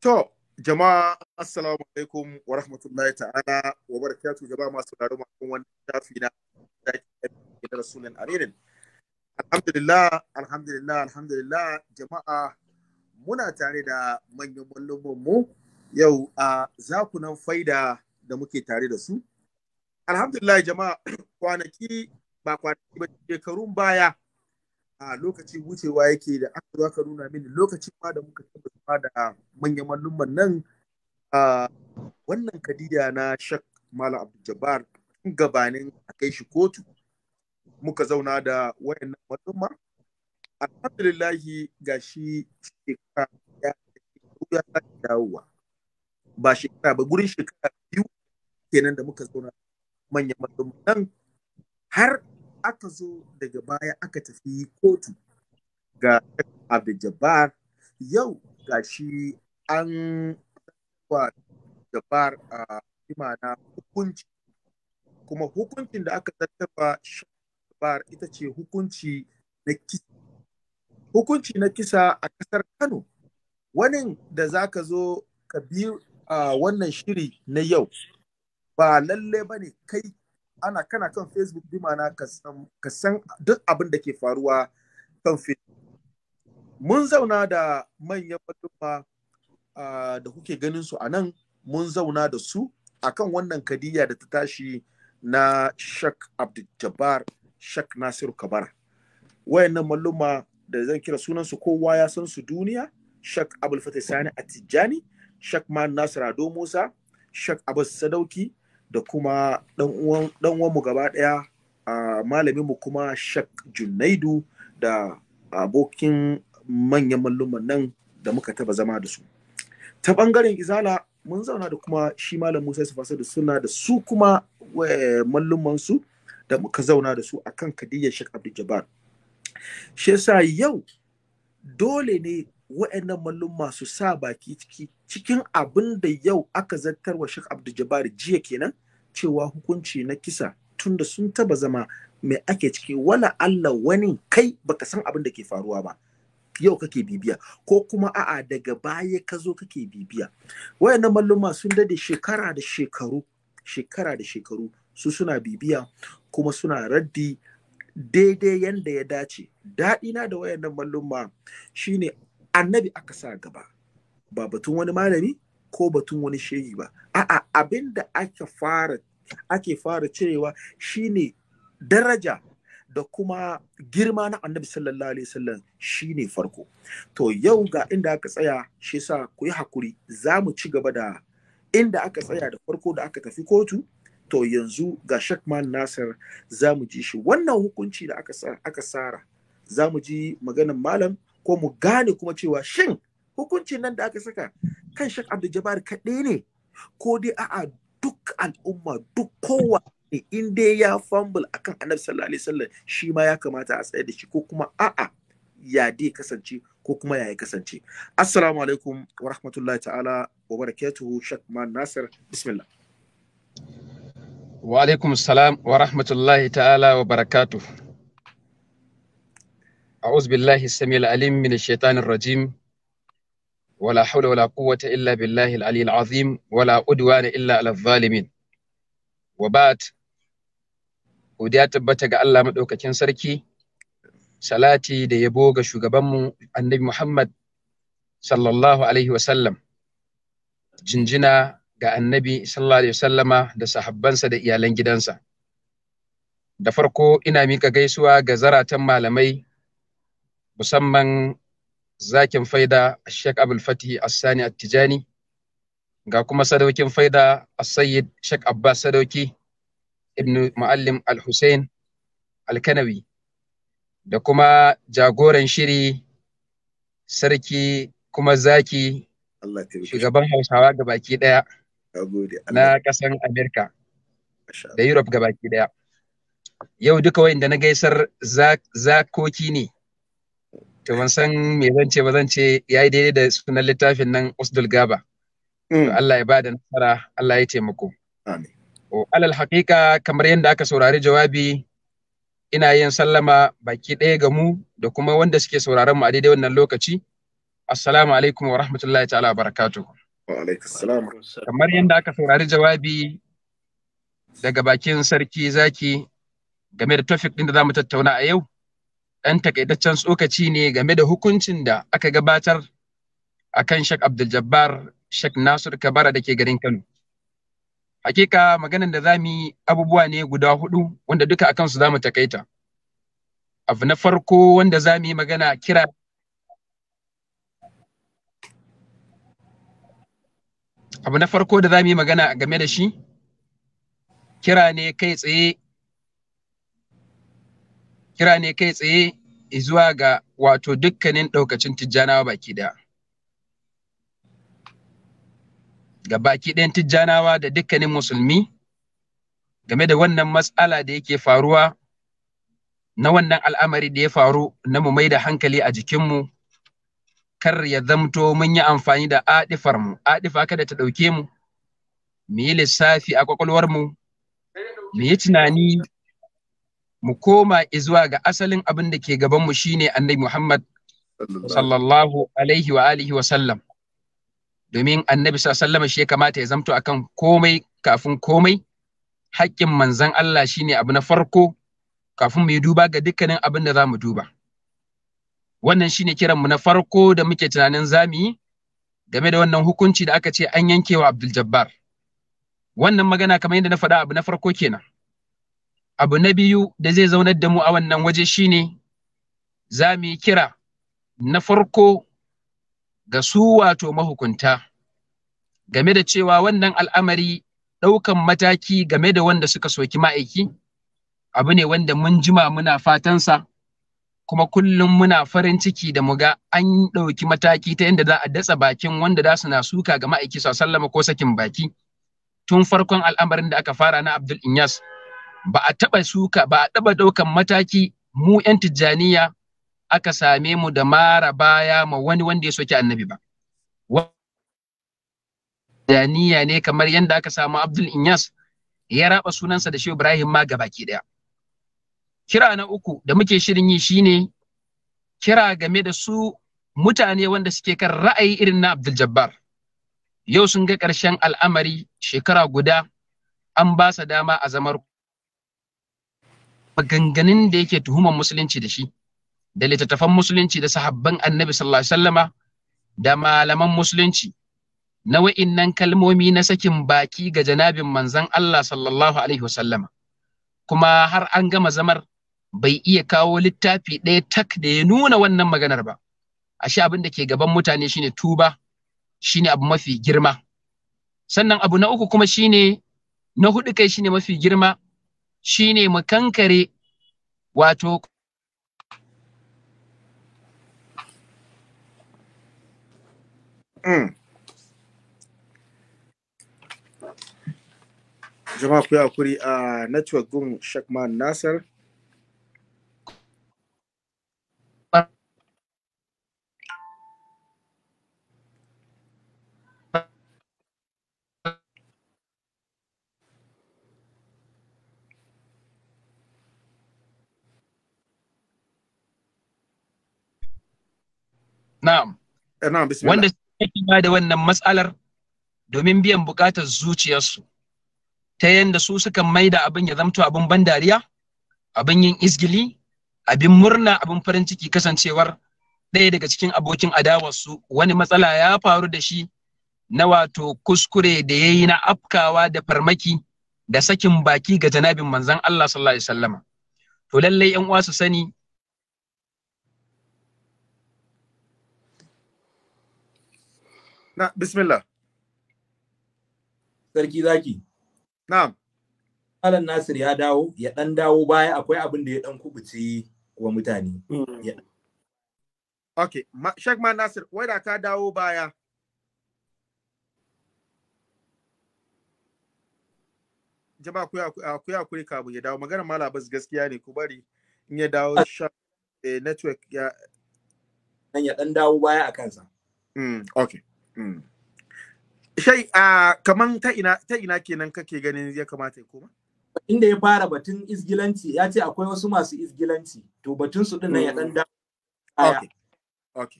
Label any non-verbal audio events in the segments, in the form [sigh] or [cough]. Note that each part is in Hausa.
To, jama'a assalamu alaikum wa rahmatullahi ta'ala wa barakatu jama'a masu sauraro makon wannan tafi na da rasulun aririn. Alhamdulillah, alhamdulillah, alhamdulillah jama'a muna tare da manyan mallumman mu yau a zakunan faida da muke tare da su. Alhamdulillah jama'a [clears throat] kwanaki ba kwanaki ba shekarun baya a lokacin wucewa yake da aka zo nuna mini lokacin ma da muka tabbata da manyan mallumman nan a wannan kadija na shak malam abdul jabbar gabanin a kai shi kotu muka zauna da wayannan mallumma alhamdulillahi ga shi shekara ya ya dawowa ba shekara ba gurin shekara biyu kenan da muka zauna manyan mallumman nan har aka zo daga baya aka tafi kotu ga abdul jabbar yau gashi an wa dabar a imana hukunci kuma hukuncin da aka tattaba dabar ita ce hukunci na kisa hukunci na kisa a kasar kano wani da za ka zo ka bi a wannan shiri na yau ba lalle ba ne kai ana kana kan facebook bi mana ka san duk abin da ke faruwa kan facebook mun zauna da manyan mallumma da kuke ganin su a nan mun zauna da su a kan wannan kadiyya da ta tashi na shak abdul-jabbar shak nasiru kabara wayannan malluma da zan kira sunansu kowa ya san su duniya shak abul fatih sani a tijjani shak ma nasir ado musa shak abbas sadauki da kuma dan mu gaba daya malamin mu kuma shak junaidu da abokin manyan malluman nan da muka taba zama da su ta ɓangaren izala mun zauna da kuma shi malam musa su da suna da su kuma eh, mallum'ansu su da muka zauna da su akan kadiyar Sheikh abdul jabbar shi yasa yau dole ne wa'annan malluma su sa baki ciki cikin abin da yau aka zartar wa Sheikh Abdul jiya kenan cewa hukunci na kisa tunda sun taba zama mai ake ciki wala Allah wani kai baka san abin da ke faruwa ba yau kake bibiya ko kuma a'a daga baya ka zo kake bibiya wayannan malluma sun dade shekara da shekaru shekara da shekaru su suna bibiya kuma suna raddi daidai yanda ya dace daɗina da wayannan malluma shine annabi aka sa gaba ba batun wani malami ko batun wani shehi ba a'a abinda ake fara ake fara cirewa shine daraja da kuma girma na annabi sallallahu alaihi wasallam shine farko to yau ga inda aka tsaya shi sa ku yi hakuri za mu ci gaba da inda aka tsaya da farko da aka tafi kotu to yanzu ga shakman nasir za mu ji shi wannan hukunci da aka aka sara za mu ji maganar malam ko mu gane kuma cewa shin hukunci nan da aka saka kan shak abdul jabbar kaɗai ne ko dai a'a duk al'umma duk kowa Eh, in dai ya fumble akan annabi sallallahu alaihi wasallam shi ma ya kamata a tsaya da shi ko kuma a'a ya dai kasance ko kuma ya kasance assalamu alaikum wa rahmatullahi ta'ala wa barakatuhu shak man nasir bismillah wa alaikum salam wa rahmatullahi ta'ala wa barakatuh أعوذ بالله السميع العليم من الشيطان Wala ولا حول ولا قوة إلا بالله العلي العظيم ولا عدوان إلا على الظالمين وبعد godiya tabbata ga Allah maɗaukakin sarki salati da yabo ga shugabanmu annabi Muhammad sallallahu alaihi wasallam jinjina ga annabi sallallahu alaihi wasallama da sahabbansa da iyalan gidansa da farko ina mika gaisuwa ga zaratan malamai musamman zakin faida Sheikh Abdul Fatih As-Sani At-Tijani ga kuma sadaukin faida sayyid Sheikh Abbas Sadauki ibn Muallim Al-Hussein Al-Kanawi da kuma jagoran shiri sarki kuma zaki shugaban Hausawa gabaki daya na kasan Amerika da Europe gabaki daya yau duka wayanda na gaisar zakoki ne to ban san me zan ce ba zan ce yayi daidai da sunan littafin nan Usdul Gaba mm. Allah ya bada nasara Allah ya taimako amin alal haƙiƙa kamar yadda aka saurari jawabi ina yin sallama baki ɗaya ga mu da kuma wanda suke sauraron mu a daidai wannan lokaci assalamu alaikum wa rahmatullahi ta'ala barakatu kamar yadda aka saurari jawabi daga bakin sarki zaki game da Tofik ɗin da za mu tattauna a yau ɗan takaitaccen tsokaci ne game da hukuncin da aka gabatar akan Sheikh Abdul Jabbar Sheikh Nasir Kabara da ke garin Kano. hakika maganan da za mu yi abubuwa ne guda hudu wanda duka akan su za mu takaita abu na farko wanda za mu yi magana kira abu na farko da za mu yi magana game da shi kira ne kai tsaye kira ne kai tsaye zuwa ga wato dukkanin ɗaukacin tijjanawa baki daya ga baki ɗayan tijjanawa da dukkanin musulmi game da wannan matsala da yake faruwa na wannan al'amari da ya faru na mu maida hankali a jikinmu kar ya zamto mun yi amfani da aɗifarmu aɗifa kada ta ɗauke mu mu yi lissafi a ƙwaƙwalwarmu mu yi tunani mu koma izuwa ga asalin abin da ke gabanmu shine annabi Muhammad sallallahu alaihi wa alihi wa sallam domin annabi sallama shi ya kamata ya zamto akan komai kafin komai haƙƙin manzan Allah shi ne abu na farko kafin mu yi duba ga dukkanin abin da za mu duba wannan shi ne kiranmu na farko da muke tunanin zamu yi game da wannan hukunci da aka ce an yankewa Abdul Jabbar wannan magana kamar yadda na faɗa abu na farko kenan abu na biyu da zai zaunar da mu a wannan waje shi ne za mu yi kira na farko ga su wato mahukunta game da cewa wannan al'amari ɗaukan mataki game da wanda suka soki ma'aiki abu ne wanda mun jima muna fatansa kuma kullum muna farin ciki da muga an ɗauki mataki ta yadda za a datsa bakin wanda za su na suka ga ma'aiki sallama ko sakin baki tun farkon al'amarin da aka fara na abdul inyas ba a taɓa suka ba a taɓa ɗaukan mataki mu 'yan tijjaniya aka same mu da mara baya ma wani wanda ya soki annabi ba daniya ne kamar yadda aka samu abdul inyas ya raba sunansa da shi ibrahim ma gabaki daya kira na uku da muke shirin yi shine kira game da su mutane wanda suke kan ra'ayi irin na abdul jabbar yau sun ga ƙarshen al'amari shekara guda an ba sa dama a zamar maganganun da yake tuhumar musulunci da shi da littattafan musulunci da sahabban annabi sallallahu alaihi wasallama da malaman musulunci na wa'innan kalmomi na sakin baki ga janabin manzan Allah sallallahu alaihi wasallama kuma har an gama zamar bai iya kawo littafi ɗaya tak da ya nuna wannan maganar ba ashe abin da ke gaban mutane shine tuba shine abu mafi girma sannan abu na uku kuma shine na hudu kai shine mafi girma shine mu kankare wato Mm. Jama'a ku hakuri a network gun Shakman Nasar. Na'am. Eh, na'am, bismillah. yake ba da wannan matsalar domin biyan bukatar zuciyarsu ta yadda su suka maida abin ya zamto abin ban dariya abin yin izgili abin murna abin farin ciki kasancewar ɗaya daga cikin abokin adawarsu wani matsala ya faru da shi na wato kuskure da ya yi na afkawa da farmaki da sakin baki ga janabin manzan Allah sallallahu alaihi wasallama to lallai yan uwa su sani na bismillah sarki zaki na'am Alan Nasir ya dawo ya dan dawo baya akwai abin da ya dan kubuce wa mutane hmm. Okay, Ma Sheikh Man Nasir, wai da ka dawo baya. Jama'a ku ya kuri kabu ya dawo. magana Malam Abbas gaskiya ne ku bari in ya dawo ah. sha eh, network ya dan ya dan dawo baya a kansa. Mm, okay. Mm. Shai, kaman ta ina, ta ina kenan kake ganin ya kamata ya koma? Inda ya fara batun izgilanci, ya ce akwai wasu masu izgilanci, to batun su din nan ya dan da. Okay. Okay.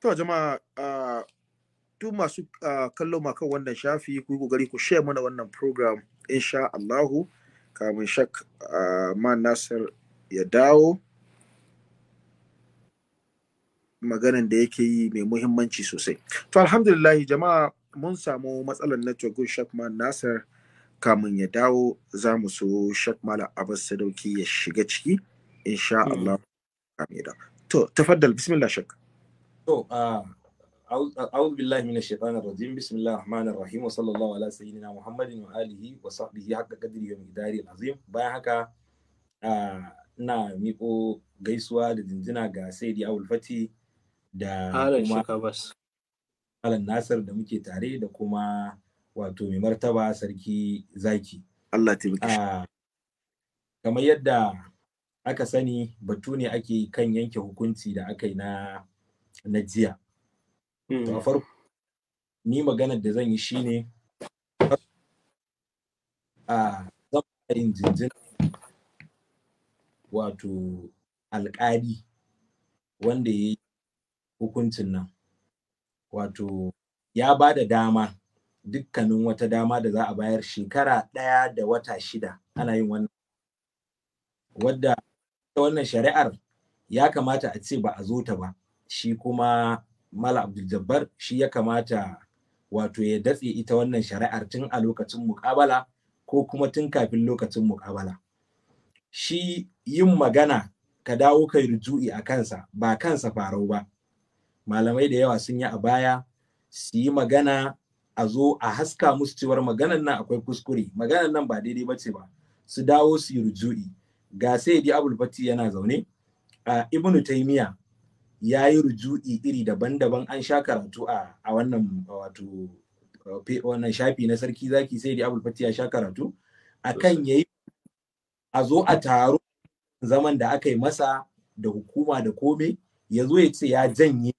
To jama'a uh, duk masu kallo kan wannan shafi ku yi kokari ku share mana wannan program insha Allahu. kamun shak man nasir ya dawo maganan da yake yi mai muhimmanci sosai to alhamdulillah jama'a mun samu matsalar network shak man nasir kamun ya dawo za mu so shak mala abbas sadauki ya shiga ciki insha hmm. Allah to tafaddal bismillah shak to أعوذ بالله من الشيطان الرجيم بسم الله الرحمن الرحيم وصلى الله على سيدنا محمد وآله وصحبه حق قدره ومقداره العظيم bayan haka na miko gaisuwa da jinjina ga Saidi Awul Fati da kuma Alan Nasir da muke tare da kuma wato mai martaba sarki zaki kamar yadda aka sani batu ne ake kan yanke hukunci da aka yi na jiya to mm. ni maganar da zan yi shine a zan yin jinjin wato alƙali wanda ya yi hukuncin nan wato ya ba da dama dukkanin wata dama da za a bayar shekara ɗaya da wata shida ana yin wannan wadda wannan shari'ar ya kamata a ce ba a zo ta ba shi kuma mala abdul shi ya kamata wato ya datse ita wannan shari'ar tun a lokacin muƙabala ko kuma tun kafin lokacin muƙabala shi yin magana ka dawo kai ruju'i a kansa ba kansa farau ba malamai da yawa sun yi a baya su yi magana a zo a haska musu cewar maganan nan akwai kuskure maganan nan ba daidai ba ce ba su dawo su yi ruju'i ga sai di abul yana zaune a ibnu taimiya ya yi ruju'i iri daban-daban an sha karatu a wannan wato wannan shafi na sarki zaki sai da abul ya sha karatu akan yayi a zo a taro zaman da aka yi masa da hukuma da kome ya zo ya ce ya janye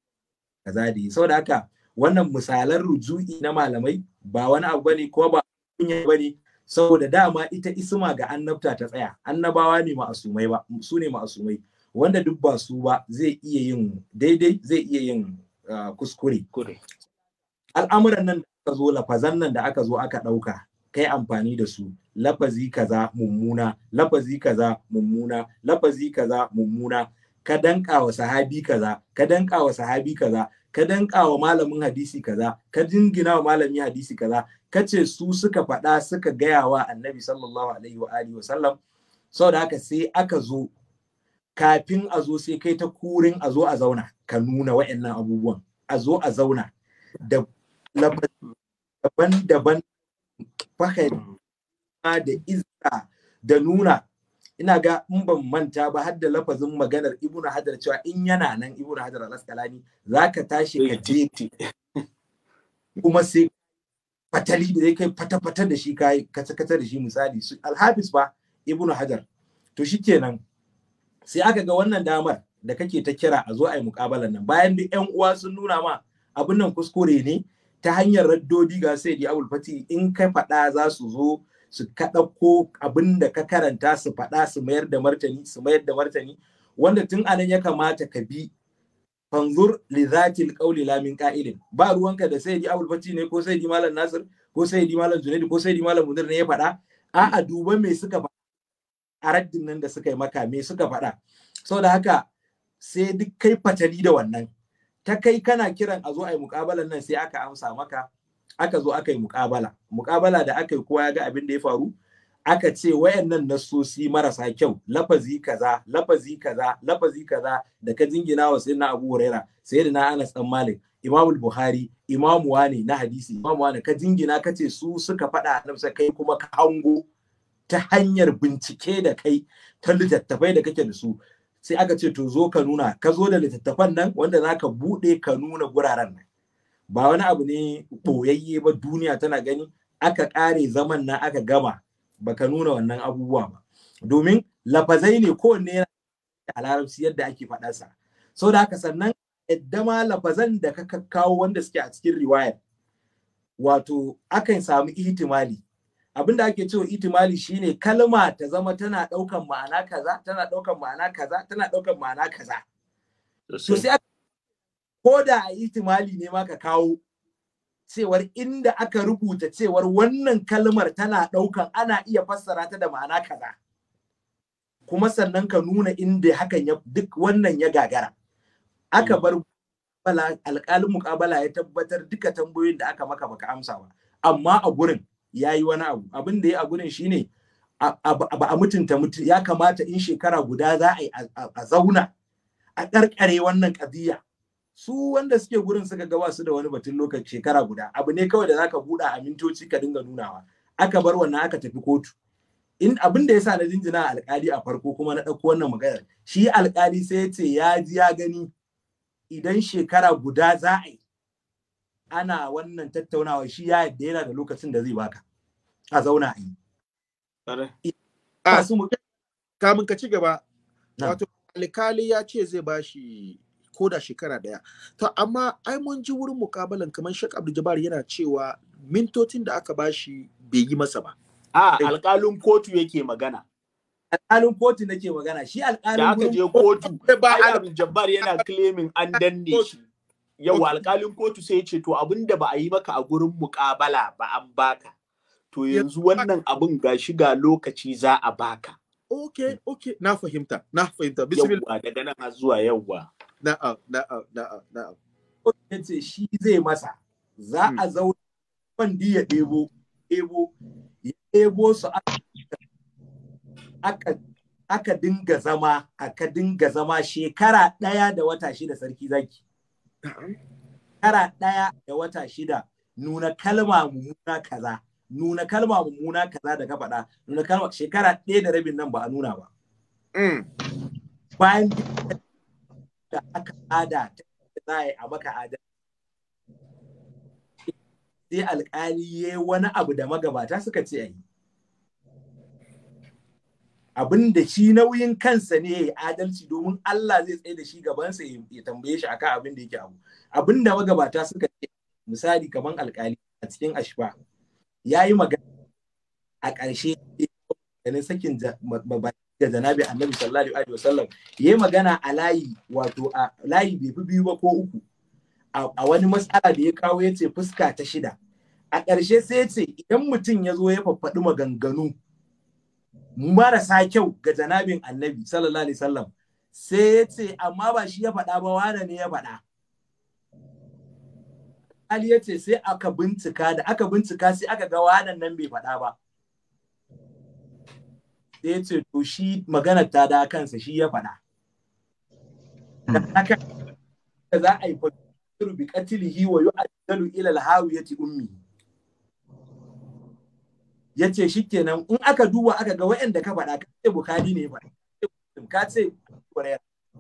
kaza da yi saboda haka wannan misalan ruju'i na malamai ba wani abu bane ko ba kunya bane saboda dama ita isma ga annabta ta tsaya annabawa ne ma'asumai ba su ne ma'asumai wanda duk ba su ba zai iya yin daidai zai iya yin ah, kuskure al'amuran nan da aka zo lafazan nan da aka zo aka ɗauka kai amfani da su lafazi kaza mummuna lafazi kaza mummuna lafazi kaza mummuna ka danka wa sahabi kaza ka danka wa sahabi kaza ka danka wa malamin hadisi kaza ka jingina wa malamin hadisi kaza ka ce su suka faɗa suka gaya wa annabi sallallahu alaihi wa wa sallam da haka sai aka zo kafin a zo sai kai ta kurin a zo a zauna ka nuna wa'annan abubuwan a zo a zauna da daban-daban fahimta da iska da nuna ina ga in ban manta ba har da lafazin maganar ibnu hadar cewa in yana nan ibnu hadar alaskalani Za ka tashi ka je [laughs] kuma sai fatali da zai kai fata-fata da shi kai kata-kata da shi misali su alhabis ba ibnu hadar to shikenan sai aka ga wannan damar da kake ta kira a zo a yi mukabalan nan bayan da yan uwa sun nuna ma abin nan kuskure ne ta hanyar raddodi ga sai di abul fati in ka faɗa za su zo su kaɗa ko abin ka karanta su faɗa su mayar da martani su mayar da martani wanda tun anan ya kamata ka bi fanzur li zatil qawli la min qa'ilin ba ruwanka da sai di abul fati ne ko sai di malam nasir ko sai di malam junaidi ko sai di malam mudir ne ya faɗa a'a duba me suka faɗa a nan da suka yi maka me suka faɗa da haka sai duk kai fatali da wannan ta kai kana kiran a zo a yi muƙabalan nan sai aka amsa maka aka zo aka yi muƙabala muƙabala da aka yi kowa ya ga abin da ya faru aka ce wayannan nassosi marasa kyau lafazi kaza lafazi kaza lafazi kaza da ka jingina wa sayyidina Abu Huraira sayyidina Anas dan Malik Imam Bukhari Imam Wani na hadisi Imam Wani ka jingina kace su suka faɗa annabi kai kuma ka hango ta hanyar bincike da kai ta littattafai da kake da su sai aka ce to zo ka nuna ka zo da littattafan nan wanda za ka buɗe ka nuna guraren nan ba wani abu ne ɓoyayye ba duniya tana gani aka ƙare zaman na aka gama ba ka nuna wannan abubuwa ba domin lafazai ne kowanne yana a larabci yadda ake faɗansa. sau da haka sannan yadda ma lafazan da ka kawo wanda suke a cikin riwayar wato akan samu ihtimali abin da ake cewa itimali shine kalma ta zama tana ɗaukan ma'ana kaza tana ɗaukan ma'ana kaza tana ɗaukan ma'ana kaza to sai ko da a itimali ne ma ka kawo cewar inda aka rubuta cewar wannan kalmar tana ɗaukan ana iya fassara ta da ma'ana kaza kuma sannan ka nuna inda hakan ya duk wannan ya gagara aka hmm. bar alƙalin muƙabala ya tabbatar duka tambayoyin da aka maka baka amsa ba amma a gurin ya yi wani abu abin da ya a gurin ne. ba a mutunta mutum ya kamata in shekara guda za a yi a zauna a ƙarƙare wannan ƙadiyya su wanda suke gurin suka ga su da wani batun lokaci shekara guda abu ne kawai da zaka buɗa a mintoci ka dinga nunawa aka bar wannan aka tafi kotu in abin da yasa na jinjina alƙali a farko kuma na ɗauko wannan maganar shi alƙali sai ya ce ya ji ya gani idan shekara guda za a yi ana wannan tattaunawa shi ya yadda yana da lokacin da zai baka a zauna a yi ah, kamun ka ci gaba wato alikali ya ce zai ba shi ko da shekara daya to amma ai mun ji wurin mukabalan kamar Sheikh Abdul Jabbar yana cewa mintotin da aka ba shi bai yi masa ba a alkalin kotu yake magana Alkalin kotu nake magana shi alƙalin da aka je kotu ba Abdul Jabbar yana claiming an danne shi yau alkalin kotu sai ya ce to abin da ba a yi maka a gurin mukabala ba an baka to yanzu wannan abin ga shi ga lokaci za a baka ok ok na fahimta na fahimta bismillah daga nan har zuwa yawwa na'a na'a na'a na'a ce shi zai masa za a hmm. zauna kwandi ya ɗebo ɗebo ya ɗebo su aka aka dinga zama aka dinga zama shekara ɗaya da wata shida sarki zaki Tara ɗaya da wata shida nuna kalma mummuna kaza. Nuna kalma mummuna kaza da ka faɗa. Nuna kalma shekara ɗaya da rabin nan ba a nuna ba. Mm. Bayan da aka ada ta za a yi a maka ada. Sai alƙali ya yi wani abu da magabata suka ce a yi. abin da shi nauyin kansa ne ya yi adalci domin Allah zai tsaye da shi gabansa ya tambaye shi akan abin da yake abu abin da magabata suka ce misali kamar alkali a cikin ashba ya yi magana a ƙarshe ganin sakin da zanabi annabi sallallahu alaihi wasallam ya yi magana a layi wato a layi bai fi biyu ba ko uku a wani matsala da ya kawo ya ce fuska ta shida a ƙarshe sai ya ce idan mutum ya zo ya faffaɗi maganganu marasa kyau ga janabin annabi sallallahu alaihi wasallam sai ya ce amma ba shi ya faɗa ba wane ne ya faɗa Ali ya ce sai aka bincika da aka bincika sai aka ga wanan nan bai faɗa ba sai ya ce to shi magana ta da kansa shi ya faɗa da hmm. za a yi fasiru bi qatlihi wa yu'addalu ila al-hawiyati ummi ya ce shi kenan in aka duba aka ga wa'anda ka faɗa ka ce bukari ne faɗa ka ce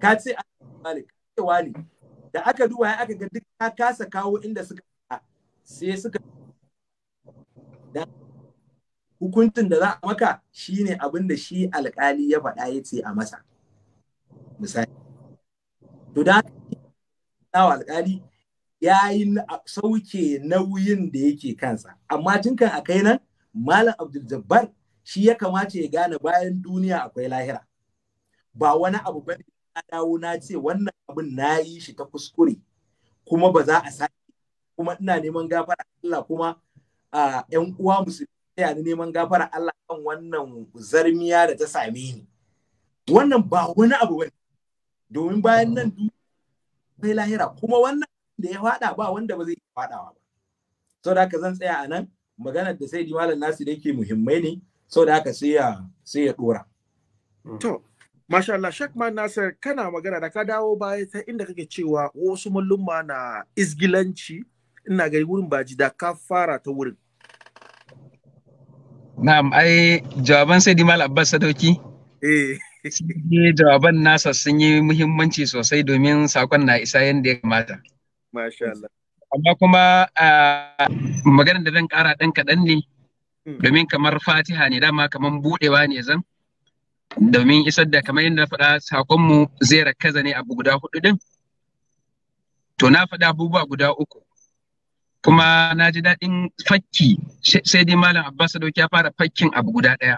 ka ce wani ka wani da aka duba ya aka ga duk ka kasa kawo inda suka faɗa sai suka da hukuntun da za a maka shine abin da shi alkali ya faɗa ya ce a masa misali to da wa alkali ya yi sauke nauyin da yake kansa amma tun kan a kai nan Malam Abdul Jabbar shi ya kamata ya gane bayan duniya akwai lahira. Ba wani abu ba na dawo na ce wannan abin na yi shi ta kuskure kuma ba za a sake kuma ina neman gafara Allah kuma ‘yan uwa musulmi ya neman gafara Allah kan wannan zarmiya da ta same ni. Wannan ba wani abu ba domin bayan nan duniya akwai lahira kuma wannan da ya faɗa ba wanda ba zai faɗawa ba. Saboda haka zan tsaya a nan. maganar da sai malam nasu da yake muhimmai ne da haka sai ya sai ya dora to masha Allah Sheikh Man Nasir kana magana da ka dawo baya ta inda kake cewa wasu mallumma na isgilanci ina gari wurin baji da ka fara ta wurin Na'am ai jawaban sai Malam Abbas Sadoki? eh sai jawaban nasa sun yi muhimmanci sosai domin sakon na isa yadda ya kamata. Masha Allah. amma kuma maganar da zan kara ɗan kaɗan ne hmm. domin kamar fatiha ne dama kamar buɗewa ne zan domin isar da kamar yadda faɗa saƙonmu zai rakaza ne abu guda hudu ɗin to na faɗa abubuwa guda uku kuma na ji daɗin fakki sai dai malam abbas ya fara fakkin abu guda ɗaya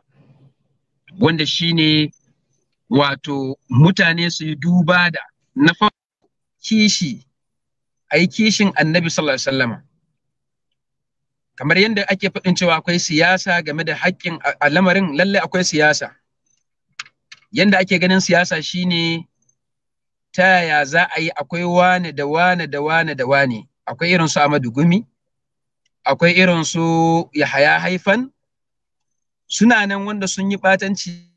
wanda shi ne wato mutane su yi duba da na kishi a yi kishin annabi sallallahu alaihi wasallama kamar yadda ake faɗin cewa akwai siyasa game da haƙƙin al'amarin lalle akwai siyasa yadda ake ganin siyasa shine ta yaya za a yi akwai wane da wane da wane da wane akwai irin su Amadu Gumi akwai irin su Yahaya Haifan suna nan wanda sun yi ɓatanci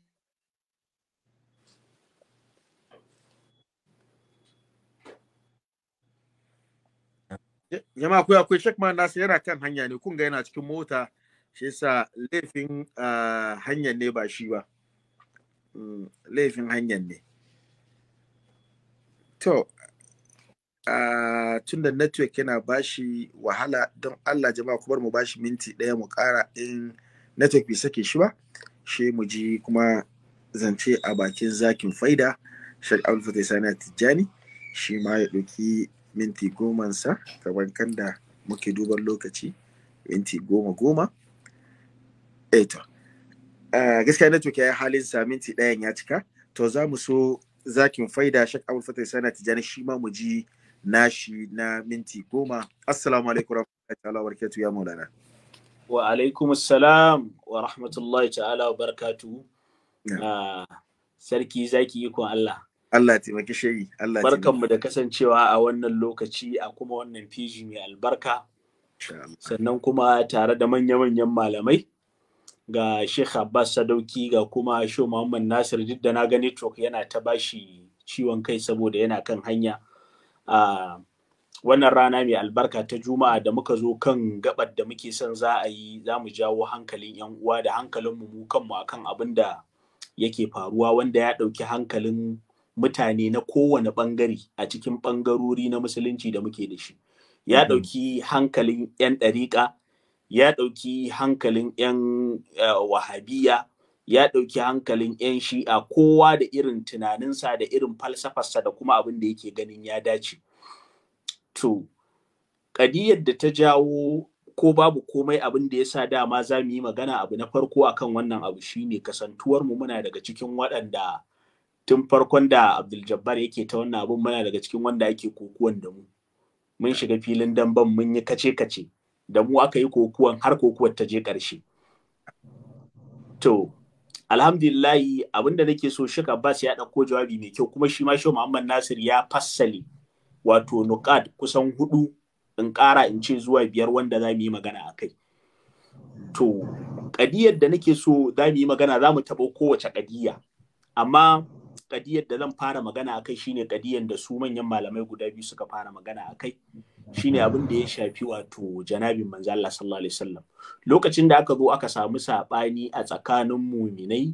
jama'a akwai akwai shek ma nasu yana kan hanya ne kun ga yana cikin mota shi yasa laifin ah, hanyar ne ba shi ba hmm, laifin hanyar ne to ah, tun da network yana bashi wahala don allah jama'a kuma mu bashi minti ɗaya mu ƙara in network bai sake shi ba shi mu ji kuma zance a bakin zakin faida shek alfa sani tijjani shi ma ya ɗauki minti gomansa ta kan da muke duban lokaci minti goma goma eto eh gaskiya na ya halin sa minti ɗayan ya cika to za mu so zakin faida shak abul fatai sana tijani shi ma mu ji nashi na minti goma assalamu alaikum warahmatullahi ta'ala barakatuh ya maulana wa alaikum assalam wa rahmatullahi ta'ala wa barakatuh ah, sarki zaki ikon Allah Allah taimaki shiri. Allah Barkanmu da kasancewa a wannan lokaci a kuma wannan fiji mai albarka. Sannan kuma tare da manya-manyan malamai ga Sheikh Abbas Sadauki ga kuma Shehu Muhammad Nasir duk da na ga network yana ta bashi ciwon kai saboda yana kan hanya. a wannan rana mai albarka ta juma'a da muka zo kan gabar da muke son za a yi za mu jawo hankalin yan uwa da hankalin mu kanmu akan abin da yake faruwa wanda ya ɗauki hankalin mutane na kowane ɓangare a cikin ɓangarori na musulunci da muke da shi ya mm-hmm. ɗauki hankalin 'yan ɗariƙa ya ɗauki hankalin 'yan eh, wahabiya ya ɗauki hankalin 'yan shi'a kowa da irin tunaninsa da irin falsafarsa da kuma abin da yake ganin ya dace to ƙadiyar da ta jawo ko babu komai abin da ya sa dama za mu yi magana abu na farko akan wannan abu shine kasantuwar mu muna daga cikin waɗanda tun farkon da Abdul Jabbar yake ta wannan abun muna daga cikin wanda ake kokuwan da mu mun shiga filin damban mun yi kace kace da mu aka yi kokuwan har kokuwar ta je ƙarshe to alhamdulillahi abinda nake so Sheikh Abbas ya ɗauko jawabi mai kyau kuma shi ma Sheikh Muhammad Nasir ya fassale wato nuqad kusan hudu in ƙara in ce zuwa biyar wanda za mu yi magana a kai to ƙadiyar da nake so za mu yi magana za mu taɓa kowace ƙadiya amma kadiyar da zan fara magana a kai shine kadiyar da su manyan malamai guda biyu suka fara magana a akai shine abin da ya shafi wato janabin manzo Allah sallallahu alaihi wasallam lokacin da aka zo aka samu sabani a tsakanin muminai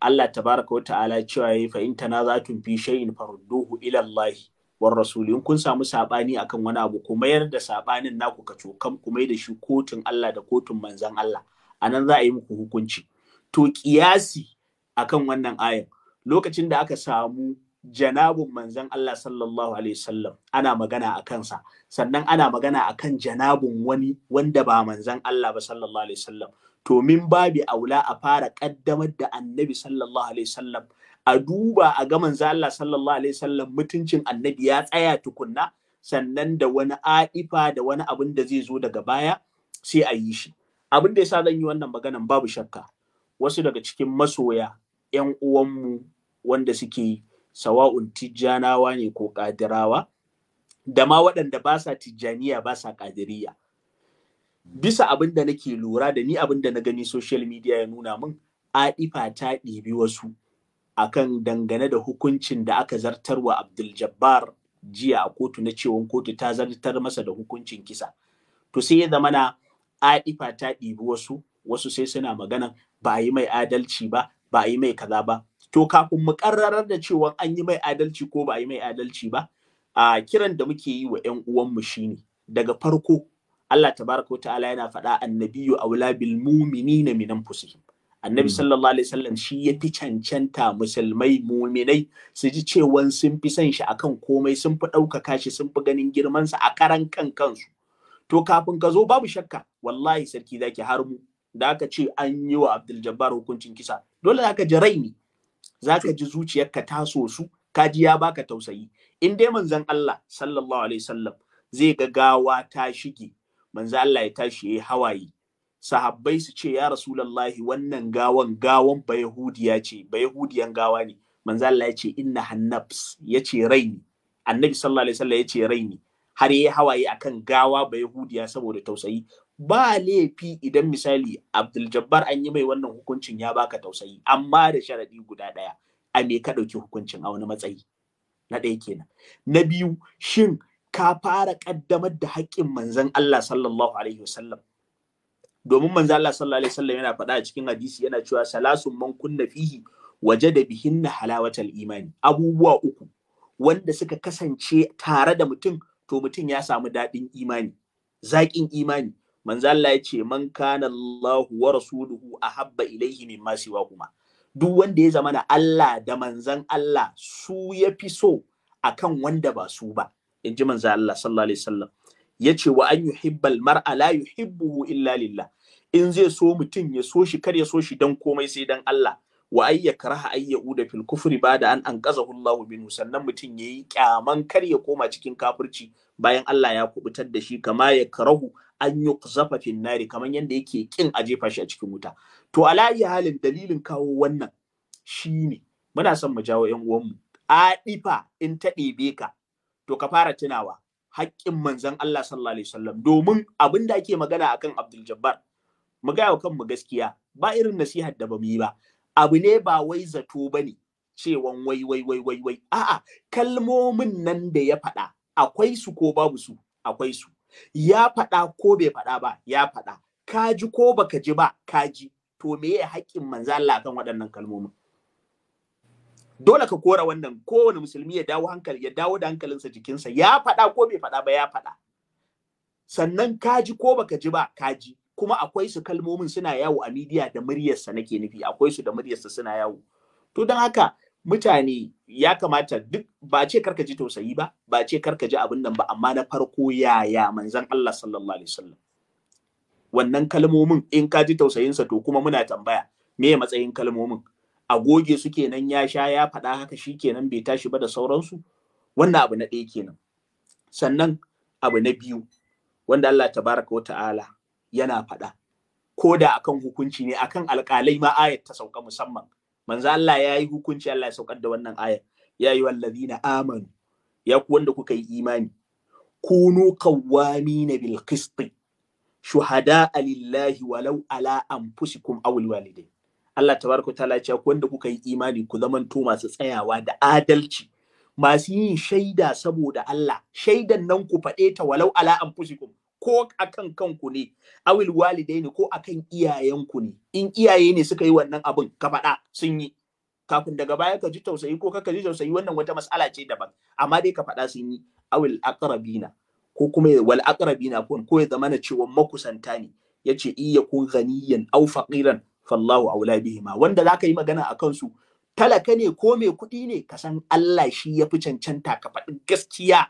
Allah tabaraka wa ta'ala cewa yayi fa in tanazatum fi shay'in farudduhu ila Allah war rasul in kun samu sabani akan wani abu ku mayar da sabanin naku ka cokan ku mai da shi kotun Allah da kotun manzon Allah anan za a yi muku hukunci to kiyasi akan wannan ayan lokacin da aka samu janabun manzan Allah sallallahu alaihi wasallam ana magana a kansa sannan ana magana a kan janabun wani wanda ba manzan Allah ba sallallahu alaihi wasallam to min babi aula a fara kaddamar da annabi sallallahu alaihi wasallam a duba a ga manzan Allah sallallahu alaihi wasallam mutuncin annabi ya tsaya tukunna sannan da wani a'ifa da wani abin da zai zo daga baya sai a yi shi abin da yasa zan yi wannan maganan babu shakka wasu daga cikin masoya 'yan uwanmu wanda suke sawa'un tijjanawa ne ko ƙadirawa da ma waɗanda ba sa tijjaniya ba sa ƙadiriya bisa abin da nake lura da ni abin da na gani social media ya nuna min aɗifa ta ɗibi wasu akan dangane da hukuncin da aka zartarwa Abdul Jabbar jiya a kotu na cewon kotu ta zartar masa da hukuncin kisa. To sai ya zama na aɗifa ta ɗibi wasu, wasu sai suna magana ba a yi mai adalci ba, ba a yi mai kaza ba, to kafin mu karrarar da cewa an yi mai adalci ko ba a yi mai adalci ba a kiran da muke yi wa ƴan uwanmu shine daga farko Allah tabaraka wa ta'ala yana faɗa annabiyyu awla bil mu'minina min anfusihim annabi mm. sallallahu alaihi wasallam shi ya fi cancanta musulmai muminai su ji cewan sun fi san shi akan komai sun fi ɗaukaka shi sun fi ganin girmansa a karan kan kansu to kafin ka zo babu shakka wallahi sarki zaki har da aka ce an yi wa Abdul Jabbar hukuncin kisa dole zaka ji raini zaka ji zuciyarka ta so su ka ji ya baka tausayi in dai manzon Allah sallallahu alaihi wasallam zai ga gawa ta shige manzon Allah ya tashi yayi hawaye sahabbai su ce ya rasulullahi wannan gawan gawan ba yahudiya ce ba yahudiyan gawa ne manzon Allah ya ce inna hannabs ya ce raini, annabi sallallahu alaihi wasallam ya ce raini. har yayi hawaye akan gawa ba yahudiya saboda tausayi ba laifi idan misali Abdul Jabbar an yi mai wannan hukuncin ya baka tausayi amma da sharadi guda ɗaya a me ka ɗauki hukuncin a wani matsayi na ɗaya kenan na biyu shin ka fara ƙaddamar da haƙƙin manzon Allah sallallahu alaihi wasallam domin manzon Allah sallallahu alaihi wasallam yana faɗa a cikin hadisi yana cewa salasun man kunna fihi waje da bihinna halawatal imani abubuwa uku wanda suka kasance tare da mutum to mutum ya samu daɗin imani zaƙin imani manzo Allah ya ce man kana Allahu wa rasuluhu ahabba ilaihi mimma siwa kuma duk wanda ya zama na Allah da manzan Allah su ya fi so akan wanda ba su ba Inji ji manzo Allah sallallahu alaihi wasallam ya ce wa an yuhibbal mar'a la yuhibbuhu illa lillah in zai so mutum ya so shi kar ya so shi dan komai sai dan Allah wa ay karaha ay yauda fil kufri bada an anqazahu Allahu minhu sannan mutum yayi kyaman kar ya koma cikin kafirci bayan Allah ya kubutar da shi kama ya karahu an yi zafafin nari kamar yadda yake kin a jefa shi a cikin wuta to ala halin dalilin kawo wannan Shi ne. muna son mu jawo yan uwanmu adifa in ta ɗebe ka to ka fara tunawa haƙƙin manzon Allah sallallahu alaihi wasallam domin abin da ake magana akan Abdul Jabbar mu ga wa kanmu gaskiya ba irin nasihar da ba mu yi ba abu ne ba wai zato bane cewan wai wai wai wai wai a'a kalmomin nan da ya faɗa akwai su ko babu su akwai su ya faɗa ko bai faɗa ba ya faɗa kaji ji ko baka ji ba kaji to me ya haƙƙin manzo Allah kan waɗannan kalmomin dole ka kora wannan kowane musulmi ya dawo hankali ya dawo da hankalinsa jikinsa ya faɗa ko bai faɗa ba ya faɗa sannan kaji ji ko baka ji ba kaji kuma akwai su kalmomin suna yawo a midiya da muryarsa nake nufi akwai su da muryarsa suna yawo to don haka mutane ya kamata duk ba ce karka ji tausayi ba ba ce karka ji abin nan ba amma na farko yaya manzon Allah sallallahu alaihi wasallam wannan kalmomin in ka ji tausayin sa to kuma muna tambaya me ya matsayin kalmomin a goge su kenan ya sha ya faɗa haka shi kenan bai tashi ba da sauransu wannan abu na ɗaya kenan sannan abu na biyu wanda Allah tabaraka wa ta'ala yana faɗa ko da akan hukunci ne akan alƙalai ma ayat ta sauka musamman manzo Allah ya yi hukunci Allah ya saukar da wannan ayar ya yi wallazina amanu ya ku wanda kuka yi imani kunu na bil qist shuhada lillahi walau ala anfusikum aw walidai Allah tabaraka taala ya ce ku wanda kuka yi imani ku zamanto masu tsayawa da adalci masu yin shaida saboda Allah shaidan nan ku faɗe ta walau ala anfusikum ko akan kanku ne awil walidai ne ko akan iyayenku ne in iyaye ne suka yi wannan abin ka faɗa sun yi kafin daga baya ka ji tausayi ko ka ji tausayi wannan wata mas'ala ce daban amma dai ka faɗa sun yi awil aqrabina ko kuma wal aqrabina kun ko ya zamana cewa makusanta ne yace iya kun ganiyan aw faqiran fallahu aula bihima wanda zaka yi magana akan su talaka ne ko mai kuɗi ne ka san Allah shi ya fi cancanta ka faɗi gaskiya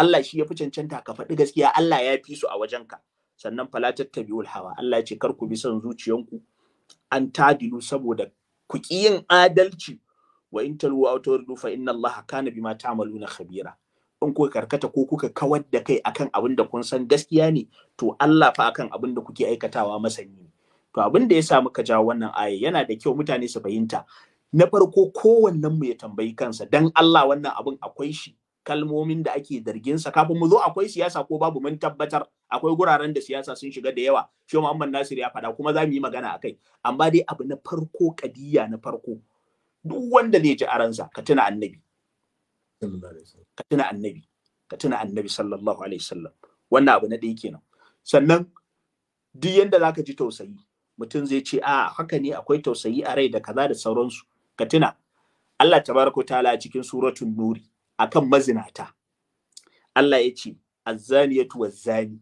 Allah shi ya fi cancanta ka faɗi gaskiya Allah ya fi su a wajen ka. sannan ta biyu hawa Allah ya ce kar ku bi son zuciyanku an tadilu saboda ku ki yin adalci wa in talu wa tawridu fa inna Allah kana bima ta'maluna khabira in kuka karkata ko kuka kawar da kai akan abin da kun san gaskiya ne to Allah fa akan abin da kuke aikatawa masani ne to abin da ya sa muka jawo wannan aya yana da kyau mutane su fahimta na farko kowannen mu ya tambayi kansa dan Allah wannan abin akwai shi kalmomin da ake zarginsa kafin mu zo akwai siyasa ko babu mun tabbatar akwai guraren da siyasa sun shiga da yawa shi Muhammad Nasir ya faɗa kuma za mu yi magana akai amma dai abu na farko kadiya na farko duk wanda zai ji aransa ka tuna annabi ka tuna annabi ka tuna annabi sallallahu alaihi wasallam wannan abu na ɗaya kenan sannan duk yanda zaka ji tausayi mutum zai ce a haka ne akwai tausayi a rai da kaza da sauransu ka tuna Allah tabaraka ta'ala cikin suratul nuri akan mazinata Allah ya ce azzaniyatu wazzani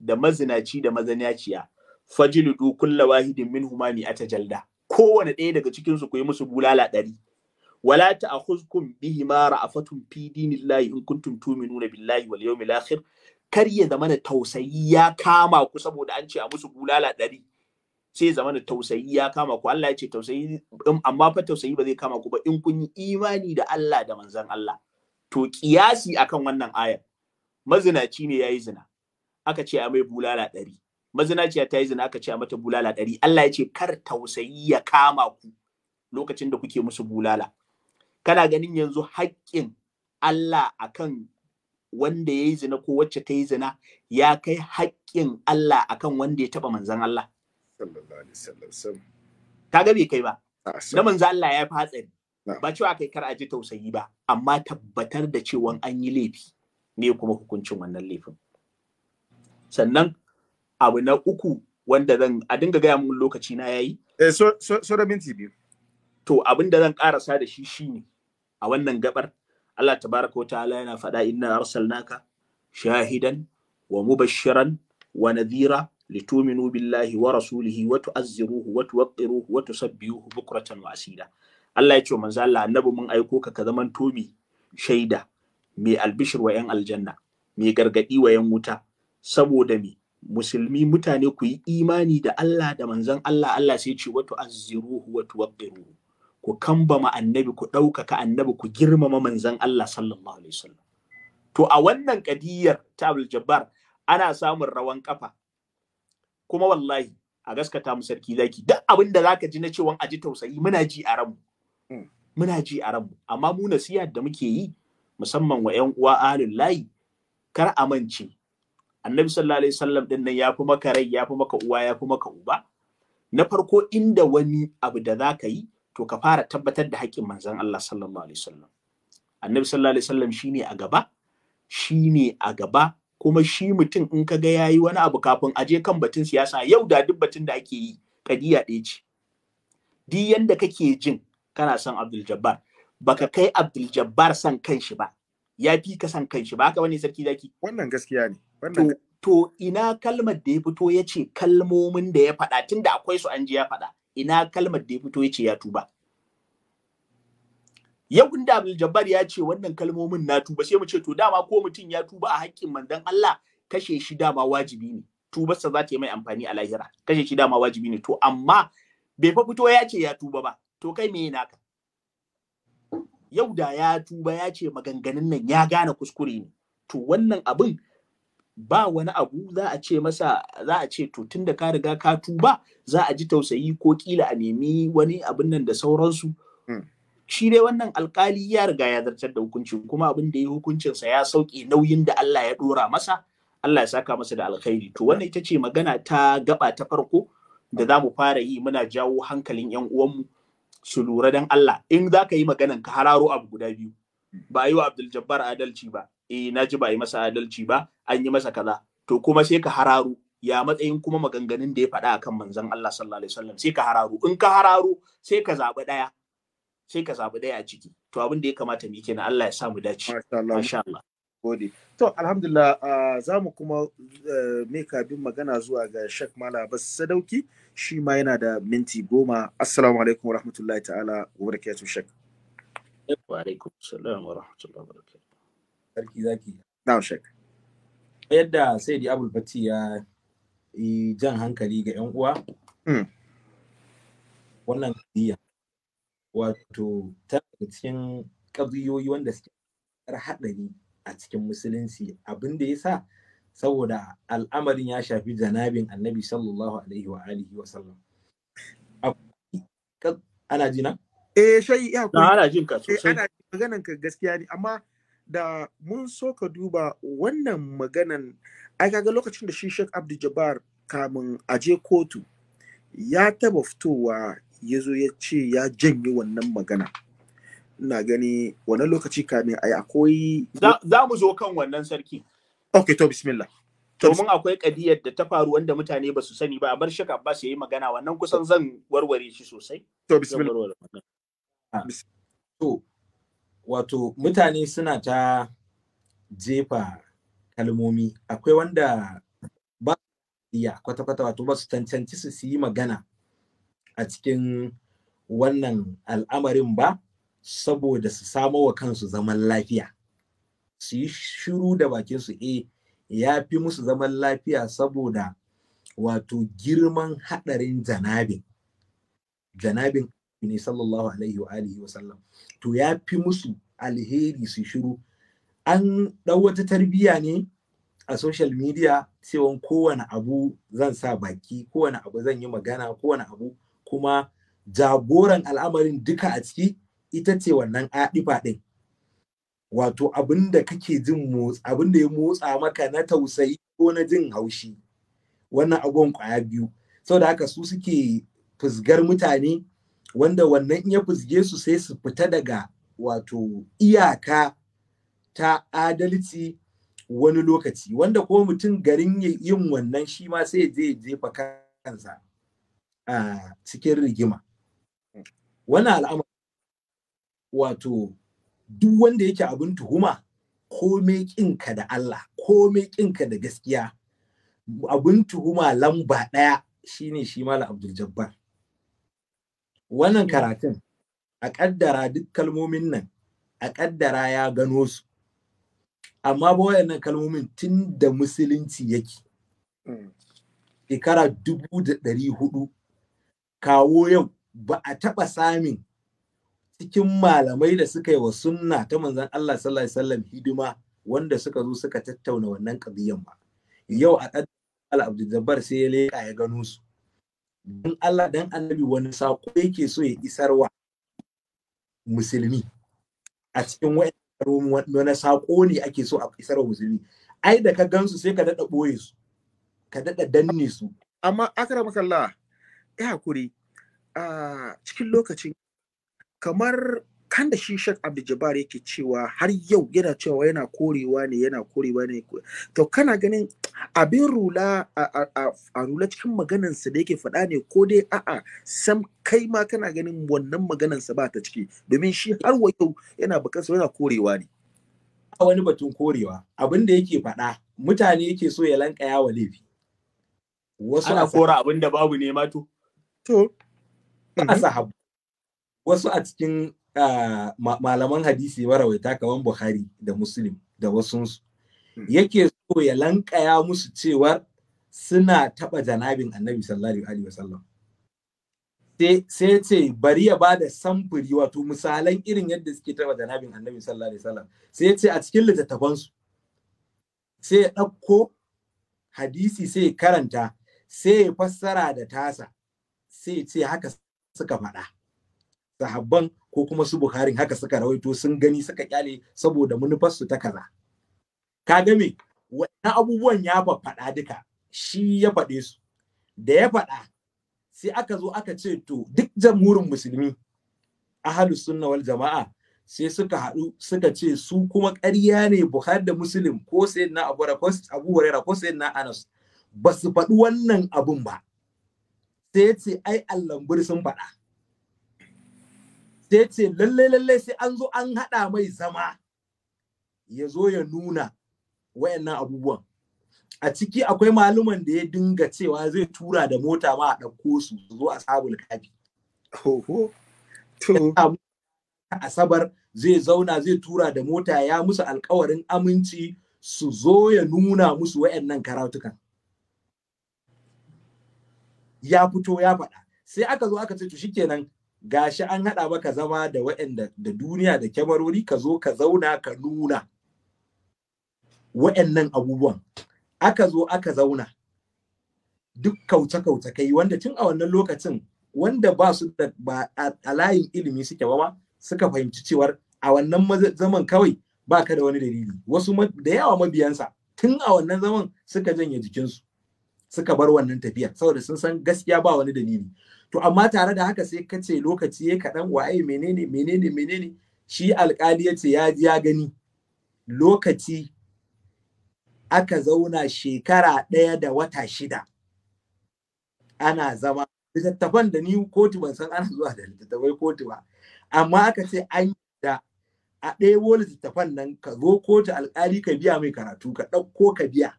da mazinaci da mazaniyaciya fajlidu kulla wahidin minhuma ata jalda kowane ɗaya daga cikin su ku yi musu bulala ɗari wala ta a bihima ra'afatun fi dinillahi in kuntum tu'minuna billahi wal yawmil akhir kar ya zamana tausayi ya kama ku saboda an ce a musu bulala ɗari sai zamana tausayi ya kama ku Allah ya ce tausayi amma fa tausayi ba zai kama ku ba in kun yi imani da Allah da manzon Allah to kiyasi akan wannan ayar mazinaci ne yayi zina aka ce a mai bulala ɗari Mazinaci ta yi zina aka ce a mata bulala ɗari Allah ya ce kar tausayi ya kama ku lokacin da kuke musu bulala kana ganin yanzu haƙƙin Allah akan wanda ya zina ko wacce ta yi zina ya kai haƙƙin Allah akan wanda ya taba manzan Allah. Kaga bai kai ba. Ah, Na manzan Allah ya fi hatsari. ba cewa kai kar a ji tausayi ba amma tabbatar da cewa an yi laifi ne kuma hukuncin wannan laifin sannan abu na uku wanda zan a dinga gaya mun lokaci na yayi eh so so, so da minti biyu to abin da zan karasa da shi shine a wannan gabar Allah tabaraka wa ta'ala yana faɗa inna arsalnaka shahidan wa mubashiran wa nadhira litu'minu billahi wa rasulihi wa tu'azziruhu wa tuwaqqiruhu wa tusabbihuhu bukratan wa asila Allah ya ce manzo Allah annabi mun aiko ka ka zaman tomi shaida mai albishir wa 'yan aljanna mai gargadi wa 'yan wuta saboda me musulmi mutane ku yi imani da Allah da manzon Allah Allah sai ce wato azziruhu wa tuwaqqiruhu ku kambama annabi ku ɗaukaka annabi ku girmama manzon Allah sallallahu alaihi wasallam to a wannan kadiyar ta Abdul Jabbar ana samun rawan kafa kuma wallahi a gaskata mu sarki zaki duk abin da zaka ji na cewa aji tausayi muna ji a ranmu muna ji a ranmu amma mu nasiha da muke yi musamman wa 'yan uwa ahlul layi kar amince annabi sallallahu alaihi wasallam din nan yafi maka rai yafi maka uwa yafi maka uba na farko inda wani abu da zaka yi to ka fara tabbatar da haƙƙin manzon Allah sallallahu alaihi wasallam annabi sallallahu alaihi wasallam shine a gaba shine a gaba kuma shi mutum in ka ga yayi wani abu kafin aje kan batun siyasa yau da duk batun da ake yi kadiya ɗaya ce duk yanda kake jin kana son Abdul Jabbar baka kai Abdul Jabbar son kanshi ba ya fi ka son kanshi ba haka wani sarki zaki wannan gaskiya ne wannan to ina kalmar da ya fito ya ce kalmomin da ya faɗa tunda akwai su an ji ya faɗa ina kalmar da ya fito ya ce ya tuba yau da Abdul Jabbar ya ce wannan kalmomin na tuba sai mu ce to dama ko mutum ya tuba a haƙƙin mandan Allah kashe shi dama wajibi ne tubarsa za ta yi mai amfani a lahira kashe shi dama wajibi ne to amma bai fa fito ya ya tuba ba to kai me naka yau da ya tuba ya ce maganganun nan ya gane kuskure ne to wannan abin ba wani abu za a ce masa za a ce to tunda ka riga ka tuba za a ji tausayi ko kila a nemi wani abin nan da sauransu hmm. shi dai wannan alkali ya riga ya zartar da hukunci kuma abin da ya hukuncinsa ya sauke nauyin da Allah ya dora masa Allah ya saka masa da alkhairi to wannan ita ce magana ta gaba ta farko da za mu fara yi muna jawo hankalin 'yan uwanmu su lura dan Allah in za ka yi maganan ka hararo abu guda biyu hmm. ba yi wa Abdul Jabbar adalci ba eh na ji ba yi masa adalci ba an yi masa kaza to kuma sai ka hararo ya matsayin kuma maganganun da ya faɗa akan manzon Allah sallallahu alaihi wasallam sai ka hararo in ka hararo sai ka zaɓi ɗaya sai ka zaɓi ɗaya a ciki to abin da ya kamata mu kenan Allah ya sa mu dace masha Allah gode to alhamdulillah ah, za mu kuma eh, mai bin magana zuwa ga Sheikh Malam Sadauki shi ma yana da minti goma assalamu alaikum wa rahmatullahi ta'ala wa barakatuh shek wa alaikum salam wa rahmatullahi wa barakatuh sarki zaki na'am shek yadda sayyidi abul fati ya jan hankali ga yan uwa hmm. wannan kadiya wato ta cikin kabiyoyi wanda suke hadari a cikin musulunci abin da ya sa saboda al'amarin ya shafi zanabin annabi sallallahu alaihi wa alihi wa sallam ana ji na eh shayi ya ku ana jin ka sosai eh, ana maganan ka gaskiya ne amma da mun so ka duba wannan maganan ai kaga lokacin da shi Sheikh Abdul Jabbar kamun aje kotu ya taba fitowa ya zo ya ce ya janye wannan magana ina gani wani lokaci kamin ai akwai za mu zo kan wannan sarki okay to bismillah domin akwai kadiyar da ta faru wanda mutane ba su sani ba a bar shaka ba su yi magana wannan kusan zan warware shi sosai to bismillah ah. Ah. to wato mutane suna ta jefa kalmomi akwai wanda ba iya kwata-kwata wato ba su tancanci su yi magana a cikin wannan al'amarin ba saboda su samo wa kansu zaman lafiya su yi shiru da bakin su eh ya fi musu zaman lafiya saboda wato girman haɗarin janabin janabin ne sallallahu alaihi wa alihi wa sallam to ya fi musu alheri su shiru an ɗau wata tarbiyya ne a social media cewa kowane abu zan sa baki kowane abu zan yi magana kowane abu kuma jagoran al'amarin duka a ciki ita ce wannan adifa ɗin wato abin da kake jin motsa abin da ya motsa maka na tausayi ko na jin haushi wannan agon kwaya biyu saboda haka su suke fusgar mutane wanda wannan iya ya fusge su sai su fita daga wato iyaka ta adalci wani lokaci wanda ko mutum garin yin wannan shi ma sai je jefa kansa a cikin rigima wannan al'amari wato duk wanda yake abin tuhuma komai ƙinka da Allah komai ƙinka da gaskiya abin tuhuma lamba ɗaya shine shi mala abdul jabbar wannan hmm. karatun a ƙaddara duk kalmomin nan a ƙaddara ya gano su amma ba wayannan kalmomin tun da musulunci yake hmm. shekara dubu da ɗari hudu kawo yau ba a taɓa samin cikin malamai da suka yi wa sunna ta manzon Allah sallallahu alaihi wasallam hidima wanda suka zo suka tattauna wannan kabiyan ba yau a dan al Abdul sai ya leka ya gano su dan Allah dan Annabi wani sako yake so ya isarwa musulmi a cikin wani sako ne ake so a isarwa musulmi ai da ka gansu sai ka dada boye su ka dada danne su amma akramakallah ya hakuri a cikin lokacin kamar kan da shi Sheikh Abdul yake cewa har yau yana cewa yana korewa ne yana korewa ne to kana ganin abin rula a rula cikin maganansa da yake faɗa ne ko dai a'a sam kai ma kana ganin wannan maganansa ba ta ciki domin shi har wa yau yana bukansa yana korewa ne a wani batun korewa abin da yake faɗa mutane yake so ya lankaya wa laifi wasu ana kora abin da babu ne ma to to ba sahabu wasu a cikin malaman hadisi marawaita kamar Buhari da Muslim da wasunsu hmm. yake so ya ya musu cewar suna taɓa janabin annabi sallallahu alaihi wasallam sai ce bari ya bada samfuri wato misalan irin yadda suke taɓa janabin annabi sallallahu alaihi wasallam sai ce a cikin littattafansu sai ya ɗauko hadisi sai ya karanta sai ya fassara da tasa sai ce haka suka faɗa sahabban ko kuma su Bukhari haka suka rawaito sun gani suka kyale saboda su ta kaza ka ga me wannan abubuwan ya faɗa duka shi ya faɗe su da ya faɗa sai aka zo aka ce to duk jamhurin musulmi ahlu sunna wal jama'a sai suka haɗu suka ce su kuma ƙarya ne Bukhari da Muslim ko sayyidina Abu Abu Hurairah ko sayyidina Anas ba su faɗi wannan abun ba sai ya ce ai allambur sun faɗa ta ce lalle lalle sai an zo an haɗa mai zama ya zo ya nuna wayannan abubuwan a ciki akwai maluman da ya dinga cewa zai tura da mota ma a ɗauko su zo a sabul kafi asabar zai zauna zai tura da mota ya musu alkawarin aminci su zo ya nuna musu wayannan karatukan ya fito ya faɗa sai aka zo aka ce to shikenan gashi an haɗa maka zama da waɗanda da duniya da kyamarori ka zo ka zauna ka nuna waɗannan abubuwan aka zo aka zauna duk kauce-kauce kai wanda tun a wannan lokacin wanda ba su da ba a layin ilimi suke ba suka fahimci cewar a wannan zaman kawai ba ka da wani dalili wasu da yawa mabiyansa tun a wannan zaman suka janye jikinsu suka bar wannan tafiya, saboda sun san gaskiya ba wani dalili to amma tare da haka sai ka ce lokaci ya kaɗan waye menene menene menene shi alkali ya ce ya ji ya gani lokaci aka zauna shekara ɗaya da wata shida ana zama littattafan da ni kotu ban san ana zuwa da littattafai kotu ba amma aka ce an da a ɗebo littattafan nan ka zo kotu alkali ka biya mai karatu ka ɗauko ka biya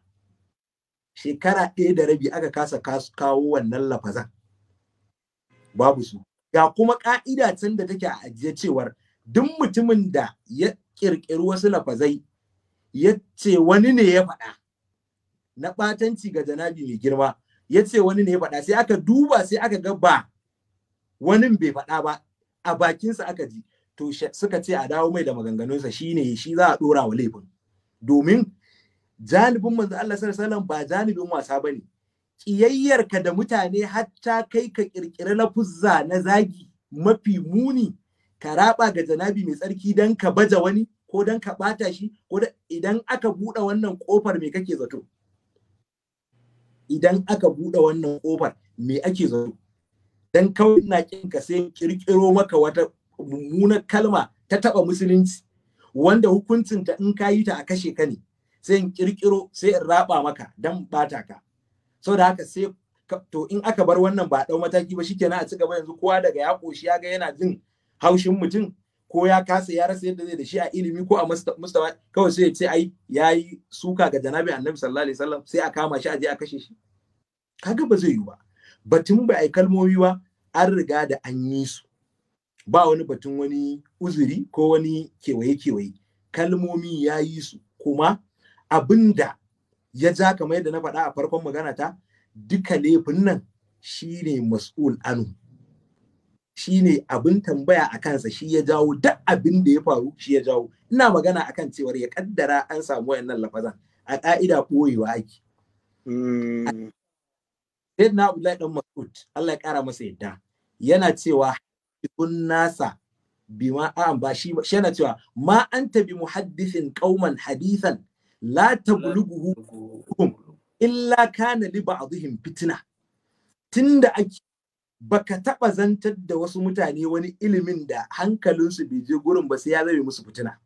shekara ɗaya da rabi aka kasa kawo wannan lafazan babu su ga kuma ka'ida can da take a ajiye cewar duk mutumin da ya kirkiri wasu lafazai ya ce wani ne ya faɗa na ɓatanci ga janabi mai girma ya ce wani ne ya faɗa sai aka duba sai aka ga ba wani bai faɗa ba a bakinsa aka ji to suka ce a dawo mai da maganganunsa shine shi za a ɗora wa laifin domin janibin manzo Allah sallallahu alaihi wasallam ba janibin wasa bane ƙiyayyarka da mutane hatta kai ka ƙirƙiri lafuzza na zagi mafi muni ka raba ga janabi mai tsarki don ka baje wani ko don ka ɓata shi ko idan aka buɗe wannan ƙofar me kake zato idan aka buɗe wannan ƙofar me ake zato don kawai na ka sai ƙirƙiro maka wata mummunar kalma ta taɓa musulunci wanda hukuncinta in ka yi ta a kashe ka ne sai in ƙirƙiro sai in raba maka don ɓata ka da haka sai to in aka bar wannan ba dau mataki ba shikenan a ci gaba yanzu kowa daga ya koshi ya ga yana jin haushin mutum ko ya kasa ya rasa yadda zai da shi a ilimi ko a mustawa kawai sai ya ce ai yayi suka ga janabi annabi sallallahu alaihi wasallam sai a kama shi a je a kashe shi kaga ba zai yi ba batun ba ai kalmomi ba an riga da an yi su ba wani batun wani uzuri ko wani kewaye kewaye kalmomi yayi su kuma abinda ya ja kamar yadda na faɗa a farkon magana ta duka laifin nan shine mas'ul anu shine abin tambaya a kansa shi ya jawo duk abin da ya faru shi ya jawo ina magana akan cewar ya kaddara an samu wayannan lafazan a ka'ida koyewa ake hmm. sai na Abdullahi dan Mas'ud Allah ya kara masa yadda yana cewa kun nasa bima an ba shi yana cewa ma anta bi muhaddithin ƙauman hadisan. la tablughu illa kana li ba'dihim fitna tunda ake baka taba zantar da wasu mutane wani ilimin da hankalinsu bai je gurin ba sai ya zame musu fitina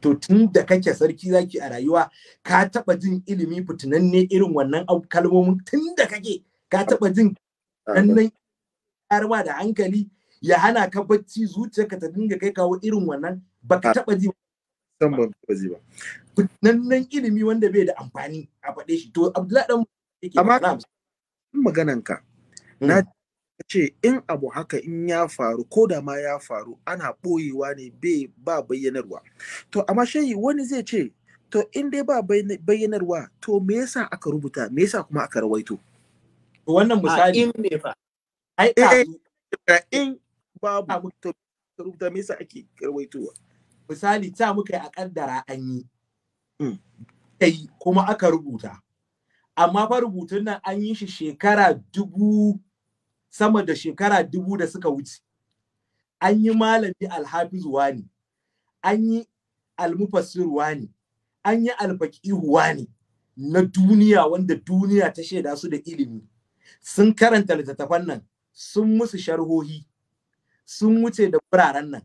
to tun kake sarki zaki a rayuwa ka taba jin ilimi ne irin wannan kalmomin tun kake ka taba jin wannan karma da hankali ya hana ka bacci zuciyarka ta dinga kai kawo irin wannan baka taba ji san ban ba nan ilimi wanda bai da amfani a faɗe shi to abdullahi ɗan yake amma maganan ka hmm. na ce in abu haka in ya faru ko da ma ya faru ana ɓoyewa ne bai ba bayyanarwa to amma shayi wani zai ce to in dai ba bayyanarwa to me yasa aka rubuta me yasa kuma aka rawaito wannan misali in ne fa ai eh, in babu to rubuta me yasa ake rawaitowa misali ta muka yi a kaddara an yi kai mm. kuma aka rubuta amma fa rubutun nan an yi shi shekara dubu sama da shekara dubu da suka wuce an yi malami alhafiz wani an yi almufassir wani an yi alfaqihu wani na duniya wanda duniya ta shaida su da ilimi sun karanta littattafan nan sun musu sharhohi sun wuce da wuraren nan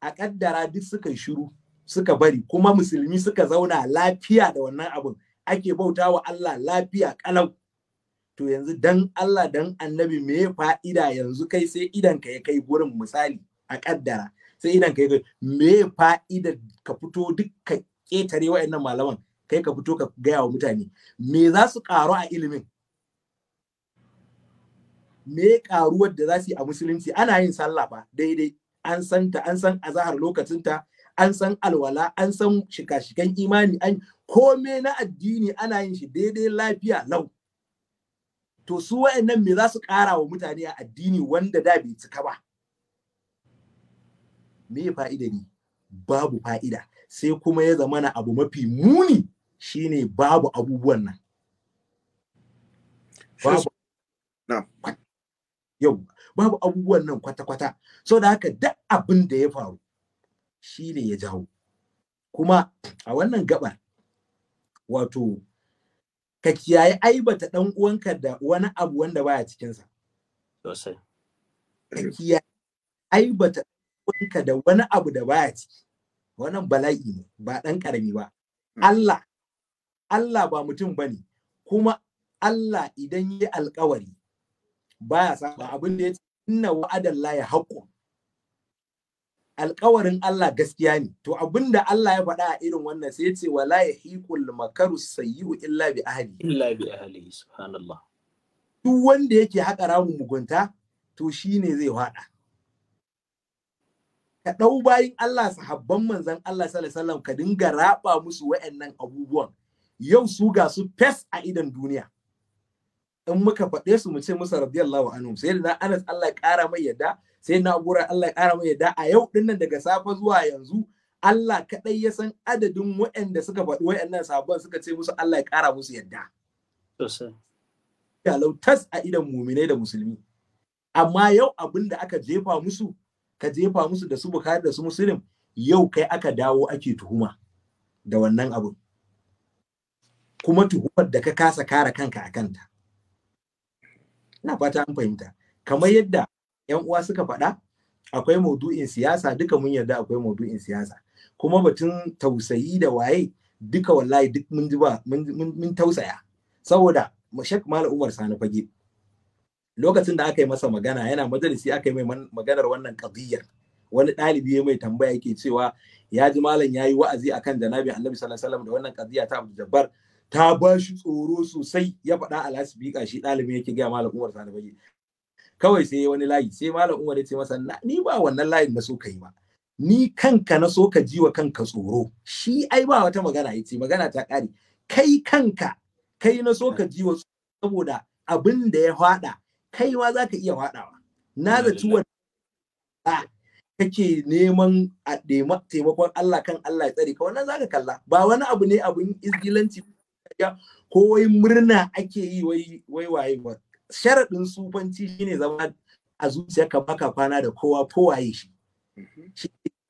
a kaddara duk suka shiru suka bari kuma musulmi suka zauna lafiya da wannan abun ake bauta wa Allah lafiya kalau to yanzu dan Allah dan annabi me ya fa'ida yanzu kai sai idan ka kai gurin misali a kaddara sai idan ka kai me ya fa'ida ka fito duk ka ketare wayannan malaman kai ka fito ka gaya wa mutane me za su karu a ilimin me karuwar da za su yi a musulunci ana yin sallah ba daidai an san ta an san azahar ta an san alwala an san shika-shikan imani an kome na addini ana yin shi daidai lafiya lau to su wa'annan me za su ƙara wa mutane a addini wanda da bai cika ba me fa'ida ne babu fa'ida sai kuma ya zamana abu mafi muni shine babu abubuwan nan babu yau babu abubuwan nan kwata-kwata so da haka duk abin da ya faru shi ne ya jawo kuma a wannan gabar wato ka kiyaye aibata dan uwanka da wani abu wanda baya cikinsa sosai ka kiyaye aibata uwanka da wani abu da baya ciki wannan bala'i ne ba dan karami ba hmm. Allah Allah ba mutum bane kuma Allah idan yi alkawari baya saba abin da ya ce inna wa'adan la ya haqqu alƙawarin Allah gaskiya ne to abinda Allah ya faɗa a irin wannan sai ya ce wala hiqul makaru sayyi'u illa bi ahli illa bi ahli subhanallah duk wanda yake haƙa ramu mugunta to shine zai haɗa ka ɗau bayin Allah sahabban manzon Allah sallallahu alaihi wasallam ka dinga raba musu wa'annan abubuwan yau su ga su fes a idan duniya in muka faɗe su mu ce musu radiyallahu anhu sai na Anas Allah ya ƙara mai yadda sai na Abura Allah ya ƙara mai yadda a yau dinnan daga safa zuwa yanzu Allah kaɗai ya san adadin waɗanda suka faɗi waɗannan sabon suka ce musu Allah ya ƙara musu yadda. Galautas a idan muminai da musulmi. Amma yau abin da aka jefa musu, ka jefa musu da su bukari da su Musulun, yau kai aka dawo ake tuhuma da wannan abin. Kuma tuhumar da ka kasa kare kanka a kanta. ina fata an fahimta kamar yadda yan uwa suka faɗa akwai maudu'in siyasa duka mun yarda akwai maudu'in siyasa kuma batun tausayi da waye duka wallahi duk mun ji ba mun tausaya saboda Sheikh Malam Umar Sani Fage lokacin da aka yi masa magana yana majalisi aka yi mai maganar wannan qadiyar wani ɗalibi ya mai tambaya yake cewa ya ji malam ya yi wa'azi akan janabi annabi sallallahu alaihi wasallam da wannan qadiya ta Abdul Jabbar ta ba shi tsoro sosai ya faɗa a lasifika shi ɗalibin yake gaya malam umar sani bage kawai sai wani layi sai malam umar ya ce masa ni ba wannan layin na so ka yi ba ni kanka na so ka ji kanka tsoro shi ai ba wata magana yace magana ta ƙare kai kanka kai na so ka ji saboda abin da ya faɗa kai ma za iya faɗawa na zaci wanda kake neman a taimakon Allah kan Allah ya tsare ka wannan zaka kalla ba wani abu ne abun izgilanci gaskiya ko wai murna ake yi wai wai waye ba sharadin sufanci shine zama a ka baka kwana da kowa ko waye shi mhm.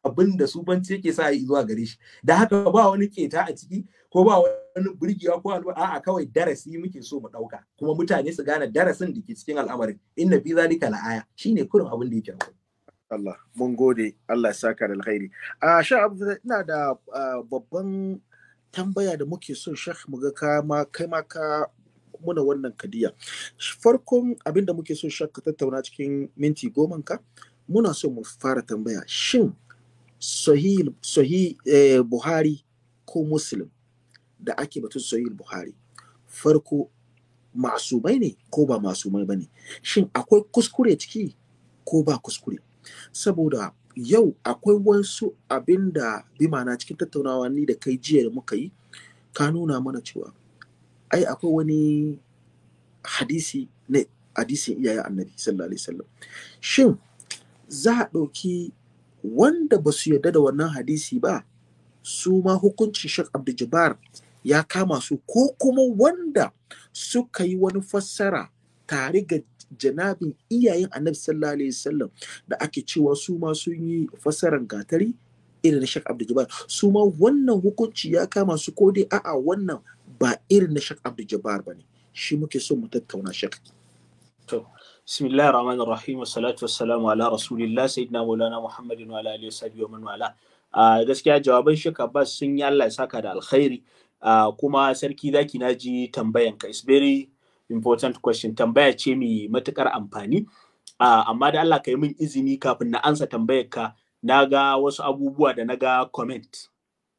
abin da sufanci yake sa yi zuwa gare shi da haka ba wani keta a ciki ko ba wani burgewa ko alwa a'a kawai darasi muke so mu dauka kuma mutane su gane darasin da ke cikin al'amarin inna fi zalika la'aya shine kurin abin da yake Allah mun gode Allah ya saka da alkhairi a sha ina da ah, babban tambaya da muke son shek muga kama kai ma muna wannan kadiya farkon abin da muke son shek ka tattauna cikin minti goman ka muna so mu fara tambaya shin Sahil sahi eh, buhari ko muslim da ake batun Sahil buhari farko masumai ne ko ba masumai ba ne shin akwai kuskure ciki ko ba kuskure saboda yau akwai wasu abin da bi mana cikin tattaunawa ni da kai jiya da muka yi ka nuna mana cewa ai akwai wani hadisi ne hadisin iyayen annabi sallallahu alaihi wasallam shin za a ɗauki wanda ba su yarda da wannan hadisi ba su ma hukuncin shek abdul ya kama su ko kuma wanda suka yi wani fassara tare ga janabin iyayen annabi sallallahu alaihi wasallam da ake cewa su ma sun yi fasaran gatari irin na Abdul Jabbar su ma wannan hukunci ya kama su ko dai a'a wannan ba irin na Sheikh Abdul Jabbar bane shi muke so mu tattauna Sheikh to bismillahir rahmanir rahim wassalatu wassalamu ala rasulillah sayyidina maulana muhammadin wa ala alihi wasahbihi wa man wala a gaskiya jawaban shek Abbas sun yi Allah ya saka da alkhairi kuma sarki zaki naji tambayan ka is very important question tambaya ce mai matukar amfani uh, amma da Allah ka yi min izini kafin na ansa tambayar ka na ga wasu abubuwa da na ga comment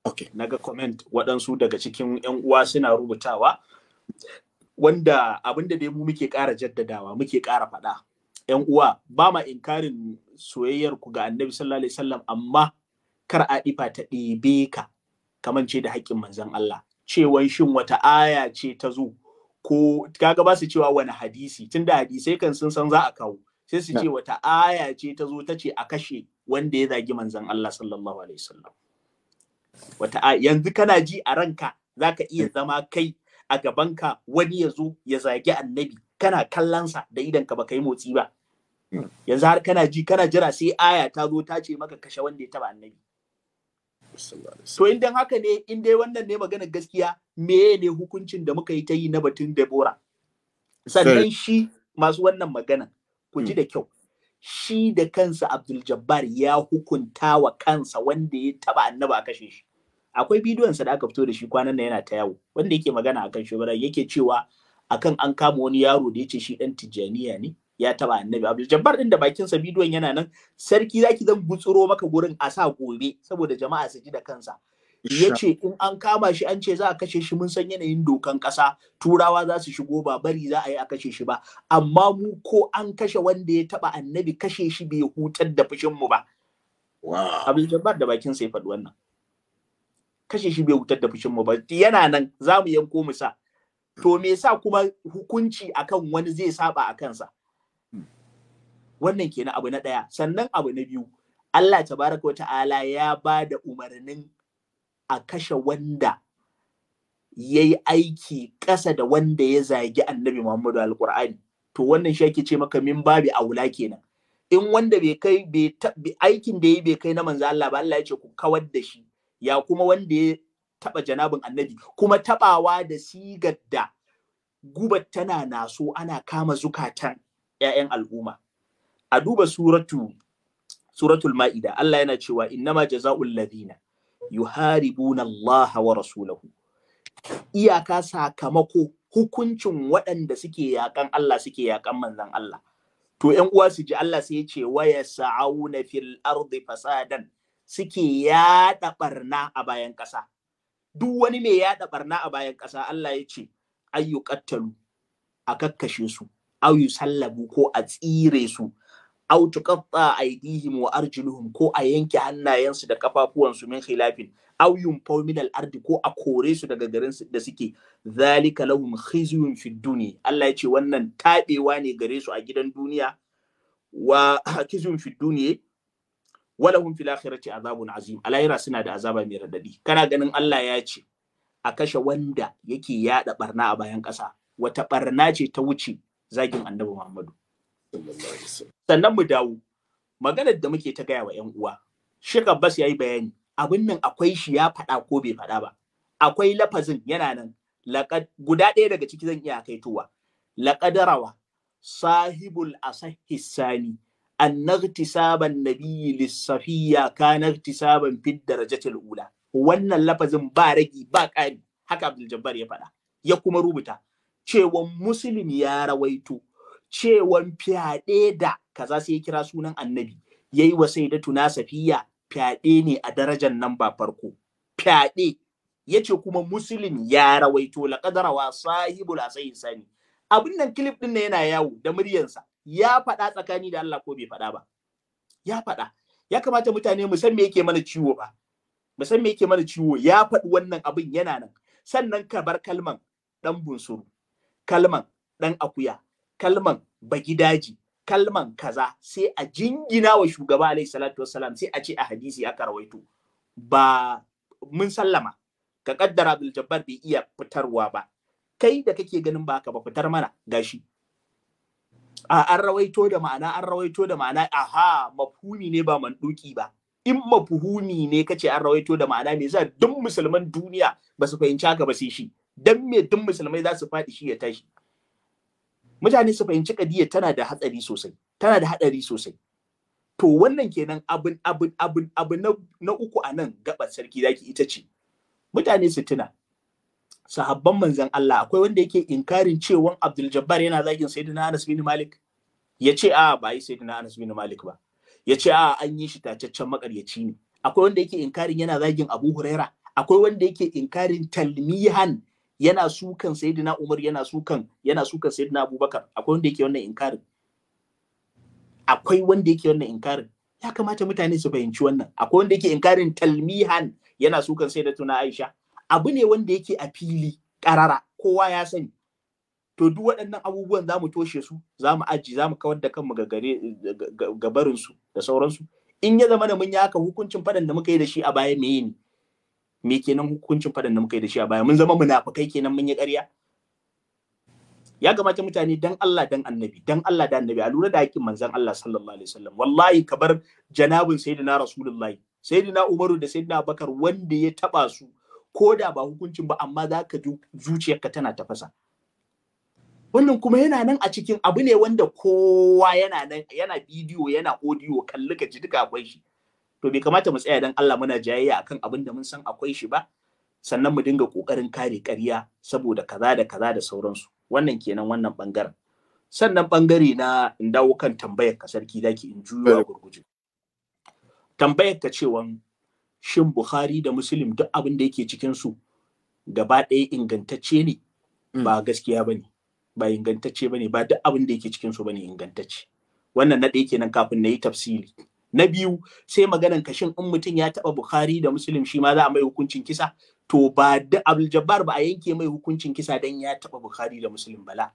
okay. na ga comment waɗansu daga cikin 'yan uwa suna rubutawa wanda abinda da dai mu muke ƙara jaddadawa muke ƙara faɗa 'yan uwa ba ma inkarin soyayyar ku ga annabi sallallahu alaihi wasallam amma kar a ɗifa ta ɗebe ka kamance da haƙƙin manzon Allah cewan shin wata aya ce ta zo ko kaga ba su cewa wani hadisi tun da hadisai kan sun san za a kawo sai su ce wata aya ce ta zo ta ce a kashe wanda ya zagi manzan Allah sallallahu alaihi wasallam wata yanzu kana ji a ranka zaka iya hmm. zama kai a gabanka wani ya zo ya zagi annabi kana kallonsa da idon ka baka yi motsi ba hmm. yanzu har kana ji kana jira sai aya ta zo ta ce maka kashe wanda ya taba annabi to in dan haka ne in dai wannan ne maganar gaskiya meye ne hukuncin da muka yi ta yi na batun Debora sannan shi masu wannan magana ku ji mm. da kyau shi da kansa Abdul Jabbar ya hukunta wa kansa wanda ya taba annaba a kashe shi akwai bidiyon sa da aka fito da shi kwanan nan yana ta yawo wanda yake magana akan shugaba yake cewa akan an kama wani yaro da ya ce shi dan Tijjaniya ne ya taba annabi abdul jabbar din da bakin sa bidiyon yana nan sarki zaki zan gutsuro maka gurin a sa gobe saboda jama'a su ji da kansa ya ce in an kama shi an ce za a kashe shi mun san yanayin dokan ƙasa turawa za su shigo ba bari za a yi a kashe shi ba amma mu ko an kashe wanda ya taba annabi kashe shi bai hutar da fushin mu ba abdul jabbar da bakin ya faɗi wannan kashe shi bai hutar da fushin mu ba yana nan za mu yanko mu sa to me yasa kuma hukunci akan wani zai saba a kansa wannan kenan abu na ɗaya sannan abu na biyu Allah tabaraka wa ta'ala ya ba da umarnin a kashe wanda ya yi aiki ƙasa da wanda ya zagi annabi Muhammadu alƙur'ani to wannan shi ake ce maka min babi aula kenan in wanda bai kai aikin da ya bai kai na manzo Allah ba Allah ya ce ku kawar da shi ya kuma wanda ya taba janabin annabi kuma tabawa da sigar da gubar tana naso ana kama zukatan 'ya'yan al'umma a duba suratu suratul ma'ida Allah yana cewa innama jaza'ul ladina yuharibuna Allah wa rasulahu iyaka sakamako hukuncin waɗanda suke yakan Allah suke yakan manzan Allah to ƴan uwa su ji Allah sai ya ce wa yas'auna fil ardi fasadan suke yaɗaɓarna barna a bayan ƙasa duk wani mai yaɗa barna a bayan ƙasa Allah ya ce ayyukattalu a kakkashe su au yusallabu ko a tsire su aw tuqatta aydihim wa arjuluhum ko a yanke hannayensu da kafafuwansu min khilafin aw yunfaw min al-ardi ko a kore su daga garin da suke zalika lahum khizyun fi dunya Allah ya ce wannan tabewa ne gare su a gidan duniya wa [clears throat] khizyun fi dunya walahum fil akhirati azabun azim alayra suna da azaba mai radadi kana ganin Allah ya ce a kashe wanda yake yada barna a bayan kasa. wata barna ce ta wuce zagin annabi Muhammadu sannan mu dawo maganar da muke ta gaya wa 'yan uwa shek Abbas ya yi bayani abin nan akwai shi ya faɗa ko bai faɗa ba akwai lafazin yana nan guda ɗaya daga ciki zan iya kaitowa laƙadarawa sahibul asahhi sani an nagtisaban nabiyyi lissafiya kana tisaban fid darajatil ula wannan lafazin ba ragi ba ƙari haka Abdul Jabbar ya faɗa ya kuma rubuta cewa Muslim ya rawaito cewan fyaɗe da kaza sai ya kira sunan annabi yayi wa tuna safiya fyaɗe ne a darajar nan ba farko fyaɗe yace kuma muslim ya rawaito laqad rawa sahibul asayin sani abin nan kilif din yana yawo da muryarsa ya faɗa tsakani da Allah ko bai faɗa ba ya faɗa ya kamata mutane mu san me yake mana ciwo ba mu san me yake mana ciwo ya faɗi wannan abin yana nan sannan ka bar kalman dan bunsuru kalman dan akuya kalman bagidaji kalman kaza sai a jingina wa shugaba alayhi salatu wassalam sai a ce a hadisi aka rawaito ba mun sallama ka kaddara Abdul Jabbar bai iya fitarwa ba kai da kake ganin ba ka ba fitar mana gashi a an rawaito da ma'ana an rawaito da ma'ana aha mafhumi ne ba man doki ba in mafhumi ne kace an rawaito da ma'ana me zai duk musulman duniya ba su fahimci haka ba sai shi dan me duk musulmai za su faɗi shi ya tashi mutane su fahimci kadiyar tana da hatsari sosai tana da hadari sosai to wannan kenan abin abin abin abin na, uku a nan gabar sarki zaki ita ce mutane su tuna sahabban manzon Allah akwai wanda yake inkarin cewan Abdul Jabbar yana zagin Sayyidina Anas bin Malik ya ce a ba yi Sayyidina Anas bin Malik ba ya ce a an yi shi tacaccen makaryaci ne akwai wanda yake inkarin yana zagin Abu Huraira akwai wanda yake inkarin talmihan yana sukan sayyidina Umar yana sukan yana sukan sayyidina Abubakar akwai wanda yake wannan inkarin akwai wanda yake wannan inkarin ya kamata mutane su fahimci wannan akwai wanda yake inkarin talmihan yana sukan sayyidatuna Aisha abu ne wanda yake a fili karara kowa ya sani to duk waɗannan abubuwan zamu toshe su za mu aji za kawar da kanmu ga gare gabarin su da sauransu in ya zama da mun yi haka hukuncin fadan da muka yi da shi a baya meye ne me kenan hukuncin faɗan da muka yi da shi a baya mun zama munafukai kenan mun yi ƙarya ya kamata mutane dan Allah dan annabi dan Allah dan annabi a lura da hakkin manzon Allah sallallahu alaihi wasallam wallahi kabar janabin sayyidina rasulullahi sayyidina umaru da sayyidina Bakar, wanda ya taba su ko da ba hukuncin ba amma za ka zuciyarka tana tafasa wannan kuma yana nan a cikin abu ne wanda kowa yana nan yana bidiyo yana audio kalli ka ji duka akwai shi to bai kamata mu tsaya dan Allah muna jayayya akan abin da mun san akwai shi ba sannan mu dinga kokarin kare ƙarya saboda kaza da kaza da sauransu wannan kenan wannan bangaren sannan bangare na in dawo kan tambayar ka sarki zaki in juyuwa gurguje tambayar ka cewa shin Bukhari da Muslim duk abin da yake cikin su gaba ɗaya ingantacce ne mm. ba gaskiya bane ba ingantacce bane ba duk abin da yake cikin su bane ingantacce wannan na ɗaya kenan kafin na yi tafsiri na biyu sai maganan kashin in mutum ya taba bukhari da muslim shi ma za a mai hukuncin kisa to ba da abdul ba a yanke mai hukuncin kisa dan ya taba bukhari da muslim bala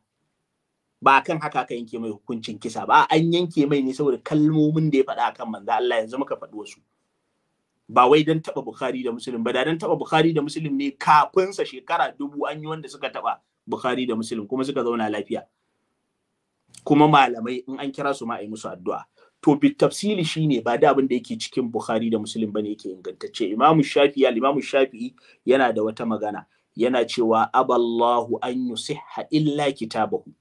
ba kan haka ka yanke mai hukuncin kisa ba an yanke mai ne saboda kalmomin da ya faɗa akan manzo Allah yanzu muka faɗi wasu ba wai dan taba bukhari da muslim ba da dan taba bukhari da muslim ne kafin sa shekara dubu an yi wanda suka taba bukhari da muslim kuma suka zauna lafiya kuma malamai in an kira su ma a yi musu addu'a to bi tafsili shine ba da abin da yake cikin Bukhari da Muslim bane yake ingantacce Imam Shafi'i al-Imam Shafi'i yana da wata magana yana cewa aballahu an yusihha illa kitabahu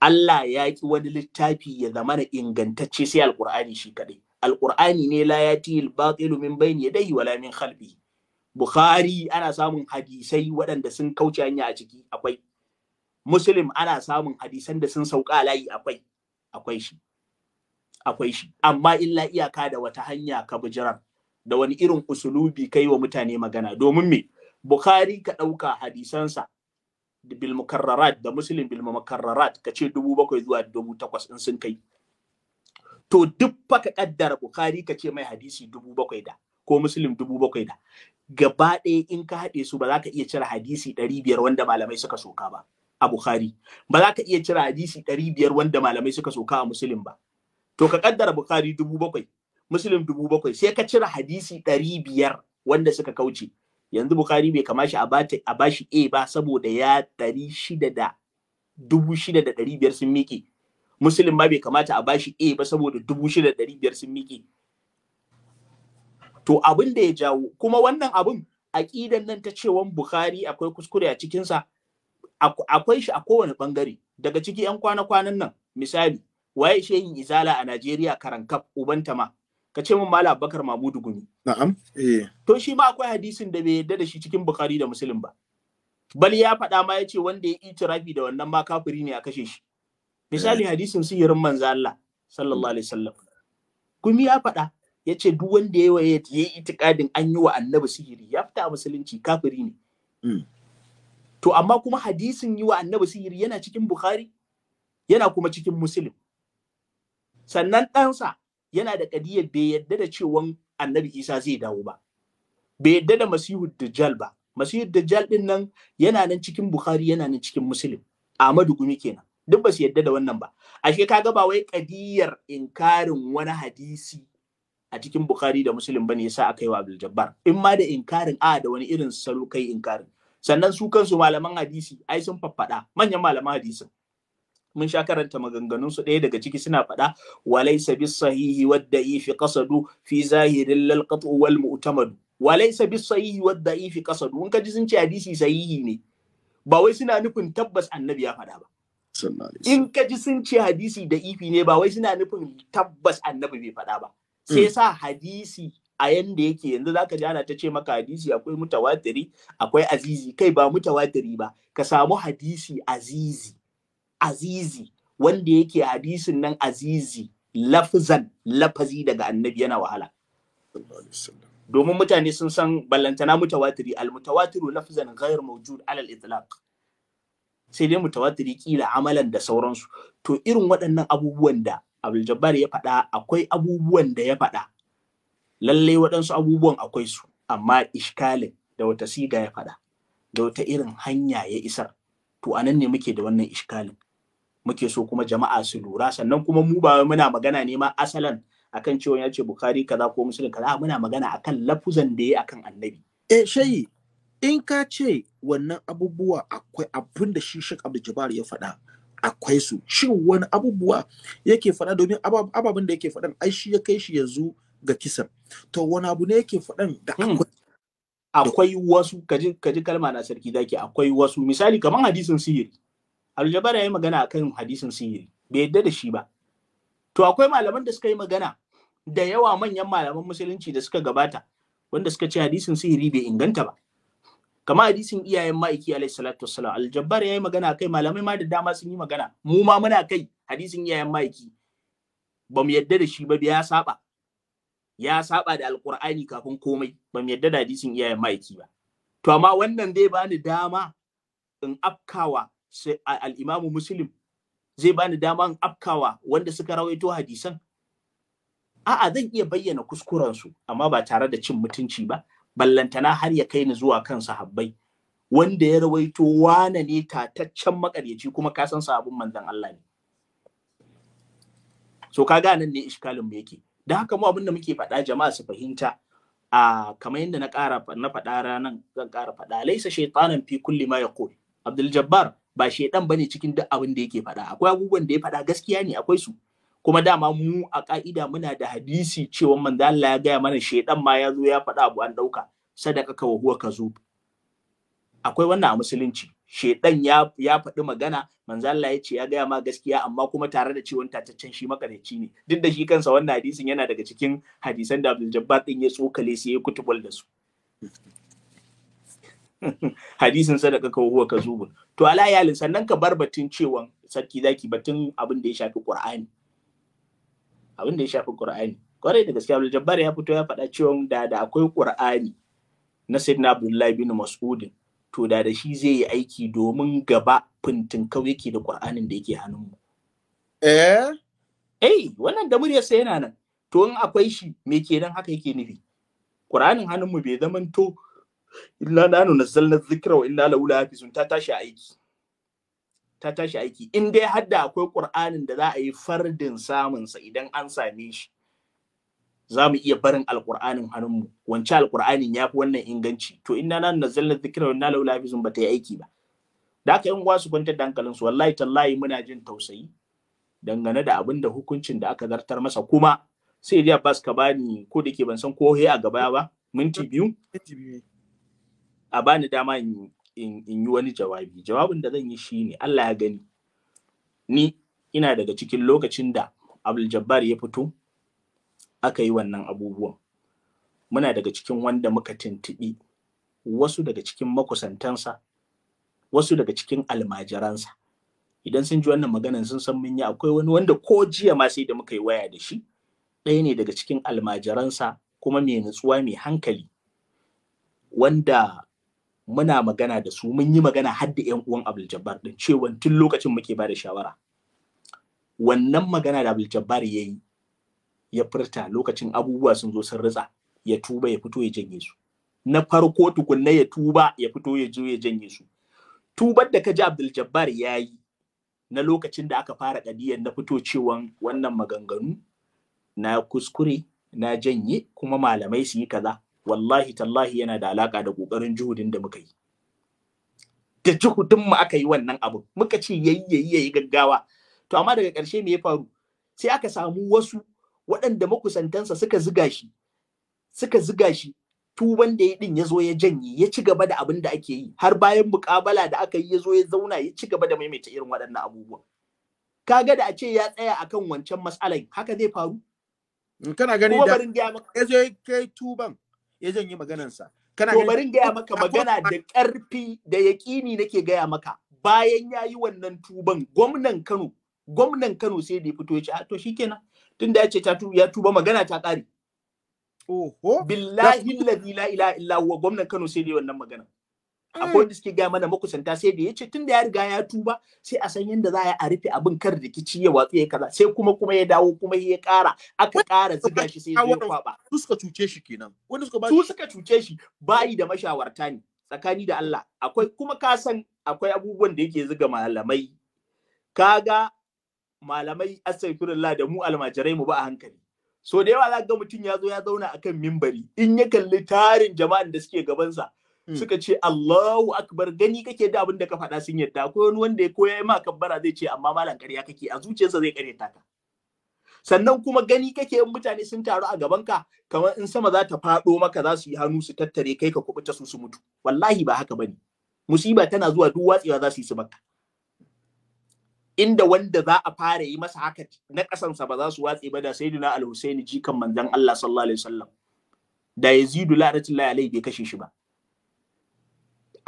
Allah ya ki wani littafi ya zama na ingantacce sai alqur'ani shi kadai alqur'ani ne la yati al-batilu min bayni yadayhi wala min Bukhari ana samun hadisai waɗanda sun kauce hanya a ciki akwai Muslim ana samun hadisan da sun sauka layi akwai akwai shi akwai shi amma illa iyaka da wata hanya ka bijiran da wani irin usulubi kai wa mutane magana domin me bukhari ka ɗauka hadisansa bil mukarrarat da muslim bil mukarrarat ka ce dubu bakwai zuwa dubu takwas in sun kai to duk fa ka kaddara bukhari ka ce mai hadisi dubu bakwai da ko muslim dubu bakwai da gaba ɗaya in ka haɗe su ba za ka iya cire hadisi ɗari biyar wanda malamai suka soka ba a bukhari ba za ka iya cire hadisi ɗari biyar wanda malamai suka soka a muslim ba to ka kaddara Bukhari dubu bakwai Muslim dubu bakwai sai ka cire hadisi ɗari biyar wanda suka kauce yanzu Bukhari bai kamashi a bashi A ba saboda ya ɗari shida da dubu shida da ɗari biyar sun miƙe Muslim ma bai kamata a bashi A ba saboda dubu shida da ɗari biyar sun miƙe to abin da ya jawo kuma wannan abin aƙidan nan ta cewan Bukhari akwai kuskure a cikinsa akwai shi a kowane ɓangare daga ciki 'yan kwana-kwanan nan misali waye shehin izala a Najeriya karankaf ubanta ma ka ce min Malam Abubakar Mamudu Gumi na'am eh to shi ma akwai hadisin da bai yarda da shi cikin Bukhari da Muslim ba bal ya faɗa ma yace wanda ya itirafi da wannan ma kafiri ne a kashe shi misali eh. hadisin sihirin manzo Allah sallallahu alaihi wasallam Gumi ya faɗa yace duk wanda ya waye ya itikadin an yi wa annabi sihiri ya fita musulunci kafiri ne hmm. to amma kuma hadisin yi wa annabi sihiri yana cikin Bukhari yana kuma cikin Muslim sannan ɗansa yana da ƙadiyar bai yadda da cewan annabi isa zai dawo ba bai yadda da masihu dajjal ba masihu dajjal din nan yana nan cikin bukhari yana nan cikin muslim ahmadu gumi kenan duk ba su yadda da wannan ba ashe kaga ba wai ƙadiyar inkarin wani hadisi a cikin bukhari da muslim bane yasa aka yi wa abdul jabbar in ma da inkarin a da wani irin salo kai inkarin sannan su kansu malaman hadisi ai sun faffada manyan malaman hadisin mun sha karanta maganganun su ɗaya daga ciki suna faɗa walaysa bis sahihi wadda ifi qasadu fi zahirin lal qat'u wal mu'tamadu walaysa bis sahihi wadda fi qasadu mun ji sun ce hadisi sahihi ne ba wai suna nufin tabbas annabi ya faɗa ba in ka ji sun ce hadisi da ifi ne ba wai suna nufin tabbas annabi bai faɗa ba sai mm. sa hadisi a yanda yake yanzu zaka ji ana ta ce maka hadisi akwai mutawatiri akwai azizi kai ba mutawatiri ba ka samu hadisi azizi azizi wanda yake hadisin nan azizi lafzan lafazi daga annabi yana wahala domin mutane sun san ballantana mutawatiri al mutawatiru lafzan ghair mawjud alal itlaq sai dai mutawatiri kila amalan da sauransu to irin waɗannan abubuwan da abul Jabbar ya faɗa akwai abubuwan da ya faɗa lalle waɗansu abubuwan akwai su amma ishkalin da wata siga ya faɗa da wata irin hanya ya isar to anan ne muke da wannan ishkalin muke so kuma jama'a su lura sannan kuma mu ba muna magana ne ma asalan akan cewa ya ce bukari kaza ko Muslim kaza muna magana akan lafuzan da ya akan annabi eh shayi in ka ce wannan abubuwa akwai abin da shi Sheikh Abdul Jabbar ya faɗa akwai su shin wani abubuwa yake faɗa domin ababen da yake faɗan ai shi ya kai shi yanzu ga kisan to wani abu ne yake faɗan da hmm. akwai akwai wasu kaji kaji kalma na sarki zaki akwai wasu misali kamar hadisin sihiri aljabar ya yi magana akan hadisin sihiri bai yadda da shi ba to akwai malaman da suka yi magana da yawa manyan malaman musulunci da suka gabata wanda suka ce hadisin sihiri bai inganta ba kama hadisin iyayen ma'aiki alaihi salatu wassalam Aljabara ya yi magana kai malamai ma da dama sun yi magana mu ma muna kai hadisin iyayen ma'aiki ba mu yadda da shi ba ya saba ya saba da alkur'ani kafin komai ba mu yadda da hadisin iyayen ma'aiki ba to amma wannan zai bani dama in afkawa alimamu Musulun muslim zai bani daman afkawa wanda suka rawaito hadisan a'a zan iya bayyana kuskurensu amma ba tare da cin mutunci ba ballantana har ya kai ni zuwa kan sahabbai wanda ya rawaito wane ne tataccen makaryaci kuma ka san sabon manzan Allah ne so ga nan ne iskalin mu yake da haka mu abin da muke faɗa jama'a su fahimta a kamar yadda na ƙara na faɗa ranan zan ƙara faɗa laisa shaytanan fi kulli ma yaqul Abdul Jabbar ba shedan bane cikin duk abin da yake faɗa akwai abubuwan da ya faɗa gaskiya ne akwai su kuma dama mu a ka'ida muna da hadisi cewa manzo Allah ya gaya mana shedan ma ya zo ya faɗa abu an ɗauka sadaka ka wahuwa ka zo akwai wannan a musulunci shedan ya ya faɗi magana manzo Allah ya ce ya gaya ma gaskiya amma kuma tare da cewa tataccen shi makareci ne duk da shi kansa wannan hadisin yana daga cikin hadisan da Abdul Jabbar din ya tsokale sai ya kutubul da su [laughs] hadisin sadaka ka huwa kazubun to ala yalin sannan ka bar batun cewa sarki zaki batun abin da ya shafi qur'ani abin da ya shafi qur'ani kwarai da gaskiya Abdul Jabbar ya fito ya faɗa cewa da da akwai qur'ani na Sayyidina Abdullahi bin Mas'ud to da da shi zai yi aiki domin gaba fintin kau yake da qur'anin da yake hannun mu. eh eh wannan da muryarsa yana nan to in akwai shi me kenan haka yake nufi qur'anin mu bai zamanto to inna nanu nazzalna dhikra wa illa laula hafizun ta tashi aiki ta tashi aiki in dai har da akwai qur'anin da za a yi fardin samun sa idan an same shi za mu iya barin alqur'anin hannunmu wance alqur'anin yafi wannan inganci to inna nanu nazzalna dhikra wa inna laula hafizun ba ta yi aiki ba da aka yan wasu su kwantar da hankalinsu wallahi tallahi muna jin tausayi dangane da abinda hukuncin da aka zartar masa kuma sai Abbas ka bani ko da ke ban san ko a gaba ba minti biyu a bani dama in yi wani jawabi jawabin da zan yi shi ne Allah ya gani ni ina daga cikin lokacin da abul Jabbar ya fito aka yi wannan abubuwan muna daga cikin wanda muka tuntuɓi wasu daga cikin makusantansa wasu daga cikin almajiransa idan sun ji wannan maganan sun san mun yi akwai wani wanda ko jiya ma sai da muka yi waya da shi ɗaya ne daga cikin almajiransa kuma mai nutsuwa mai hankali wanda muna magana da su mun yi magana har da yan uwan Abdul Jabbar din cewa tun lokacin muke ba da shawara wannan magana da Abdul Jabbar yayi ya furta lokacin abubuwa sun zo sun ritsa ya tuba ya fito ya janye su na farko tukunna ya tuba ya fito ya zo ya janye su tubar da kaji Abdul Jabbar yayi na lokacin da aka fara kadiyan na fito cewan wannan maganganu na kuskure na janye kuma malamai su yi kaza wallahi tallahi yana da alaka da kokarin juhudin da muka yi da juhudin mu aka yi wannan abu muka ce yayi yayi yayi gaggawa to amma daga ƙarshe me ya faru sai aka samu wasu waɗanda makusantansa suka ziga shi suka ziga shi tuban da ya din ya zo ya janye ya ci gaba da abin da ake yi har bayan mukabala da aka yi ya zo ya zauna ya ci gaba da maimaita irin waɗannan abubuwan kaga da a ce ya tsaya akan wancan matsalai. haka zai faru kana gani da ya zo kai tuban ya janye maganansa kana to bari gaya maka magana da ƙarfi da yaƙini nake gaya maka bayan ya yi wannan tuban gwamnan Kano gwamnan Kano sai da fito ya ce ah, to shikenan tunda ya ce ya tuba magana ta ƙare Oho. Billahi la ilaha illa huwa gwamnan Kano sai da wannan magana. akwai wanda mm. suke gaya mana makusanta sai da ya ce tun da ya riga ya tuba sai a san yadda za a rufe abin kar rikici ya watsu ya kaza sai kuma kuma ya dawo kuma ya kara aka kara zuga shi sai ya kwaba su suka cuce shi kenan ba su suka cuce shi bayi da mashawarta ne tsakani da Allah akwai kuma ka san akwai abubuwan da yake zuga malamai kaga malamai astaghfirullah da mu almajirai mu ba a hankali so da yawa za ga mutum ya zo ya zauna akan mimbari in ya kalli tarin jama'an da suke gabansa Mm. suka ce Allahu akbar gani kake da abin da ka faɗa sun yadda akwai wani wanda ya koya ma kabbara zai ce amma malam ƙarya kake a zuciyarsa zai ƙareta ka sannan kuma gani kake in mutane sun taru a gaban ka kamar in sama za ta faɗo maka za su yi hannu su tattare kai ka kubuta su su mutu wallahi ba haka bane musiba tana zuwa duk watsewa za su yi su maka inda wanda za a fara yi masa haka na kasansa ba za su watse ba da sayyidina al-husaini jikan manzon Allah sallallahu alaihi wasallam da yazidu la'natullahi alaihi bai kashe shi ba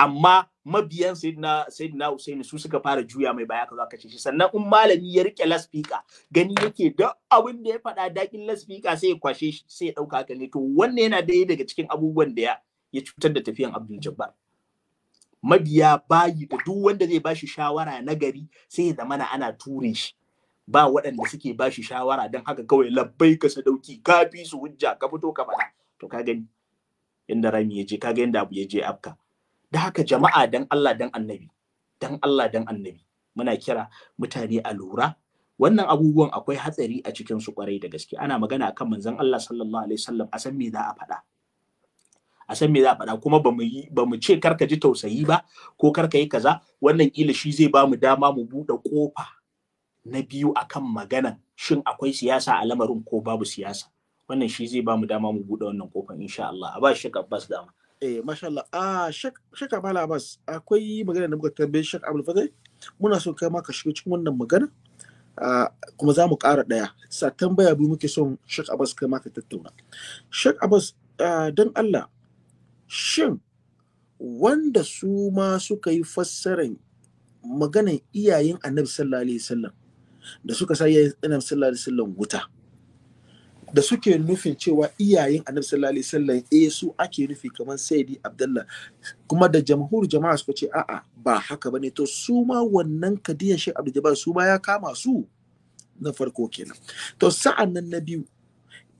amma mabiyan sayyidina sayyidina Usaini su suka fara juya mai baya kaza kace shi sannan in malami ya rike laspika gani yake da abin da ya faɗa dakin laspika sai ya kwashe shi sai ya dauka haka to wannan yana daya daga cikin abubuwan da ya ya cutar da tafiyan Abdul Jabbar mabiya bayi da duk wanda zai bashi shawara na gari sai ya zamana ana ture shi ba waɗanda suke bashi shawara don haka kawai labbai ka sadauki ka fi su hujja ka fito ka faɗa to ka gani inda rami ya je ka ga inda abu ya je afka da haka jama'a dan Allah dan annabi dan Allah dan annabi muna kira mutane a lura wannan abubuwan akwai hatsari a cikin su kwarai da gaske ana magana akan manzon Allah sallallahu alaihi wasallam a san me za a faɗa a san me za a faɗa kuma ba mu ce karka ji tausayi ba ko karka yi kaza wannan kila shi zai ba mu dama mu buɗe kofa na biyu akan maganan shin akwai siyasa a lamarin ko babu siyasa wannan shi zai ba mu dama mu buɗe wannan ƙofan, insha Allah a ba shi Abbas dama eh masha Allah ah shaka mala bas akwai magana da muka tambaye shak abul fadai muna so kai ma ka shiga cikin wannan magana ah, kuma za mu ƙara ɗaya sa tambaya biyu muke son shak abbas kai ma ka tattauna shak abbas ah, dan Allah shin wanda su ma suka yi fassarar maganan iyayen annabi sallallahu alaihi wasallam da suka sa iyayen annabi sallallahu alaihi wasallam wuta da suke nufin cewa iyayen annabi sallallahu alaihi wasallam eh su ake nufi kamar sayyidi abdullah kuma da jamhur jama'a suka ce a'a ba haka bane to su ma wannan kadiyar shi abdul jabbar su ma ya kama su na farko kenan to sa'an nan na biyu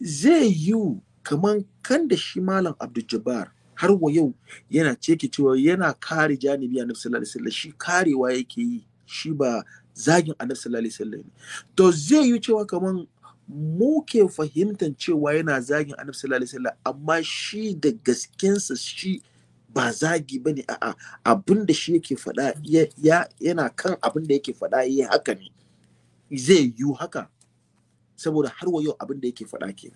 zai yi kamar kan da shi malam abdul jabbar har wa yau yana ceki cewa yana kare janibi annabi sallallahu alaihi wasallam shi karewa yake yi shi ba zagin annabi sallallahu alaihi wasallam to zai yi cewa kaman mu ke fahimtan cewa yana zagin annabi sallallahu alaihi wasallam amma shi da gaskensa shi ba zagi ba ne a'a abin da shi yake faɗa yana kan abin da yake faɗa ya haka ne zai yiwu haka saboda har wa yau abin da yake faɗa ke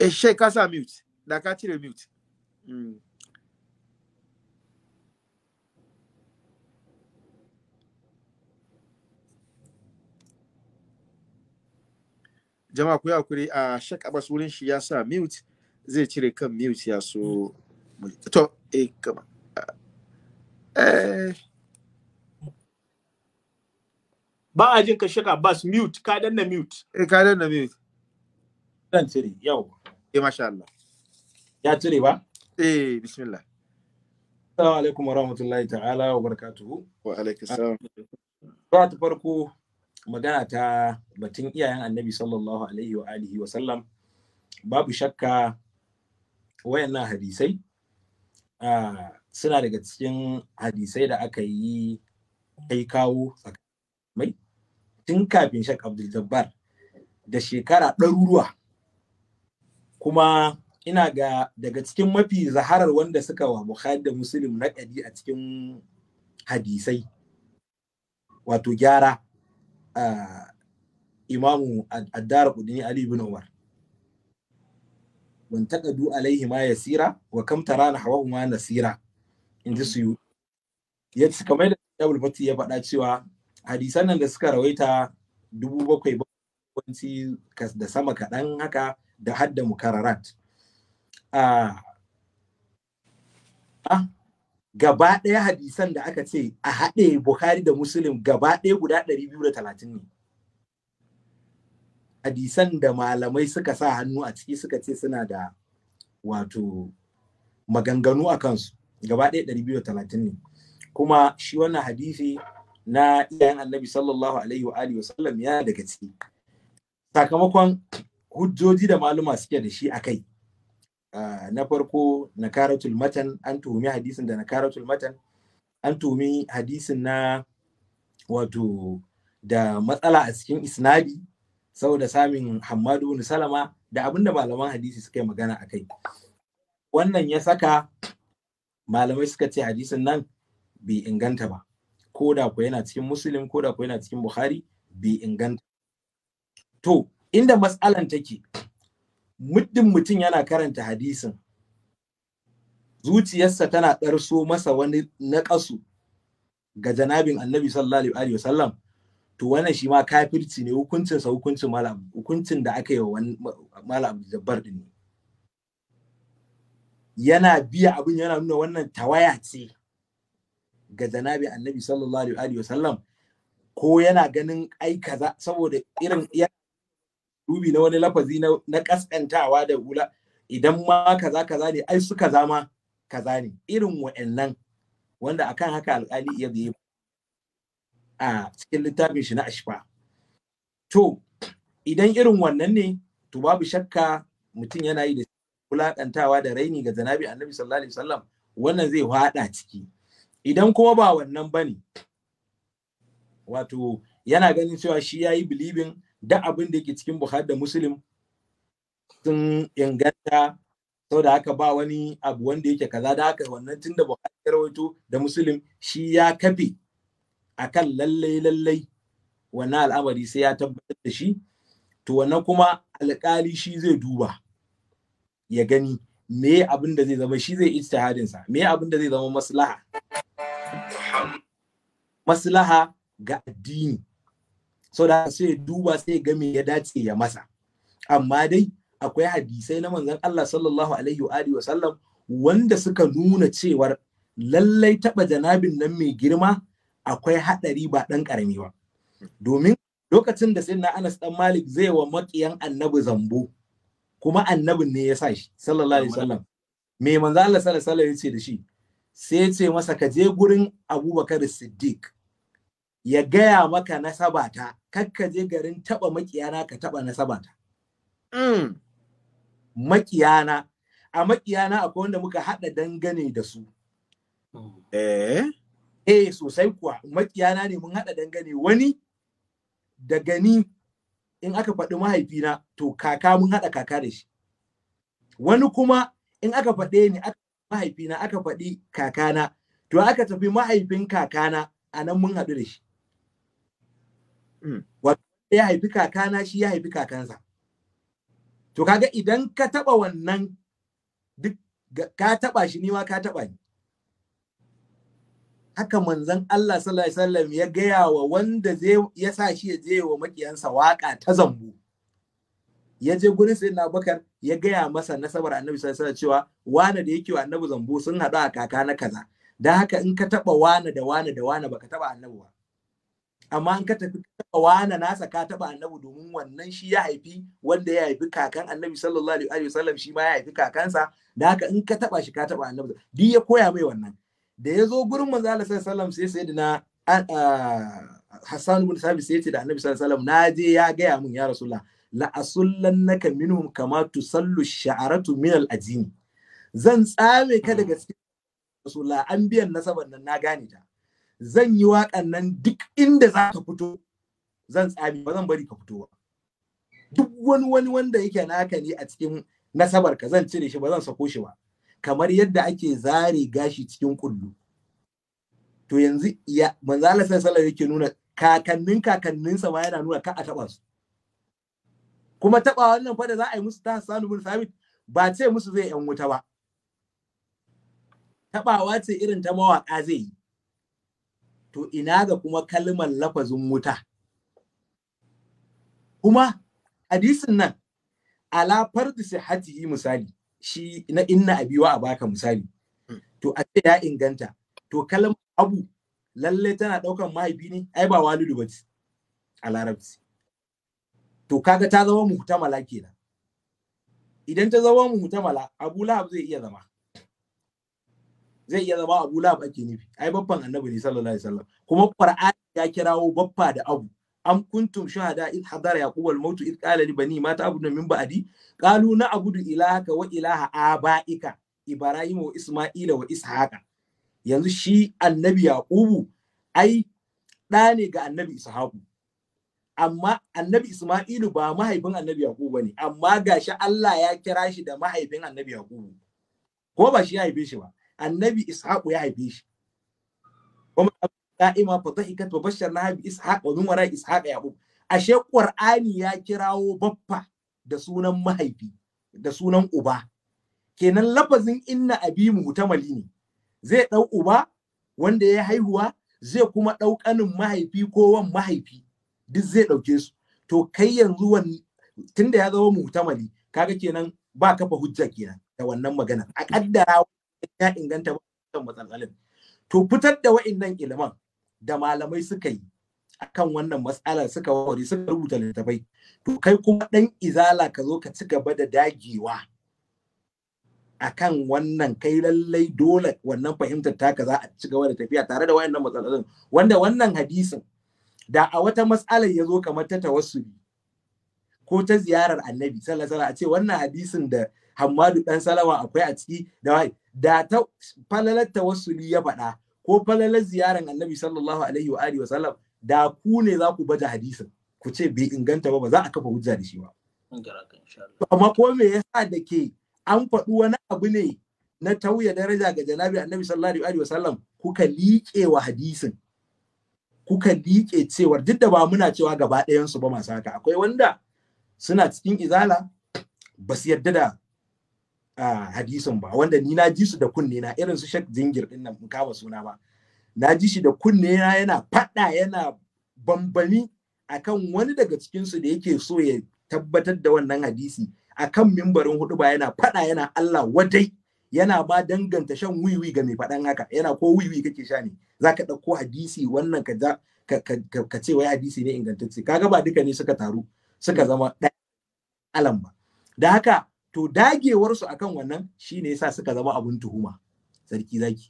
eh shai ka sa mute da ka cire mute mm. jama'a ku yi hakuri a shaka bas wurin shi ya sa mute zai cire kan mute ya so to eh kama eh. ba a jin ka shak bas mute ka danna mute eh ka danna mute dan cire yau eh masha Allah ya cire ba eh bismillah Assalamu alaikum wa ta'ala wa barakatuhu. Wa alaikum salam. Ba ta farko magana ta batun iyayen annabi sallallahu alaihi wa alihi wa sallam babu shakka wayannan hadisai suna daga cikin hadisai da aka yi kai kawo mai tun kafin shak abdul jabbar da shekara ɗaruruwa kuma ina ga daga cikin mafi zaharar wanda suka wa bukhari da muslim naƙadi a cikin hadisai wato gyara imamu addara kudini ali ibn umar wan taqadu alaihi ma yasira wa kam tarana hawahu ma nasira ji su ya ci kamar da Abdul Fati ya faɗa cewa hadisan nan da suka rawaita dubu bakwai bakwai da sama kaɗan haka da hadda mukararat ah gaba ɗaya hadisan da aka ce a haɗe Bukhari da Muslim gaba ɗaya guda ɗari biyu talatin ne. Hadisan da malamai suka sa hannu a ciki suka ce suna da wato maganganu a kansu gaba ɗaya ɗari biyu talatin ne. Kuma shi wannan hadisi na iyayen annabi sallallahu alaihi wa alihi wasallam ya daga ciki. Sakamakon hujjoji da maluma suke da shi a kai. na farko na karatul matan an tuhumi hadisin da na karatul matan an tuhumi hadisin na wato da matsala a cikin isnadi saboda samun hammadu bin salama da abinda malaman hadisi suka yi magana a kai wannan ya saka malamai suka ce hadisin nan bai inganta ba ko da ku yana cikin musulun ko da ku yana cikin buhari bai inganta to inda matsalan take muddin mutum yana karanta hadisin zuciyarsa tana ɗarso masa wani naƙasu ga janabin annabi sallallahu alaihi wasallam to wannan shi ma kafirci ne hukuncin sa hukuncin malam hukuncin da aka yi wa malam jabbar din yana biya abin yana nuna wannan tawaya ce ga janabin annabi sallallahu alaihi wasallam ko yana ganin ai kaza saboda irin dubi na wani lafazi na kaskantawa da hula idan ma kaza kaza ne ai su kaza ma kaza ne irin wa'annan wanda akan haka alkali ya yi a cikin littafin shi na ashfa to idan irin wannan ne to babu shakka mutum yana yi da wulakantawa da raini ga zanabi annabi sallallahu alaihi wasallam wannan zai hada ciki idan kuma ba wannan bane wato yana ganin cewa shi yayi bilibin da abin da yake cikin Bukhari da Muslim sun inganta da haka ba wani abu wanda yake kaza da haka wannan tun da Bukhari ya rawaito da Muslim shi ya kafe akan lallai lallai wannan al'amari sai ya tabbatar da shi to wannan kuma alƙali shi zai duba ya gani me abin da zai zama shi zai ijtihadin sa me abin da zai zama maslaha maslaha ga addini so da sai duba sai ga me ya dace ya masa amma dai akwai hadisai na manzon Allah sallallahu alaihi wa alihi wasallam wanda suka nuna cewar lallai taba janabin nan mai girma akwai hadari ba dan karami ba domin lokacin da sayyidina Anas dan Malik zai wa makiyan annabi zambo kuma annabin ne ya sa sallallahu alaihi wasallam me manzo Allah sallallahu alaihi wasallam ya ce da shi sai ya ce masa ka je gurin Abubakar Siddiq ya gaya maka nasabata kakka je garin taba makiyana ka taba nasabata mm. makiyana a makiyana akwai wanda muka hada dangane da su oh. eh eh sosai kuwa makiyana ne mun hada dangane wani da gani in aka faɗi mahaifina to kaka mun hada kaka da shi wani kuma in aka faɗe ni aka mahaifina aka faɗi kakana to aka tafi mahaifin kakana a nan mun haɗu da shi Mm. Wanda ya haifi kakana shi ya haifi kakansa. To kaga idan ka taɓa wannan duk ka taɓa shi niwa ka taɓa ni. Haka manzon Allah sallallahu alaihi wasallam ya gaya wa wanda zai ya sa shi ya je wa makiyansa waka ta zambu. Ya je gurin sai na bakar ya gaya masa nasabar Annabi sallallahu alaihi wasallam cewa wane da yake wa Annabi zambu sun haɗu a kaka na kaza. Dan haka in ka taɓa wane da wane da wane baka taɓa Annabi ba. amma an ka tafi ka wana nasa ka taba annabi domin wannan shi ya haifi wanda ya haifi kakan annabi sallallahu alaihi wasallam shi ma ya haifi kakansa da haka in ka taba shi ka taba annabi duk ya koya mai wannan da ya zo gurin manzo Allah sallallahu alaihi wasallam sai sayyidina Hassan ibn Thabit sai ce da annabi sallallahu alaihi wasallam na je ya gaya mun ya rasulullah la asullannaka minhum kama tusallu sha'aratu min al ajin zan tsame ka daga cikin rasulullah an biyan nasaban nan na gane ta zan yi waƙan nan duk inda za ka fito zan tsami ba zan bari ka fito ba duk wani wani wanda yake naka ne a cikin nasabar ka zan cire shi ba zan sako shi ba kamar yadda ake zare gashi cikin kullu to yanzu ya manzo Allah sallallahu yake nuna kakannin kakanninsa ma yana nuna ka a taba su kuma taba wannan fa da za a yi musu ta Hassanu bin Sabit ba ce musu zai yan wuta ba tabawa ce irin ta mawaka zai yi to ina ga kuma kalmar lafazin wuta kuma hadisin nan ala fardu sihatihi misali shi na inna abiwa a baka misali hmm. to a ce ya inganta to kalmar abu lalle tana daukan mahaifi ne ai ba walidu ba a larabci to kaga ta zama mala kenan idan ta zama mala, abu lahab zai iya zama zai iya zama abu lab ake nufi ai baffan annabi ne sallallahu alaihi wasallam kuma qur'ani ya kirawo baffa da abu am kuntum shahada id hadara yaqub al maut id qala li bani mata ta'buduna min ba'di qalu na abudu ilahaka wa ilaha abaika ibrahim wa isma'ila wa ishaqa yanzu shi annabi yaqubu ai da ne ga annabi ishaqu amma annabi isma'ilu ba mahaifin annabi yaqubu bane amma gashi Allah ya kira shi da mahaifin annabi yaqubu ko ba shi ya haife shi ba annabi ishaqu ya haife shi kuma da'ima fa dhahikat wa basharna bi ishaq wa min wara ishaq yaqub ashe qur'ani ya kirawo baffa da sunan mahaifi da sunan uba kenan lafazin inna abi mutamali ne zai dau uba wanda ya haihuwa zai kuma dau kanin mahaifi ko wan mahaifi duk zai dauke su to kai yanzu wani tunda ya zama mutamali kaga kenan ba kafa hujja kenan da wannan magana a kaddara ya inganta ba matsalalin to fitar da wa'annan iliman da malamai suka yi akan wannan matsalar suka wari suka rubuta littafai to kai kuma dan izala ka zo ka ci gaba da dagewa akan wannan kai lallai dole wannan fahimtar taka za a ci gaba da tafiya tare da wa'annan matsalolin wanda wannan hadisin da a wata matsalar ya zo kamar ta tawassuli ko ta ziyarar annabi sallallahu alaihi a ce wannan hadisin da Hammadu ɗan Salama akwai a ciki da da ta falalar tawassuli ya faɗa ko falalar ziyaran Annabi sallallahu alaihi wa alihi wa da ku ne za ku baje hadisin ku ce bai inganta ba ba za a kafa hujja da shi ba amma ko me yasa da ke an faɗi wani abu ne na tauye daraja ga janabi annabi sallallahu alaihi wasallam kuka liƙe wa hadisin kuka liƙe cewar duk da ba muna cewa gaba ɗayan su ba masu haka akwai wanda suna cikin izala ba su yarda da hadisin ba wanda ni na ji su da kunne na irin su shak jingir din nan kama suna ba na ji shi da kunne na yana faɗa yana bambami akan wani daga cikin su da yake so ya tabbatar da wannan hadisi akan mimbarin hudu ba yana faɗa yana Allah wadai yana ba danganta shan wiwi ga mai faɗan haka yana ko wiwi kake sha ne zaka ɗauko hadisi wannan ka ka ce wai hadisi ne ingantacce kaga ba duka ne suka taru suka zama ɗaya alam ba da haka to dagewarsu akan wannan shine yasa suka zama abun tuhuma sarki zaki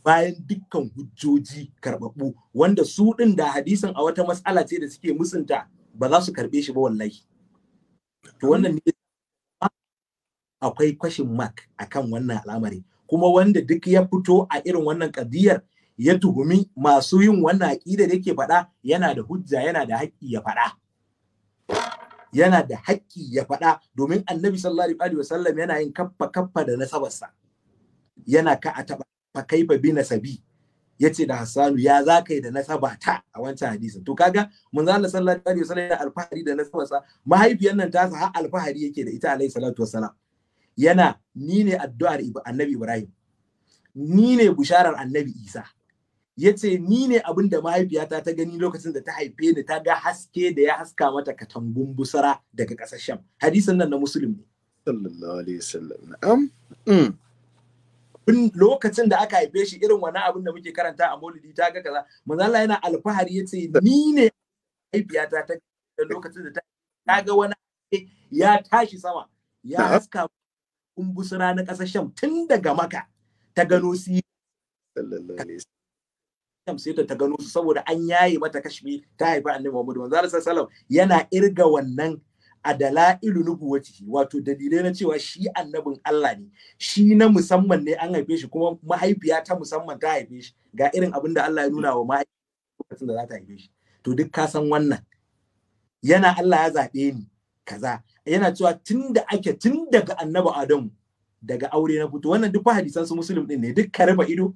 bayan dukkan hujjoji karɓaɓɓu wanda su ɗin da hadisin a wata matsala ce da suke musunta ba za su karɓe shi ba wallahi to wannan ne akwai kwashin mark akan wannan al'amari kuma wanda duk ya fito a irin wannan kadiyar ya tuhumi masu yin wannan aƙida da yake faɗa yana da hujja yana da haƙƙi ya faɗa yana da haƙƙi ya faɗa domin annabi sallallahu alaihi wasallam yana yin kaffa kaffa da nasabarsa yana ka a taɓa fa bi nasabi yace da Hassanu ya za ka yi da nasaba ta a wancan hadisin to kaga mun manzo Allah sallallahu alaihi wasallam yana alfahari da nasabarsa mahaifiyar nan tasa har alfahari yake da ita alaihi salatu wasallam yana ni ne addu'ar annabi Ibrahim ni ne bisharar annabi Isa ya ce ni ne abin da mahaifiyata ta gani lokacin da ta haife ni ta ga haske da ya haska mata katangun busara daga ƙasar sham hadisin nan na musulmi sallallahu alaihi wasallam mm. lokacin da aka haife shi irin wani abin da muke karanta a maulidi ta ga kaza manzo Allah yana alfahari ya ce ni ne mahaifiyata ta lokacin da ta ga wani ya tashi sama ya haska kumbusura na ƙasar sham tun daga maka ta gano si sallallahu alaihi sai ta gano su saboda an yaye mata kashfi ta haifi annabi Muhammadu manzo Allah sallallahu yana irga wannan a dala'ilu nubuwatihi wato dalilai na cewa shi annabin Allah ne shi na musamman ne an haife shi kuma mahaifiya ta musamman ta haife shi ga irin abin da Allah ya nuna wa mahaifiya lokacin da za ta haife shi to duk ka san wannan yana Allah ya zaɓe ni kaza yana cewa tun da ake tun daga annabi Adamu daga aure na fito wannan duk hadisan su musulmi ne duk ka raba ido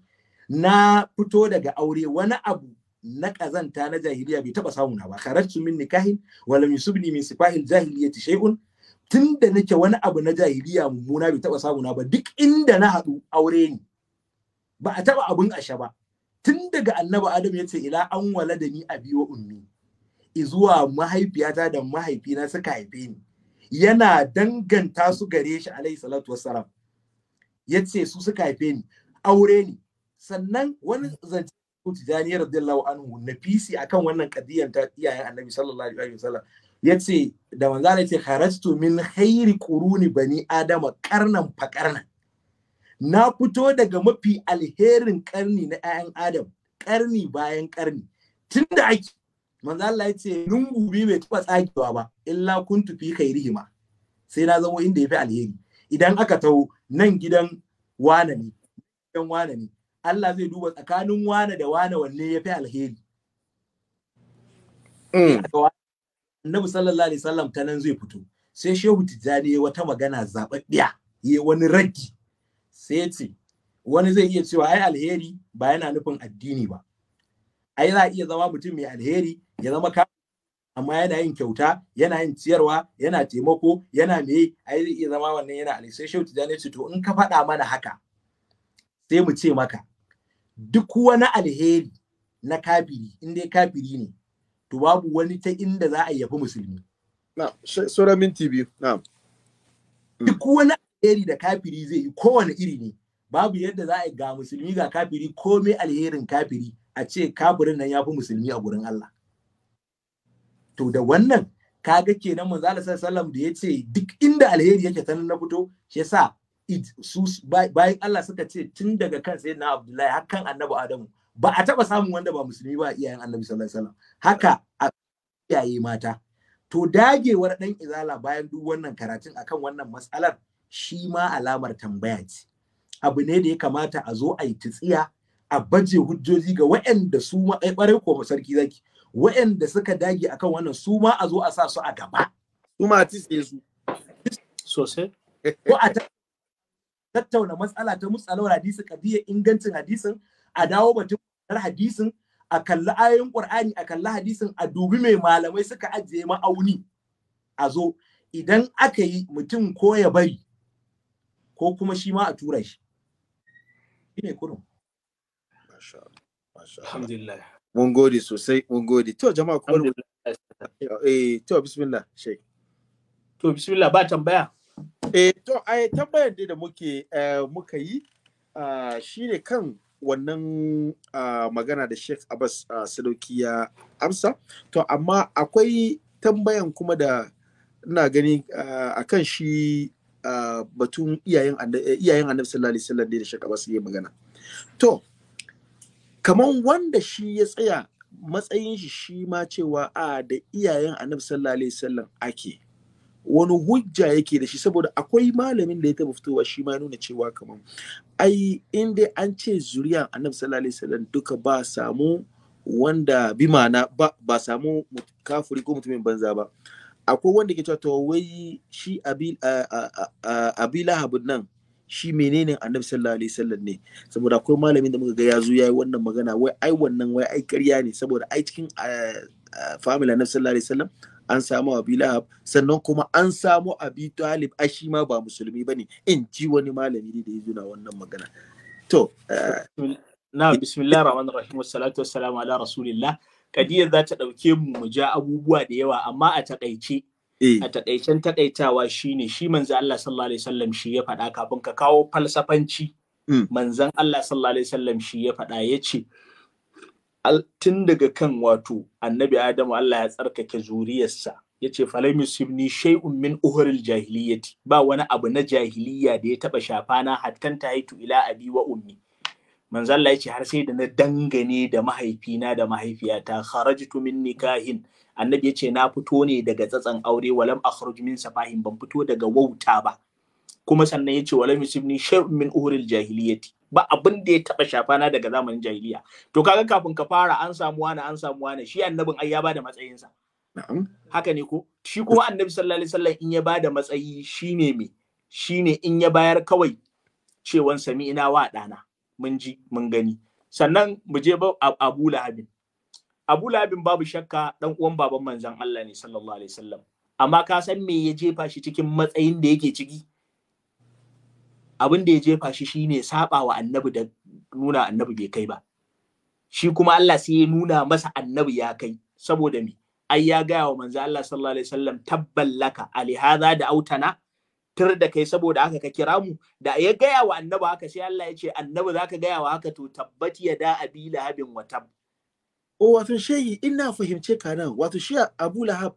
na fito daga aure wani abu na kazanta na jahiliya bai taba samu na ba kharajtu min nikahin wa lam yusibni min sifahil jahiliyati shay'un tunda nake wani abu na jahiliya mummuna bai taba samu na ba duk inda na haɗu aure ni. ba a taba abun asha ba tun daga annabi adam ya ce ila an walada ni abi wa ummi izuwa mahaifiyata da mahaifina suka haife ni yana danganta su gare shi alaihi salatu wassalam ya su suka haife ni aure ni. sannan wani zance Tijani radiyallahu anhu nafisi akan wannan kadiyan ta iyayen Annabi sallallahu alaihi wasallam yace da manzo yace kharajtu min khairi quruni bani adama karnan fa karnan na fito daga mafi alherin karni na 'ya'yan adam karni bayan karni tunda ake manzo Allah yace nun bi bai taba tsagewa ba illa kuntu fi khairihima sai na zama inda yafi alheri idan aka taho nan gidan wane ne gidan wane ne Allah zai duba tsakanin wane da wane wanne ya fi alheri. Mm. Annabi sallallahu alaihi wasallam ta nan zai fito. Sai Shehu Tijjani ya wata magana zaɓaɓɓiya ya wani raggi. Sai ya ce wani zai iya cewa ai alheri ba yana nufin addini ba. Ai za a iya zama mutum mai alheri ya zama ka amma yana yin kyauta yana yin ciyarwa yana taimako yana me ai zai iya zama wannan yana alheri sai Shehu Tijjani ya ce to in ka faɗa mana haka sai mu ce maka duk wani alheri na kafiri in dai kafiri ne to babu wani ta inda za a yafi musulmi na minti biyu na mm. duk wani alheri da kafiri zai yi kowane iri ne babu yadda za a ga musulmi ga kafiri komai alherin kafiri a ce kafirin nan yafi musulmi a gurin Allah to da wannan kaga kenan manzo Allah sallallahu alaihi wasallam da yace duk inda alheri yake sanin na fito shi yasa bayan Allah suka ce tun daga kan sai na Abdullahi har kan Annabi Adamu ba a taba samun wanda ba musulmi ba iyayen Annabi sallallahu alaihi wasallam haka a iyaye mata to dagewar dan izala bayan duk wannan karatun akan wannan matsalar shi ma alamar tambaya ce abu ne da ya kamata a zo a yi tsiya a baje hujjoji ga waɗanda su ma ɓarai eh, ko sarki zaki waɗanda suka dage akan wannan su ma a zo a sa su a gaba su ma su sosai ko a tattauna matsala ta mutsalar hadisi kadiyar ingancin hadisin a dawo batun hadisin a kalli ayoyin Qur'ani a kalli hadisin a dubi mai malamai suka ajiye ma'auni a zo idan aka yi mutum ko ya bari ko kuma shi ma a tura shi shine kurum mun gode sosai mun gode to jama'a kuma eh to bismillah shey to bismillah ba tambaya Eh, to, ai tambayar da muke eh, muka yi ah, shi ne kan wannan ah, magana da Sheikh Abbas ah, Sadauki ya amsa. To, amma akwai tambayan kuma da ina gani akan shi batun eh, iyayen annabi sallallahu alaihi wasallam da Sheikh Abbas ya magana. To, kaman wanda shi ya tsaya matsayin shi shi ma cewa a da iyayen annabi sallallahu alaihi wasallam ake. wani hujja yake da shi saboda akwai malamin da ya taba fitowa shi ma nuna cewa kamar ai in dai an ce zuriya annabi sallallahu alaihi wasallam duka ba samu wanda bi ma'ana ba, samu kafuri ko mutumin banza ba akwai wanda ke cewa to wai shi abil abilahab nan shi menene annabi sallallahu alaihi wasallam ne saboda akwai malamin da muka ga ya zo yayi wannan magana wai ai wannan wai ai ƙarya ne saboda ai cikin family annabi sallallahu alaihi wasallam an samu abi lahab sannan kuma an samu abi talib a shi ma ba musulmi ba ne in ji wani malami da ya juna wannan magana to eh, na bismillah rahman rahim wassalatu wassalamu ala rasulillah kadiyar za ta dauke mu mu ja abubuwa da yawa amma a takaice eh. a takaicen takaitawa shine shi manzo Allah sallallahu alaihi wasallam shi ya faɗa kafin ka kawo falsafanci hmm. manzon Allah sallallahu alaihi wasallam shi ya faɗa yace ce tun daga kan wato annabi adamu Allah ya tsarkake zuriyarsa ya ce falai musibni shay'un min uhuril jahiliyyati ba wani abu na jahiliya da ya taba shafa na hattan haitu ila abi wa ummi manzo Allah ya ce har sai da na dangane da mahaifina da mahaifiyata kharajtu min nikahin annabi ya ce na fito ne daga tsatsan aure walam akhruj min safahin ban fito daga wauta ba kuma sannan ya ce walam yusibni shay'un min uhuril jahiliyyati ba abin da ya taba shafa na daga zamanin jahiliya to kaga kafin ka fara an samu wani an samu wani shi annabin ai ya bada matsayinsa haka ne ko shi kuma annabi sallallahu alaihi wasallam in ya bada matsayi shine me shine in ya bayar kawai cewan sami ina wa dana mun ji mun gani sannan mu je Abu Lahabin Abu Lahabin babu shakka dan uwan baban manzon Allah ne sallallahu alaihi wasallam amma ka san me ya jefa shi cikin matsayin da yake ciki abin da ya jefa shi shine saba wa annabi da nuna annabi bai kai ba shi kuma Allah sai ya nuna masa annabi ya kai saboda me ai ya gaya wa manzo Allah sallallahu alaihi wasallam tabballaka hadha da autana tur da kai saboda haka ka kira mu da ya gaya wa annabi haka sai Allah ya ce annabi zaka gaya wa haka to tabbati ya da abila habin wa tab o oh, wato shehi ina fahimce ka nan wato shi Abu Lahab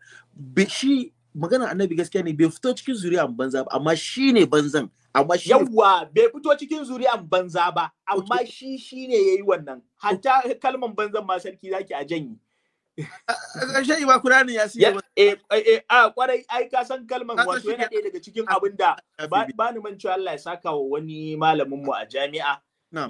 shi maganar annabi gaskiya ne bai fito cikin zuri'an banza ba amma shi ne banzan amma shi yawa bai fito cikin zuri'an banza ba amma shi shi ne yayi wannan hatta kalman banzan ma sarki zaki a janyi ƙarshen iwa kurani ya siya eh, eh eh a kwarai ai ka san kalman wato yana ɗaya daga cikin abin da ba ni man Allah ya saka wa wani malamin mu a jami'a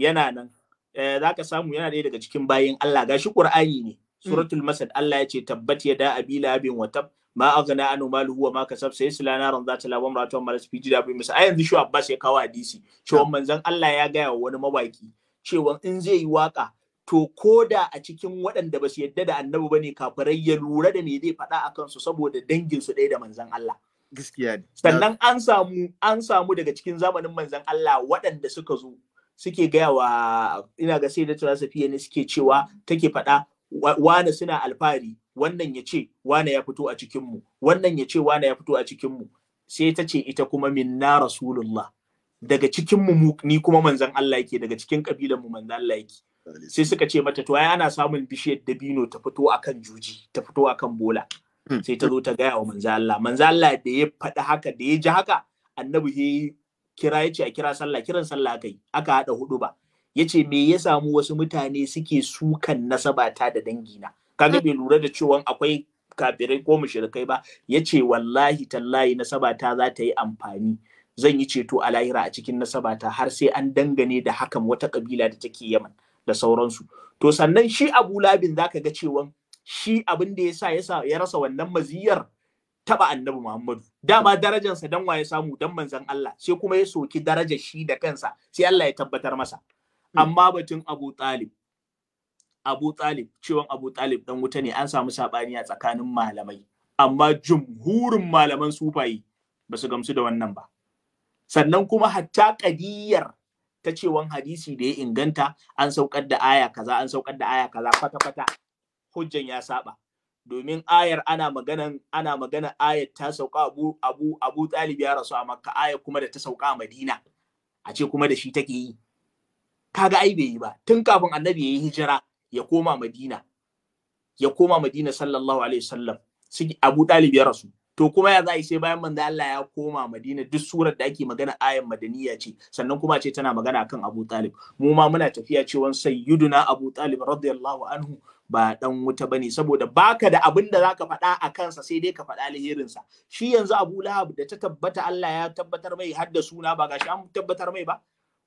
yana nan eh, zaka samu yana ɗaya daga cikin bayin Allah gashi Qur'ani ne hmm. suratul masad Allah ya ce tabbat ya da abi labin wa tab ma aghna anu malu huwa ma kasab sai sila naran za ta lawa ratuwan amma su fiji da bai musu yanzu shi Abbas ya kawo hadisi cewa manzon Allah ya gaya wa wani mawaki cewa in zai yi waka to koda a cikin waɗanda ba su yadda da annabi bane kafirai ya lura da ne zai faɗa a kansu saboda dangin su ɗaya da manzon Allah gaskiya ne sannan an samu an samu daga cikin zamanin manzon Allah waɗanda suka zo suke gaya wa ina ga sai da safiya ne suke cewa take faɗa wane suna alfahari wannan ya ce wane ya fito a cikinmu wannan ya ce wane ya fito a cikinmu sai ta ce ita kuma minna rasulullah daga cikinmu ni kuma manzan Allah yake daga cikin kabilanmu manzan Allah yake sai suka ce mata to ai ana samun bishiyar dabino ta fito akan juji ta fito akan bola hmm. sai ta zo ta gaya wa manzan Allah manzan Allah da ya faɗi haka da ya ji haka annabi ya kira ya a kira sallah kiran sallah aka yi aka haɗa hudu ba ya me ya samu wasu mutane suke sukan nasaba ta da dangina kaga mm. bai lura da cewa akwai kafirai ko mushrikai ba Ya ce, wallahi tallahi nasabata za ta yi amfani zan yi ceto a lahira a cikin nasabata har sai an dangane da hakan wata kabila da take Yaman da sauransu to sannan shi Abu Labin za ka ga cewa shi abin da yasa yasa ya rasa wannan maziyar taba Annabi Muhammadu dama darajarsa dan wa ya samu dan manzon Allah sai kuma ya soki darajar shi da kansa sai Allah ya tabbatar masa mm. amma batun Abu Talib Abu Talib ciwon Abu Talib dan wuta ne an samu saɓani a tsakanin malamai amma jumhurin malaman sufayi ba su gamsu da wannan ba sannan kuma hatta kadiyar ta cewan hadisi da ya inganta an saukar da aya kaza an saukar da aya kaza kwata kwata hujjan ya saba domin ayar ana maganan ana magana ayar ta sauka abu abu abu talib ya rasu a makka ayar kuma da ta sauka a madina a ce kuma da shi take yi kaga ai bai yi ba tun kafin annabi ya yi hijira ya koma Madina ya koma Madina sallallahu alaihi wasallam Abu Talib ya rasu to kuma ya za'i sai bayan manzo Allah ya koma Madina duk surar da ake magana ayan madaniya ce sannan kuma ce tana magana akan Abu Talib mu ma muna tafiya cewa sayyiduna Abu Talib radiyallahu anhu ba dan wuta bane saboda baka da abin da zaka faɗa a kansa sai dai ka faɗa alherin sa shi yanzu Abu Lahab da ta tabbata Allah ya tabbatar mai har da suna ba gashi an tabbatar mai ba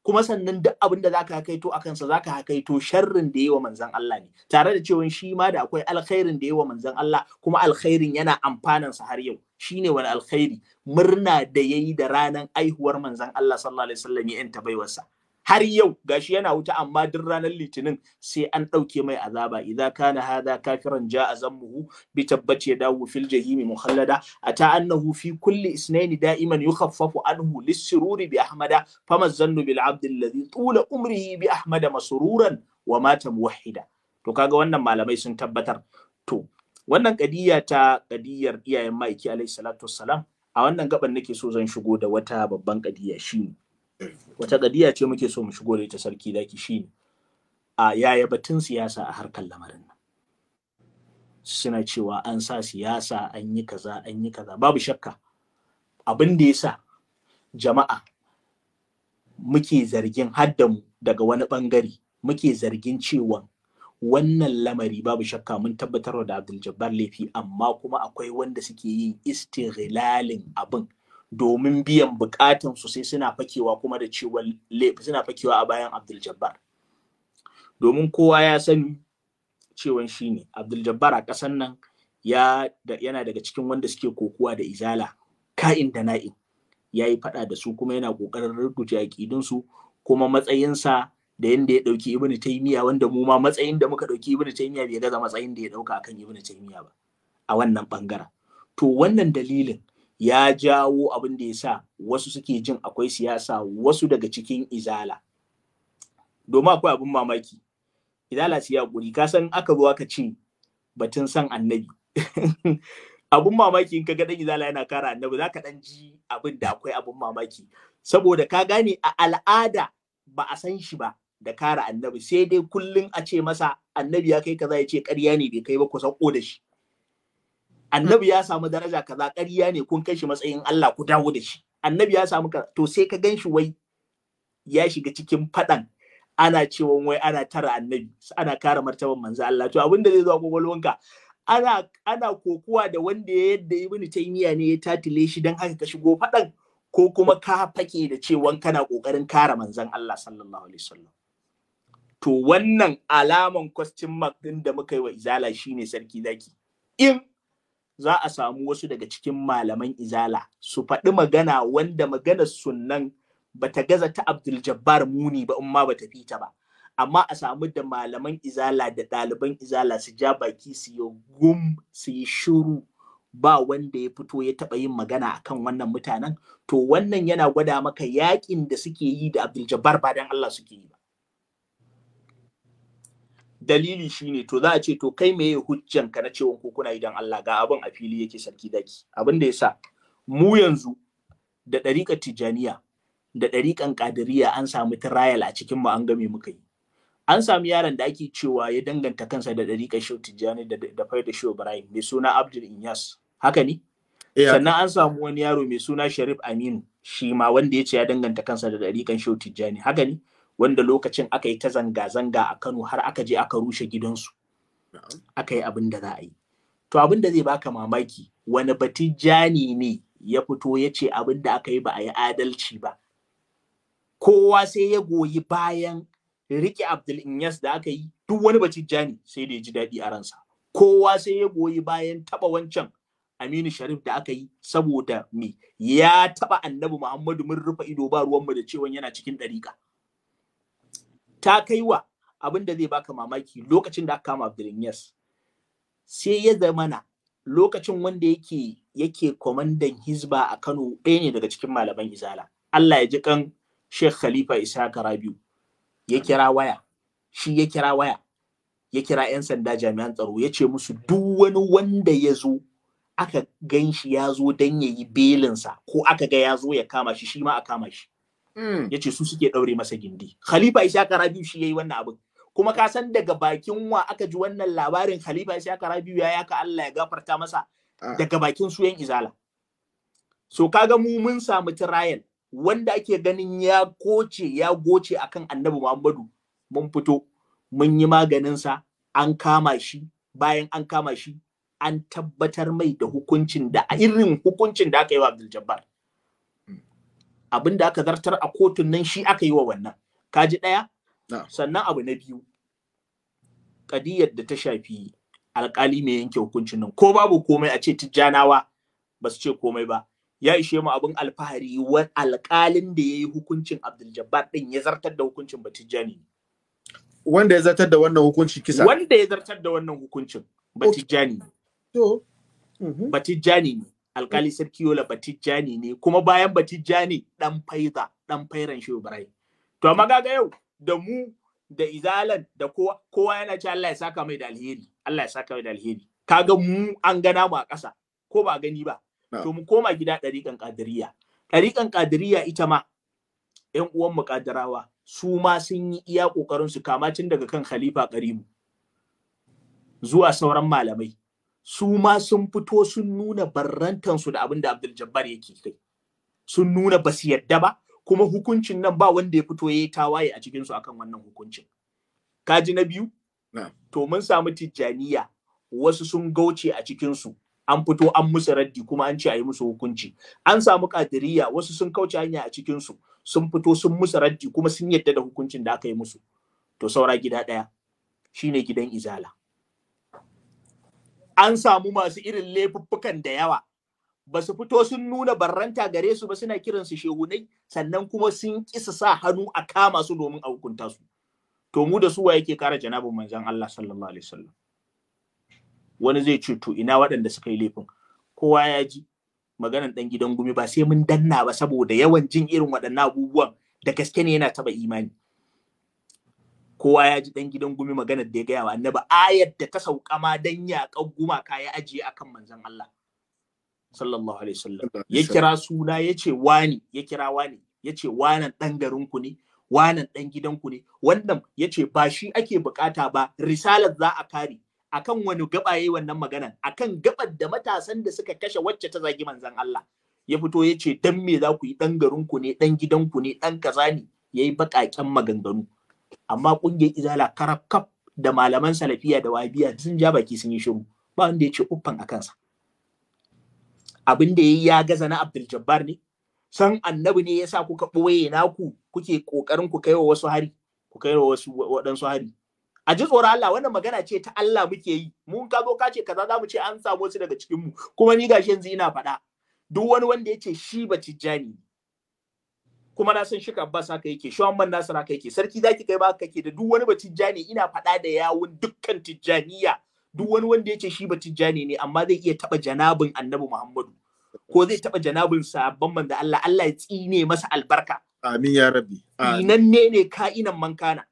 kuma sannan duk abin da zaka hakaito a kansa zaka hakaito sharrin da yayi wa manzon Allah ne tare da cewa shi ma da akwai alkhairin da yayi wa manzon Allah kuma alkhairin yana amfanan sa har yau shine wani alkhairi murna da yayi da ranan aihuwar manzon Allah sallallahu alaihi wasallam ya yanta baiwarsa har yau gashi yana wuta amma duk ranar litinin sai an ɗauke mai azaba idza kana hadha kafiran jaa zammuhu bi tabbace dawu fil jahimi mukhallada ata annahu fi kulli isnaini da'iman yukhaffafu anhu lis-sururi bi ahmada zannu bil abd alladhi tula umrihi bi ahmada masruran wa mata muwahhida to kaga wannan malamai sun tabbatar to wannan ƙadiyya ta ƙadiyyar iyayen maiki alaihi salatu wassalam a wannan gaban nake so zan shigo da wata babban kadiya shine wata gadiya ce muke so mu shigo da ita sarki daki shine a yaya batun siyasa a harkar lamarin nan suna cewa an sa siyasa an yi kaza an yi kaza babu shakka abin da yasa jama'a muke zargin haddamu daga wani bangare muke zargin cewa wannan lamari babu shakka mun tabbatar da Abdul Jabbar laifi amma kuma akwai wanda suke yin istighilalin abin domin biyan bukatan su sai suna fakewa kuma da cewa suna fakewa a bayan Abdul Jabbar domin kowa ya sani cewan shine Abdul Jabbar a kasan nan ya yana daga cikin wanda suke kokuwa da izala ka'in da na'in ya yi fada da su kuma yana kokarin rubuta aƙidun su kuma matsayinsa da yanda ya ɗauki Ibn Taymiyyah wanda mu ma matsayin da muka ɗauki Ibn Taymiyyah bai gaza matsayin da ya dauka akan Ibn Taymiyyah ba a wannan bangaren to wannan dalilin ya jawo abin da ya sa wasu suke jin akwai siyasa wasu daga cikin izala domin akwai abin mamaki izala su guri. ka san aka zo aka ce batun san annabi [laughs] abin mamaki in ka ga dan izala yana kara annabi za ka dan ji abin da akwai abin mamaki saboda ka gane a al'ada ba a san shi ba da kara annabi sai dai kullum a ce masa annabi ya kai kaza ya ce ƙarya ne bai kai ba ku ko da shi annabi ya samu daraja kaza ƙarya ne kun kai shi matsayin Allah ku dawo da shi annabi ya samu ka to sai ka gan shi wai ya shiga cikin faɗan ana cewa wai ana tara annabi ana kara martaban manzo Allah to abin da zai zo kwakwalwanka ana ana kokuwa da wanda ya yadda ibn taymiya ne ya tatile shi dan haka ka shigo fadan ko kuma ka fake da cewa kana kokarin kara manzon Allah sallallahu alaihi wasallam to wannan alaman question mark din da muka yi wa izala shine sarki zaki in za a samu wasu daga cikin malaman izala su faɗi magana wanda maganar sunnan bata gaza ta Abdul muni ba in ma bata fita ba amma a samu da malaman izala da ɗaliban izala su ja baki su yi gum su yi shuru ba wanda ya fito ya taɓa yin magana akan wannan mutanen to wannan yana gwada maka yakin da suke yi da Abdul Jabbar ba dan Allah suke yi ba dalili shine to za a ce to kai meye ka na cewa ko kuna idan Allah ga abin a fili yake sarki daki abin da yasa mu yanzu da ɗariƙar tijaniya da ɗariƙan Kadiriya an samu trial a cikin mu an game muka yi an samu yaron da ake cewa ya danganta kansa da ɗariƙar Shau tijani da da faida ibrahim mai suna abdul inyas haka ne eh, sannan an samu wani yaro mai suna sharif aminu shi ma wanda ya ce ya danganta kansa da ɗariƙan Shau tijani haka ne wanda lokacin aka yi ta zanga-zanga a Kano har aka je aka rushe gidansu. Aka yi abin da za a yi. To abin da zai baka mamaki wani batijani ne ya fito ya ce abin da aka yi ba a yi adalci ba. Kowa sai ya goyi bayan riƙe Abdul Inyas da aka yi duk wani batijani sai da ya ji daɗi a ransa. Kowa sai ya goyi bayan taɓa wancan Aminu Sharif da aka yi saboda me ya taɓa annabi Muhammadu mun rufe ido ba ruwan mu da cewa yana cikin ɗariƙa. ta kai wa abin da zai baka mamaki lokacin da aka kama Abdulnyas sai ya zamana lokacin wanda yake yake kwamandan Hizba a Kano ɗaya ne daga cikin malaman Izala Allah ya ji kan Sheikh Khalifa Isa Rabiu ya kira waya shi ya kira waya ya kira 'yan sanda jami'an tsaro ya ce musu duk wani wanda ya zo aka gan shi ya zo don ya yi belinsa ko aka ga ya zo ya kama shi shi ma a kama shi Mm. ya ce su suke ɗaure masa gindi khalifa ishaka rabiu shi yayi wannan abin kuma ka san daga bakin wa aka ji wannan labarin khalifa ishaka rabiu ya yaka Allah ya gafarta masa ah. daga bakin su yan izala so kaga mu mun samu trial wanda ake ganin ya goce ya goce akan annabi Muhammadu mun fito mun yi maganin sa. an kama shi bayan an kama shi an tabbatar mai da hukuncin da irin hukuncin da aka yi wa Abdul Jabbar abin da aka zartar a kotun nan shi aka yi wa wannan kaji ɗaya sannan abu na biyu kadiyar da ta shafi alƙali mai yanke hukuncin nan ko babu komai a ce tijjanawa ba su ce komai ba ya ishe mu abin alfahari wa alƙalin da ya yi hukuncin abdul jabbar din ya zartar da hukuncin ba ne. wanda ya zartar da wannan hukunci kisa wanda ya zartar da wannan hukuncin ba Tijjani ne Ba Tijjani ne alkali sarki yola batijjani ne kuma bayan batijjani dan faiza dan fairan shehu ibrahim to amma kaga yau da mu da izalan da kowa kowa yana ci Allah ya saka mai da alheri Allah ya saka mai da alheri kaga mu an gana mu a ƙasa ko ba gani ba to mu koma gida ɗariƙan ƙadiriya ɗariƙan ƙadiriya ita ma ƴan uwan mu ƙadirawa su ma sun yi iya ƙoƙarin su kama tun daga kan khalifa ƙarimu zuwa sauran malamai su ma sun fito sun nuna barrantansu da abin da Abdul Jabbar yake kai sun nuna ba su yadda ba kuma hukuncin nan ba wanda ya fito ya yi tawaye a cikinsu akan wannan hukuncin kaji na biyu to mun samu tijjaniya wasu sun gauce a cikinsu an fito an musu raddi kuma an ce a yi musu hukunci an samu kadiriya wasu sun kauce hanya a cikinsu sun fito sun musu raddi kuma sun yadda da hukuncin da aka yi musu to saura gida ɗaya shine gidan izala an samu masu irin laifuffukan da yawa ba su fito sun nuna barranta gare su ba suna kiran su shehunai sannan kuma sun kisa sa hannu a kama su domin a hukunta su to mu da su wa yake kara janabin manzon Allah sallallahu alaihi wasallam wani zai ce to ina waɗanda suka yi laifin kowa ya ji maganan dan gidan gumi ba sai mun danna ba saboda yawan jin irin waɗannan abubuwan da gaske ne yana taba imani kowa ya ji dan gidan gumi maganar da ya gaya wa annabi ayar da ta sauka ma dan guma ka ya ajiye akan manzon Allah sallallahu alaihi wasallam ya kira suna ya ce wani ya kira wani ya ce wanan dan garinku ne wanan dan ku ne wannan ya ce ba shi ake bukata ba risalar za a kare akan wani gaba yayi wannan maganan akan gabar da matasan da suka kashe wacce ta zagi manzon Allah ya fito ya ce dan me za ku yi dan garinku ne dan gidanku ne dan kaza ne yayi baƙaƙen maganganu amma ƙungiyar izala karakaf da malaman salafiya da wabiya sun ja baki sun yi shiru ba wanda ya ce uffan a kansa abin da ya gaza na abdul jabbar ne san annabi ne yasa kuka ɓoye naku kuke ƙoƙarin ku kaiwa wasu hari ku kaiwa wasu waɗansu hari a ji tsoron Allah wannan magana ce ta Allah muke yi mun ka zo ka ce kaza zamu ce an samu wasu daga cikin mu kuma ni gashi yanzu ina faɗa duk wani wanda ya ce shi ba tijjani kuma na san Sheikh Abbas haka yake Shehu Amman Nasir haka yake sarki zaki kai ba kake da duk wani ba Tijjani ina faɗa da yawun dukkan tijjaniya duk wani wanda yace shi ba Tijjani ne amma zai iya taba janabin Annabi Muhammadu ko zai taba janabin sabban manzo Allah Allah ya tsine masa albarka amin ya rabbi inan ne ne ka'inan mankana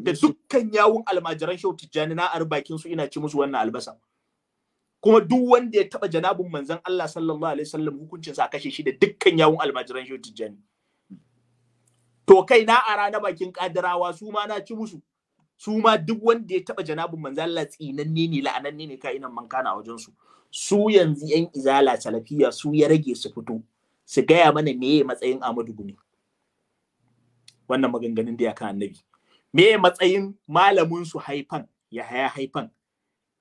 da dukkan yawun almajiran shau Tijjani na arbakin su ina ci musu wannan albasa kuma duk wanda ya taba janabin manzon Allah sallallahu alaihi wasallam hukuncin sa kashe shi da dukkan yawun almajiran shau Tijjani to kai na a na bakin kadirawa su ma na ci musu su ma duk wanda ya taba janabin Manzala tsinanne ne la'ananne ne ka ka'inan man kana wajen su su yanzu yan izala salafiya su ya rage su fito su gaya mana meye matsayin Amadu Gumi wannan maganganun da ya kan annabi meye matsayin malamin su haifan ya haya haifan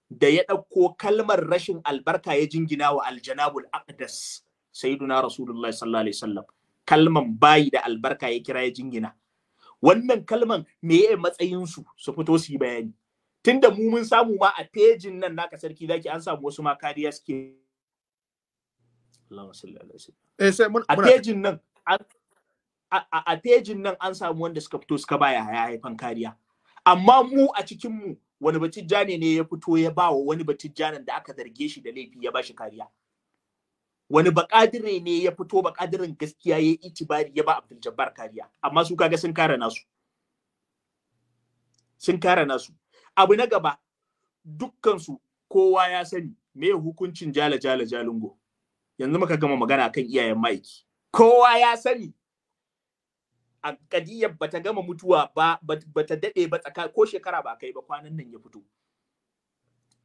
da ya ɗauko kalmar rashin albarka ya jingina wa aljanabul aqdas sayyiduna rasulullahi sallallahu alaihi wasallam kalman bayi da albarka ya kira ya jingina wannan kalman me ya matsayin su su fito su yi bayani tunda mu mun samu ma a pejin nan naka sarki zaki an samu wasu ma kariya suke eh, a pejin nan a nan an samu wanda suka fito suka baya ya haifan kariya amma mu a cikin mu wani batijjane ne ya fito ya ba wa wani batijjanen da aka zarge shi da laifi ya bashi kariya wani bakadire ne ya fito bakadirin gaskiya ya yi itibari ya ba Abdul Jabbar kariya amma su kaga sun kare nasu sun kare nasu abu na gaba dukkan su kowa ya sani me hukuncin jala jala jalungo yanzu muka gama magana kan iyayen maiki kowa ya sani a kadiyar bata gama mutuwa ba bata dade ba tsaka ko shekara ba kai ba kwanan nan ya fito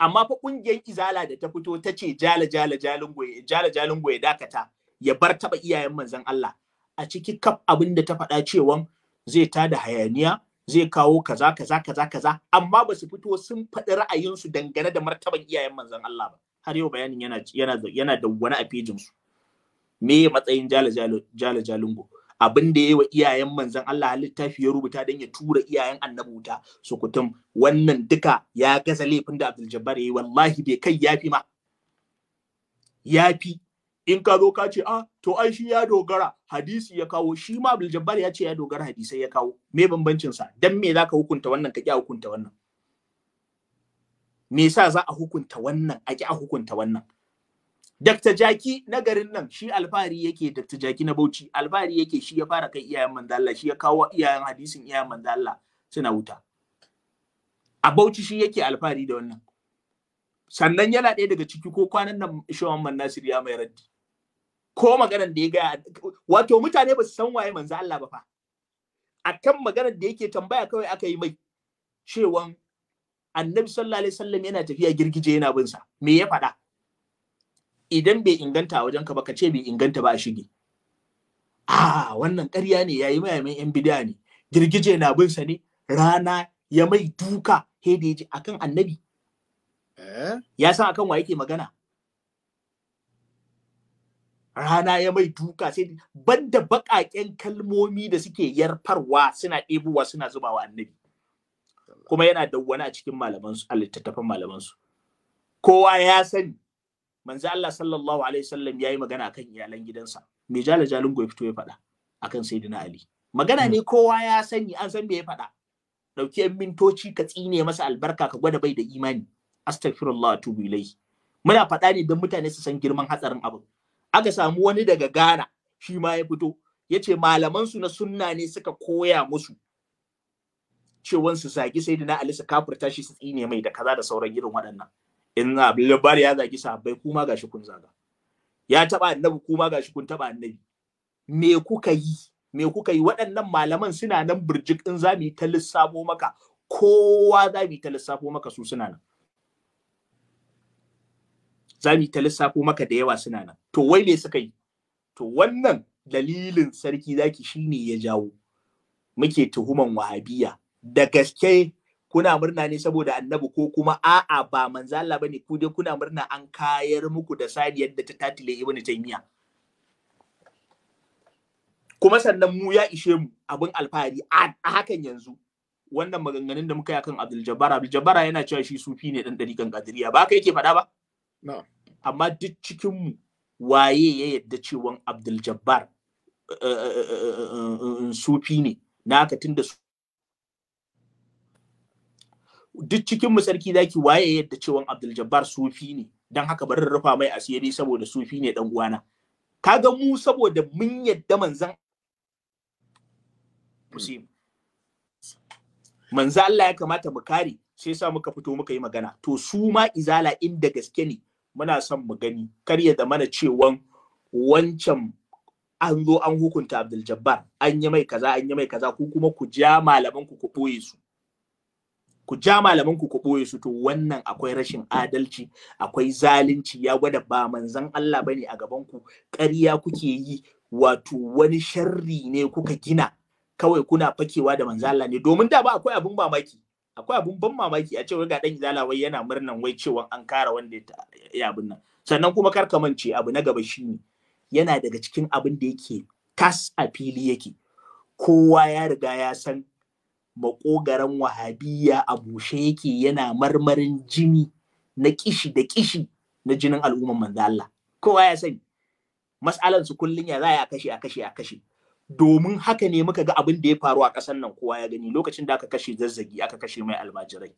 amma fa kungiyar izala da ta fito ta ce jala jala jalingo ya jala jalin goye dakata ya bar taba iyayen manzon Allah a ciki kaf abin da ta faɗa cewan zai ta da hayaniya zai kawo kaza kaza kaza kaza amma ba su fito sun faɗi ra'ayinsu dangane da martaban iyayen manzon Allah ba har yau bayanin yana yana da wani a pejin su me matsayin jala jala jala jalingo abin da yi wa iyayen manzon Allah littafi ya rubuta don ya tura iyayen annabi wuta kutum wannan duka ya gaza laifin da Abdul Jabbar yayi wallahi bai kai yafi ma yafi in ka zo ka ce ah to ai shi ya dogara hadisi ya kawo shi ma Abdul Jabbar ya ce ya dogara hadisai ya kawo me bambancin sa dan me zaka hukunta wannan ka ki hukunta wannan me yasa za a hukunta wannan a ki a hukunta wannan Dr. Jaki na garin nan shi alfahari yake Dr. Jaki na Bauchi alfahari yake shi ya fara kai iyayen manzo Allah shi ya kawo iyayen hadisin iyayen manzo Allah suna wuta. A Bauchi shi yake alfahari da wannan. Sannan yana ɗaya daga ciki ko kwanan nan Shawan Mannasir ya mai raddi. Ko maganar da ya ga wato mutane ba su san waye manzo Allah ba fa. Akan maganar da yake tambaya kawai aka yi mai cewa Annabi sallallahu alaihi wasallam yana tafiya girgije yana bin sa. Me ya faɗa? idan bai inganta a wajen ka ba ka ce bai inganta ba a shige a ah, wannan ƙarya ne ya yi mayamin yan bidiya ne girgije na bin sa ne rana ya mai duka he da ji akan annabi eh? ya san akan wa yake magana rana ya mai duka sai banda baƙaƙen kalmomi da suke yarfarwa suna ɗebowa suna zubawa annabi kuma yana dawwana a cikin malamansu a littattafan malamansu kowa ya sani manzo Allah sallallahu alaihi wasallam yayi magana akan iyalan gidansa me jala jalin goyi fito ya faɗa akan sayyidina Ali magana ne hmm. kowa ya sani an san me ya faɗa dauki yan mintoci ka tsine masa albarka ka gwada bai da imani astaghfirullah tubu ilaihi muna faɗa ne don mutane su san girman hatsarin abu. aka samu wani daga Gana shi ma ya fito ya ce su na sunna ne suka koya musu cewan su zagi sayyidina Ali su kafurta shi su tsine mai da kaza da sauran irin waɗannan in labari ya zagi sahabbai kuma gashi kun zaga ya taba annabi kuma gashi kun taba annabi me kuka yi me kuka yi waɗannan malaman suna nan burjik in za mu yi ta lissafo maka kowa za mu yi ta lissafo maka su suna nan za mu yi ta lissafo maka da yawa suna nan to wai me suka yi to wannan dalilin sarki zaki shine ya jawo muke tuhuman wahabiya da gaske kuna murna ne saboda annabi ko kuma a'a ba manzo Allah bane ku dai kuna murna an kayar muku da sadi yadda ta tatile ibnu taymiya kuma sannan mu ya ishe mu abin alfahari a hakan yanzu wannan maganganun da muka yi akan Abdul Jabbar Abdul Jabbar yana cewa shi sufi ne dan dariƙan Qadiriyya ba kai yake faɗa ba amma duk cikin mu waye ya yadda cewa Abdul Jabbar eh, eh, eh, sufi ne na haka tunda duk cikin mu sarki zaki waye yadda cewa Abdul Jabbar sufi ne dan haka bari rufa mai asiri saboda sufi ne dan uwana kaga mu saboda mun yadda manzan musim manzan Allah ya kamata mu kare sai sa muka fito muka yi magana to su ma izala inda gaske ne muna son mu gani kar ya mana cewan wancan an zo an hukunta Abdul Jabbar an yi mai kaza an yi mai kaza ko kuma ku ja malaman ku ku boye su ku ja malaman ku ku boye su to wannan akwai rashin adalci akwai zalunci ya gwada ba manzan Allah bane a gaban ku ƙarya kuke yi wato wani sharri ne kuka gina kawai kuna fakewa da manzan Allah ne domin da ba akwai abun mamaki akwai abun ban mamaki a cewa ga dan izala wai yana murnan wai cewa an kara wanda ya abun nan sannan kuma kar ka mance abu na gaba shine yana daga cikin abin da yake tas a fili yake kowa ya riga ya san makogaran wahabiyya a bushe yake yana marmarin jini na kishi da kishi na jinin al'umman manzo Allah kowa ya sani mas'alan su kullun ya zai a kashe a kashe a kashi domin haka ne muka ga abin da ya faru a ƙasar nan kowa ya gani lokacin da aka kashe zazzagi aka kashe mai almajirai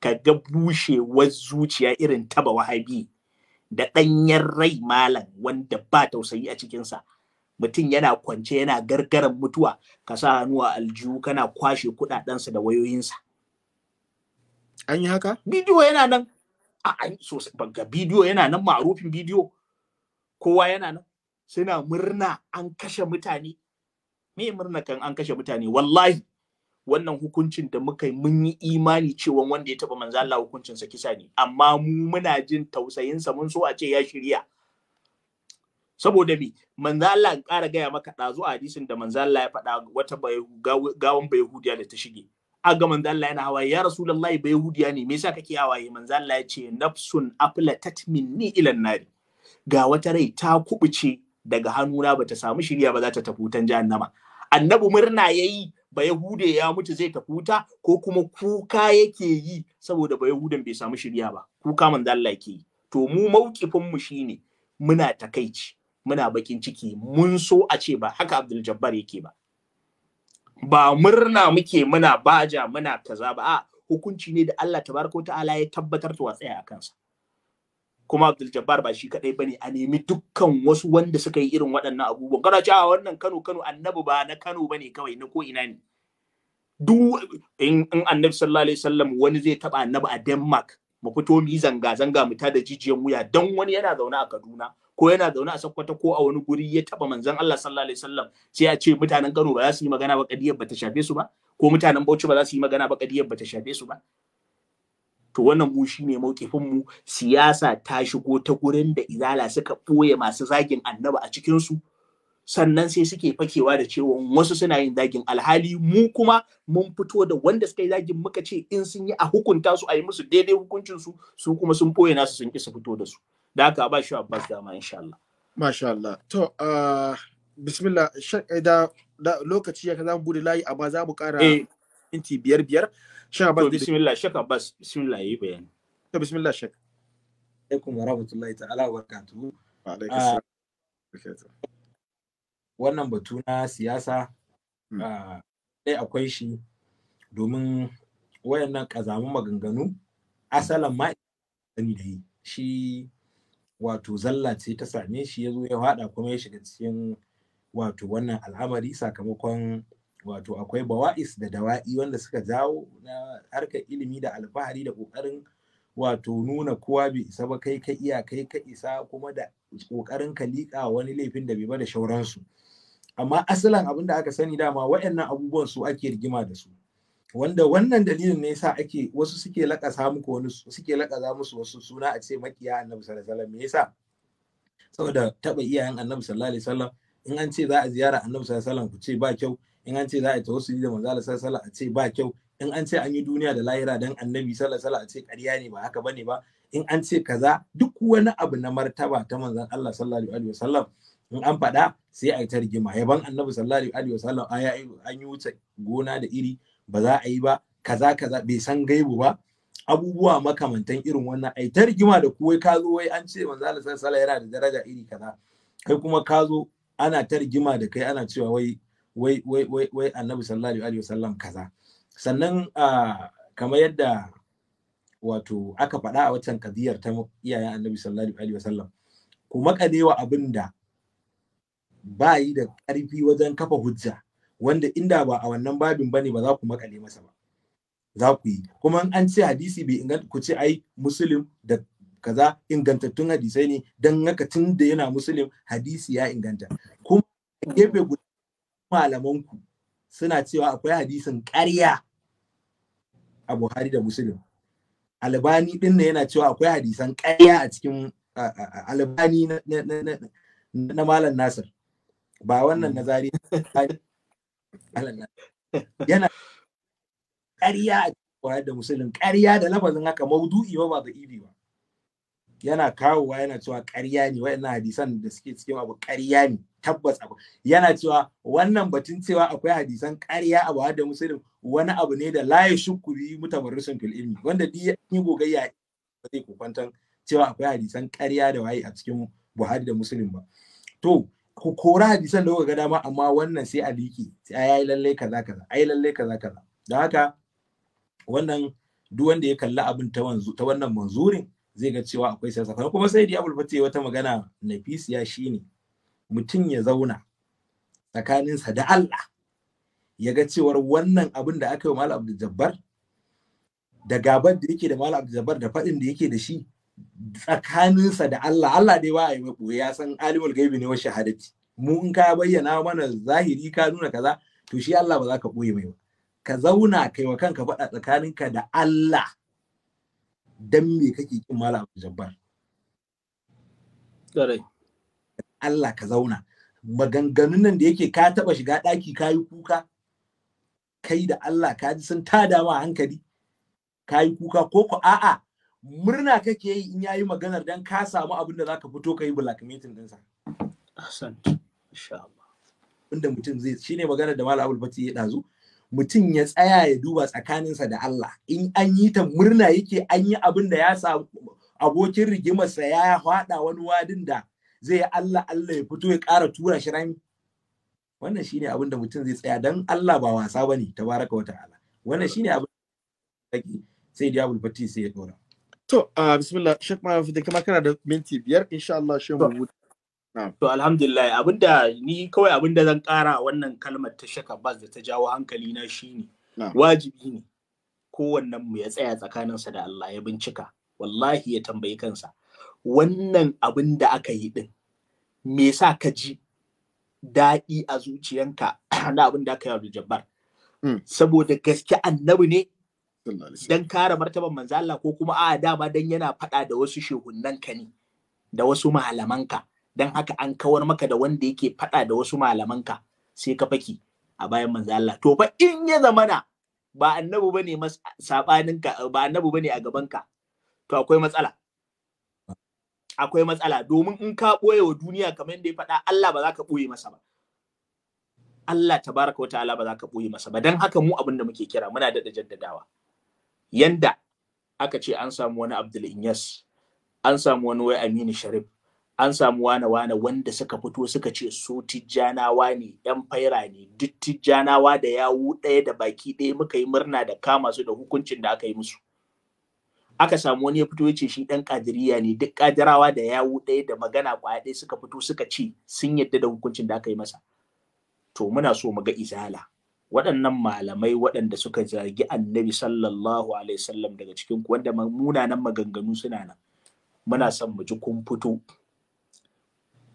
ka ga bushewar zuciya irin taba wahabi da ɗanyen rai malam wanda ba tausayi a cikinsa mutum yana kwance yana gargaran mutuwa ka sa hannu a aljihu kana kwashe kuɗaɗensa da wayoyinsa an yi haka bidiyo yana nan a an sosai bidiyo yana nan ma'arufin bidiyo kowa yana nan suna murna an kashe mutane me murna kan an kashe mutane wallahi wannan hukuncin da muka yi mun yi imani cewa wanda ya taba manzo Allah hukuncinsa kisa ne amma mu muna jin tausayinsa mun so a ce ya shirya saboda me manzo Allah ya ƙara gaya maka ɗazu a hadisin da manzo Allah ya faɗa wata gawan bayahudiya da ta shige aga manzo Allah yana hawaye ya rasulullahi bayahudiya ne me yasa kake hawaye manzo Allah ya ce nafsun aflatat minni ila nari ga wata rai ta kubuce daga hannuna bata samu shirya ba za ta tafi wutan jahannama annabi murna yayi ba ya mutu zai tafi wuta ko kuma kuka yake yi saboda bayahudan bai samu shirya ba kuka manzo Allah yake yi to mu mauƙifin mu shine muna takaici muna bakin ciki mun so a ce ba haka Abdul Jabbar yake ba ba murna muke muna baja muna kaza ba a hukunci ne da Allah tabaraka ta'ala ya tabbatar ta watsaya a kansa kuma Abdul Jabbar ba shi kadai bane a nemi dukkan wasu wanda suka yi irin waɗannan abubuwan kana cewa wannan Kano Kano annabi ba na Kano bane kawai na ko ina ne duk in annabi sallallahu alaihi wasallam wani zai taba annabi a Denmark mu fito mu yi zanga zanga mu ta da jijiyan wuya dan wani yana zaune a Kaduna ko yana zaune a Sokoto ko a wani guri ya taba manzon Allah sallallahu alaihi wasallam sai ya ce mutanen Kano ba za su yi magana ba kadiyar ba ta shafe su ba ko mutanen Bauchi ba za su yi magana ba kadiyar ba ta shafe su ba to wannan mu shine mauƙifin mu siyasa ta shigo ta gurin da izala suka boye masu zagin annaba a cikin su sannan sai suke fakewa da cewa wasu suna yin zagin alhali mu kuma mun fito da wanda suka yi zagin muka ce in sun yi a hukunta su a yi musu daidai hukuncin su su kuma sun boye nasu sun ki su fito da su da haka ba shi Abbas dama insha Allah masha Allah to uh, bismillah eh, da, da lokaci ya kaza mu bude layi amma za mu kara eh. inti biyar biyar shan Abbas bismillah shek Abbas bismillah yi bayani to bismillah shek alaikum wa rahmatullahi ta'ala wa barakatuhu wa ah, wannan batu na siyasa sai hmm. ah, akwai shi domin wayannan kazamu maganganu asalin ma ne da yi shi wato zalla ce ta same shi ya zo ya haɗa kuma ya shiga cikin wato wannan al'amari sakamakon wato akwai bawa'is da dawa'i wanda suka jawo na harkar ilimi da alfahari da ƙoƙarin wato nuna kowa bai isa ba kai ka iya kai ka isa kuma da ƙoƙarin ka liƙa wani laifin da bai ba da shauransu amma asalin abin da aka sani dama waɗannan abubuwan su ake rigima da su wanda wannan dalilin ne yasa ake wasu suke lakasa muku wani suke lakasa musu wasu suna a ce makiya annabi sallallahu alaihi wasallam me yasa saboda taba iyayen annabi sallallahu alaihi wasallam in an ce za a ziyara annabi sallallahu alaihi wasallam ku ce ba kyau in an ce za a tawassuli da manzo sallallahu alaihi wasallam a ce ba kyau in an ce an yi duniya da lahira dan annabi sallallahu alaihi wasallam a ce ƙarya ne ba haka bane ba in an ce kaza duk wani abu na martaba ta manzon Allah sallallahu alaihi wasallam in an faɗa sai a yi ta yaban annabi sallallahu alaihi wasallam an yi wuce gona da iri ba za a yi ba kaza kaza bai san gaibu ba abubuwa makamantan irin wannan ai ta rigima da kuwai ka zo wai an ce manzo Allah sallallahu yana da daraja iri kaza kai kuma ka zo ana ta da kai ana cewa wai wai wai wai wai annabi sallallahu alaihi wasallam kaza sannan kamar yadda wato aka faɗa a waccan kadiyar ta iyayen annabi sallallahu alaihi wasallam ku makadewa abin da ba yi da ƙarfi wajen kafa hujja wanda inda ba a wannan babin bane ba za ku makale masa ba za ku yi kuma an ce hadisi bai inganta ku ce ai muslim da kaza ingantattun hadisai ne dan haka tun da yana muslim hadisi ya inganta kuma gefe guda ku suna cewa akwai hadisin ƙarya a Buhari da Muslim. Albani din yana cewa akwai hadisan ƙarya a cikin albani na Malam Nasir. Ba wannan nazari [laughs] yana ƙarya a cikin da musulun ƙarya da lafazin haka maudu'i ba ba ibi ba yana kawowa yana cewa ƙarya ne waɗannan hadisan da suke cikin abu ƙarya ne tabbas abu yana cewa wannan batun cewa akwai hadisan ƙarya a bahar da musulun wani abu ne da layi shukuri mutamarrisun fil ilmi wanda duk ya yi gogayya ba zai kokwantan cewa akwai hadisan ƙarya da waye a cikin buhari da musulun ba to ku kora hadisan da kuka ga dama amma wannan sai a liki sai a yayi lalle kaza kaza ai lalle kaza kaza Da haka wannan duk wanda ya kalli abin ta wanzu ta wannan manzurin zai ga cewa akwai siyasa kana kuma sai Abul fati wata magana ya shine mutum ya zauna tsakaninsa da Allah ya ga cewar wannan abin da aka yi wa Malam Abdul Jabbar da gabar da yake da Malam Abdul Jabbar da fadin da yake da shi tsakaninsa da Allah Allah dai ba a yi maɓoye ya san alimul gaibi ne wa shahadati mu in ka bayyana mana zahiri ka nuna kaza to shi Allah ba za ka ɓoye mai ba ka zauna kai wa kanka faɗa tsakaninka da Allah dan me kake kin malam jabbar Allah ka zauna maganganun nan da yake ka taɓa shiga ɗaki ka yi kuka kai da Allah ka ji sun tada ma hankali ka yi kuka ko ko a'a murna kake yi in yayi maganar dan ka samu abin da zaka fito black meeting din sa ahsant insha Allah inda mutum zai shine maganar da malam Abdul Fati ya dazu mutum ya tsaya ya duba tsakaninsa da Allah in an yi ta murna yake an yi abin da ya samu abokin rigimarsa ya hada wani wadin da zai Allah Allah ya fito ya ƙara tura shi rami wannan shine abin da mutum zai tsaya dan Allah ba wasa bane tabaraka wa ta'ala wannan shine abin da sai diabul fati sai ya dora To, uh, bismillah, Sheikh Mahmud, da kama kana da minti biyar, insha Allah shi mu To, alhamdulillah, abinda ni kawai abinda zan ƙara wannan kalmar ta Sheikh Abbas da ta jawo hankali na shine wajibi ne kowannen mu ya tsaya tsakaninsa da Allah ya bincika, wallahi ya tambayi kansa. Wannan abin da aka yi din, me sa ka ji daɗi a zuciyanka [clears throat] na abinda aka yi Abdul Jabbar? Mm. Saboda gaske annabi ne dan kare martaban manzo Allah ko kuma a dama dan yana faɗa da wasu shehunnan ka ne da wasu malaman ka. dan haka an kawar maka da wanda yake faɗa da wasu malaman ka sai ka faki a bayan manzo Allah to fa in ya zamana ba annabi bane mas ka ba annabi bane a ka to akwai matsala akwai matsala domin in ka boye wa duniya kamar yadda ya faɗa Allah ba za ka ɓoye masa ba Allah tabaraka wa ta'ala ba za ka ɓoye masa ba dan haka mu abin da muke kira muna daɗa jaddadawa yanda aka ce an samu wani Abdul Inyas an samu wani wai Aminu Sharif an samu wane-wane wanda suka fito suka ce su tijjanawa ne yan faira ne duk tijjanawa da yawu ɗaya da baki ɗaya muka yi murna da kama su da hukuncin da aka yi musu aka samu wani ya fito ya ce shi ɗan kadiriya ne duk ƙadirawa da yawu ɗaya da magana ƙwaya ɗaya suka fito suka ce sun yadda da hukuncin da aka yi masa to muna so mu ga izala waɗannan malamai waɗanda suka zagi annabi sallallahu alaihi daga cikin wanda munanan maganganu suna nan muna son mu ji kun fito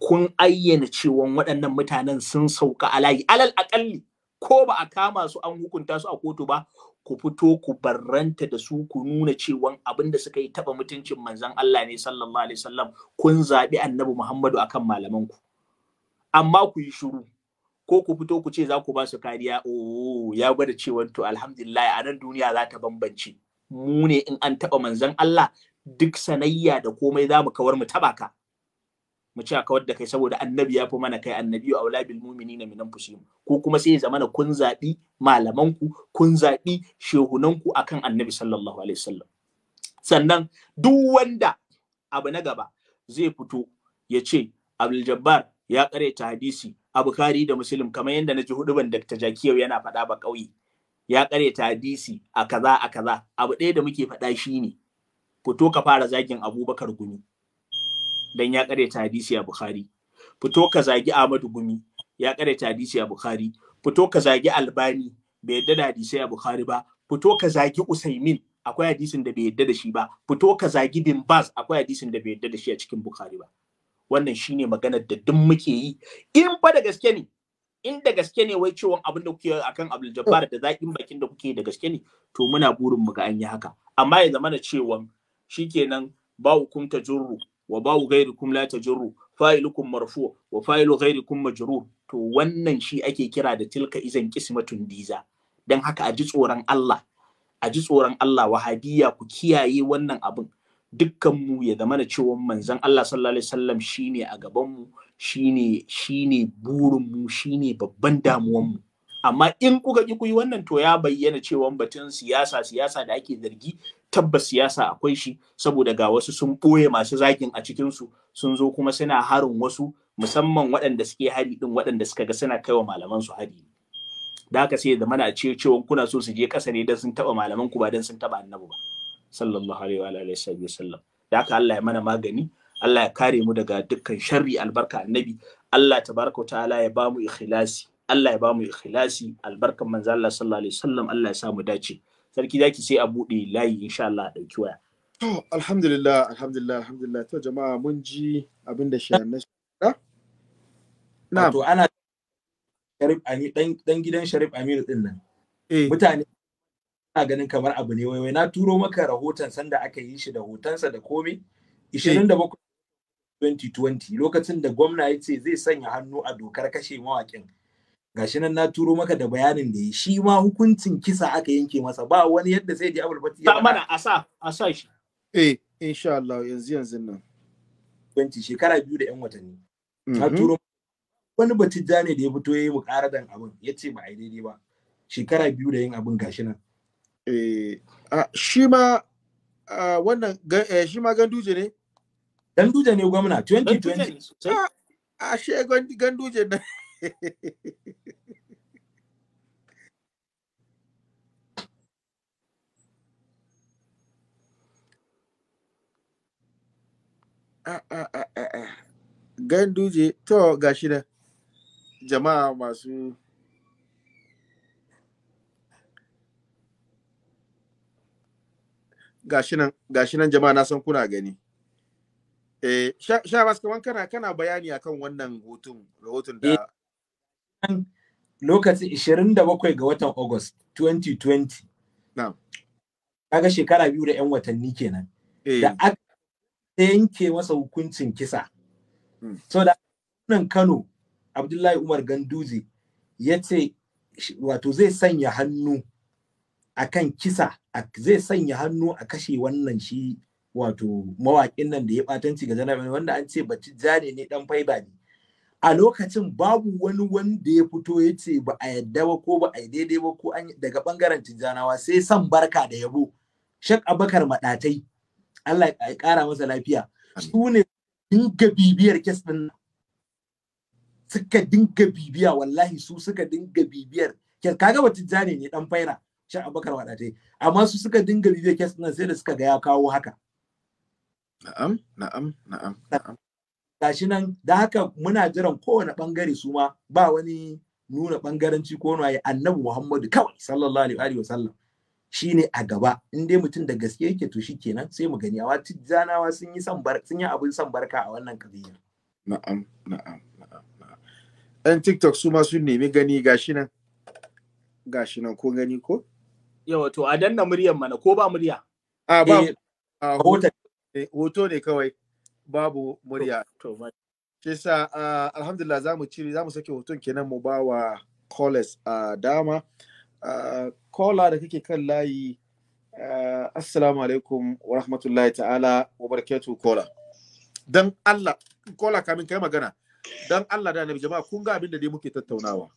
kun ayyana cewa waɗannan mutanen sun sauka layi alal aƙalli ko ba a kama su an hukunta su a kotu ba ku fito ku barranta da su ku nuna cewa abin da suka yi taba mutuncin manzon Allah ne sallallahu alaihi kun zaɓi annabi Muhammadu akan malamanku amma ku yi shiru ko ku fito ku ce za ku ba su kariya o ya gwada cewa to alhamdulillah a nan duniya za ta bambance mu ne in an taba manzon Allah duk sanayya da komai za mu kawar mu taba ka mu ce kawar da kai saboda annabi ya fi mana kai annabi wa aulabil bil mu'minina min anfusihim ko kuma sai ya zamana kun zabi malaman ku kun zabi shehunan ku akan annabi sallallahu alaihi wasallam sannan duk wanda abu na gaba zai fito ya ce Abdul Jabbar ya ta hadisi a Bukhari da Muslim kamar yadda na ji huduban Dr. Jakiyau yana faɗa ba ƙauye. Ya ƙareta hadisi a kaza a kaza. Abu ɗaya da muke faɗa shi ne. Fito ka fara zagin Abubakar Gumi. Dan ya ƙareta hadisi a Bukhari. Fito ka zagi Ahmadu Gumi. Ya ƙareta hadisi a Bukhari. Fito ka zagi Albani. Bai yadda da hadisai a Bukhari ba. Fito ka zagi Usaimin. Akwai hadisin da bai yadda da shi ba. Fito ka zagi Bin Bas. Akwai hadisin da bai yadda da shi a cikin Bukhari ba. wannan shine maganar da duk muke yi in fa da gaske ne in da gaske ne wai cewa abin da kuke akan Abdul Jabbar da zakin bakin da kuke da gaske ne to muna burin mu ga an yi haka amma ya zama na cewa shikenan ba hukum ta jurru wa ba ghairukum la ta jurru fa'ilukum marfu wa fa'ilu ghairukum majrur to wannan shi ake kira da tilka izan qismatun diza dan haka a ji tsoron Allah a ji tsoron Allah wahabiyya ku kiyaye wannan abin dukkanmu ya zama da cewa manzon Allah sallallahu alaihi wasallam shine a gabanmu shine shine burinmu shine babban damuwanmu amma in kuka ki kuyi wannan to ya bayyana cewa batun siyasa siyasa da ake zargi tabbas siyasa akwai shi saboda ga wasu sun ɓoye masu zakin a cikin su sun zo kuma suna harin wasu musamman waɗanda suke hari din waɗanda suka ga suna kaiwa malaman su hari da haka sai da mana a cewa kuna so su je ƙasa ne don sun taɓa malaman ku ba don sun taɓa annabi ba sallallahu alaihi wa alihi wasallam da haka Allah ya mana magani Allah ya kare mu daga dukkan sharri albarka annabi Allah tabaraka wa ta'ala ya bamu ikhlasi Allah ya bamu ikhlasi albarkan manzo Allah sallallahu alaihi wasallam Allah ya sa mu dace sarki zaki sai a bude layi insha Allah dauki waya to alhamdulillah alhamdulillah alhamdulillah to jama'a mun ji abin da shi na na to ana Sharif Aminu dan gidan Sharif Aminu din nan eh. mutane ganin kamar abu ne waiwai na turo maka rahoton sanda aka yi shi da hotonsa da komai 27 2020 lokacin da gwamna ya ce zai sanya hannu a dokar kashe mawaƙin gashi nan na turo maka da bayanin da ya shi ma hukuncin kisa aka yanke masa ba wani yadda sai ya ba mana a sa a sa shi eh insha Allah yanzu yanzu nan 20 shekara biyu da yan watanni na mhm. turo wani batijja ne da ya fito yayi mukaradan abin yace ba a daidai ba shekara biyu da yin abin gashi nan Eh, shi ma wannan eh, shi ma ganduje ne ganduje ne gwamna 2020 ashe ganduje na [laughs] ganduje to gashi da jama'a masu gashinan nan jama'a na san kuna gani eh sha sha bas kaman kana kana bayani akan wannan hoton rahoton da eh, lokaci 27 ga watan August 2020 Na. kaga shekara biyu da 'yan watanni kenan eh. da aka yanke masa hukuncin kisa so da nan Kano Abdullahi Umar Ganduzi ya ce wato zai sanya hannu akan kisa zai sanya hannu a kashe wannan shi wato mawaƙin nan da ya batanci ga janabi wanda an ce ba jane ne dan faiba ne a lokacin babu wani wanda ya fito ya ce ba a yadda ba ko ba a yi daidai ba ko an daga bangaren tijjanawa sai san barka da yabo shak abakar madatai Allah ya ƙara masa lafiya su ne dinga bibiyar kes din suka dinga bibiya wallahi su suka dinga bibiyar kaga ba tijjani ne dan faira shi abubakar yi. amma su suka dinga bibiya kes nan sai da suka ga ya kawo haka na'am na'am na'am na'am gashi nan da haka muna jiran kowane bangare su ma ba wani nuna bangaranci ko wani annabi muhammadu kawai sallallahu alaihi wa sallam shine a gaba in dai mutum da gaske yake to shikenan kenan sai mu gani awa tijjanawa sun yi san bar sun yi abin san barka a wannan kabila na'am na'am na'am Yan tiktok su ma sun nemi gani gashi nan gashi nan ko gani ko Yawa to a danna muryar mana ko ba murya? A ba hoto eh, ne kawai babu murya. Ke sa alhamdulillah za mu cire za mu sake hoton kenan mu ba wa callers a dama. Kola da kake kan layi Assalamu alaikum wa rahmatullahi ta'ala wa barakatu Kola. Dan Allah Kola kamin kai magana. Dan Allah da Annabi jama'a kun ga abin da dai muke tattaunawa.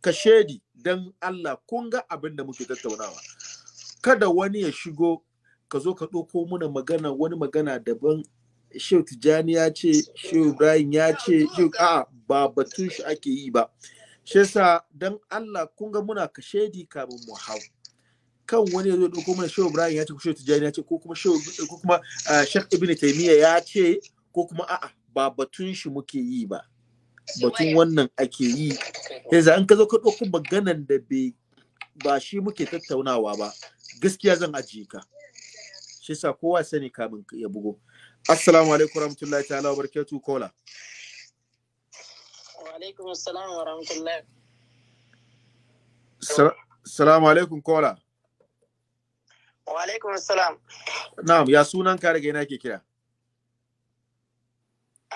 Ka shedi don Allah kun ga abin da muke tattaunawa kada wani ya shigo ka zo ka ɗauko muna magana wani magana daban Shehu tijani ya ce Shehu Ibrahim ya ce a'a ba batun shi ake yi ba shi yasa dan Allah kun ga muna shedi kamin mu hau kan wani ya zo ɗauko mana Shehu Ibrahim ya ce ko Shehu ya ce ko kuma Shehu ko kuma eh, Sheikh Ibn Taymiyyah ya ce ko kuma a'a ba batun shi muke yi ba batun wannan ake yi yanzu an ka zo ka ɗauko maganan da ba shi muke tattaunawa ba gaskiya zan ajiye ka shi sa kowa sani kamin ya bugo assalamu alaikum warahmatullahi ta'ala wa barakatuh kola wa alaikum assalam wa rahmatullahi Salamu alaikum kola. Wa alaikum salam. Na'am, ya sunan ka daga yana ke kira?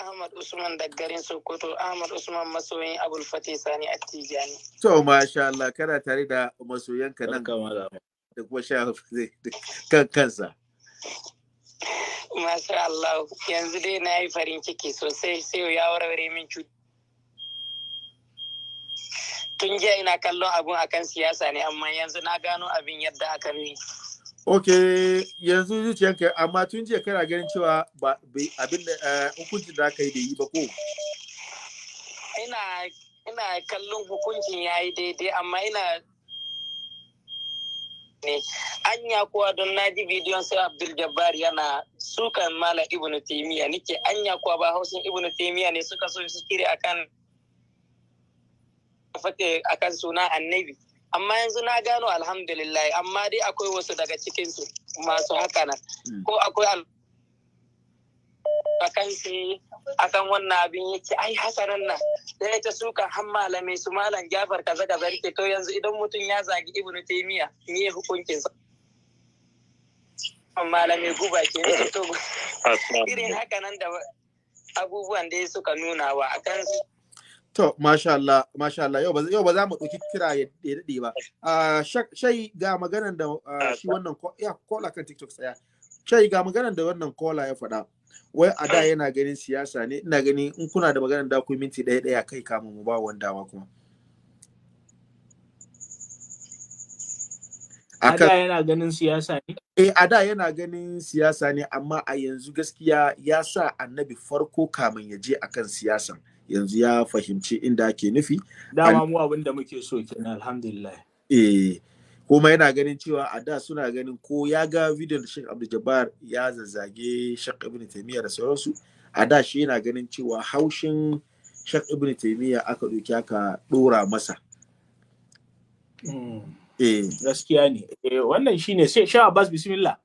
Ahmad Usman da garin Sokoto, Ahmad Usman masoyin Abul Fati Sani Attijani. To masha Allah kana tare da masoyanka nan da kuma sha kan kansa. Masha Allah yanzu dai na yi farin ciki sosai sai ya warware min cuta. Tun jiya ina kallon abun akan siyasa ne amma yanzu na gano abin yadda aka yi. Ok, yanzu zuciyanka amma tun jiya kana ganin cewa ba abin da eh, hukuncin da aka yi da yi ba ko? Ina kallon hukuncin ya yi daidai amma ina ne anya kuwa don na ji bidiyon sai Abdul Jabbar yana sukan mala Ibn Taymiya nike anya kuwa ba hausin Ibn Taymiya ne suka so su kiri akan fate akan suna annabi. amma yanzu na gano alhamdulillah amma dai akwai wasu daga su masu haka nan hmm. ko akwai al. a shi akan wannan abin yake ai hasanan nan sai ta suka han malamai su malam jafar kaza kaza rike to yanzu idan mutum ya zagi ibnu taymiya me hukuncin sa malamai guba ke to [laughs] irin haka nan da abubuwan da suka nuna wa akan su To, masha Allah, masha Allah, yau ba za mu ɗauki kira ya daɗe ba. Ah, Shai ga maganan da ah, ah, shi wannan ya kola kan TikTok tsaya. Shai ga maganan da wannan kola ya faɗa. Wai a da yana ganin siyasa ne, ina gani in kuna da maganan da ku minti ɗaya ɗaya kai kamun mu ba wani dama kuma. A da yana ganin siyasa ne? Eh, a da yana ganin siyasa ne, amma a yanzu gaskiya ya sa annabi farko kamun ya je akan kan siyasan. yanzu ya fahimci inda ake nufi dama mu abin da muke so kenan alhamdulillah eh kuma yana ganin cewa a da suna ganin ko ya ga bidiyon da Sheikh Abdul Jabbar ya zazzage Sheikh Ibn Taymiyyah da sauransu a da shi yana ganin cewa haushin Sheikh Ibn Taymiyyah aka ɗauki aka ɗora masa hmm. eh gaskiya ne eh wannan shine sai Sheikh Abbas bismillah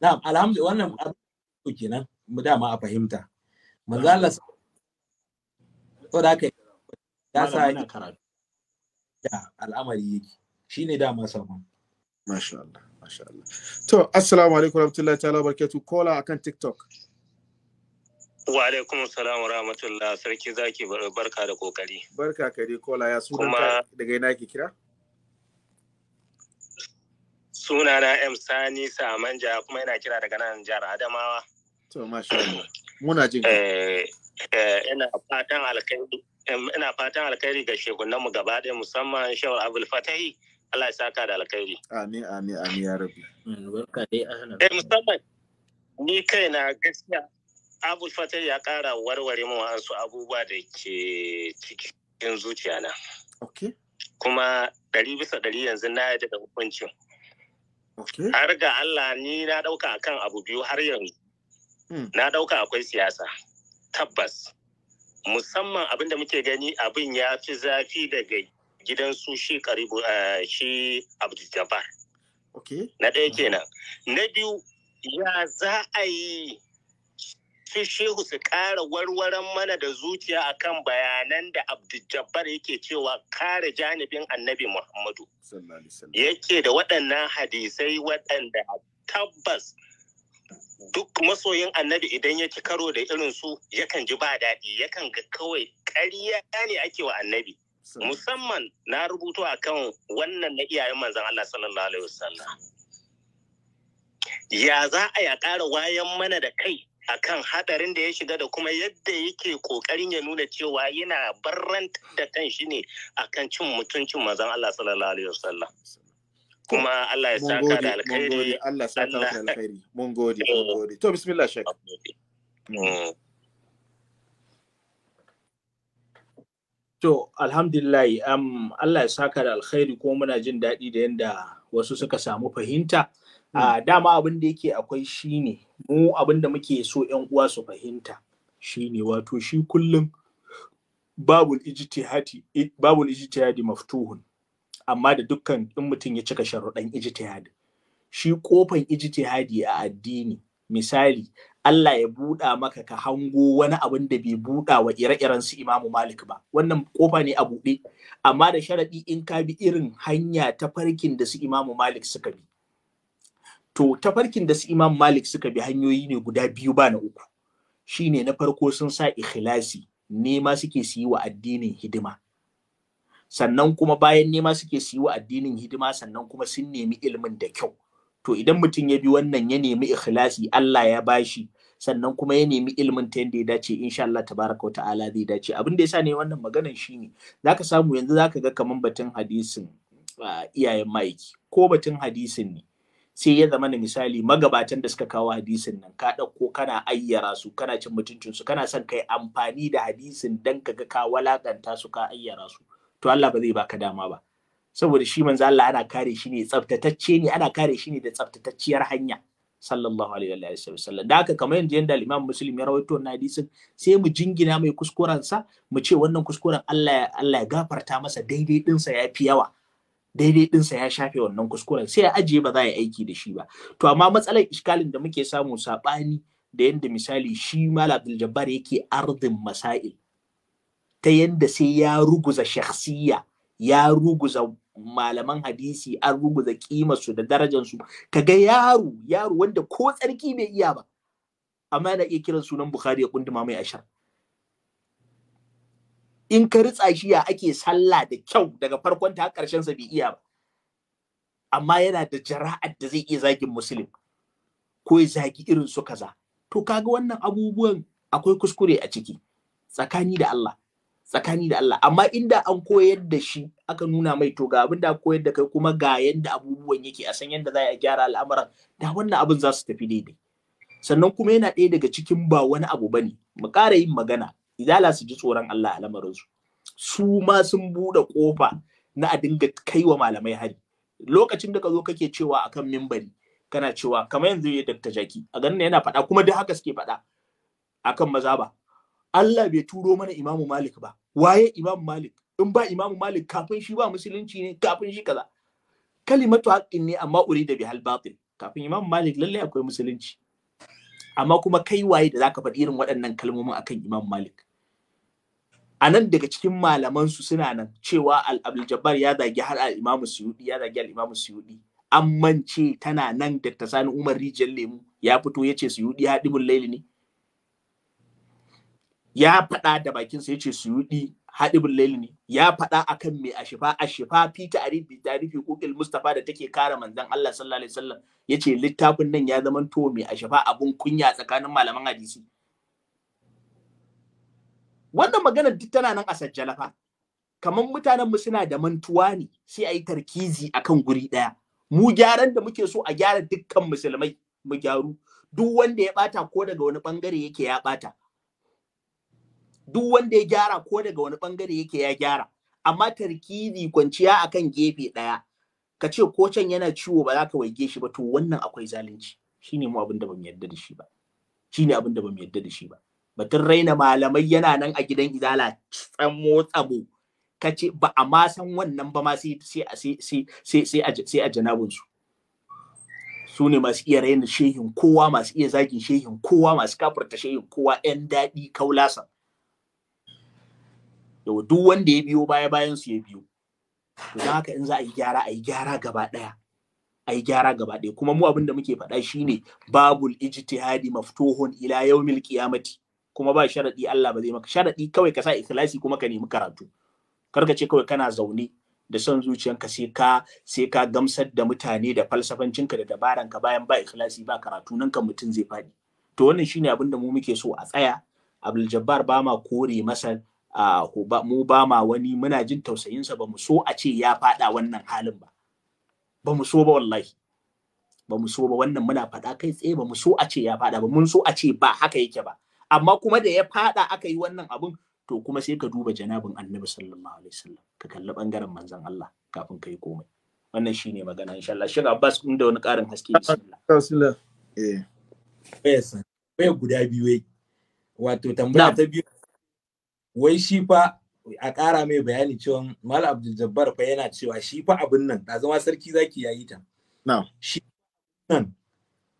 na'am alhamdulillah wannan kenan mu dama a fahimta manzo Allah saboda haka ya sa ya karatu da al'amari yake shine dama sabon masha Allah masha Allah to assalamu alaikum warahmatullahi ta'ala barkatu kola akan tiktok wa alaikum assalam wa rahmatullah sarki zaki barka da kokari barka ka dai kola ya sunan ka daga ina ke kira sunana M Sani Samanja kuma ina kira daga nan jihar Adamawa to masha Allah muna jin eh Eh, ina fatan alkhairi ga shekunanmu mu gaba ɗaya musamman shawar abul fatahi Allah ya saka da alkhairi amin amin amin ya rabu mm, eh musamman ni na gaskiya abul fatahi ya ƙara warware mu wasu abubuwa da ke cikin zuciya na Ok. kuma ɗari bisa ɗari yanzu na yadda da hukuncin har ga Allah ni na ɗauka akan abu biyu har yanzu hmm. na ɗauka akwai siyasa tabbas musamman abin da muke gani abin ya fi zafi daga gidan su shi karibu eh, shi abdujabar na ɗaya kenan na biyu ya za a yi su shehu su ƙara warwaran mana da zuciya akan bayanan da abdul yake cewa kare janibin annabi muhammadu yake da waɗannan hadisai waɗanda tabbas duk masoyin annabi idan ya ci karo da irin su yakan ji ba daɗi yakan ga kawai ƙarya ne ake wa annabi musamman na rubutu akan wannan na iyayen manzan Allah sallallahu alaihi wasallam ya za a ya ƙara wayan mana da kai a kan haɗarin da ya shiga da kuma yadda yake ƙoƙarin ya nuna cewa yana barrant da kan shi ne akan cin mutuncin manzan Allah sallallahu alaihi wasallam kuma Allah ya saka da alkhairi Allah saka da alkhairi mun gode mun oh. gode to bismillah shek mm. to alhamdulillah um, Allah ya saka da alkhairi ko muna jin daɗi da yanda wasu suka samu fahimta uh, dama abin da yake akwai shine mu abin da muke so yan uwa su fahimta shine wato shi kullum babul ijtihadi babul ijtihadi maftuhun amma da dukkan in mutum ya cika sharuɗan ijtihadi shi kofan ijtihadi a addini misali Allah ya buɗa maka ka hango wani abin da bai buɗa wa ire-iren su Imamu Malik ba wannan kofa ne a buɗe amma da sharaɗi in ka bi irin hanya ta farkin da su Imamu Malik suka bi to ta farkin da su Imamu Malik suka bi hanyoyi ne guda biyu ba na uku shine na farko sun sa ikhlasi nema suke su yi wa addinin hidima sannan kuma bayan nema suke su yi wa addinin hidima sannan kuma sun nemi ilimin da kyau to idan mutum ya bi wannan ya nemi ikhlasi Allah ya bashi sannan kuma ya nemi ilimin ta yadda ya dace insha Allah tabaraka ta'ala zai dace abin da yasa ne wannan maganan shine zaka samu yanzu zaka ga kaman batun hadisin iyayen maiki ko batun hadisin ne sai ya zama na misali magabatan da suka kawo hadisin nan ka ɗauko kana ayyara su kana cin mutuncin su kana son kai amfani da hadisin dan ga ka walakanta su ka ayyara su to Allah ba zai baka dama ba saboda shi manzo Allah ana kare shi ne tsaftatacce ne ana kare shi ne da tsaftatacciyar hanya sallallahu alaihi wa sallam da haka kamar yadda yanda Imam Muslim ya rawaito wannan hadisin sai mu jingina mai kuskuren sa mu ce wannan kuskuren Allah Allah ya gafarta masa daidai din sa yafi yawa daidai din sa ya shafe wannan kuskuren sai ya ajiye ba za ya aiki da shi ba to amma matsalar iskalin da muke samu sabani da yanda misali shi Malam Abdul Jabbar yake ardin masail ta yadda sai ya ruguza shakhsiya ya ruguza malaman hadisi an ruguza kimarsu da darajarsu kaga yaro yaro wanda ko tsarki bai iya ba amma yana iya kiran sunan bukhari ya kunduma mai ashar in ka ritsa shi ya ake sallah da kyau daga farkon ta karshen sa bai iya ba amma yana da jara'ar da zai iya zagin muslim ko ya zagi irin su kaza to kaga wannan abubuwan akwai kuskure a ciki tsakani da Allah tsakani da Allah amma inda an koyar da shi aka nuna mai to ga abin da koyar da kai kuma ga yadda abubuwan yake a san yadda za a gyara al'amuran da wannan abin za su tafi daidai sannan kuma yana ɗaya daga cikin ba wani abu bane mu ƙara yin magana idala su ji tsoron Allah a lamarinsu su ma sun bude kofa na a dinga kai wa malamai hari lokacin da ka zo kake cewa akan mimbari kana cewa kamar yanzu ya dakta jaki a ganin yana faɗa kuma duk haka suke faɗa akan mazaba Allah bai turo mana Imamu Malik ba waye Imamu Malik in ba Imamu Malik kafin shi ba musulunci ne kafin shi kaza kalimatu haqqin ne amma urida bihal batil kafin Imamu Malik lalle akwai musulunci amma kuma kai waye da zaka faɗi irin waɗannan kalmomin akan Imamu Malik a nan daga cikin malaman su suna nan cewa al-Abdul Jabbar ya zagi har al-Imamu Suyudi ya zagi al-Imamu Suyudi an mance tana nan da Sani Umar rijiyar Lemu ya fito ya ce Suyudi hadibul laili ne ya faɗa da bakinsa ya ce suyuɗi haɗibin laili ne ya faɗa akan mai ashifa ashifa fi ta'arifi ta'arifi kukil mustafa da take kare manzon Allah sallallahu alaihi wasallam yace littafin nan ya zama to mai ashifa abun kunya tsakanin malaman hadisi wannan maganar duk tana nan a sajjalafa kamar mutanen mu suna da mantuwa ne sai a yi tarkizi akan guri ɗaya mu gyaran da muke so a gyara dukkan musulmai mu gyaru duk wanda ya bata ko daga wani bangare yake ya bata duk wanda ya gyara ko daga wani bangare yake ya gyara amma tarkidi, kwanciya akan gefe ɗaya ka ce ko can yana ciwo ba za ka waige shi ba to wannan akwai zalunci shine mu abin bamu yarda da shi ba shine abin da bamu yarda da shi ba batun raina malamai yana nan a gidan izala tsamo motsa ka ce ba a ma san wannan ba ma sai sai a janabun su su ne masu iya raina shehin kowa masu iya zagin shehin kowa masu kafurta shehin kowa yan daɗi kaulasan yau duk wanda ya biyo baya bayan su ya biyo to don haka in za a yi gyara a yi gyara gaba ɗaya a yi gyara gaba ɗaya kuma mu abin da muke faɗa shine babul ijtihadi maftuhun ila yawmil qiyamati kuma ba sharadi Allah ba zai maka sharadi kawai ka sa ikhlasi kuma ka nemi karatu Kar ka ce kawai kana zaune da son zuciyanka sai ka sai ka gamsar da mutane da falsafancinka da dabaran ka bayan ba ikhlasi ba karatu nan kan mutum zai faɗi to wannan shine abin da mu muke so a tsaya Abdul Jabbar ba ma kore masa mu ba ma wani muna jin tausayinsa ba mu so a ce ya faɗa wannan halin ba ba mu so ba wallahi ba mu so ba wannan muna faɗa kai tsaye ba mu so a ce ya faɗa ba mun so a ce ba haka yake ba amma kuma da ya faɗa aka yi wannan abun to kuma sai ka duba janabin annabi sallallahu alaihi wasallam ka kalli bangaren manzon Allah kafin kai komai wannan shine magana insha Allah shiga Abbas kun da wani karin haske bismillah eh, eh guda biyu eh. wato tambaya ta biyu wai shi fa a ƙara mai bayani cewa Malam Abdul Jabbar fa yana cewa shi fa abin nan da zama sarki zaki yayi ta. Shi nan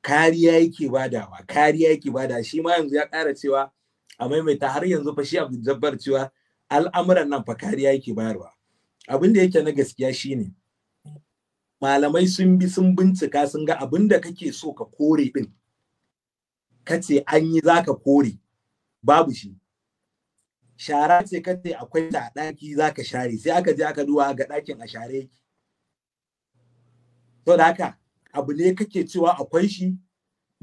kariya yake badawa, kariya yake bada shi ma yanzu ya ƙara cewa a maimaita har yanzu fa shi Abdul Jabbar cewa al'amuran nan fa kariya yake bayarwa. Abin da yake na gaskiya shine malamai sun bi sun bincika sun ga abin da kake so ka kore din. Kace an yi za kore babu shi shara ce kace akwai ta daki zaka share sai aka je aka duwa ga dakin a share yake to da haka abu ne kake cewa akwai shi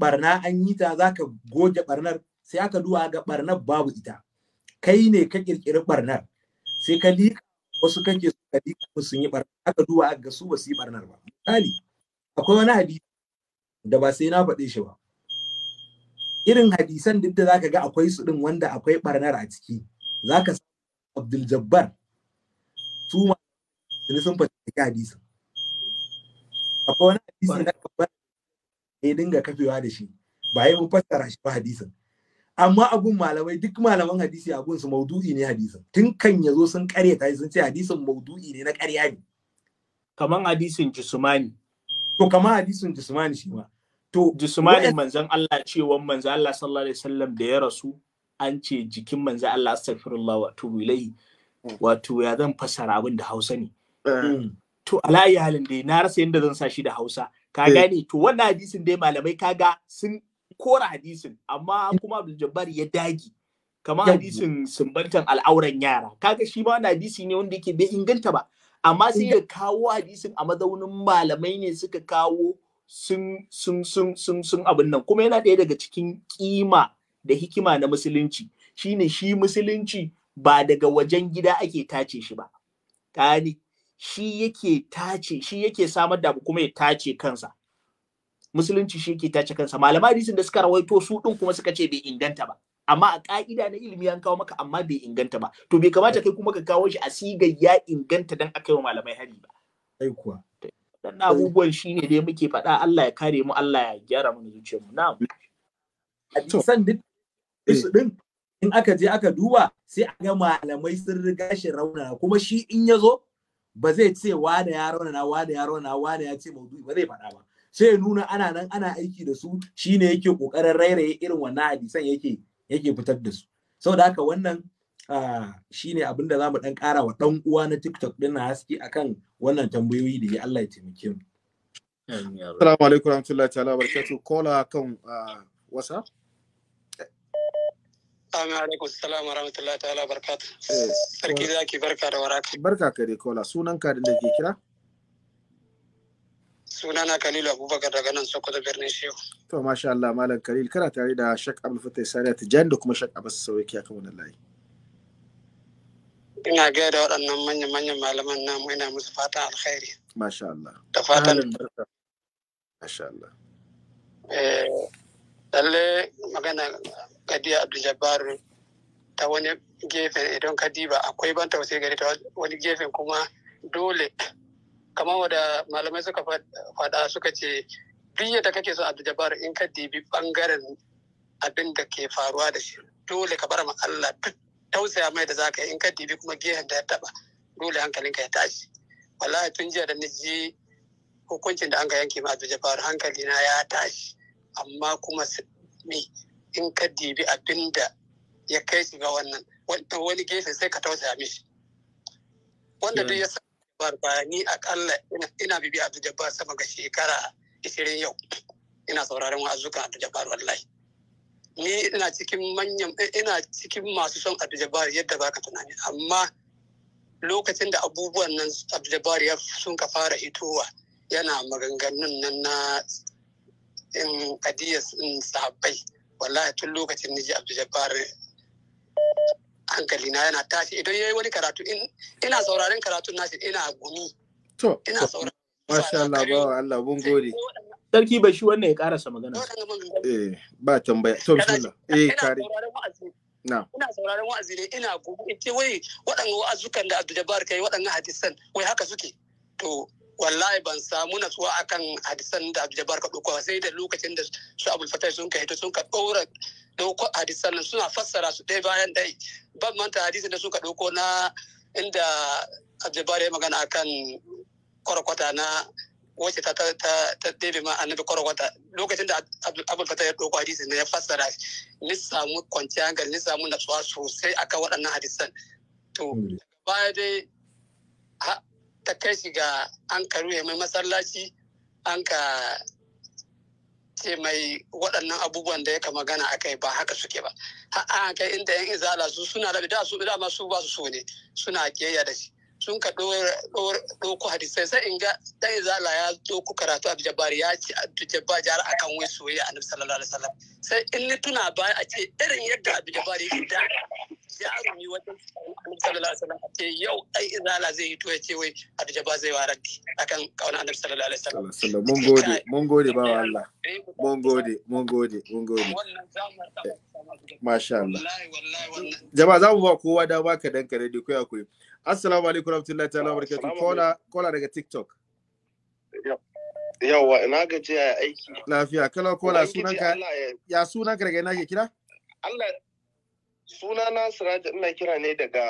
barna an yi ta zaka goge barnar sai aka duwa ga barnar babu ita kai ne ka kirkiri barnar sai ka liƙa wasu kake su ka liƙa sun yi barnar aka duwa ga su ba su yi barnar ba misali akwai wani hadisi da ba sai na faɗe shi ba irin hadisan duk da zaka ga akwai su din wanda akwai barnar a ciki za ka abdul jabbar su ma sun fata hadisin akwai wani hadisi na kabbar ya dinga kafewa da shi ba yi mu fassara shi ba hadisin amma abun malamai duk malaman hadisi abun su maudu'i ne hadisin tun kan ya zo sun karyata sun ce hadisin maudu'i ne na karya ne kaman hadisin jisumani to kaman hadisin jisumani shi ma to jisumani manzon Allah cewa manzon Allah sallallahu alaihi wasallam da ya rasu an ce jikin manzo Allah astaghfirullah wa tubu ilai hmm. wato ya zan fassara abin da Hausa ne eh. hmm. to ala halin dai na rasa yadda zan sa shi da Hausa ka eh. gane to wannan hadisin dai malamai kaga sun kora hadisin amma kuma Abdul Jabbar ya dagi kamar hadisin sumbantan al'auran yara kaga shi ma wannan hadisi ne wanda yake bai inganta ba amma sai ya kawo hadisin a mazaunin malamai ne suka kawo sun sun sun sun sun abin nan kuma yana ɗaya daga cikin kima da hikima na musulunci shine shi musulunci ba daga wajen gida ake tace shi ba gane shi yake tace shi yake samar da abu kuma ya tace kansa musulunci shi yake tace kansa malama hadisin da suka rawaito su din kuma suka ce bai inganta ba amma a ka'ida na ilimi an kawo maka amma bai inganta ba to bai kamata kai kuma ka kawo shi a sigar ya inganta dan akai wa malamai hari ba ai kuwa dan abubuwan shine dai muke faɗa Allah ya kare mu Allah ya gyara mu zuciyarmu na'am a san duk su din eh, in aka je aka duba sai a ga malamai sun riga shi raunana kuma shi in ya zo ba zai ce wane ya raunana wane ya raunana wane ya ce maudu'i ba zai faɗa ba sai ya nuna ana nan ana aiki da su shine yake kokarin rairaye irin wannan hadisan yake yake fitar da su saboda haka wannan shine abin da zamu dan ƙara wa dan uwa na TikTok din na haske akan wannan tambayoyi da ya Allah ya taimake mu Assalamu alaikum warahmatullahi ta'ala barakatuh kola kan WhatsApp Assalamu alaikum, assalamu warahmatullahi ta'ala barkatu. Eh, Sarki zaki barka da waraka. Barka ka dai kola, sunan ka da ke kira? Sunana Kalilu Abubakar daga nan Sokoto birnin Shehu. To masha Allah Malam Kalil kana tare da Shak Abdul Fattah Sani Tijani da kuma Shak Abbas Sawaki akan wannan layi. Ina gaya da waɗannan manyan manyan malaman mu ina musu fatan alkhairi. Masha Allah. Da fatan. Masha Allah. Eh, lalle magana kadiya abdul ta wani gefen idan ba akwai ban tausayi gari ta wani gefen kuma dole kamar wadda malamai suka faɗa suka ce duk da kake son abdul jabbar in ka dibi bangaren abin da ke faruwa da shi dole ka bar ma Allah duk tausaya mai da zaka in ka dibi kuma gehen da ya taba dole hankalinka ya tashi wallahi tun jiya da ni ji hukuncin da an ga yanke ma abdul hankali hankalina ya tashi amma kuma me in ka dibi abin da ya kai shi ga wannan wani gefe sai ka tausaya mishi wanda duk ya sami ba ni akalla ina bibi abu Jabbar sama ga shekara ishirin yau ina sauraron wa'azukan abu Jabbar wallahi ni ina cikin manyan eh, ina cikin masu son abu Jabbar yadda baka tunani amma lokacin da abubuwan nan abu Jabbar ya sun ka fara hitowa yana maganganun nan na kadiya in sahabbai wallahi tun lokacin niji abdu jabbar hankali na yana tashi idan yayi wani karatu ina sauraron karatu nashi ina gumi to ina sauraron masha Allah ba Allah bun gode sarki ba shi wannan ya karasa magana eh ba tambaya to bismillah eh kare ina sauraron wa'azi ne ina gumi ce wai waɗannan wa'azukan da Abdul ka kai waɗannan hadisan wai haka suke to wallahi ban samu natsuwa akan hadisan da Abdul Jabbar ka dauko sai da lokacin da su Abdul Fatai sun kai to sun ka dora dauko hadisan nan suna fassara su ɗaya bayan ɗaya ban manta hadisin da suka dauko na inda Abdul Jabbar ya magana akan kwarkwata na wacce ta ta ta ta ɗebe ma annabi kwarkwata lokacin da Abdul Fatai ya dauko hadisin ya fassara ni samu kwanciyar hankali ni samu natsuwa sosai akan waɗannan hadisan to baya dai ta kai shi ga an karu ya mai masallaci an ka ce mai waɗannan abubuwan da ya ka magana a kai ba haka suke ba. Ha'a kai inda yan izala su suna da da su masu ba su so ne suna keya da shi. sun ka ɗauko hadisai sai in ga dan izala ya ɗauko karatu a jabari ya ce jabba jihar akan wai soyayya a nabi sallallahu alaihi wasallam sai in ni tuna ba a ce irin yadda abu jabari ya da rumi wajen annabi sallallahu alaihi wasallam ce yau ai izala zai yi ya ce wai abu jabba zai warar akan kauna annabi sallallahu alaihi wasallam mun gode mun gode ba wa Allah mun gode mun gode mun gode masha Allah jama'a za mu ba kowa da baka dan kare da koya koyi Assalamu alaikum rahmatullahi ta'ala barakatuh. Kola kola daga TikTok. Yawwa ina ga ce aiki. Lafiya kala kola sunanka ya sunanka daga ina ke kira? Allah suna na Siraj ina kira ne daga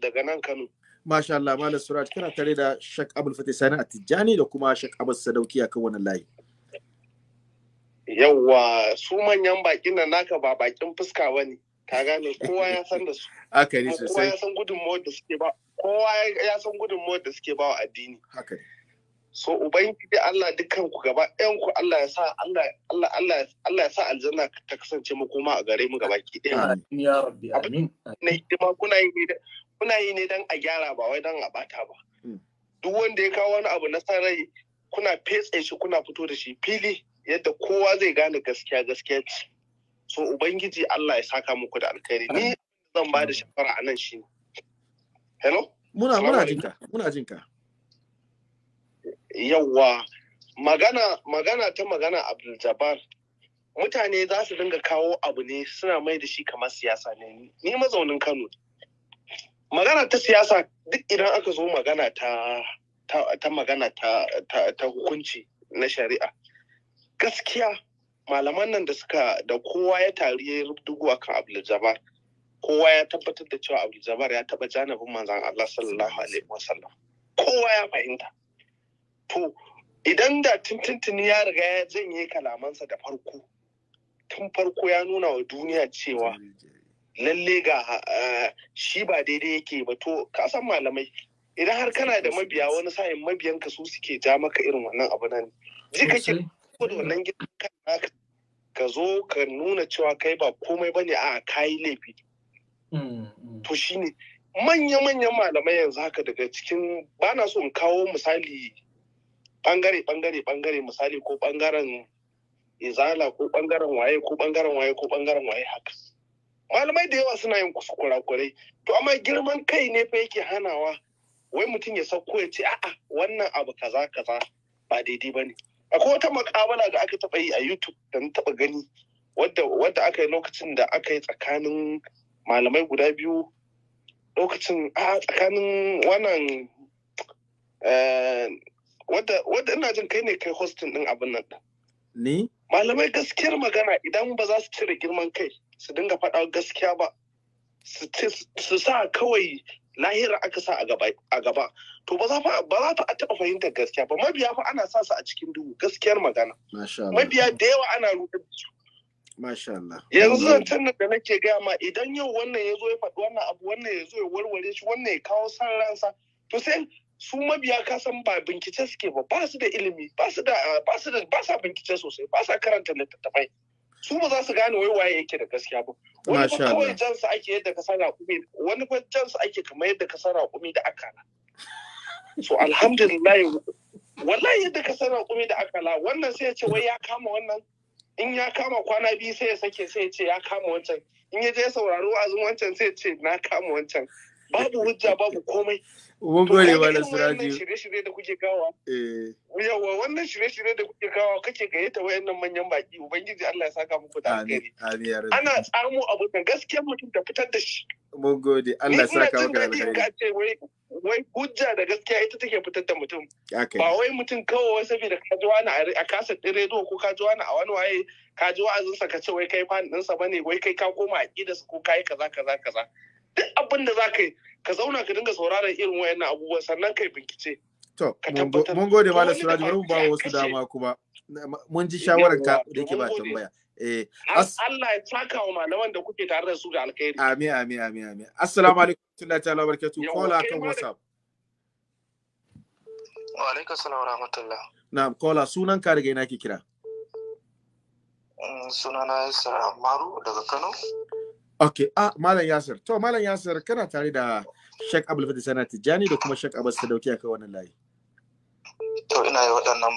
daga nan Kano. Masha Allah Malam Siraj kana tare da Sheikh Abdul Fatih Sani Atijani da kuma Sheikh Abbas Sadauki akan wannan layi. Yawwa su manyan bakin nan naka ba bakin fuska bane. ka gane kowa ya san da su haka ne kowa ya san da suke ba kowa ya san da suke ba wa addini haka ne so ubangiji Allah dukkan ku gaba ɗayan ku Allah ya sa Allah Allah Allah Allah ya sa aljanna ta kasance mu kuma a gare mu gaba ki ɗaya ya rabbi amin ne kuma kuna yi ne kuna yi ne dan a gyara ba wai dan a bata ba hmm. duk wanda ya kawo wani abu na san rai kuna fetse shi kuna fito da shi fili yadda kowa zai gane gaskiya gaskiya ce so ubangiji Allah ya saka muku da alkhairi ni zan ba da shafara a nan shi hello muna muna jinka muna jinka yawa magana magana ta magana Abdul Jabbar mutane za su dinga kawo abu ne suna mai da shi kamar siyasa ne ni mazaunin Kano magana ta siyasa duk idan aka zo magana ta ta, magana ta hukunci na shari'a gaskiya malaman nan da suka da kowa ya tari ya rubdugu akan Abdul Jabbar kowa ya tabbatar da cewa Abdul Jabbar ya taba janabin manzon Allah sallallahu alaihi wasallam kowa ya fahimta to idan da tuntuntuni ya riga ya janye kalamansa da farko tun farko ya nuna wa duniya cewa lalle ga eh, shi ba daidai yake ba to ka san malamai idan har kana da mabiya wani sa'in mabiyanka su suke ja maka irin wannan abu nan ji kake ko da wannan gidan ka zo ka nuna cewa kai ba komai ba ne a kayi laifi mm-hmm. to shi ne manya-manyan malamai yanzu haka daga cikin ba na so in kawo misali bangare bangare bangare misali ko bangaren izala ko bangaren waye ko bangaren waye ko bangaren waye haka malamai da yawa suna yin kura-kurai. to amma girman kai ne fa yake hanawa wai mutum ya sauko ya ce a'a wannan abu kaza kaza ba daidai ba ne akwai wata makabala da aka taɓa yi a youtube da na taɓa gani wadda aka yi lokacin da aka yi tsakanin malamai guda biyu lokacin a tsakanin wannan eh, wadda ina jin kai ne kai hostin din abin nan ni malamai gaskiyar magana idan ba za su cire girman kai su dinga faɗa gaskiya ba su sa kawai lahira aka sa a gaba to ba za fa a taɓa fahimtar gaskiya ba mabiya fa ana sa su a cikin duhu gaskiyar magana mabiya da yawa ana rudar su yanzu zancen nan da nake gaya ma idan yau wannan ya zo ya faɗi wannan abu wannan ya zo ya warware shi wannan ya kawo san ransa to sai su mabiya ka san ba bincike suke ba ba su da ilimi ba su da ba su da ba sa bincike sosai ba sa karanta littattafai su ba za su gane wai waye yake da gaskiya ba wani ba kawai su ake yadda ka sa raƙumi wani ba su ake kamar yadda ka san raƙumi da akala so alhamdulillah wallahi yadda ka san raƙumi da akala wannan sai ya ce wai ya kama wannan in ya kama kwana biyu sai ya sake sai ya ce ya kama wancan in ya je sauraro azun wancan sai ya ce na kama wancan babu hujja babu komai mun gode ba da suraji shirye-shirye da kuke kawo eh. yawa wannan shirye-shirye da kuke kawo kake gayyata wayannan manyan baki ubangiji Allah ya saka muku da alheri ana tsamo abu da gaskiya mutum da fitar da shi mun gode Allah ya saka muku da alheri wai hujja da gaskiya ita take fitar da mutum ba wai mutum kawai saboda ka ji wani a kasa rediyo ko ka ji wani a wani waye ka ji wa'azinsa ka ce wai kai fan ɗinsa bane wai kai ka koma aƙidarsa ko ka yi kaza kaza kaza duk abin da za ka yi ka zauna ka dinga sauraron irin wayannan abubuwan sannan kai bincike to mun gode malam suraji bari mu ba wasu dama kuma mun ji shawarar ka da ke ba tambaya eh, Allah ya saka wa malaman da kuke tare da su da alkhairi amin amin amin amin assalamu alaikum warahmatullahi ta'ala barakatuh kola kan whatsapp wa alaikum wa warahmatullah Na kola sunan ka daga ina ke kira mm, sunana Isa Maru daga Kano Ok, ah, Malam Yasir. To, Malam Yasir, kana tare da Sheikh Abul Fatih Sana Tijjani da kuma Sheikh Abbas Sadauki akan wannan layi. To, ina yi waɗannan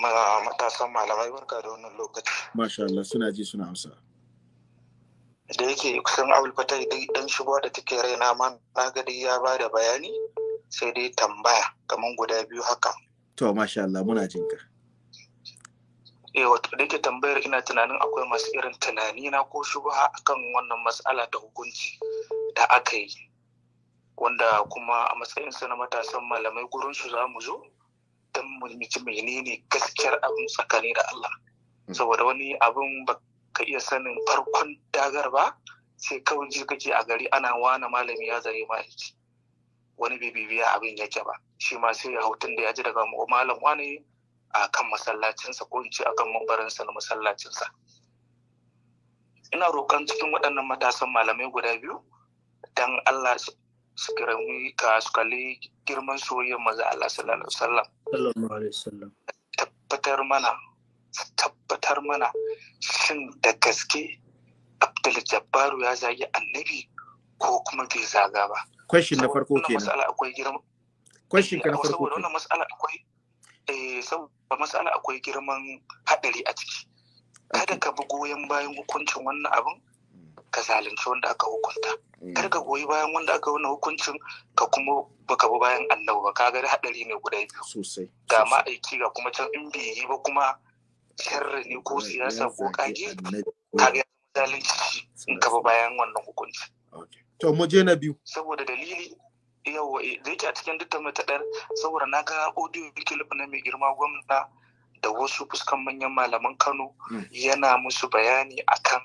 matasan malamai barka da wannan lokaci. Masha Allah, suna ji suna amsa. Da yake kusan Abdul Fatih ɗan shigo da take raina ma na gadi ya ba da bayani sai dai tambaya kamar guda biyu haka. To, Masha Allah, muna jinka. eh wato da yake tambayar ina tunanin akwai masu irin tunani na ko shubha akan wannan matsala ta hukunci da aka yi wanda kuma a matsayin matsayinsa na matasan malamai gurin su za mu zo dan mu ji menene gaskiyar abin tsakani da Allah hmm. saboda wani abin ba ka iya sanin farkon dagar ba sai kawai ji kake a gari ana wana malami ya zare ma wani bai bibiya abin yake ba shi ma sai ya hautun da ya ji daga malam wani. a kan masallacinsa ko in ce a kan mambaransa na masallacinsa ina roƙon cikin waɗannan matasan malamai guda biyu don Allah su kirami ka su kalli girman soyayyar maza Allah sallallahu alaihi wasallam tabbatar mana tabbatar mana shin da gaske Abdul Jabbaru ya zagi annabi ko kuma bai zaga ba. Question na farko kenan. Akwai girma. Question ka na farko. Saboda wannan matsala akwai eh saboda matsala akwai girman haɗari a ciki kada ka bi goyon bayan hukuncin wannan abin mm. ka zalunci wanda aka hukunta mm. kar ka goyi bayan wanda aka wani hukuncin ka kuma baka bi bayan annabi ba Ka ga haɗari ne guda biyu ga ma'aiki ga kuma can in bai yi ba kuma sharri ne ko siyasa ko kage ga zalunci in ka bi bayan wannan hukunci to mu je na biyu saboda dalili yawa eh, da yake a cikin duk da saboda na ga audio clip na mai girma gwamna da wasu fuskan manyan malaman Kano hmm. yana musu bayani akan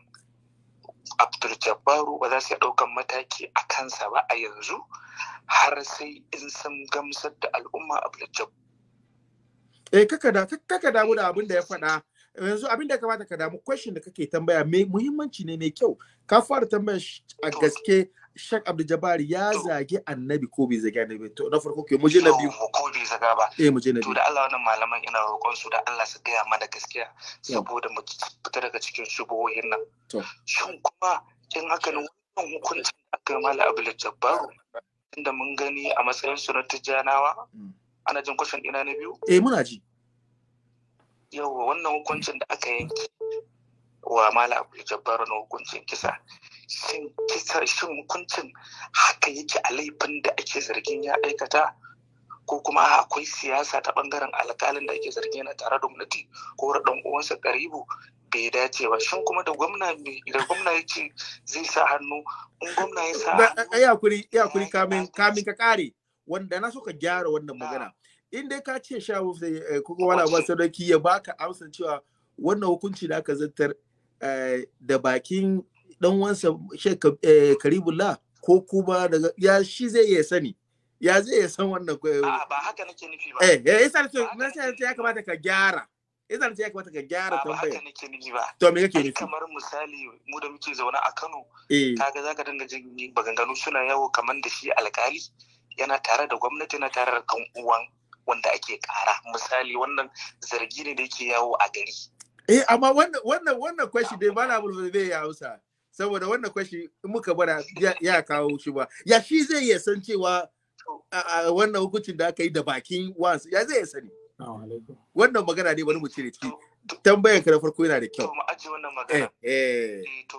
Abdul Jabbaru ba za su ɗaukan mataki a kansa ba a yanzu har sai in san gamsar da al'umma Abdul Jabbaru. Eh kaka damu da abin da ya faɗa yanzu abin da kamata ka damu question da kake tambaya mai muhimmanci ne mai kyau ka fara tambaya a gaske Shek Abdul Jabari ya zagi annabi ko bai zagi annabi to na farko ke muje na biyu ko bai zaga ba eh muje na biyu to da Allah wannan malaman ina roƙon su da Allah su gaya mana gaskiya saboda mu fita daga cikin shubuhoyin nan to shin kuma in aka nan wannan hukuncin aka mala Abdul Jabbaru inda mun gani a matsayin su na tijjanawa mm. ana jin kwashin ina na biyu eh muna ji yawa wannan hukuncin da aka yanke wa mala Abdul Jabbaru na hukuncin kisa shin kisa shin hukuncin haka yake a laifin da ake zargin ya aikata ko kuma akwai siyasa ta bangaren alkalin da ake zargin yana tare da gwamnati ko dan uwansa karibu bai dace ba shin kuma da gwamna da gwamna ya ce zai sa hannu in gwamna ya sa hannu ya kuri ya kuri kamin kamin ka kare wanda na suka gyara wannan magana in dai ka ce sha mafi eh, kuka wala ba sadaki ya baka amsan cewa wannan hukunci da aka zartar eh, da bakin dan wansa Sheikh eh, Karibullah ko kuma daga ya shi zai iya sani ya zai iya san wannan ko ba haka nake nufi ba eh eh isa to na sai ya kamata ka gyara isa ya kamata ka gyara tambaya ba haka nake nufi ba to me kake nufi kamar misali mu da muke zaune a Kano eh. kaga zaka dinga jin baganganu suna yawo kamar da shi alkali yana tare da gwamnati yana tare da kan uwan wanda ake kara misali wannan zargi ne da yake yawo a gari eh amma wannan wannan wannan question dai ba na bulbul bai ya hausa saboda wannan kwashi in muka bara ya kawo shi ba ya shi zai iya san cewa a wannan hukuncin da aka yi da bakin wasu ya zai iya sani wannan magana ne bari mu cire ciki tambayan ka na farko yana da kyau mu aje wannan magana eh, eh. Eh, to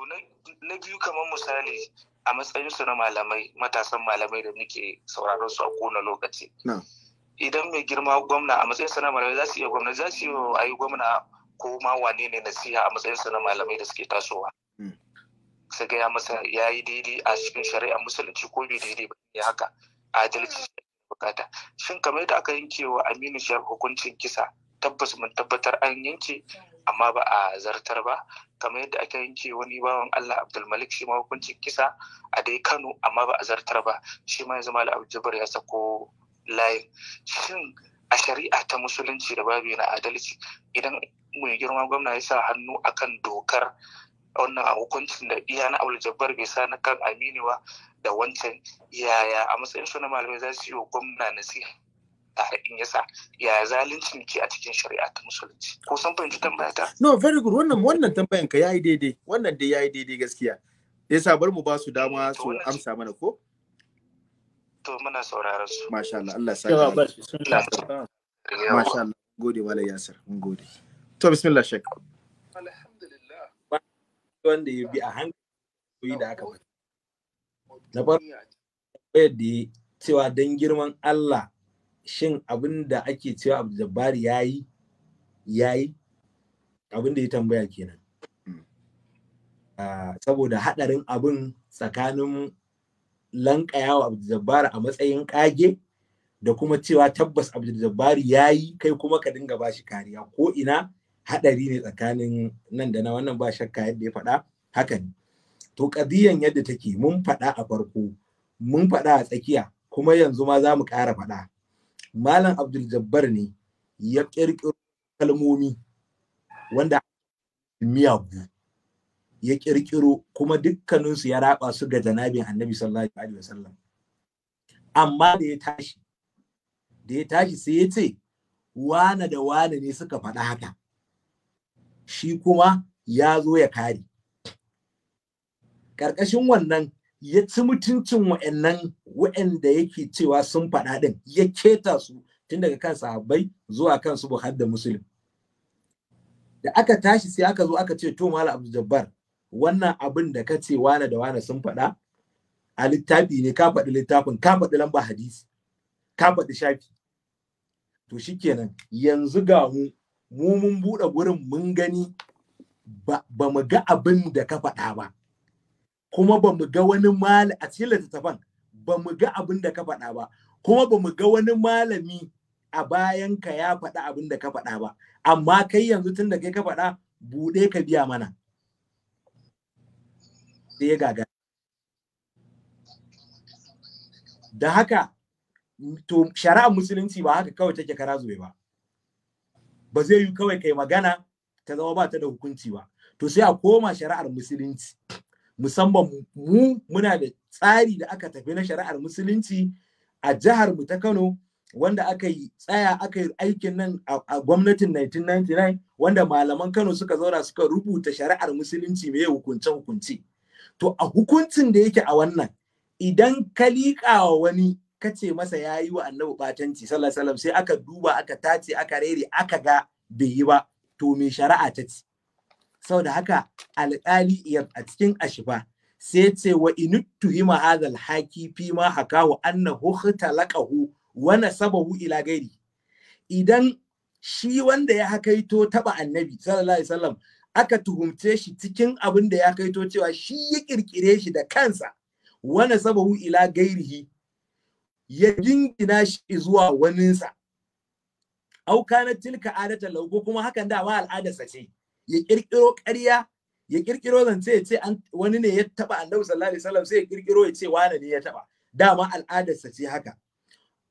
na biyu kamar misali a matsayin su na malamai matasan malamai da muke sauraron su a kowane lokaci idan mai girma gwamna a matsayin na malamai za su iya gwamna za su yi gwamna ko ma wane ne nasiha a matsayin na malamai da suke tasowa hmm. su gaya masa ya yi daidai a cikin shari'a musulunci ko bai daidai ba ne haka adalci bukata shin kamar yadda aka yanke wa aminu shi hukuncin kisa tabbas mun tabbatar an yanke amma ba a zartar ba kamar yadda aka yanke wani bawan allah abdulmalik shi ma hukuncin kisa a dai kano amma ba a zartar ba shi ma yanzu malam abdulbar ya sako layin shin a shari'a ta musulunci da babu na adalci idan mai girma gwamna ya sa hannu akan dokar wannan a hukuncin da iya na abu jabbar bai sa na kan aminiwa da wancan yaya a matsayin suna malamai za su yi wa gwamna nasiha tare in yasa ya zalincin ke a cikin shari'a ta musulunci ko san fahimci tambaya ta no very good wannan wannan tambayan ka yayi daidai wannan dai yayi daidai gaskiya yasa bar mu ba su dama su amsa mana ko to muna sauraron su masha Allah Allah sa masha Allah gode malam Yasir mun gode to bismillah shek wanda ya bi a hankali da aka faɗi na farko yadda ya cewa don girman Allah shin abin da ake cewa abu jabbari ya yi ya yi abin da ya tambaya kenan hmm. saboda haɗarin abin tsakanin lankayawa abu jabbari a matsayin ƙage da kuma cewa tabbas abu jabbari ya yi kai kuma ka dinga ba shi kariya ko ina haɗari ne tsakanin nan da na wannan ba shakka yadda ya faɗa haka ne to ƙadiyan yadda take mun faɗa a farko mun faɗa a tsakiya kuma yanzu ma za mu ƙara faɗa malam abdul jabbar ne ya ƙirƙiro kalmomi wanda miyagu ya ƙirƙiro kuma dukkaninsu ya raba su ga janabin annabi sallallahu alaihi wasallam amma da ya tashi da ya tashi sai ya ce wane da wane ne suka faɗa haka shi kuma ya zo ya kare ƙarƙashin wannan ya ci mutuncin wa'annan wa'anda yake cewa sun faɗa ɗin ya keta su tun daga kan sahabbai zuwa kan su Buhari da Muslim. Da aka tashi sai aka zo aka ce to Malam Abdul Jabbar wannan abin da ka ce wane da wane sun faɗa a littafi ne ka faɗi littafin ka faɗi lamba hadisi ka faɗi shafi to shikenan yanzu ga mu mu mun buɗe gurin mun gani ba mu ga abin da ka faɗa ba kuma ba mu ga wani malami a cikin littattafan ba mu ga abin da ka faɗa ba kuma ba mu ga wani malami a bayan ka ya faɗa abin da ka faɗa ba amma kai yanzu tun da kai ka faɗa buɗe ka biya mana sai ya gaga da haka to shari'ar musulunci ba haka kawai take kara zube ba ba zai yi kawai kai magana ta zama ba ta da hukunci ba to sai a koma shari'ar musulunci musamman mu muna da tsari da aka tafi na shari'ar musulunci a jihar mu ta Kano wanda aka yi tsaya aka yi aikin nan a gwamnatin 1999 wanda malaman Kano suka zauna suka rubuta shari'ar musulunci mai hukunce hukunce to a hukuncin da yake a wannan idan ka liƙa wani ce masa ya yi wa annabi batanci sallallahu sai aka duba aka tace aka rere aka ga bai yi ba to me shari'a ta ce saboda haka alƙali a cikin ashifa sai ce wa inuttuhima hadal haki fi ma hakahu annahu khutalaqahu wa nasabahu ila gairi idan shi wanda ya hakaito taba annabi sallallahu aka tuhumce shi cikin abin da ya kaito cewa shi ya kirkire shi da kansa wani sababu ila gairihi ya gingina shi zuwa waninsa auka na tilka adata ko kuma hakan dama al'adarsa ce ya kirkiro ƙarya ya kirkiro zance ya ce wani ne ya taba annabi sallallahu alaihi wasallam sai ya kirkiro ya ce wani ne ya taba dama al'adarsa ce haka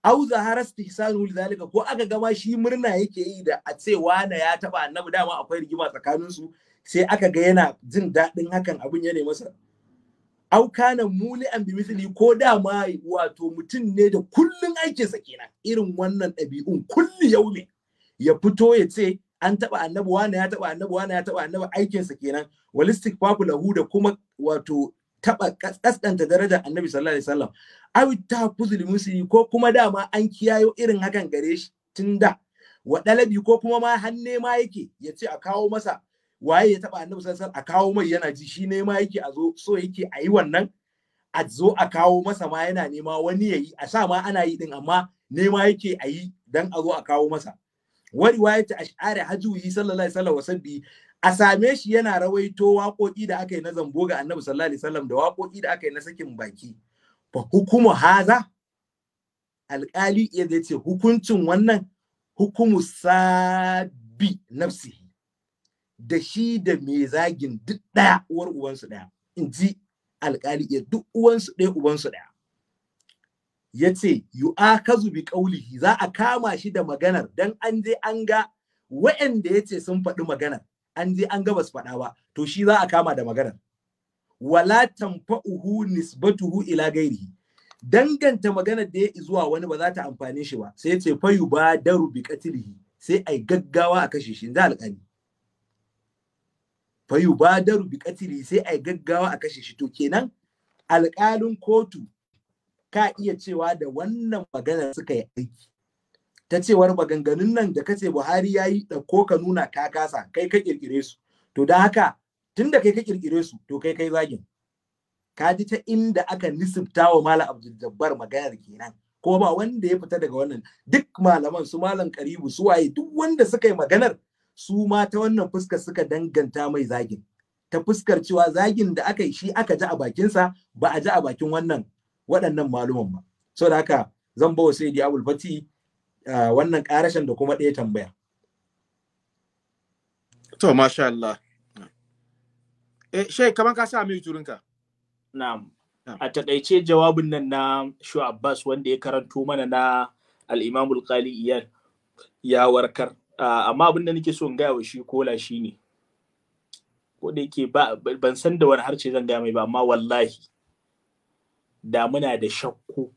au zahara istihsanu lidhalika ko aka gama shi murna yake yi da a ce wani ya taba annabi dama akwai rigima tsakanin sai aka ga yana jin daɗin hakan abin ya ne masa au kana muli an bi misali ko da ma wato mutum ne da kullun aikinsa kenan irin wannan ɗabi'un kulli yaumi ya fito ya ce an taba annabi ya taba annabi wani ya taba annabi aikinsa kenan walistik fafu lahu da kuma wato taba kaskanta darajar annabi sallallahu alaihi wasallam awi ta fuzul ko kuma dama an kiyayo irin hakan gare shi tunda wa dalabi ko kuma ma hanne ma yake ya ce a kawo masa waye ya taba annabi sallallahu alaihi a kawo mai yana ji shi ne ma yake a zo so yake a yi wannan a zo a kawo masa ma yana nema wani yayi a sa ma ana yi din amma nema yake a yi dan a zo a kawo masa waye ta ash'ari hajuhi sallallahu alaihi wasallam wasabbi a same shi yana rawaito waƙoƙi da aka yi na zambo ga annabi sallallahu alaihi wasallam da waƙoƙi da aka yi na sakin baki fa hukumu haza alƙali iya zai hukuncin wannan hukumu sabi nafsi da shi da mai zagin duk ɗaya uwar uwansu ɗaya in ji alƙali ya duk uwansu ɗaya ubansu ɗaya ya ce yu akazu bi ƙaulihi za a kama shi da maganar dan an je an ga wa'anda ya ce sun faɗi maganar an je an ga basu faɗa ba to shi za a kama da maganar wala tanfa'uhu nisbatuhu ila gairihi danganta maganar da ya zuwa wani ba za ta amfane shi ba sai ya ce fayu ba daru bi qatlihi sai ai gaggawa a kashe shi da alƙali fa da bi katiri sai ai gaggawa a kashe shi to kenan alƙalin kotu ka iya cewa da wannan maganar suka yi aiki ta cewar maganganun nan da kace Buhari ya yi ɗauko ka nuna ka kasa kai ka kirkire su to don haka tun da kai ka kirkire su to kai kai zagin ka ji ta inda aka nisibta wa Malam Abdul Jabbar maganar kenan ko ba wanda ya fita daga wannan duk malaman su Malam Karibu su waye duk wanda suka yi maganar su ma ta wannan fuskar suka danganta mai zagin ta fuskar cewa zagin da aka yi shi aka ji a bakinsa ba a ji a bakin wannan waɗannan maluman ba so da haka zan ba sai di abul fati wannan karashen da kuma ɗaya tambaya to masha Allah eh shey kaman ka sa mai turinka na'am a taƙaice jawabin nan na Shu Abbas wanda ya karanto mana na al-Imam al ya warkar Ah, amma abin da nake so in gaya wa shi kola shi ne ko da yake ban san da wani harce zan gaya mai ba amma wallahi da muna da shakku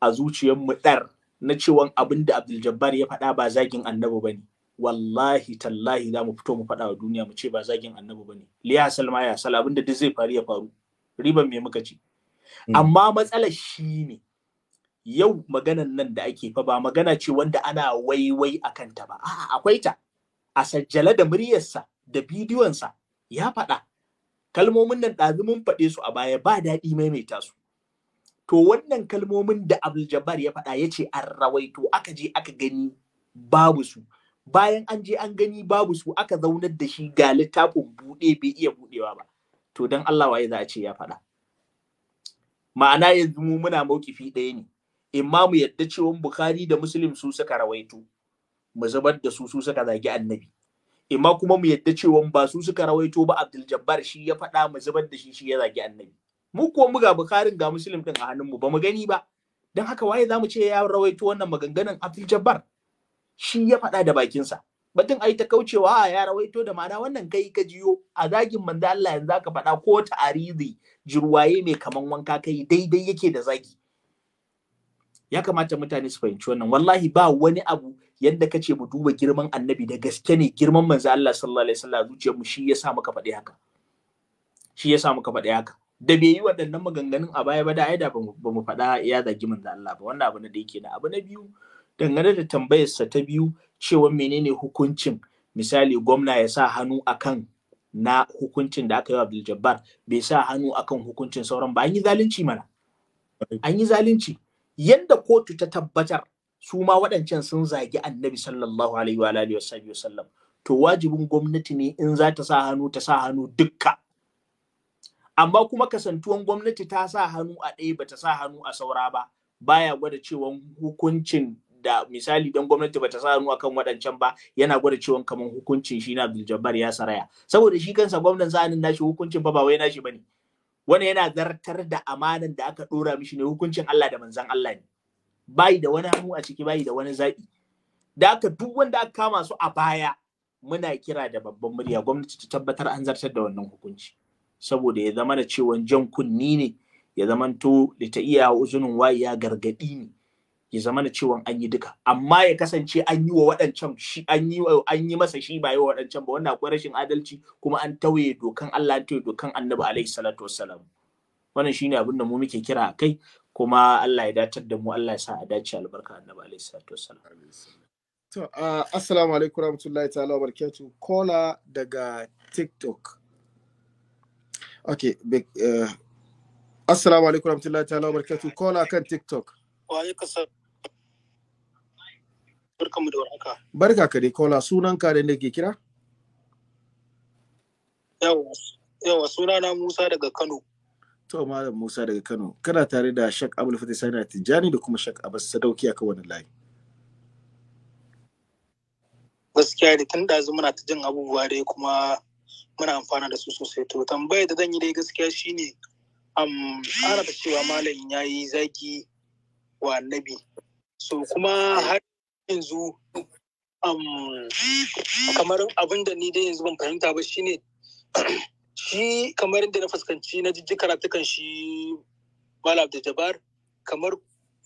a zuciyar mu ɗar na cewan abin da Abdul Jabbar ya faɗa ba zagin annabi bane wallahi tallahi za mu fito mu faɗa wa duniya mu ce ba zagin annabi bane liya salma ya sal abin da duk zai faru ya faru riban me muka ce hmm. amma matsalar shi ne yau maganan nan da ake fa ba magana ce wanda ana waiwai a kanta ba a'a akwai ta a sajjala da muryarsa da bidiyonsa ya faɗa kalmomin nan ɗazu mun faɗe su a baya ba daɗi maimaita su to wannan kalmomin da Abdul Jabbar ya faɗa ya ce an rawaito aka je aka gani babu su bayan an je an gani babu su aka zaunar da shi ga littafin buɗe bai iya buɗewa ba to dan Allah waye za a ce ya faɗa ma'ana yanzu mu muna fi ɗaya ne imamu yadda cewa bukhari da muslim su suka rawaito mu zubar da su su suka zagi annabi imma kuma mu yadda cewa ba su suka rawaito ba abdul jabbar shi ya faɗa mu zubar da shi shi ya zagi annabi mu ko mu ga bukharin ga muslim din a hannun mu ba mu gani ba dan haka waye zamu ce ya rawaito wannan maganganun abdul jabbar shi ya faɗa da bakinsa batun ai ta kaucewa ya rawaito da mana wannan kai ka jiyo a zagin manzo Allah yanzu ka faɗa ko arizi jirwaye mai kaman wanka kai daidai yake da zagi ya kamata mutane su fahimci wannan wallahi ba wani abu yadda kace mu duba girman annabi da gaske ne girman manzo Allah sallallahu alaihi wasallam zuciyar mu shi yasa muka faɗi haka shi yasa muka faɗi haka da bai yi waɗannan maganganun a baya ba da aida ba mu faɗa ya zagi da Allah ba wannan abu na da yake na abu na biyu dangane da tambayar sa ta biyu cewa menene hukuncin misali gwamna ya sa hannu akan na hukuncin da aka yi wa Abdul Jabbar bai sa hannu akan hukuncin sauran ba an yi zalunci mana an yi zalunci Yadda kotu ta tabbatar su ma waɗancan sun zagi annabi sallallahu alaihi wa alihi wasallam to wajibin gwamnati ne in za ta sa hannu ta sa hannu dukka amma kuma kasantuwan gwamnati ta sa hannu a ɗaya bata sa hannu a saura ba baya gwada cewa hukuncin da misali don gwamnati bata sa hannu akan waɗancan ba yana gwada cewa kamar hukuncin shi na Abdul Jabbar ya saraya saboda shi kansa gwamnan zanin nashi hukuncin ba ba wai nashi bane wani yana zartar da amanan da aka dora mishi ne hukuncin Allah da manzan Allah ne bayi da wani hannu a ciki bai da wani zaɓi da aka duk wanda aka kama su a baya muna kira da babban murya gwamnati ta tabbatar an zartar da wannan hukunci saboda ya zama da cewan jan kunni ne ya zamanto da ta iya uzunin wayi ya gargadi ne ya zama na cewa an yi duka amma ya kasance an yi wa waɗancan shi an yi an yi masa shi ba yi wa waɗancan ba wannan akwai rashin adalci kuma an tauye dokan Allah an tauye dokan Annabi alaihi salatu wassalam wannan shine abin da mu muke kira a kai kuma Allah ya dace da mu Allah ya sa a dace albarka Annabi alaihi salatu wassalam to assalamu alaikum warahmatullahi ta'ala wabarakatuh kola daga TikTok okay big, eh, assalamu alaikum warahmatullahi ta'ala wabarakatuh kola kan TikTok wa alaikum barkanmu da warhaka. Barka ka dai kola sunan ka da ke kira? Yawa suna na Musa daga Kano. To Malam Musa daga Kano, kana tare da Shak Abul Fati Sani Tijjani da kuma Shak Abbas Sadauki a kowane layi. Gaskiya da tun ɗazu muna ta jin abubuwa dai kuma muna amfana da su sosai. To tambayar da zan yi dai gaskiya shine um, ana da cewa malam ya yi zaki wa annabi. So kuma har yanzu um, kamar abin da ni dai yanzu ban fahimta ba shine [clears throat] shi kamar da na fuskanci na jijji karatukan shi malam da jabar kamar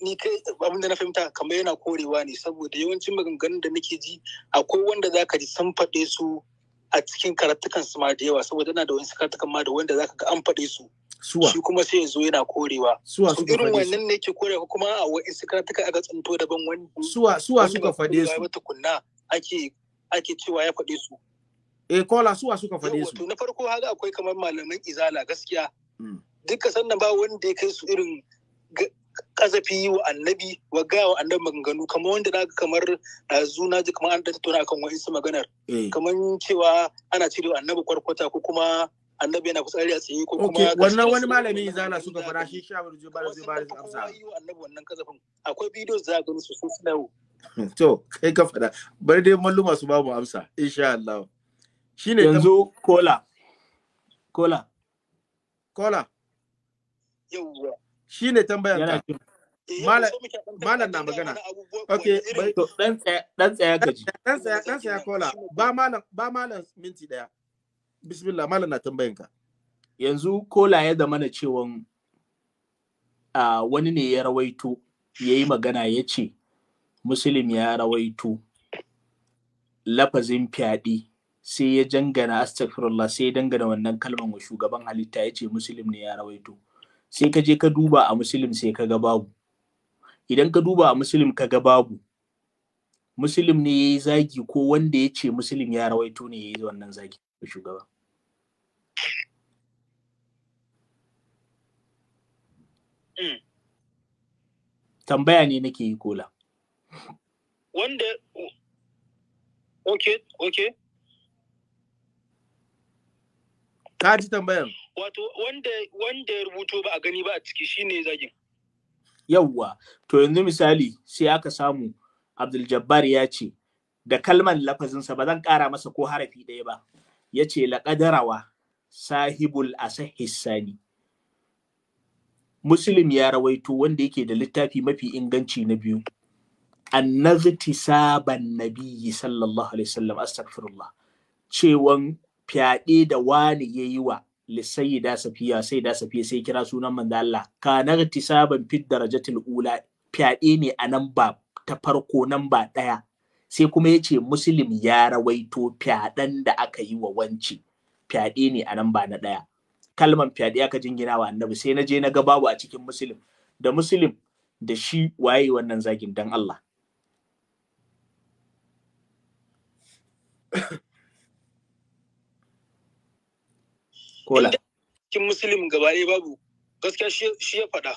ni kai abin da na fahimta kamar yana korewa ne saboda yawancin maganganun da nake ji akwai wanda za ka ji sun faɗe su a cikin karatukan su ma da yawa saboda yana da wani karatukan ma da wanda za ka ga an faɗe su suwa shi kuma sai ya zo yana korewa suwa suka irin wannan ne ke ko kuma a wani su karatuka aka tsinto daban wani suwa suwa suka fade su wata kunna ake ake cewa ya fade su eh kola suwa suka fade su to na farko haka akwai kamar malaman izala gaskiya hmm. duka sannan ba wanda ya kai su irin kazafi wa annabi wa ga wa annabi maganganu kamar wanda na kamar ɗazu na ji kamar an tattauna akan wa'insu maganar eh. kamar cewa ana cire annabi kwarkwata ko kuma annabi yana fitsari a tsaye ko kuma wannan wani malami zana suka fara shi sha burju ba zai ba zai amsa annabi wannan kazafin akwai videos za a gani su sun suna [laughs] to kai ka fada bari dai malluma su babu amsa insha Allah shine yanzu kola kola kola yauwa shine tambayar eh, ka malam na magana Ok, dan tsaya dan tsaya gaji dan tsaya kola ba malam ba malam minti daya bismillah malam na tambayan ka yanzu kola ya da mana cewan uh, wani ne ya rawaito ya yi magana ya ce muslim ya rawaito lafazin fyaɗe sai ya jangana astaghfirullah sai ya dangana wannan kalman wa shugaban halitta Yace ce muslim ne ya rawaito sai ka je ka duba a muslim sai ka ga babu idan ka duba a muslim ka ga babu muslim ne ya yi zagi ko wanda ya ce muslim ya rawaito ne ya yi wannan zagi shugaba Mm. Tambaya ne nake yi kola. Wanda, oke, oke. Ka ji tambayan. Wato, wanda, wanda ya rubuto ba a gani ba a ciki shine zagin. Yawwa, to yanzu misali sai aka samu Abdul Jabbar ya ce, da kalman lafazinsa ba zan ƙara masa ko harafi ɗaya ba, ya ce laƙadarawa sahibul asahis sani. muslim ya rawaito wanda yake da littafi mafi inganci na biyu tisaban nabiyyi sallallahu alaihi wasallam astaghfirullah cewan fyaɗe da wani yayi wa lissayyida safiya sai da safiya sai kira sunan manzo Allah kanar tisaban fit darajatul ula fyaɗe ne a nan ba ta farko nan ba ɗaya sai kuma yace ce muslim ya rawaito fyaɗen da aka yi wa wanci fyaɗe ne a nan ba na ɗaya kalman fyaɗe aka jingina wa annabi sai na je na ga babu a cikin Musulun. da Musulun da shi waye wannan zagin dan Allah [coughs] kola cikin Musulun gaba ɗaya babu gaskiya shi ya faɗa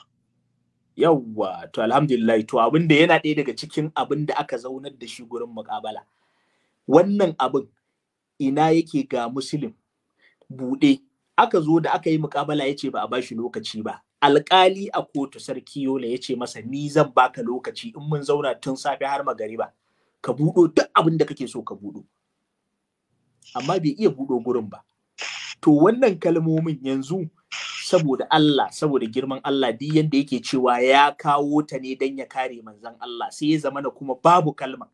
yawwa to alhamdulillah to abin da yana ɗaya daga cikin abin da aka zaunar da shi gurin muƙabala wannan abin ina yake ga Musulun? buɗe aka zo da aka yi mukabala ya ce ba a bashi lokaci ba alkali a kotu sarki yola ya ce masa ni zan baka lokaci in mun zauna tun safe har magariba ka buɗo duk abin da kake so ka buɗo amma bai iya buɗo gurin ba to wannan kalmomin yanzu saboda Allah saboda girman Allah duk yanda yake cewa ya kawo ta ne don ya kare manzon Allah sai ya zamana kuma babu kalma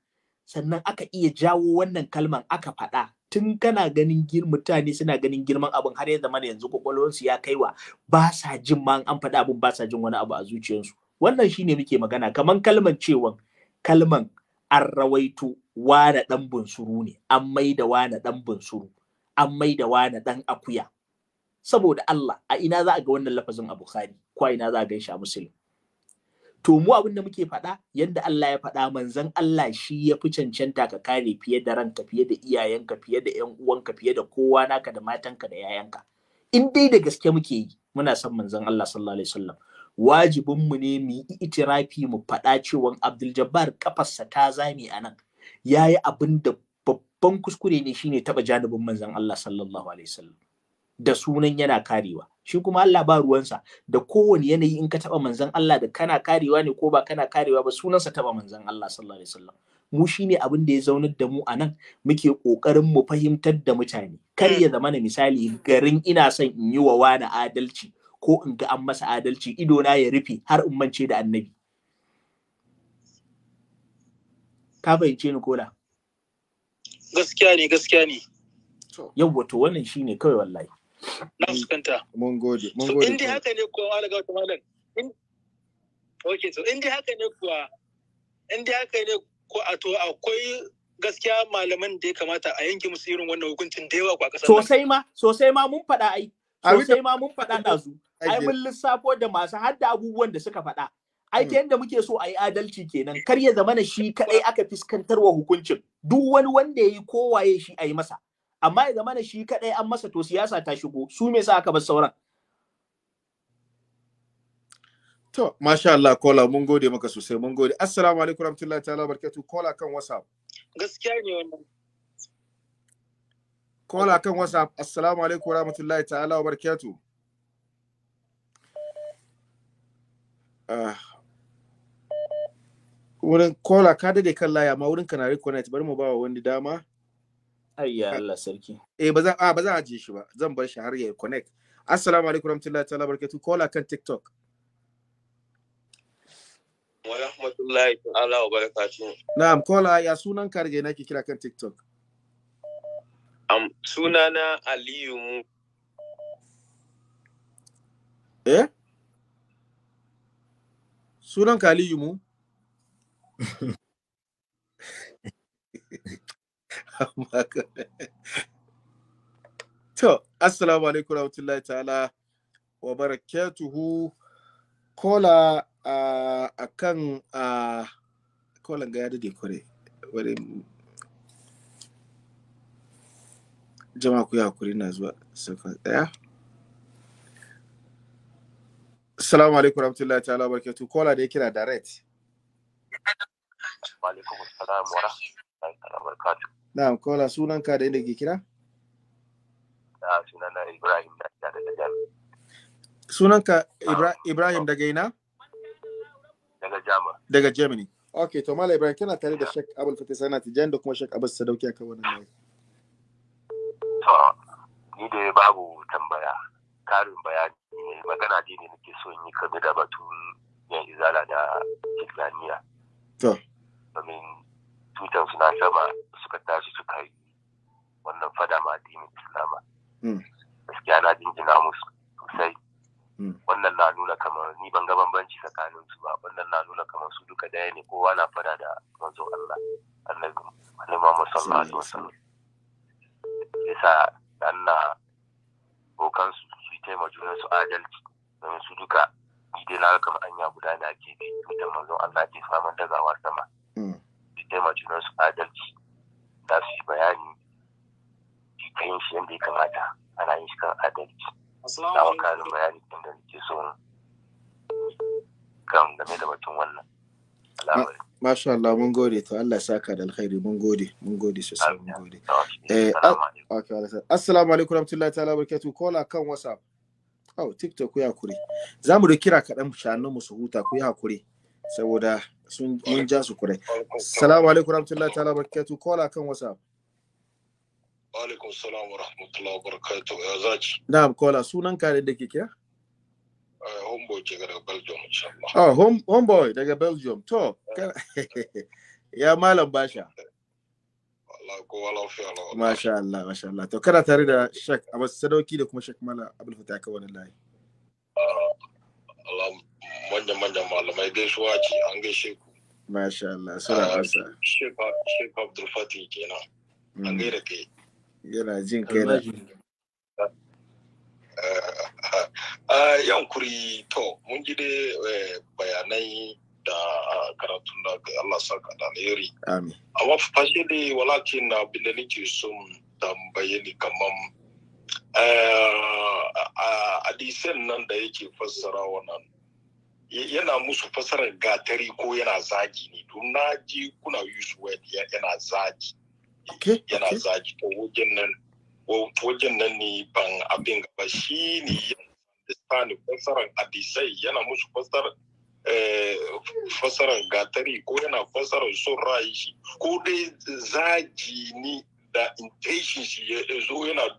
sannan aka iya jawo wannan kalman aka faɗa tun kana ganin mutane suna ganin girman abin har ya zama yanzu kwakwalwarsu ya kaiwa ba sa jin ma an faɗa abin ba sa jin wani abu a zuciyarsu wannan shine muke magana kaman kalman cewan kalman an rawaito wane ɗan bunsuru ne an mai maida wane ɗan bunsuru an mai maida wane ɗan akuya saboda Allah a ina za a ga wannan lafazin a Bukhari ko a ina za a gaishe a Muslim to mu abin da muke faɗa yadda Allah ya faɗa manzon Allah shi ya fi cancanta ka kare fiye da ranka fiye da iyayenka fiye da ƴan uwanka fiye da kowa naka da matanka da yayanka in dai da gaske muke yi muna son manzon Allah sallallahu alaihi wasallam wajibin mu ne mu yi itirafi mu faɗa cewa Abdul Jabbar kafarsa ta zame a nan yayi abin da babban kuskure ne shine taba janibin manzon Allah sallallahu alaihi wasallam da sunan yana karewa shi kuma Allah ba ruwansa da kowane yanayi in ka taba manzon Allah da kana karewa ne ko ba kana karewa ba sunansa taba manzon Allah sallallahu alaihi wasallam mu shine abin da ya zaunar da mu a nan muke kokarin mu fahimtar da mutane kar ya zama na misali garin ina son in yi wa wani adalci ko in ga an masa adalci idona ya rufe har in mance da annabi ka fahimce ni kola gaskiya ne gaskiya ne yawwa to wannan shine kawai wallahi na fuskanta mun gode mun gode in haka ne kuwa wala ga malam in okay so indi haka ne kuwa indi haka ne ko a to akwai gaskiya malaman da ya kamata a yanke musu irin wannan hukuncin da yawa a ƙasar sosai ma sosai ma mun faɗa ai sosai ma mun faɗa da su ai mun lissafo da masu hadda abubuwan da suka faɗa ai ta hmm. yadda muke so a yi adalci kenan kar ya zamana shi kaɗai aka fiskantar wa hukuncin duk wani wanda ya yi kowaye shi a yi masa amma ya zama shi kadai an masa to siyasa ta shigo su me sa aka bar sauran to masha Allah kola mun gode maka sosai mun gode assalamu alaikum warahmatullahi ta'ala barkatu kola kan whatsapp gaskiya ne wannan kola kan whatsapp assalamu alaikum warahmatullahi ta'ala wa barkatu ah. wurin kola ka dade kan laya ma wurin na connect bari mu ba wa wani dama Ayya Allah sarki. Eh ba ah, ajiye shi ba. Zan bar shi har ya connect. Assalamu alaikum warahmatullahi ta'ala Kola kan TikTok. Wa rahmatullahi ta'ala wa barakatuh. Na'am, kola ya sunan ka rage nake kira kan TikTok. Am sunana Aliyu mu. Eh? Sunan ka Aliyu mu? [laughs] to assalamu alaikum rahmatullahi ta'ala wa barakatuhu kola a kan a kolan ga yadda dade wani jama'a ku yi na zuwa sauka daya Assalamu alaikum rahmatullahi ta'ala barakatuhu kola da ya kira direct. Wa alaikum assalam wa rahmatullahi ta'ala na'am kola sunanka da inda ke kira na ibrahim da daga jami sunanka ibrahim daga ina daga jama daga germany ok to mala ibrahim kana tare da Sheikh abul fatih sana tijan da kuma Sheikh abbas sadauki akan wannan ne to ni da babu tambaya karin bayani ne magana dai ne nake so in yi kabi da batun yan izala da islamiyya to domin tutan suna na sama suka tashi suka yi wannan fada ma addinin islama hmm. gaskiya na jinjina musu sosai hmm. wannan na nuna kamar ni ban ga bambanci tsakanin su ba wannan na nuna kamar su duka daya ne kowa na fada da manzo Allah annabi Muhammad sallallahu alaihi wasallam yasa dan na bokan su su taima juna su adalci domin su duka ni dai na kamar anya guda na ke bi tutan manzo Allah ke samun dagawa sama hmm. ma junan su adalci za su yi bayani shi kayan shi yadda ya kamata ana yin shi kan adalci na wakarin bayani inda nake so kan game da batun wannan Masha Allah mun gode to Allah ya saka da alkhairi mun gode mun gode sosai mun gode. Eh ah, assalamu alaikum warahmatullahi ta'ala barakatuh kola kan WhatsApp. Oh TikTok ku ya kure. Za mu da kira kaɗan shanun mu su huta ku ya kure saboda sun mun ja su kurai assalamu alaikum rahmatullahi ta'ala barakatuh kola kan whatsapp wa alaikum salam wa rahmatullahi wa barakatuh ya zaci na'am kola sunan ka da ke kira eh, homeboy ke daga belgium insha Allah oh homeboy daga belgium to eh. [laughs] ya malam basha Masha Allah, masha Allah. To kana tare da shak a wasu sadauki da kuma shak mala abul fata ka wani layi. Allah manyan-manyan malamai gaisuwa ce an gaishe ku. Masha Allah, suna ƙasa. Ah, Sheikh Abdul Fatih kenan. An mm. gaira ke. Yana jin kai na. [laughs] Ah, Yankuri to, mun ji dai eh, bayanai da ah, karatun da Allah saka da alheri. Amin. Amma fashe dai walakin na abin da nake son tambaye ni kamar eh, hadisan nan da yake fassara wannan yana musu fasarar gatari ko yana zagi ne don na ji kuna use word yana zagi yana zagi ko wajen nan wajen nan ne ban abin gaba shi ne yana fasarar adisai yana musu fasarar eh, gatari ko yana fasarar son ra'ayi shi ko dai zagi ne da intention shi ya zo yana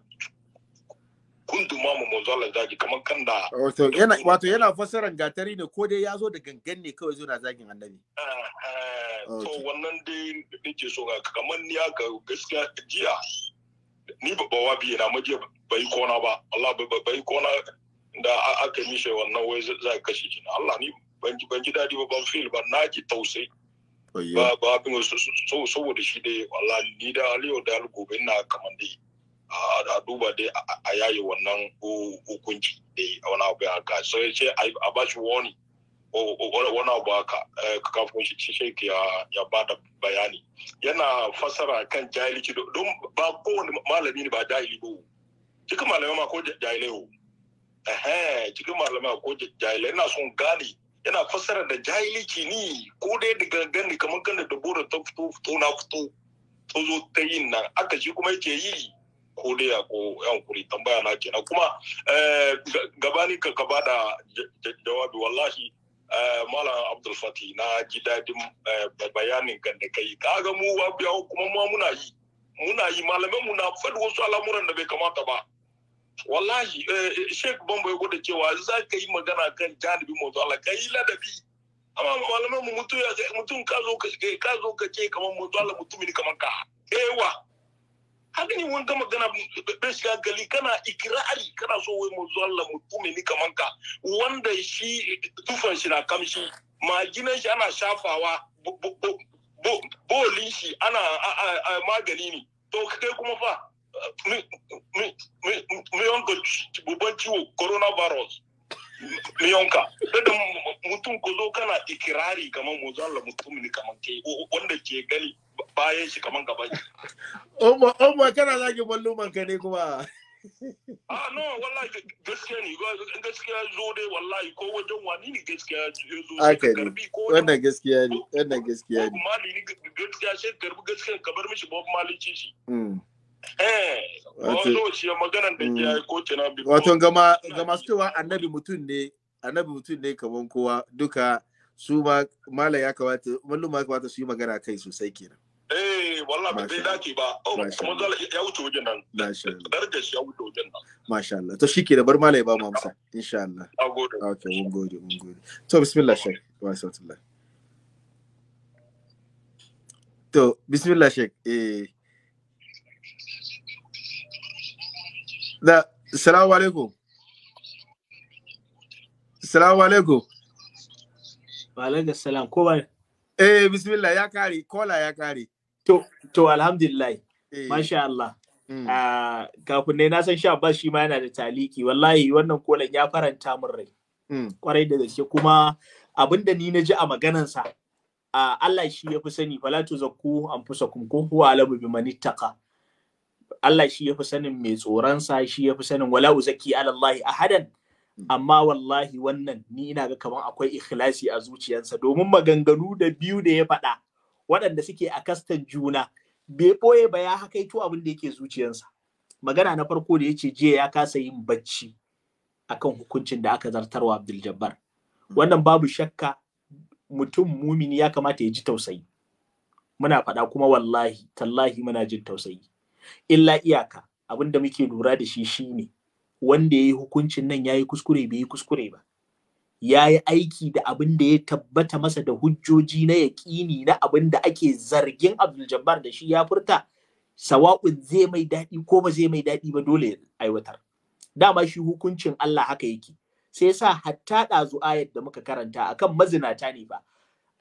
kunduma mu manzo Allah zagi kamar kan da wato yana wato yana fasaran gatari ne ko dai ya zo da gangan ne kawai zo na zagin annabi eh, eh, to wannan dai nake so ga kamar ni aka gaskiya jiya ni ba bawa biye na maje bai kona ba Allah bai kona da aka mishe wannan wai za kashe shi Allah ni ban ji dadi ba ban feel ba na ji tausayi ba ba abin saboda shi dai wallahi ni da aliyo da gobe ina kaman dai a duba dai a yayi wannan hukunci da a wani abu ya ga sai yace a ba shi wani wani abu haka eh, kafin shi shek ya ba da bayani yana fasara kan jahilci don ba kowane malami ne ba jahili ba cikin malamai ma ko jahilai ho cikin malamai ko jahilai yana son gane yana fasara da jahilci ni ko dai da gangan kamar kan da dabbola ta fito fito na fito ta zo ta yin nan aka shi kuma yake yi ko dai ko yan kuri tambaya na kenan kuma eh, gabani ka ka bada jawabi wallahi eh, malam abdul fati na ji dadin eh, bayanin kan da kai ga mu ba biyawo kuma ma muna yi muna yi malamai mu na faɗi wasu al'amuran da bai kamata ba wallahi sheik bamba ya gwada cewa za ka yi magana kan janibin mu Allah ka yi ladabi amma malamai mu mutum ka zo ka zo ka ce kamar mutu Allah mutumin kamar ka ewa haka ne wani gama gana bai shiga gali kana ikirari kana so wai mu zuwa mutume ni kaman ka wanda shi tufan shi na kamshi maginan shi ana shafawa bolin shi ana magani ne to kai kuma fa mai yanka babban ciwo coronavirus miyonka da mutum ku zo kana ikirari kamar mu zalla mutum ne kamar ke wanda ke gani bayan shi kamar gaba shi oh kana zagi malluman ka ne kuma a no wallahi gaskiya ne gaskiya zo dai wallahi ko wajen wani ne gaskiya zo aka karbi ko wannan gaskiya ne wannan gaskiya ne mali ne gaskiya shi karbi gaskiya kabar mishi babu mali shi Eh, wato gama mm. cewa annabi mutum ne annabi mutum ne kaman kowa duka su ma mala ya kamata mallum ya kamata su yi magana kai sosai kenan. Eh wallahi ba zai dace ba oh, kuma ya wuce wajen nan. Masha shi ya wuce wajen nan. Masha Allah. To shike da bar mala ya ba mu amsa insha Allah. Nagode. Okay mun gode mun gode. To bismillah shek wa sallallahu. To bismillah shek eh da salamu alaikum salamu alaikum alaikum salam ko ba eh bismillah ya kare kola ya kare to to alhamdulillah eh. masha Allah mm. ah, kafin ne na san sha ba shi ma yana da taliki wallahi wannan kolan ya faranta min rai mm. kwarai da gaske kuma abinda ni na ji a maganansa ah, Allah shi ya fi sani fala zakku an fusakum ko huwa alabu bi manittaka Allah shi ya fi sanin mai tsoronsa shi ya fi sanin wala uzaki alallahi a ahadan hmm. amma wallahi wannan ni ina ga kaman akwai ikhlasi a zuciyarsa domin maganganu da biyu da ya faɗa waɗanda suke a kastan juna bai ɓoye ba ya hakaito abin da yake zuciyarsa magana na farko da ya ce jiya ya kasa yin bacci akan hukuncin da aka zartarwa Abdul Jabbar hmm. wannan babu shakka mutum mumini ya kamata ya ji tausayi muna faɗa kuma wallahi tallahi muna jin tausayi illa iyaka abin da muke lura da shi shine wanda ya yi hukuncin nan ya yi kuskure bai yi kuskure ba ya yi aiki da abin da ya tabbata masa da hujjoji na yaƙini na abin da ake zargin abdul jabbar da shi ya furta sawa'un zai mai daɗi ko ba zai mai daɗi ba dole aiwatar dama shi hukuncin Allah haka yake sai sa hatta ɗazu ayat da muka karanta akan mazinata ne ba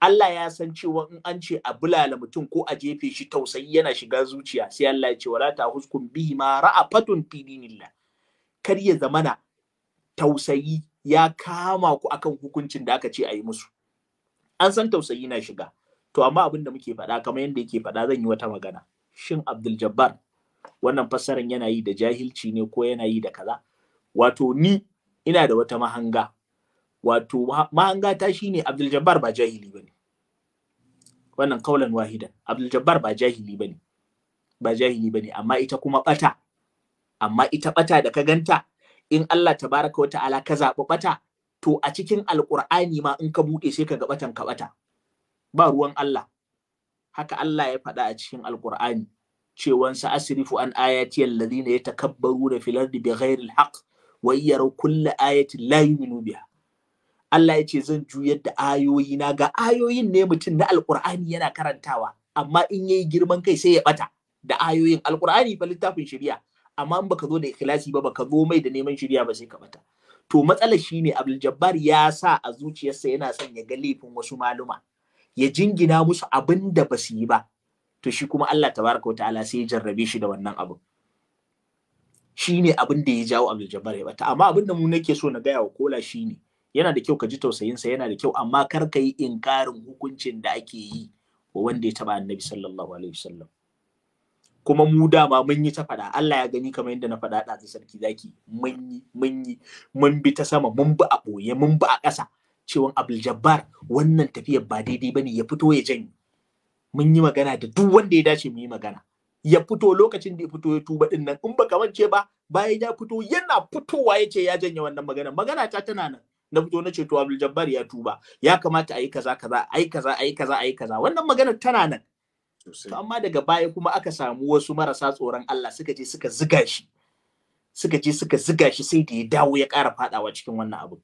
Allah ya san cewa in an ce a bulala mutum ko a jefe shi tausayi yana shiga zuciya sai Allah ya ce wala ta huskun bihi ma ra'afatun fi dinillah kar ya zamana tausayi ya kama ku akan hukuncin da aka ce a yi musu an san tausayi na shiga to amma abin da muke faɗa kamar yadda yake faɗa zan yi wata magana shin Abdul Jabbar wannan fassaran yana yi da jahilci ne ko yana yi da kaza wato ni ina da wata mahanga wato mahangata ta shine Abdul Jabbar ba jahili bane wannan kaulan wahidan Abdul Jabbar ba jahili bane ba jahili bane amma ita kuma bata amma ita bata da ka ganta in Allah tabaraka wa ta'ala ka zaɓi bata to a cikin alƙur'ani ma in ka buɗe sai ka ga batan ka bata ba ruwan Allah haka Allah ya faɗa a cikin alƙur'ani cewan sa asrifu an ayati alladhina yatakabbaruna fil ardi bighairi alhaq wa yaraw kulla ayatin la yu'minu biha Allah ya ce zan juyar da ayoyi na ga ayoyin ne mutum na alkur'ani yana karantawa amma in yayi girman kai sai ya bata da ayoyin alkur'ani fa littafin shari'a amma in baka zo da ikhlasi ba baka zo mai da neman shari'a ba sai ka bata to matsalar shine Abdul Jabbar ya sa a zuciyarsa yana son ya ga laifin wasu maluma ya jingina musu abin da ba su yi ba to shi kuma Allah tabaraka wa ta'ala sai ya jarrabe shi da wannan abin shine abin da ya jawo Abdul Jabbar ya bata amma abin da mu nake so na gaya wa kola shine yana da kyau ka ji tausayinsa yana da kyau amma kar ka yi inkarin hukuncin da ake yi wa wanda ya taba annabi sallallahu alaihi wasallam kuma mu dama mun yi ta faɗa Allah ya gani kamar yadda na faɗa da sarki zaki mun yi mun yi mun bi ta sama mun bi a ɓoye mun bi a ƙasa cewan abul Jabbar wannan tafiyar ba daidai bane ya fito ya janye mun yi magana da duk wanda ya dace mu yi magana ya fito lokacin da ya fito ya tuba din nan in baka wance ba bayan ya fito yana fitowa yace ya janye wannan magana magana ta tana nan na fito na ce to Abdul Jabbar ya tuba ya kamata ayi kaza kaza ayi kaza ayi kaza ayi kaza wannan maganar tana nan to amma daga baya kuma aka samu wasu marasa tsoron Allah suka je suka ziga shi suka je suka ziga shi sai da ya dawo ya ƙara fadawa cikin wannan abu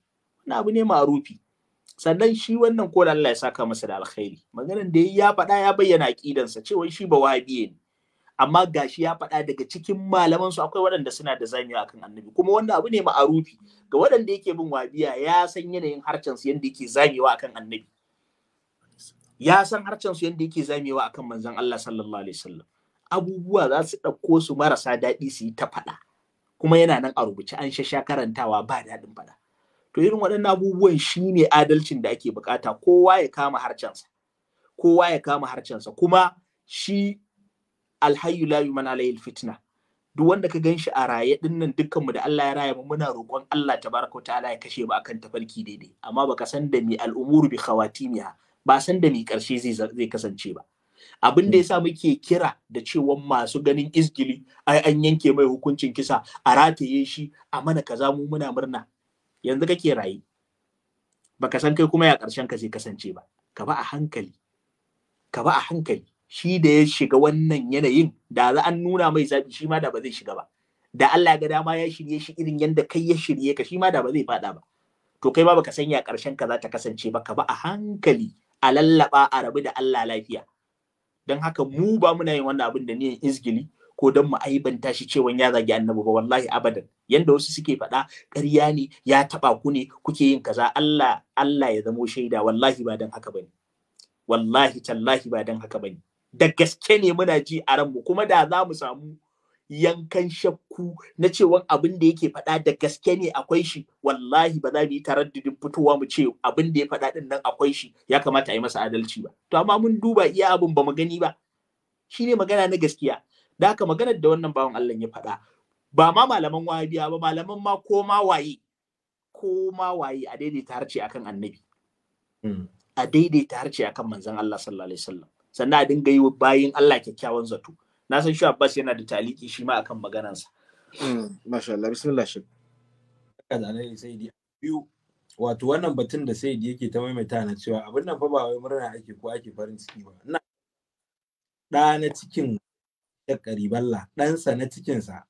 wannan abu ne maarufi. sannan shi wannan kola Allah ya saka masa da alkhairi maganar da ya faɗa ya bayyana aqidansa cewa shi ba wahabiye ne amma gashi ya faɗa daga cikin malaman su akwai waɗanda suna da zamiya akan annabi kuma wanda abu ne ma'arufi ga waɗanda yake bin wabiya ya san yanayin harcen su yanda yake zamewa akan annabi ya san harcen su yanda yake zamewa akan manzon Allah sallallahu alaihi wasallam abubuwa za su ɗauko su marasa daɗi su yi ta faɗa kuma yana nan a rubuce an shasha karantawa ba daɗin faɗa to irin waɗannan abubuwan shi ne adalcin da ake bukata kowa ya kama harcensa kowa ya kama sa kuma shi Alhayu la mana alayhi fitna duk wanda ka ganshi a raye din nan dukkan da Allah ya raya mu muna roƙon Allah tabaraka ta'ala ya kashe mu akan tafarki daidai amma baka san da mi al'umuru bi khawatimiha ba san da mi karshe zai zai kasance ba abin da yasa hmm. muke kira da cewa masu ganin izgili ai an yanke mai hukuncin kisa a rataye shi a mana kaza mu muna murna yanzu kake raye baka san kai kuma ya karshen ka zai kasance ba ka ba a hankali ka ba a hankali shi da ya shiga wannan yanayin da za an nuna mai zaɓi shi ma da ba zai shiga ba da Allah ga dama ya shirye shi irin yadda kai ya shirye ka shi ma da ba zai faɗa ba to kai ma baka san ya ƙarshen ka za ta kasance ba ka ba a hankali a lallaɓa, a rabu da Allah lafiya don haka mu ba muna yin wannan abin da niyan izgili ko don mu aibanta shi cewa ya zagi annabi ba wallahi abadan yanda wasu suke faɗa ƙarya ne ya taɓa ku ne kuke yin kaza Allah Allah ya zamo shaida wallahi ba don haka bane wallahi tallahi ba don haka bane da gaske ne muna ji a mu kuma da za mu samu yankan shakku na cewa abin da yake faɗa da gaske ne akwai shi wallahi ba za mu yi taraddudin fitowa mu ce abin da ya faɗa din nan akwai shi ya kamata a yi masa adalci ba to amma mun duba iya abin ba mu gani ba ne magana na gaskiya da haka maganar da wannan bawan Allah ya faɗa ba ma malaman wahabiya ba malaman ma ko ma waye ko ma waye a daidaita harce akan annabi hmm. a daidaita harce akan manzon Allah sallallahu alaihi wasallam sannan a dinga yi bayin Allah kyakkyawan zato na san shu Abbas yana da taliki shi ma akan maganansa hmm, masha Allah bismillah shi sai biyu wato wannan batun da sai yake ta maimaita na cewa abin nan fa ba wai murna ake ko ake farin ciki ba ina da na cikin da kariballa sa na cikinsa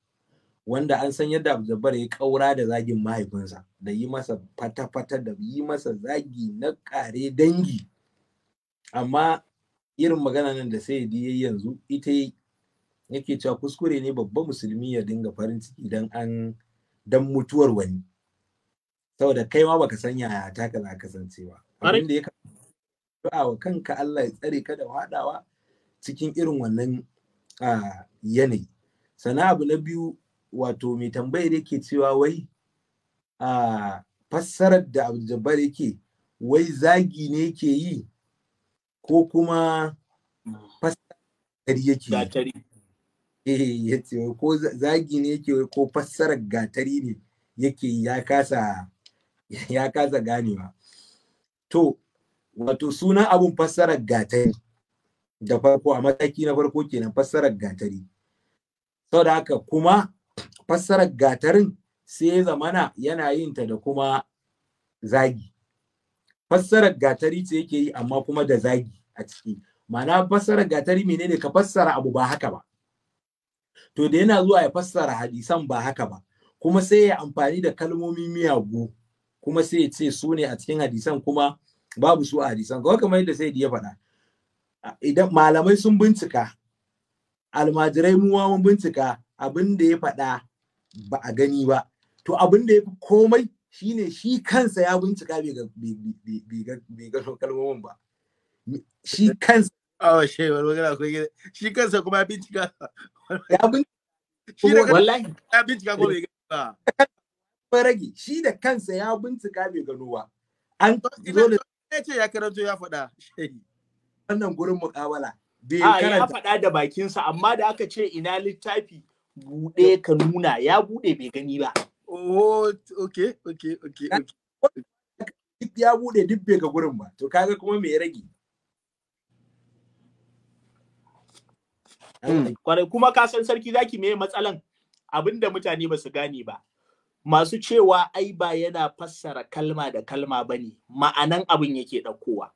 wanda an san yadda Abdulbar ya kaura da zagin mahaifinsa da yi masa fata-fata da yi masa zagi na kare dangi amma irin magana nan da sai yi yanzu ita yake cewa kuskure ne babban musulmi ya dinga farin ciki idan an dan mutuwar wani saboda kai ma baka san yaya ta ka za kasance ba abin da ya du'a wa kanka Allah ya tsare ka da wadawa cikin irin wannan yanayi sana abu na biyu wato mai tambayar yake cewa wai a fassarar da abu jabbar yake wai zagi ne yake yi ko kuma fassara yake gatari eh yace ko zagi ne yake ko fassarar gatari ne yake ya kasa ya kasa ganewa to wato sunan abun fassarar gatari da farko a mataki na farko kenan fassarar gatari saboda haka kuma fassarar gatarin sai ya zamana yana yin ta da kuma zagi fassarar gatari ce yake yi amma kuma da zagi a ciki ma'ana fassarar gatari menene ka fassara abu ba haka ba to da yana zuwa ya fassara hadisan ba haka ba kuma sai ya amfani da kalmomi miyagu kuma sai ya ce su ne a cikin hadisan kuma babu su a hadisan kawai kamar yadda sai ya faɗa idan malamai sun bincika almajirai mu mun bincika abin da ya faɗa ba a gani ba to abin da ya fi komai shine shi kansa ya bincika bai ga kalmomin ba shi kansa awa shewar magana akwai gida shi kansa kuma ya bincika ya bincika wallahi ya bincika ko bai ga ba farage shi da kansa ya bincika bai gano ba an dole ya ce ya karanto ya faɗa wannan gurin muƙabala bai ah, ya faɗa da bakinsa amma da aka ce ina littafi buɗe ka nuna ya buɗe bai gani ba Oh, ok, ok, ok, Duk ya bude duk bai ga gurin ba. To kaga kuma me ya rage? Hmm. Kwarai kuma ka san sarki zaki me matsalan abinda mutane ba su gane ba. Masu cewa ai ba yana fassara kalma da kalma ba ne, ma'anan abin yake ɗaukowa.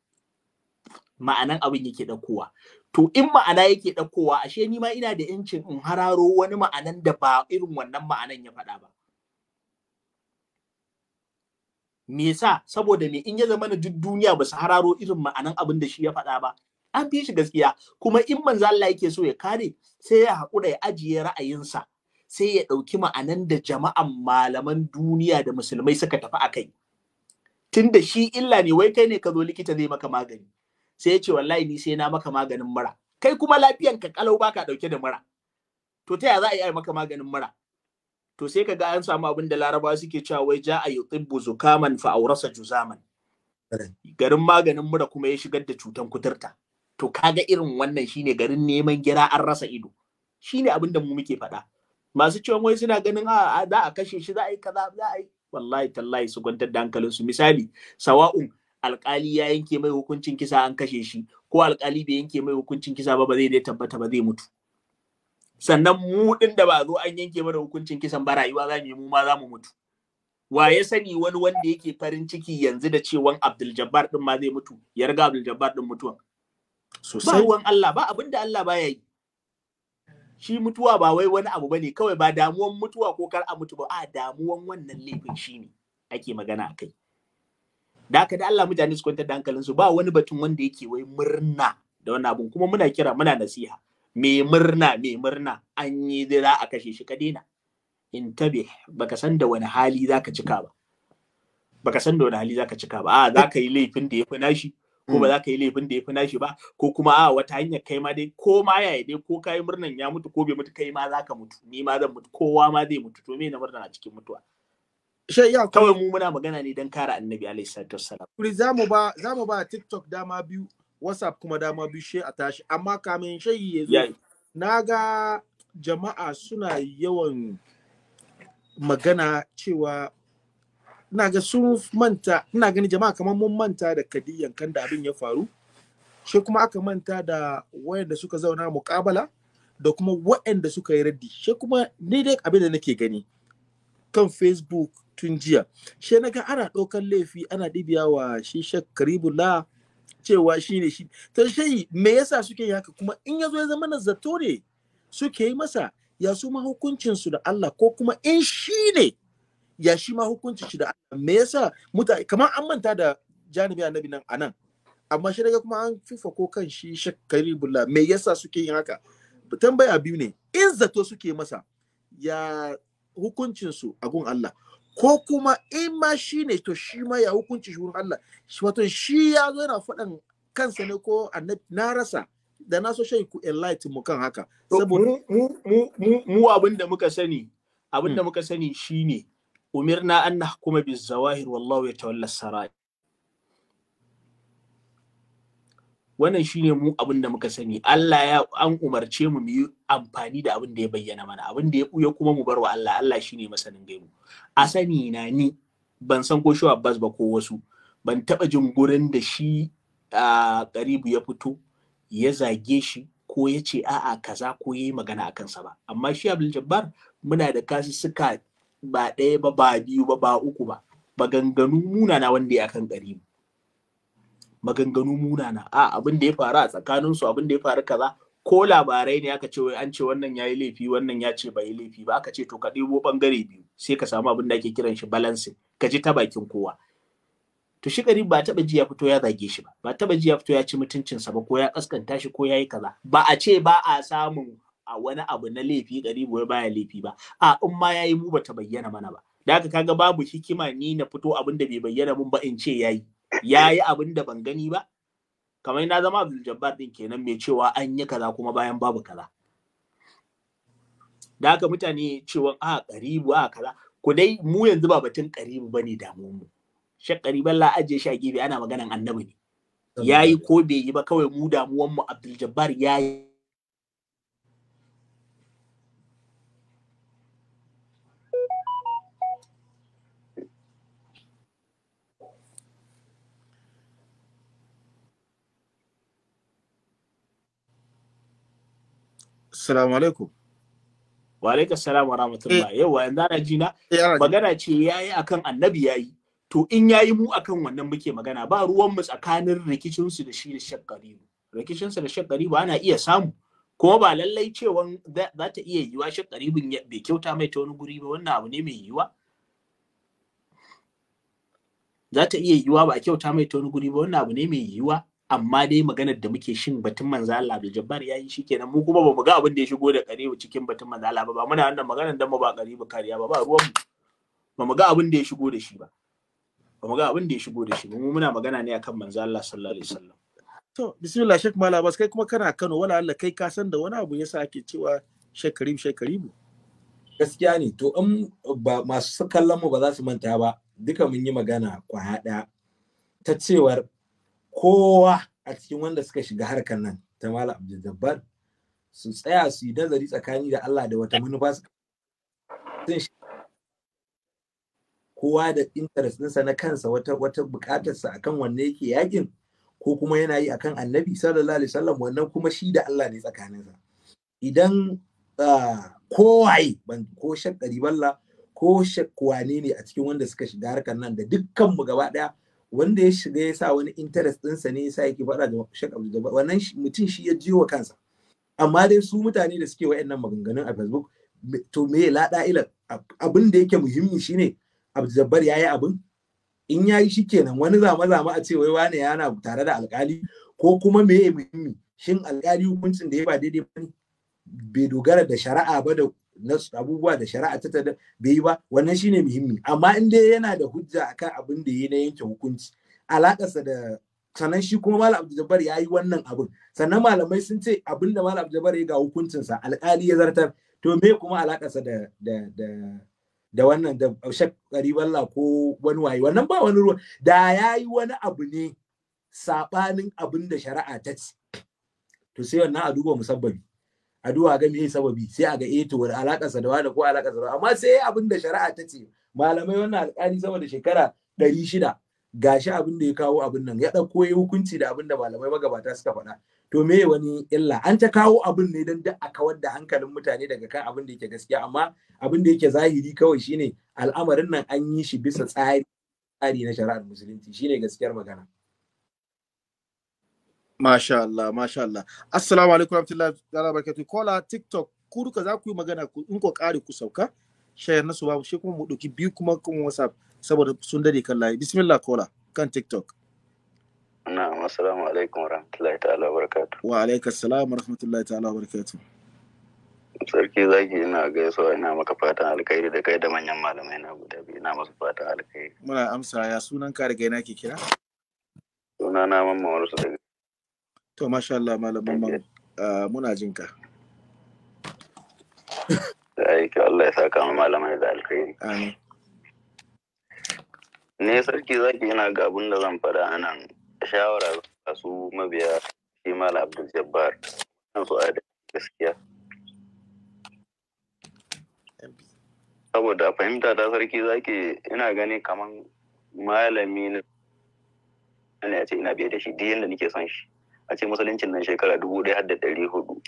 Ma'anan abin yake ɗaukowa. To in ma'ana yake ɗaukowa, ashe ni ma ina da ‘yancin in hararo wani ma'anan da ba irin wannan ma'anan ya faɗa ba. me yasa saboda me in ya zama na duk duniya ba su hararo irin ma'anan abin da shi ya faɗa ba an fi shi gaskiya kuma in manzo Allah yake so ya kare sai ya haƙura ya ajiye ra'ayinsa sai ya ɗauki ma'anan da jama'an malaman duniya da musulmai suka tafi a kai tunda shi illa ne wai kai ne ka zo likita zai maka magani sai ya ce wallahi ni sai na maka maganin mura kai kuma lafiyan ka kalau baka ɗauke da mura to ta ya za a yi maka maganin mura to sai ka ga an samu abin da laraba suke cewa wai ja a yutibbu zukaman fa aurasa juzaman garin maganin mura kuma ya shigar da cutan kuturta to kaga irin wannan shine garin neman gira an rasa ido shine abin da mu muke faɗa masu ciwon wai suna ganin a za a kashe shi za a yi kaza za a yi wallahi tallahi su gwantar da hankalin su. misali sawa'un alkali ya yanke mai hukuncin kisa an kashe shi ko alkali bai yanke mai hukuncin kisa ba ba zai dai tabbata ba zai mutu sannan mu din da ba zo an yanke mana hukuncin kisan ba rayuwa za mu yi mu ma za mu mutu wa ya sani wani wanda yake farin ciki yanzu da cewan Abdul Jabbar din ma zai mutu ya riga Abdul Jabbar din mutuwan sosai wan Allah ba abin da Allah baya yi shi mutuwa ba wai wani abu bane kawai ba damuwan mutuwa ko kar a mutu ba a damuwan wannan laifin shine ake magana akai da haka da Allah mutane su kwantar da hankalinsu ba wani batun wanda yake wai murna da wani abun kuma muna kira muna nasiha mai murna mai murna an yi dira a kashe shi ka daina in tabe baka san da wani hali zaka cika ba baka san da wani hali zaka cika ba a zaka yi laifin da ya fi nashi ko ba hmm. zaka yi laifin da ya fi nashi ba ko kuma a wata hanyar kai ma dai ko ma yaya dai ko kayi murnan ya mutu ko bai mutu kai ma zaka mutu ni ma zan mutu kowa ma zai mutu to me na murna a cikin mutuwa kawai mu muna magana ne don kare annabi alaihi salatu wassalam kuri zamu ba zamu ba tiktok dama biyu whatsapp kuma dama bishe a tashi amma kamin shayi ya zo na ga jama'a suna yawan magana cewa ina ga sun manta ina gani jama'a kamar mun manta da kadiyan kan da abin ya faru shi kuma aka manta da wayanda suka zauna mukabala da kuma wayanda suka yi raddi shi kuma ni dai abin da nake gani kan facebook tun jiya shi na ga ana ɗaukar laifi ana dibiya wa shi karibu la. cewa shi ne shi me yasa suke yi haka kuma in yazo ya zama na zato ne suke yi masa ya su hukuncin su da Allah ko kuma in shi ne ya shi ma hukuncin shi da Allah me yasa mutane kamar an manta da janibi annabi nan anan amma shi daga kuma an fifa ko kan shi shakari bulla me yasa suke yin haka tambaya biyu ne in zato suke masa ya hukuncinsu a gun Allah ko kuma in ma shi ne to shi ma ya hukunci shi wurin Allah wato shi ya zo yana faɗan kansa ne ko na rasa da na so shi ku enlighten mu kan haka saboda mu mu abin muka sani abin da hmm. muka sani shine umirna an nahkuma bizawahir wallahu yatawalla sarai wannan shi ne mu abin da muka sani Allah ya an umarce mu mu yi amfani da abin da ya bayyana mana abin da ya buya kuma mu bar wa Allah Allah ne masanin gaibu a sani na ni ban san ko shi Abbas ba ko wasu ban taɓa jin gurin da shi a karibu ya fito ya zage shi ko ya ce a'a kaza ko ya yi magana a kansa ba amma shi Abdul Jabbar muna da kasu suka ba ɗaya ba ba biyu ba ba uku ba Ba muna munana wanda ya kan karibu maganganu munana a abin da ya faru a tsakanin su abin da ya faru kaza ko labarai ne aka ce wai an ce wannan yayi laifi wannan ya ce bai laifi ba aka ce to ka ɗebo bangare biyu sai ka samu abin da ake kiran shi balancing ka ji ta bakin kowa to shi gari ba taba ji ya fito ya zage shi ba ba taba ji ya fito ya ci mutuncinsa ba ko ya kaskanta shi ko yayi kaza ba a ce ba a samun a wani abu na laifi gari ya baya laifi ba a in ma yayi mu bata bayyana mana ba da haka kaga babu hikima ni na fito abin da bai bayyana mun ba in ce yayi ya yi abin da ban gani ba kamar na zama Abdul Jabbar din kenan mai cewa an yi kaza kuma bayan babu kaza da haka mutane cewa a karibu a kaza ku dai mu yanzu ba batun karibu bane damuwa mu shi kariban la aje shi a gefe ana maganan annabi ne yayi ko bai yi ba kawai mu damuwan mu Abdul Jabbar yayi Assalamu alaikum. Wa alaikum salam wa rahmatullah. Eh. wa yanzu ana jina eh, magana ce yayi akan annabi yayi. To in yayi mu akan wannan muke magana ba ruwan mu tsakanin rikicin su da shi da Sheikh Garibu. Rikicin su da Sheikh Garibu ana iya samu kuma ba lallai cewa za ta iya yiwa Sheikh Garibun bai kyauta mai ta wani guri ba wannan abu ne mai yiwa. Za ta iya yiwa ba kyauta mai ta wani guri ba wannan abu ne mai yiwa amma dai maganar da muke shin batun manzo Allah Abdul Jabbar yayi shikenan mu kuma bamu ga abin da ya shigo da Karibu cikin batun manzo Allah ba ba muna wannan maganar dan mu ba ba kariya ba ba ruwan mu bamu ga abin da ya shigo da shi ba bamu ga abin da ya shigo da shi mu muna magana ne akan manzo Allah sallallahu alaihi wasallam to bismillah mala bas kai kuma kana Kano wala Allah kai ka san da wani abu yasa ake cewa shek Karim shek Karibu gaskiya ne to in ba masu kallon mu ba za su manta ba duka mun yi magana kwaya ɗaya ta cewar kowa a cikin wanda suka shiga harkar nan ta Malam Abdul su tsaya su yi nazari tsakani da Allah da wata manufa su kowa da interest ɗinsa na kansa wata wata sa akan wanne yake yakin ko kuma yana yi akan annabi sallallahu alaihi wasallam wannan kuma shi da Allah ne tsakaninsa idan kowaye ban ko shakkari balla ko shakwane ne a cikin wanda suka shiga harkar nan da dukkanmu gaba ɗaya wanda ya shiga ya sa wani interest ɗinsa ne ya sa yake faɗa da Sheikh Abdul Jabbar wannan mutum shi ya jiwa kansa amma dai su mutane da suke wa'annan maganganun a Facebook to me lada ila abin da yake muhimmi shine Abdul Jabbar yayi abin in yayi shikenan wani zama zama a ce wai wane yana tare da alkali ko kuma me muhimmi shin alkali hukuncin da ya ba daidai ba bai dogara da shari'a ba da na abubuwa da shari'a ta tada bai yi ba wannan shine muhimmi amma in dai yana da hujja akan abin da yi na yanke hukunci alakarsa da sannan shi kuma malam abdul ya yi wannan abin sannan malamai sun ce abin da malam abdul ya ga hukuncinsa alkali ya zartar to me kuma alakarsa da da da da wannan da shak kariballa ko wani waye wannan ba wani ruwa da ya yi wani abu ne saɓanin abin da shari'a ta ce to sai wannan a duba musabbabi a ga meye sababi sai a ga eh to alaka sa da wani ko alaka sa amma sai abin da shari'a ta ce malamai wannan alƙali sama da shekara ɗari shida gashi abin da ya kawo abin nan ya ɗauko ya hukunci da abin da malamai magabata suka faɗa to me wani illa an ta kawo abin ne dan duk a kawar da hankalin mutane daga kan abin da yake gaskiya amma abin da yake zahiri kawai shine al'amarin nan an yi shi bisa tsari tsari na shari'ar musulunci shine gaskiyar magana Masha Allah, Masha Allah. Assalamu alaikum warahmatullahi wabarakatuh. Kola TikTok ku duka za ku yi magana in ko kare ku sauka. Shayar nasu babu shi kuma mu ɗauki biyu kuma kuma WhatsApp saboda sun dade kan layi. Bismillah Kola kan TikTok. Na'am, assalamu alaikum warahmatullahi ta'ala wabarakatuh. Wa alaikas salam warahmatullahi ta'ala wabarakatuh. sarki zaki ina gaisuwa ina maka fatan alkhairi da kai da manyan malamai na guda biyu ina masu fatan alkhairi muna amsa ya sunan ka daga ina ke kira sunana mamman Warsu daga to masha Allah malamin man ah, muna jin ka ai ki Allah ya saka mu malamai da alkhairi amin ne sarki zaki yana ga abin da zan fada nan shawara a su mabiya shi mala Abdul Jabbar nan su da gaskiya saboda fahimta ta sarki zaki ina gani kaman malami ne a ce ina biye da shi duk yadda nake son shi a ce musuluncin nan shekara dubu ɗaya da ɗari hudu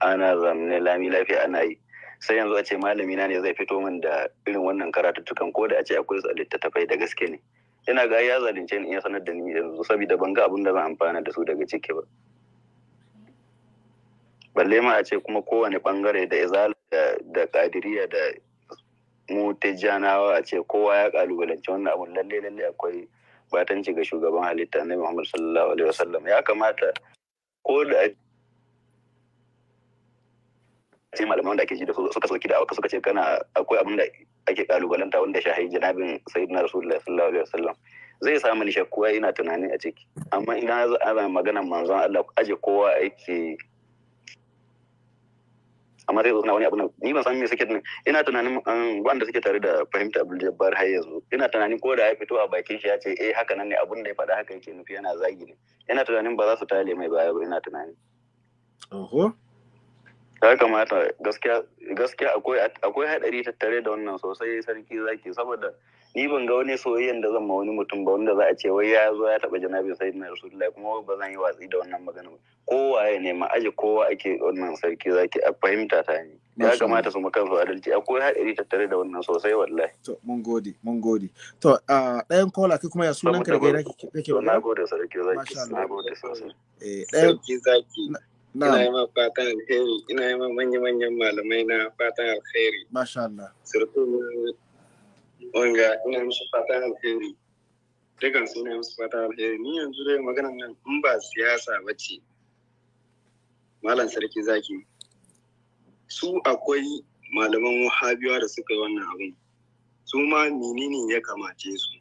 ana zamne lami lafiya ana yi sai yanzu a ce malami na ne zai fito min da irin wannan karatuttukan ko da a ce akwai a littattafai da gaske ne yana ga ya zalunce ni in ya sanar da ni yanzu saboda ban ga abin da zan amfana da su daga ciki ba balle ma a ce kuma kowane bangare da izala da kadiriya da Mutejanawa a ce kowa ya kalubalance wannan abun lalle lalle akwai batanci ga shugaban halitta na Muhammad sallallahu alaihi wasallam ya kamata ko da sai malaman da ake ji da suka soki da suka ce kana akwai abin da ake kalubalanta wanda shahayi janabin sayyidina rasulullah sallallahu alaihi wasallam zai samu ni shakkuwa ina tunani a ciki amma ina za a magana manzon Allah aje kowa ake amma zai zo na wani abu na ni ban san me suke nan ina tunanin um, wanda suke tare da fahimta Abdul Jabbar har yanzu ina tunanin ko da ya fito a bakin shi ya ce eh haka nan ne abun da ya faɗa haka yake nufi yana zagi ne ina tunanin ba za su tale mai baya ba ina tunanin oho ya kamata gaskiya gaskiya akwai akwai hadari tattare da wannan sosai sarki zaki saboda ni ban ga wani soyayyen da zan ma wani mutum ba wanda za a ce wai ya zo ya taba janabi sai na rasulullahi kuma ba zan yi watsi da wannan magana ba kowa ya nema aje kowa ake wannan sarki zaki a fahimta ta ne ya kamata su makan su adalci akwai haɗari tattare da wannan sosai wallahi to mun gode mun gode to ɗayan kola kai kuma ya sunan ka da gaira kake ba na gode sarki zaki na gode sosai eh sarki zaki Ina yi ma fatan alheri, ina yi ma manya-manyan malamai na fatan alheri. Masha Allah. wanga ina musu fata alheri Dukkan su ina musu fata alheri ni yanzu dai maganan nan in ba siyasa ba ce malam sarki zaki su akwai malaman wahabiyawa da suka yi wannan abin su ma menene ya kamace su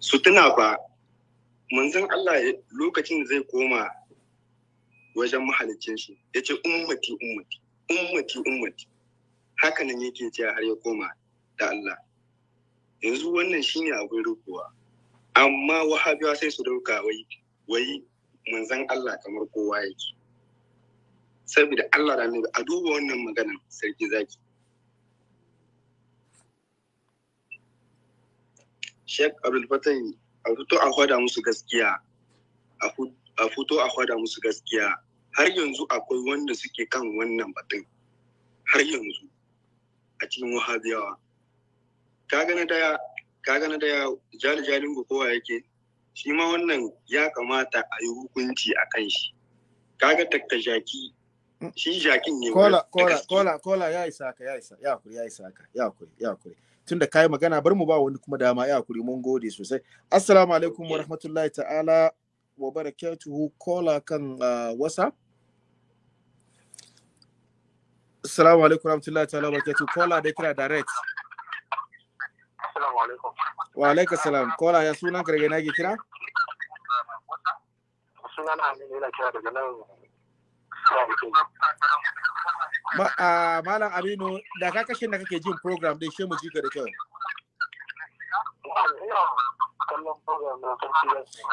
su tuna fa manzon Allah lokacin zai koma wajen mahalicin shi ya ce ummati ummati ummati ummati haka hakanan yake jiya har ya koma da Allah yanzu wannan shine akwai rubuwa amma wahabiyawa sai su dauka wai wai manzan Allah kamar kowa yake saboda Allah da annabi a duba wannan magana, sarki zaki Sheikh Abdul Fatah a fito a hwada musu gaskiya a fito a hwada musu gaskiya har yanzu akwai wanda suke kan wannan batun har yanzu a cikin wahabiyawa kaga na daya kaga na daya jali jalin kowa yake shi ma wannan ya kamata a yi hukunci a kan shi kaga takka jaki shi jakin ne kola kola kola kola ya isa ka ya isa ya kuri ya isa ka ya kuri ya kuri tunda kai magana bar mu ba wani kuma dama ya kuri mun gode sosai assalamu alaikum wa rahmatullahi ta'ala wa barakatuhu kola kan ah, whatsapp Assalamu alaikum warahmatullahi ta'ala wa barakatuh. Kola da kira direct. Assalamu alaikum. Wa alaikum salam. Kola ya sunan ka daga nake kira? Sunan Aminu yana kira daga nan. Ma'a ah, Malam Aminu, da ka kashe da kake jin program din shi mu jika da kyau.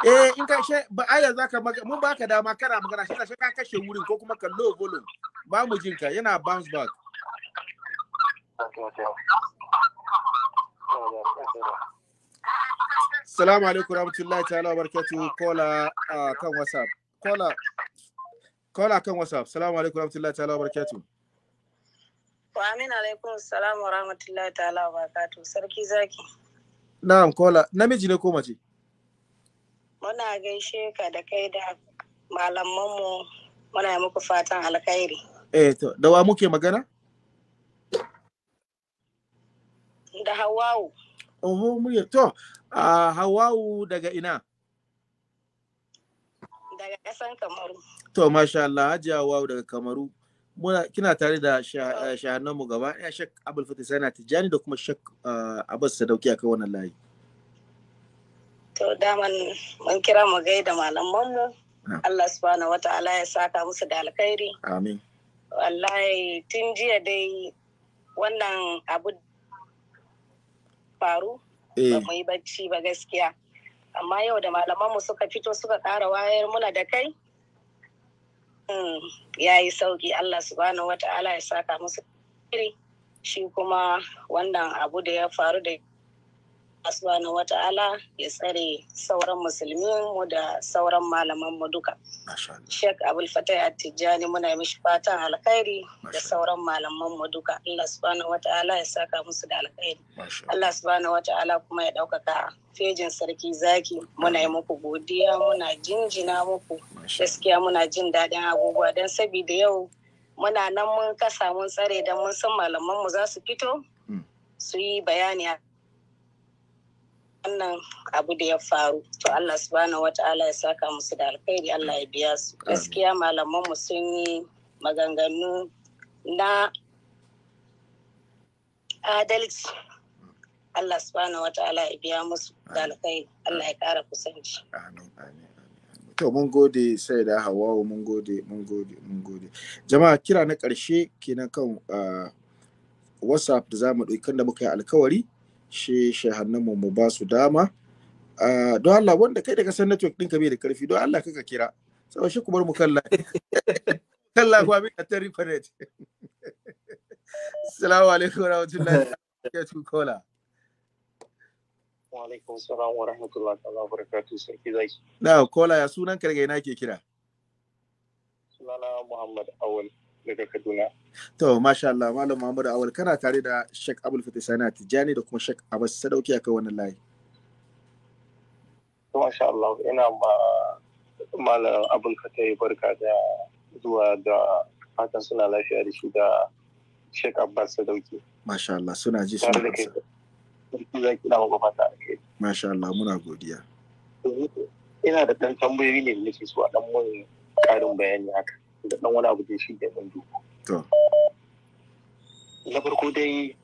Eh in ka she ba aya zaka mun baka dama kana magana shi ka kashe wurin ko kuma kallo volume ba mu jin ka yana bounce back. Assalamu alaikum warahmatullahi ta'ala wa barakatuh kola uh, kan WhatsApp. Kola kola kan WhatsApp. assalamu alaikum warahmatullahi ta'ala wa barakatuh. Wa amin alaikum assalamu warahmatullahi ta'ala wa barakatuh. Sarki zaki. Na'am kola namiji ne ko mace? Muna gaishe ka da kai da malamanmu muna yi muku fatan alkhairi. Eh to da wa muke magana? Da Hawawu. Oho muke to a uh, Hawawu daga ina? Daga ƙasan Kamaru. To masha Allah Hajiya Hawawu daga Kamaru. muna kina tare da eh, shahannan mu gaba ɗaya shak abul fatih sana tijani da kuma shak eh, abbas sadauki akan wannan layi to daman mun kira mu gaida mu. Allah subhanahu wa ta'ala ya saka musu da alkhairi amin wallahi tun jiya dai wannan abu faru ba eh. mu yi bacci ba gaskiya amma yau da malaman mu suka fito suka ƙara wayar muna da kai Mm, ya yi sauki Allah subhanahu Ta'ala ya saka musu shi kuma wannan abu da ya faru da asubana wata'ala ya tsare sauran musulmi da sauran malaman mu duka. Sheikh Abul Fatai Tijjani muna mishi fatan alkhairi da sauran malaman mu duka. Allah subhanahu wata'ala ya saka musu da alkhairi. Allah subhanahu wata'ala kuma ya ɗaukaka fejin sarki zaki muna yi muku godiya muna jinjina muku gaskiya muna jin daɗin abubuwa Dan sabida yau muna nan mun kasa mun tsare dan mun san malaman mu za su fito hmm. su yi bayani wannan abu da ya faru to Allah subhanahu ta'ala ya saka musu da alkhairi Allah ya biya su gaskiya malaman mu sun yi maganganu na adalci Allah subhanahu ta'ala ya biya musu da alkhairi Allah ya kara kusanci to mun gode sai da hawawu mun gode mun gode mun gode jama'a kira na karshe kenan kan ah, whatsapp da zamu ɗauki kan da muka yi alkawari shi hannun mu ba su dama don Allah wanda kai daga san network ɗinka bai da karfi don Allah kaka kira saboda shi kubar mu kalla [laughs] kalla kuma bai da tari faret assalamu alaikum warahmatullahi wabarakatuh kola wa alaikum salam wa rahmatullahi wa barakatuh sarki zaki na kola ya sunan karga ina ke kira sunana Muhammad Awal daga Kaduna. To, masha Allah, Malam Muhammadu Awal, kana tare da Sheikh Abul Fatih Sani Tijjani da kuma Sheikh Abbas Sadauki a kan wannan layi. To, masha Allah, ina ma Malam Abul Fatih barka da zuwa da fatan suna lafiya da shi da Sheikh Abbas Sadauki. Masha Allah, suna ji suna kasa. Masha Allah, muna godiya. Ina da ɗan tambayoyi ne da nake so a ɗan mun ƙarin bayani haka. da ɗan wani abu da shi da ɗan dubu. Na farko dai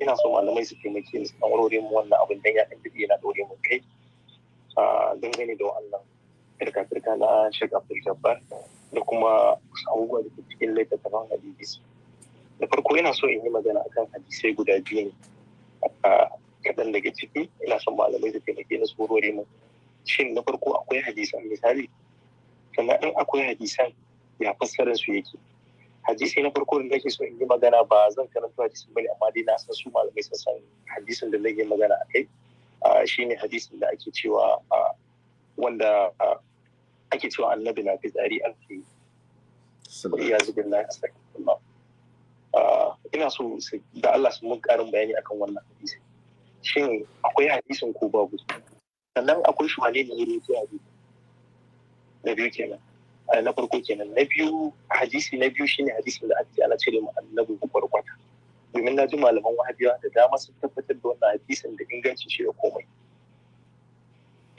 ina so malamai su taimake su ɗan warware mu wannan abin dan ya ɗan daɗe yana ɗore mu kai dangane da wannan firka-firka na Sheikh Abdul Jabbar da kuma abubuwa da ke cikin littattafan hadisi. Da farko ina so in yi magana akan hadisai guda biyu ne kaɗan daga ciki ina son malamai su taimake na su warware mu. Shin na farko akwai hadisan misali? Sannan in akwai hadisan ya fassarar su yake hadisi na farko da nake so in yi magana ba zan karanta hadisin bane amma dai na san su malamai sun san hadisin da nake magana a akai shine hadisin da ake cewa wanda ake cewa annabi na fitsari an fi ya zubin na ina so da Allah su mun karin bayani akan wannan hadisi shin akwai hadisin ko babu sannan akwai shi wane ne ya na biyu kenan Eh, na farko kenan na biyu hadisi na biyu shine hadisin da ake ala cire mu annabi kwarkwata domin na ji malaman wahabiyawa da dama sun tabbatar da wannan hadisin da inganci shi da komai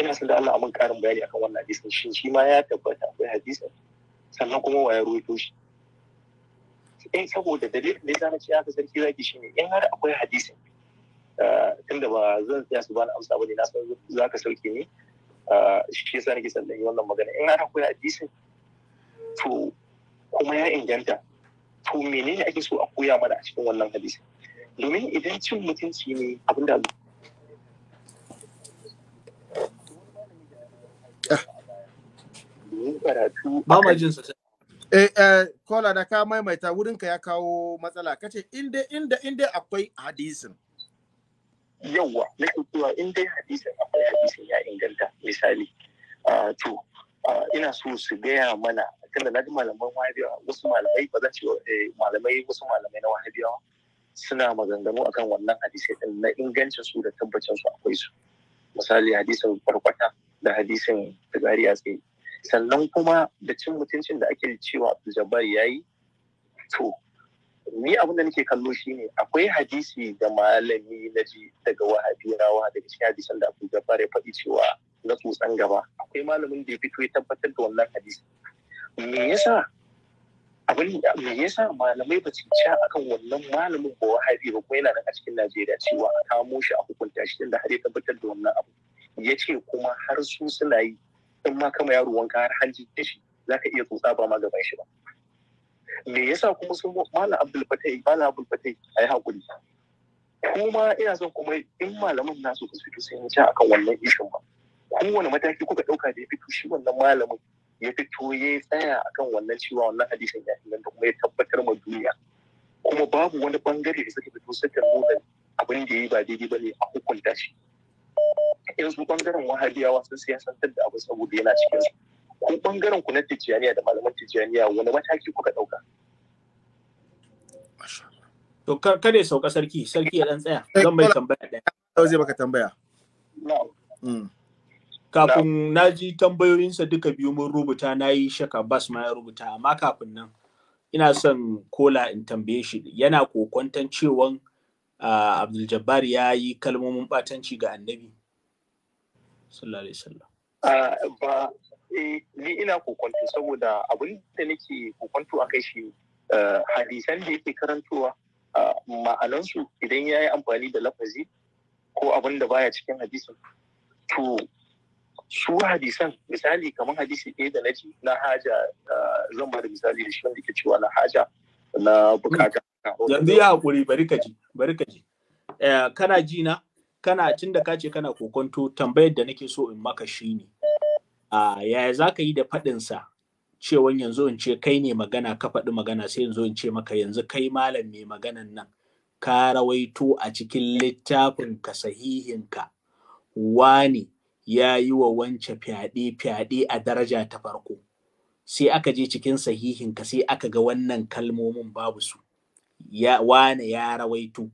ina son da Allah amin karin bayani akan wannan hadisin shin shi ma ya tabbata akwai hadisin sannan kuma wa ya ruwaito shi in saboda dalilin da ya na ce haka sarki zaki shine in har akwai hadisin eh, tunda ba zan tsaya su bani amsa bane na san zaka sauke ni eh, shi ya sa nake sallan wannan magana in har akwai hadisin to kuma ya inganta to menene ake so a koya mana a cikin wannan hadisi domin idan cin mutunci ne abin da Eh, eh, kola da ka maimaita wurinka ya kawo matsala kace inda inda inda akwai hadisin yawa na cewa in dai hadisin akwai hadisin ya inganta misali ah, to ah, ina so su gaya mana tunda na ji malaman wahabiyawa wasu malamai ba zan su eh, malamai wasu malamai na wahabiyawa suna maganganu akan wannan hadisai din na ingancin su da tabbacin su akwai su misali hadisin farkwata da hadisin tsari a tsaye sannan kuma da cin mutuncin da ake cewa Abdul ya yi, to ni abin da nake kallo shi ne, akwai hadisi da malami na ji daga wahabiyawa daga cikin hadisan da Abdul ya faɗi cewa na tsotsan gaba akwai malamin da ya fito ya tabbatar da wannan hadisi me yasa abin me yasa malamai ba cica akan wannan malamin ba wahabi ba ko yana nan a cikin Najeriya cewa a kamo shi a hukunta shi tunda har ya tabbatar da wannan abu ya ce kuma har su suna yi in ma kama yaro wanka har hanji da shi za ka iya tsotsa ba ma gaban shi ba me yasa kuma sun malam Abdul Fatai malam Abdul Fatai ayi hakuri kuma ina son kuma in malamin nasu su fito sai ya yi akan wannan ishin ba kowane mataki kuka ɗauka da ya fito shi wannan malamin ya fito ya tsaya a kan wannan cewa wannan hadisin ya inganta kuma ya tabbatar ma duniya kuma babu wani bangare da suka fito suka nuna abin da ya yi ba daidai ba ne a hukunta shi yanzu bangaren wahabiyawa sun siyasantar da abu saboda yana cikin su ko bangaren ku na tijjaniya da malaman tijjaniya wani mataki kuka ɗauka to kada ya sauka sarki sarki ya ɗan tsaya zan mai tambaya ɗaya zai baka tambaya na'am mm. kafin na ji tambayoyinsa duka biyu mun rubuta na yi shaka bas ma ya rubuta amma kafin nan ina son kola in tambaye shi yana kokwantan cewan uh, abdul jabbar ya yi kalmomin batanci ga annabi sallallahu alaihi wasallam uh, ba eh, ni ina kokwanto saboda abin da nake kokwanto a kai shi uh, hadisan da yake karantowa uh, ma'anansu idan ya yi amfani da lafazi ko abin da baya cikin hadisin to su hadisan misali kamar hadisi ɗaya da na ji na haja ah, zan ba da misali da shi wanda ke cewa na haja na bukata. Yanzu ya haƙuri bari ka ji bari ka ji. Eh, kana ji na kana tun da ka ce kana kokonto tambayar da nake so in maka shi ne. Yaya za ka yi da faɗinsa cewan yanzu in ce kai ne magana ka faɗi magana sai yanzu in ce maka yanzu kai malam mai maganan nan ka rawaito a cikin littafin ka sahihinka wani ya yi wa wance fyaɗe fyaɗe a daraja ta farko sai aka je cikin sahihin ka sai aka ga wannan kalmomin babu su ya wane ya rawaito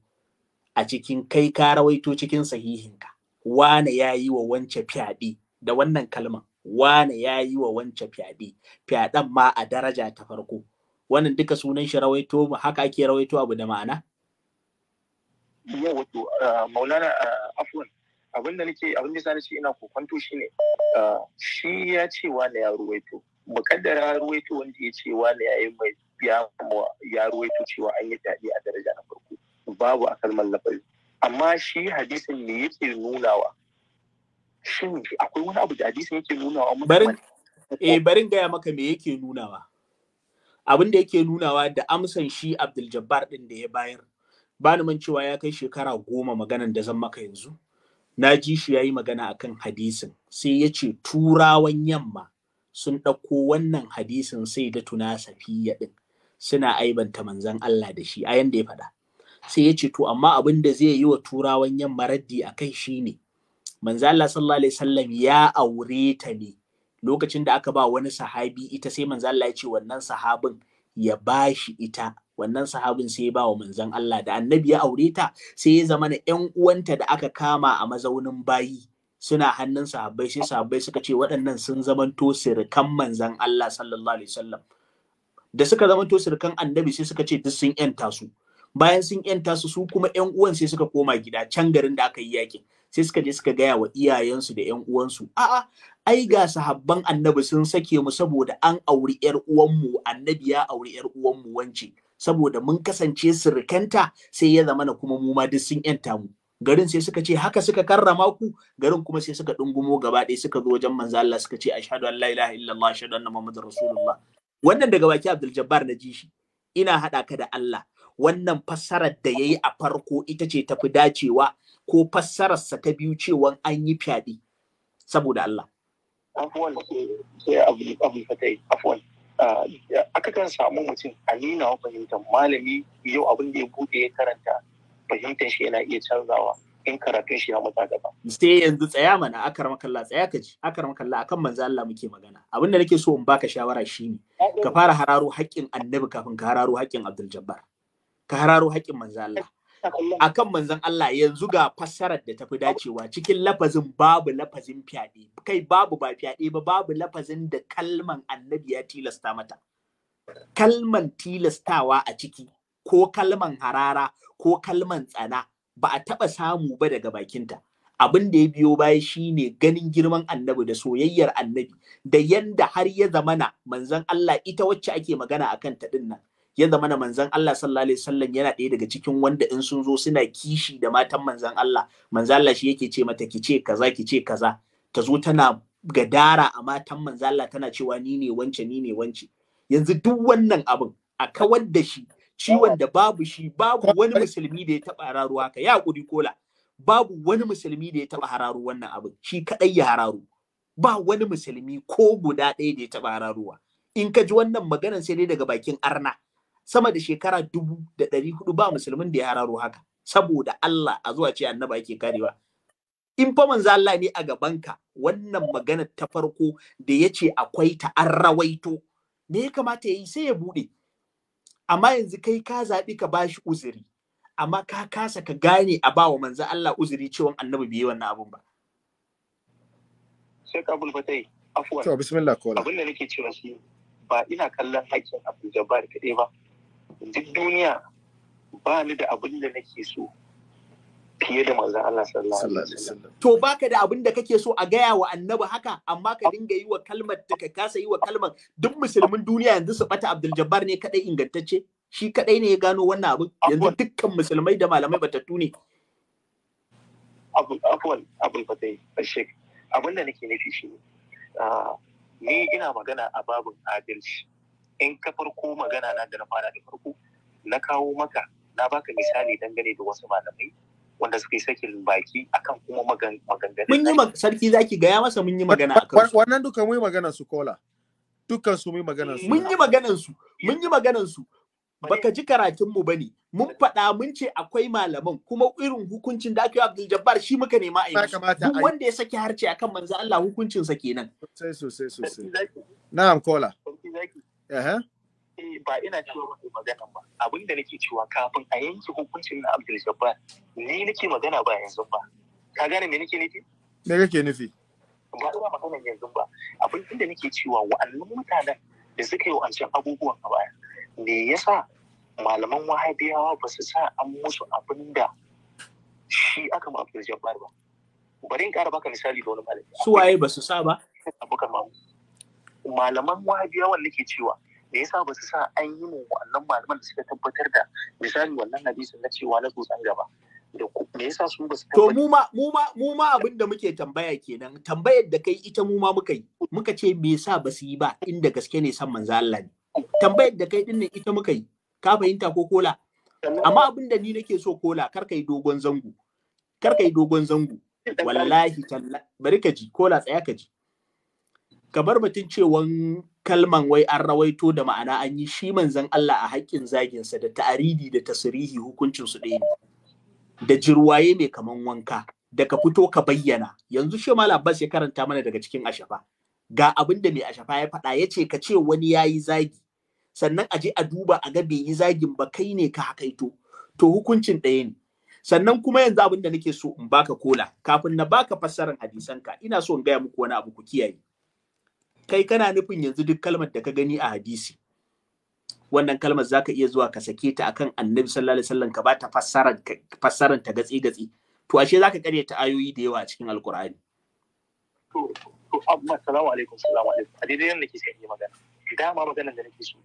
a cikin kai ka rawaito cikin sahihin ka wane ya yi wa wance fyaɗe da wannan kalman wane ya yi wa wance fyaɗe fyaɗen ma a daraja ta farko wannan duka sunan shi rawaito haka ake rawaito abu da ma'ana Yau, wato, ah, maulana ah, afuwan, abin da nake abin da nake ina kokonto shine ah, shi ya ce na ya ruwaito mukaddara ruwaito wanda ya ce wa ya yi mai ya ruwaito cewa an yi dadi a daraja na farko babu a kalmar amma shi hadisin me yake nunawa shin akwai wani abu da hadisin yake nunawa barin eh barin gaya maka me yake nunawa abin da yake nunawa da amsan shi Abdul Jabbar din da ya bayar bani man cewa ya kai shekara goma maganan da zan maka yanzu na ji shi ya yi magana akan hadisin sai ya ce turawan yamma sun ɗauko wannan hadisin sai da tuna safiya ɗin suna aibanta manzan Allah da shi a yanda ya faɗa sai ya ce to amma abin da zai yi wa turawan yamma raddi a kai shi ne manzan Allah sallallahu alaihi wasallam ya aure ta ne lokacin da aka ba wani sahabi ita sai manzan Allah ya ce wannan sahabin ya bashi ita wannan sahabin sai ya ba wa manzon Allah da annabi ya aure ta sai ya zama na uwanta da aka kama a mazaunin bayi suna hannun sahabbai sai sahabbai suka ce waɗannan sun to sirkan manzon Allah sallallahu alaihi wasallam da suka zamanto sirkan annabi sai suka ce duk sun yanta su bayan sun yanta su su kuma ƴan uwan sai suka koma gida can garin da aka yi yakin sai suka je suka gaya wa iyayensu da ƴan uwansu a'a ai ga sahabban annabi sun sake mu saboda an auri ƴar uwanmu annabi ya auri ƴar uwanmu wance saboda mun kasance sirikanta sai ya zama na kuma mu ma duk sun yanta mu garin sai suka ce haka suka karrama ku garin kuma sai suka dungumo gaba ɗaya suka zo wajen manzo Allah suka ce ashhadu an la ilaha illallah ashhadu anna muhammadar rasulullah wannan daga baki Abdul Jabbar na ji shi ina hada ka da Allah wannan fassarar da yayi a farko ita ce tafi dacewa ko fassarar sa ta biyu cewa an yi fyaɗe saboda Allah afwan sai abul abu fatai afwan aka kan samu mutum a nina fahimtar malami yau abin da ya bude ya karanta fahimtar shi yana iya canzawa in karatun shi ya mata gaba. Sai yanzu tsaya mana akar makalla tsaya ka ji akar makalla akan manzo Allah muke magana. Abin da nake so in baka shawara shi ne. ka fara hararo haƙƙin Annabi kafin ka hararo haƙƙin Abdul Jabbar. Ka hararo haƙƙin manzo Allah. akan manzon Allah yanzu ga fassarar da tafi dacewa cikin lafazin babu lafazin fyaɗe kai babu ba fyaɗe ba babu lafazin da kalman annabi ya tilasta mata kalman tilastawa a ciki ko kalman harara ko kalman tsana ba a taɓa samu ba daga bakinta abin da ya biyo baya shine ganin girman annabi da soyayyar annabi da yanda har ya zamana manzon Allah ita wacce ake magana akan ta din ya zamana Manzan Allah sallallahu alaihi wasallam yana ɗaya daga cikin wanda in sun zo suna kishi da matan Manzan Allah manzan Allah shi yake ce mata ki ce kaza ki ce kaza ta zo tana gadara a matan manzan Allah tana cewa ni ne wance ni ne wance yanzu duk wannan abin a kawar da shi ciwon da babu shi babu wani musulmi da ya taba hararuwa haka ya kuri kola babu wani musulmi da ya taba hararu wannan abin shi kaɗai ya hararu ba wani musulmi ko guda ɗaya da ya taba hararuwa in ka ji wannan maganar sai dai daga bakin arna sama da shekara dubu da ɗari hudu ba musulmin da ya hararo haka saboda Allah a zuwa ce annaba ake karewa in fa manzo Allah ne a gabanka wannan magana ta farko da ya ce akwai ta an rawaito me ya kamata ya yi sai ya buɗe. amma yanzu kai ka zaɓi ka bashi uzuri amma ka kasa ka gane a bawa manzo Allah uzuri cewa annabi bai yi wannan abun ba sai kabul batai afwan to bismillah kola abin nake cewa shi ba ina kallon haƙƙin Abu Jabbar kaɗai ba duk duniya ba ni da abin da nake so fiye da manzon Allah sallallahu alaihi wasallam to baka da abin da kake so a gaya wa annabi haka amma ka dinga yi wa kalmar da ka kasa yi wa kalmar duk musulmin duniya yanzu su bata Abdul Jabbar ne kadai ingantacce shi kadai ne ya gano wannan abin yanzu dukkan musulmai da malamai batattu ne abubuwan abu fatai abin da nake nufi shi ne ah, ni ina magana a babin adalci in ka farko magana na da na fara da farko na kawo maka na baka misali dangane da wasu malamai wanda suka yi sakin baki akan kuma maganganu. Mun yi sarki zaki gaya masa mun yi magana akan su. Wannan dukan mun yi magana su kola. Dukan su mun yi magana su. Mun yi magana su. Mun yi magana su. Baka ji karatun mu bane. Mun faɗa mun ce akwai malaman kuma irin hukuncin da aka yi Abdul Jabbar shi muka nema a yi. Duk wanda ya saki harce akan manzo Allah hukuncin sa kenan. Sai sosai sosai. Na'am kola. Sarki zaki. Eh, ba ina cewa wani magana ba abin da nake cewa kafin a yanke hukuncin na Abdul Jabbar ni nake magana ba yanzu ba ka gane me nake nufi me kake nufi ba ina magana yanzu ba abin da nake cewa wa'annan mutanen da suka yi wa'ancan abubuwan a baya me yasa malaman wahabiyawa ba su sa an musu abin da shi aka ma Abdul Jabbar ba bari in ƙara baka misali da wani malami su waye ba su sa ba malaman wanda ke cewa me yasa ba su sa an yi mu wannan malaman da suka tabbatar da misali wannan hadisin na cewa na tsotsan gaba me yasa su ba su to mu ma abin da muke tambaya kenan tambayar da kai ita mu ma muka yi muka ce me yasa ba su yi ba inda gaske ne san manzo Allah ne tambayar da kai dinnan ita muka yi ka fahimta ko kola amma abin da ni nake so kola kar kai dogon zango kar kai dogon zango wallahi bari ka ji kola tsaya ka ji ka bar batun cewan kalman wai an rawaito da ma'ana an yi shi manzan Allah a haƙƙin zaginsa da ta'aridi da tasirihi hukuncin su ɗaya da jirwaye mai kaman wanka da ka fito ka bayyana yanzu shi Abbas ya karanta mana daga cikin ashafa ga abin da mai ashafa ya faɗa ya ce ka ce wani ya yi zagi sannan a je a duba a ga bai yi zagin ba kai ne ka hakaito to hukuncin ɗaya ne sannan kuma yanzu abin da nake so in baka kola kafin na baka fassarar hadisanka ina so in gaya muku wani abu ku kiyaye kai kana nufin yanzu duk kalmar da ka gani a hadisi wannan kalmar zaka iya zuwa ka sake ta akan annabi sallallahu alaihi wasallam ka bata fassarar fassarar ta gatsi gatsi to ashe zaka kare ta ayoyi da yawa a cikin alqur'ani to to assalamu alaikum assalamu alaikum a daidai nan nake sai magana dama maganar da nake so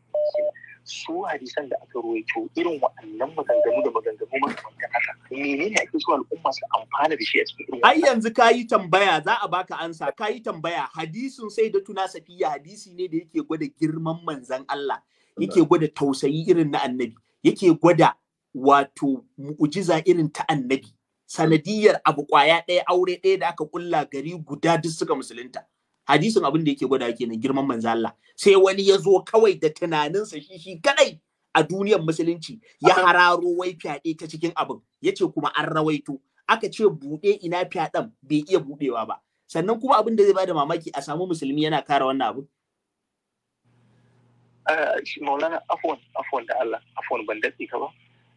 su hadisan da aka ruwaito irin waɗannan maganganu da maganganu makamantan haka menene ake so al'umma su amfana da shi a cikin irin ai yanzu ka yi tambaya za a baka ansa Ka yi tambaya hadisin sai da tuna safiya hadisi ne da yake gwada girman manzan Allah yake gwada tausayi irin na annabi yake gwada wato mu'ujiza irin ta annabi sanadiyar abu kwaya ɗaya aure ɗaya da aka kulla gari guda duk suka musulunta hadisin abin da yake gwada kenan girman manzo Allah sai wani ya zo kawai da tunaninsa shi shi kadai a duniyar musulunci ya hararo wai fyaɗe ta cikin abin yace kuma an rawaito aka ce buɗe ina fyaɗen bai iya buɗewa ba sannan kuma abin da zai bada mamaki a samu musulmi yana kare wannan abin ah, Maulana afwan afwan da Allah afwan ban dace ka ba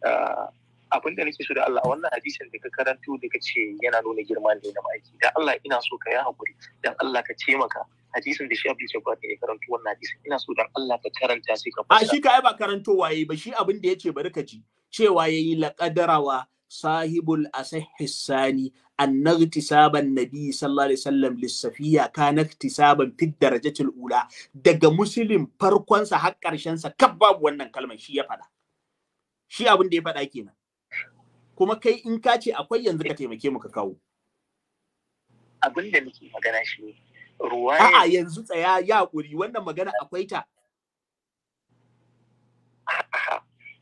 ah, abin da nake so da Allah wannan hadisin da ka karanto da kace yana nuna girma ne na ma'aiki da Allah ina so ka yi hakuri dan Allah ka ce maka hadisin da shi Abdul Jabbar ya karanto wannan hadisin ina so dan Allah ka karanta sai ka a shi ka ba karanto waye ba shi abin da yace bari ka ji cewa yayi laqadarawa sahibul asahhi sani annar saban nabi sallallahu alaihi wasallam lissafiya kanar tisaban fid darajatul ula daga muslim farkonsa har karshen sa kaf babu wannan kalmar shi ya faɗa shi abin da ya faɗa kenan kuma kai in ka ce akwai yanzu ka taimake mu ka kawo abin da muke magana shi ne ruwa a'a yanzu tsaya ya kuri wannan magana akwai ta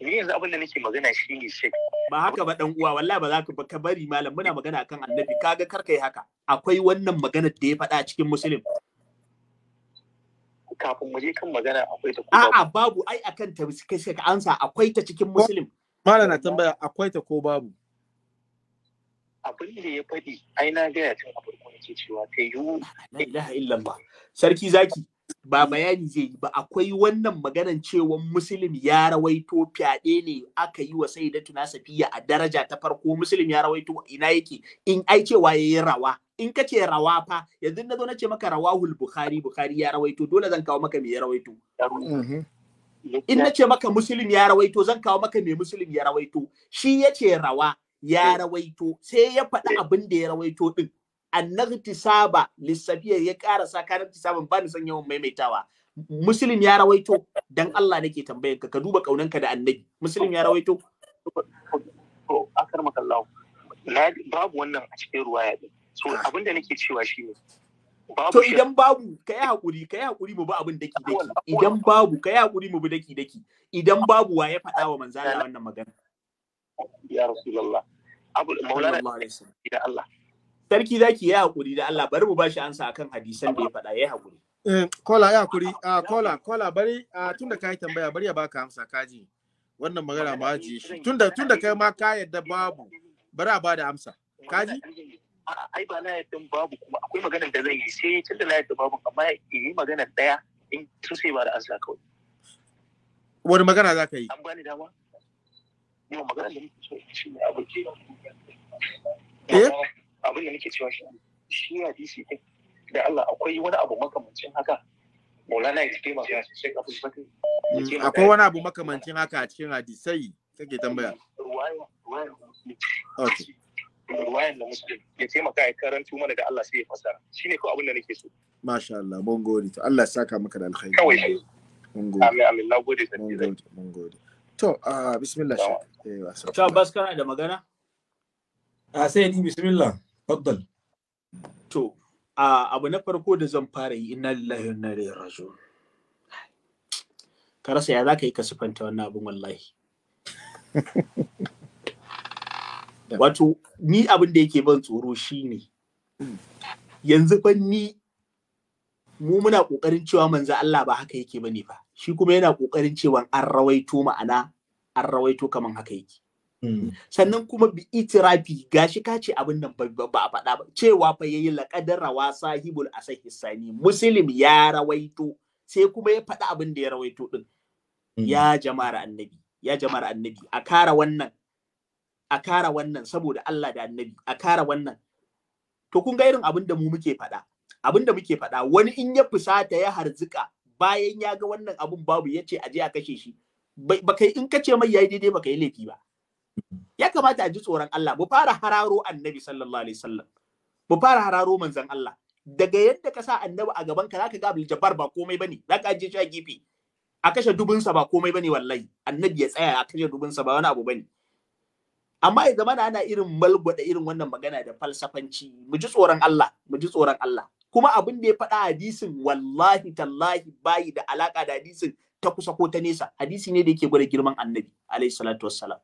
ni yanzu abin da nake magana shi ne shi. ba haka ba dan uwa wallahi ba za ka ka bari malam muna magana akan annabi kaga kar kai haka akwai wannan magana da ya faɗa cikin musulun kafin mu je kan magana akwai ta a'a babu ai akan ta kai sai ka ansa akwai ta cikin musulun mala na tambaya akwai ta ko babu abin da ya faɗi ai na gaya tun a farko yake cewa ta yiwu la ilaha illallah sarki zaki ba bayani zai yi ba akwai wannan maganan cewa muslim ya rawaito fyaɗe ne aka yi wa sai da safiya a daraja ta farko muslim ya rawaito ina yake in ai cewa ya yi rawa in ka ce rawa fa yanzu na zo na ce maka rawahul bukhari bukhari ya rawaito dole zan kawo maka mai ya rawaito in nace ce maka muslim ya rawaito zan kawo maka mai muslim ya rawaito shi ya ce rawa ya eh. rawaito sai ya faɗi eh. abin da ya rawaito din annagti saba lissafiya ya ƙara sakarar tisaban ba ni son yawan maimaitawa muslim ya rawaito dan Allah nake tambayar ka ka duba kaunanka da annabi muslim ya rawaito to akar makallahu babu wannan a cikin ruwaya din so abin da nake cewa shi ne. To idan babu ka yi kai ka yi mu bi abin daki daki idan babu ka yi mu bi daki daki idan babu wa ya faɗa wa manzala wannan magana. Ya Rasulullah. Abu Maulana da Allah. Sarki zaki yi hakuri da Allah bari mu bashi ansa akan hadisan da ya faɗa ya eh Kola ya haƙuri ah, kola kola bari ah, tunda kai tambaya bari ya baka amsa kaji wannan magana ma ji shi tunda tunda kai ma ka yadda babu bari a bada amsa kaji. a ai ba na yadda babu kuma akwai magana da zai yi sai tunda na yadda babu amma ya yi magana daya in su sai ba da ansa kawai wani magana za ka yi an bani dama yau magana da muke so shi ne abu ke eh? abin da nake cewa shi ne shi hadisi din da Allah akwai wani abu makamancin haka Maulana ya tafi masu sai abu bakai akwai wani abu makamancin haka a cikin hadisai kake tambaya ruwaya ruwaya ruwayan da muslim ya taimaka ya karantu mana da Allah sai ya fasara shine ko abin da nake so masha Allah mun gode to Allah ya saka maka da alkhairi kawai shi. mun gode amin amin nagode sai mun gode to a bismillah shi to eh, bas kana da magana a ah, sai ni bismillah faddal to a abu na farko da zan fara yi inna lillahi wa inna ilaihi raji'un ka rasa ya zaka yi ka sifanta wannan abin wallahi [laughs] wato ni abin da yake ban tsoro shine hmm. yanzu fa ni mu muna kokarin cewa manzo Allah ba haka yake bane fa shi kuma yana kokarin cewa an rawaito ma'ana an rawaito kaman haka yake hmm. sannan kuma bi itirafi gashi ka ce abin nan ba a faɗa ba cewa fa yayi laqadar rawa sahibul asahi sani muslim ya rawaito sai kuma ya faɗa abin da ya rawaito din hmm. ya jama'ar annabi ya jama'ar annabi a kara wannan a kara wannan saboda Allah da annabi a kara wannan to kun ga irin abin da mu muke faɗa abin da muke faɗa wani in ya fusata ya harzika bayan ya ga wannan abun babu ya ce a je a kashe shi kai in ka ce mai yayi daidai baka yi laifi ba ya kamata a ji tsoron Allah mu fara hararo annabi sallallahu alaihi wasallam mu fara hararo manzon Allah daga yadda ka sa annabi a gaban ka zaka ga Abdul Jabbar ba komai bane zaka je shi a gefe a kashe dubunsa ba komai bane wallahi annabi ya tsaya a kashe dubunsa ba wani abu bane amma ya zamana ana irin malgwada irin wannan magana da falsafanci mu ji tsoron Allah mu ji tsoron Allah kuma abin da ya faɗa hadisin wallahi tallahi bayi da alaka da hadisin ta kusa ko ta nesa hadisi ne da yake gwada girman annabi alaihi salatu wassalam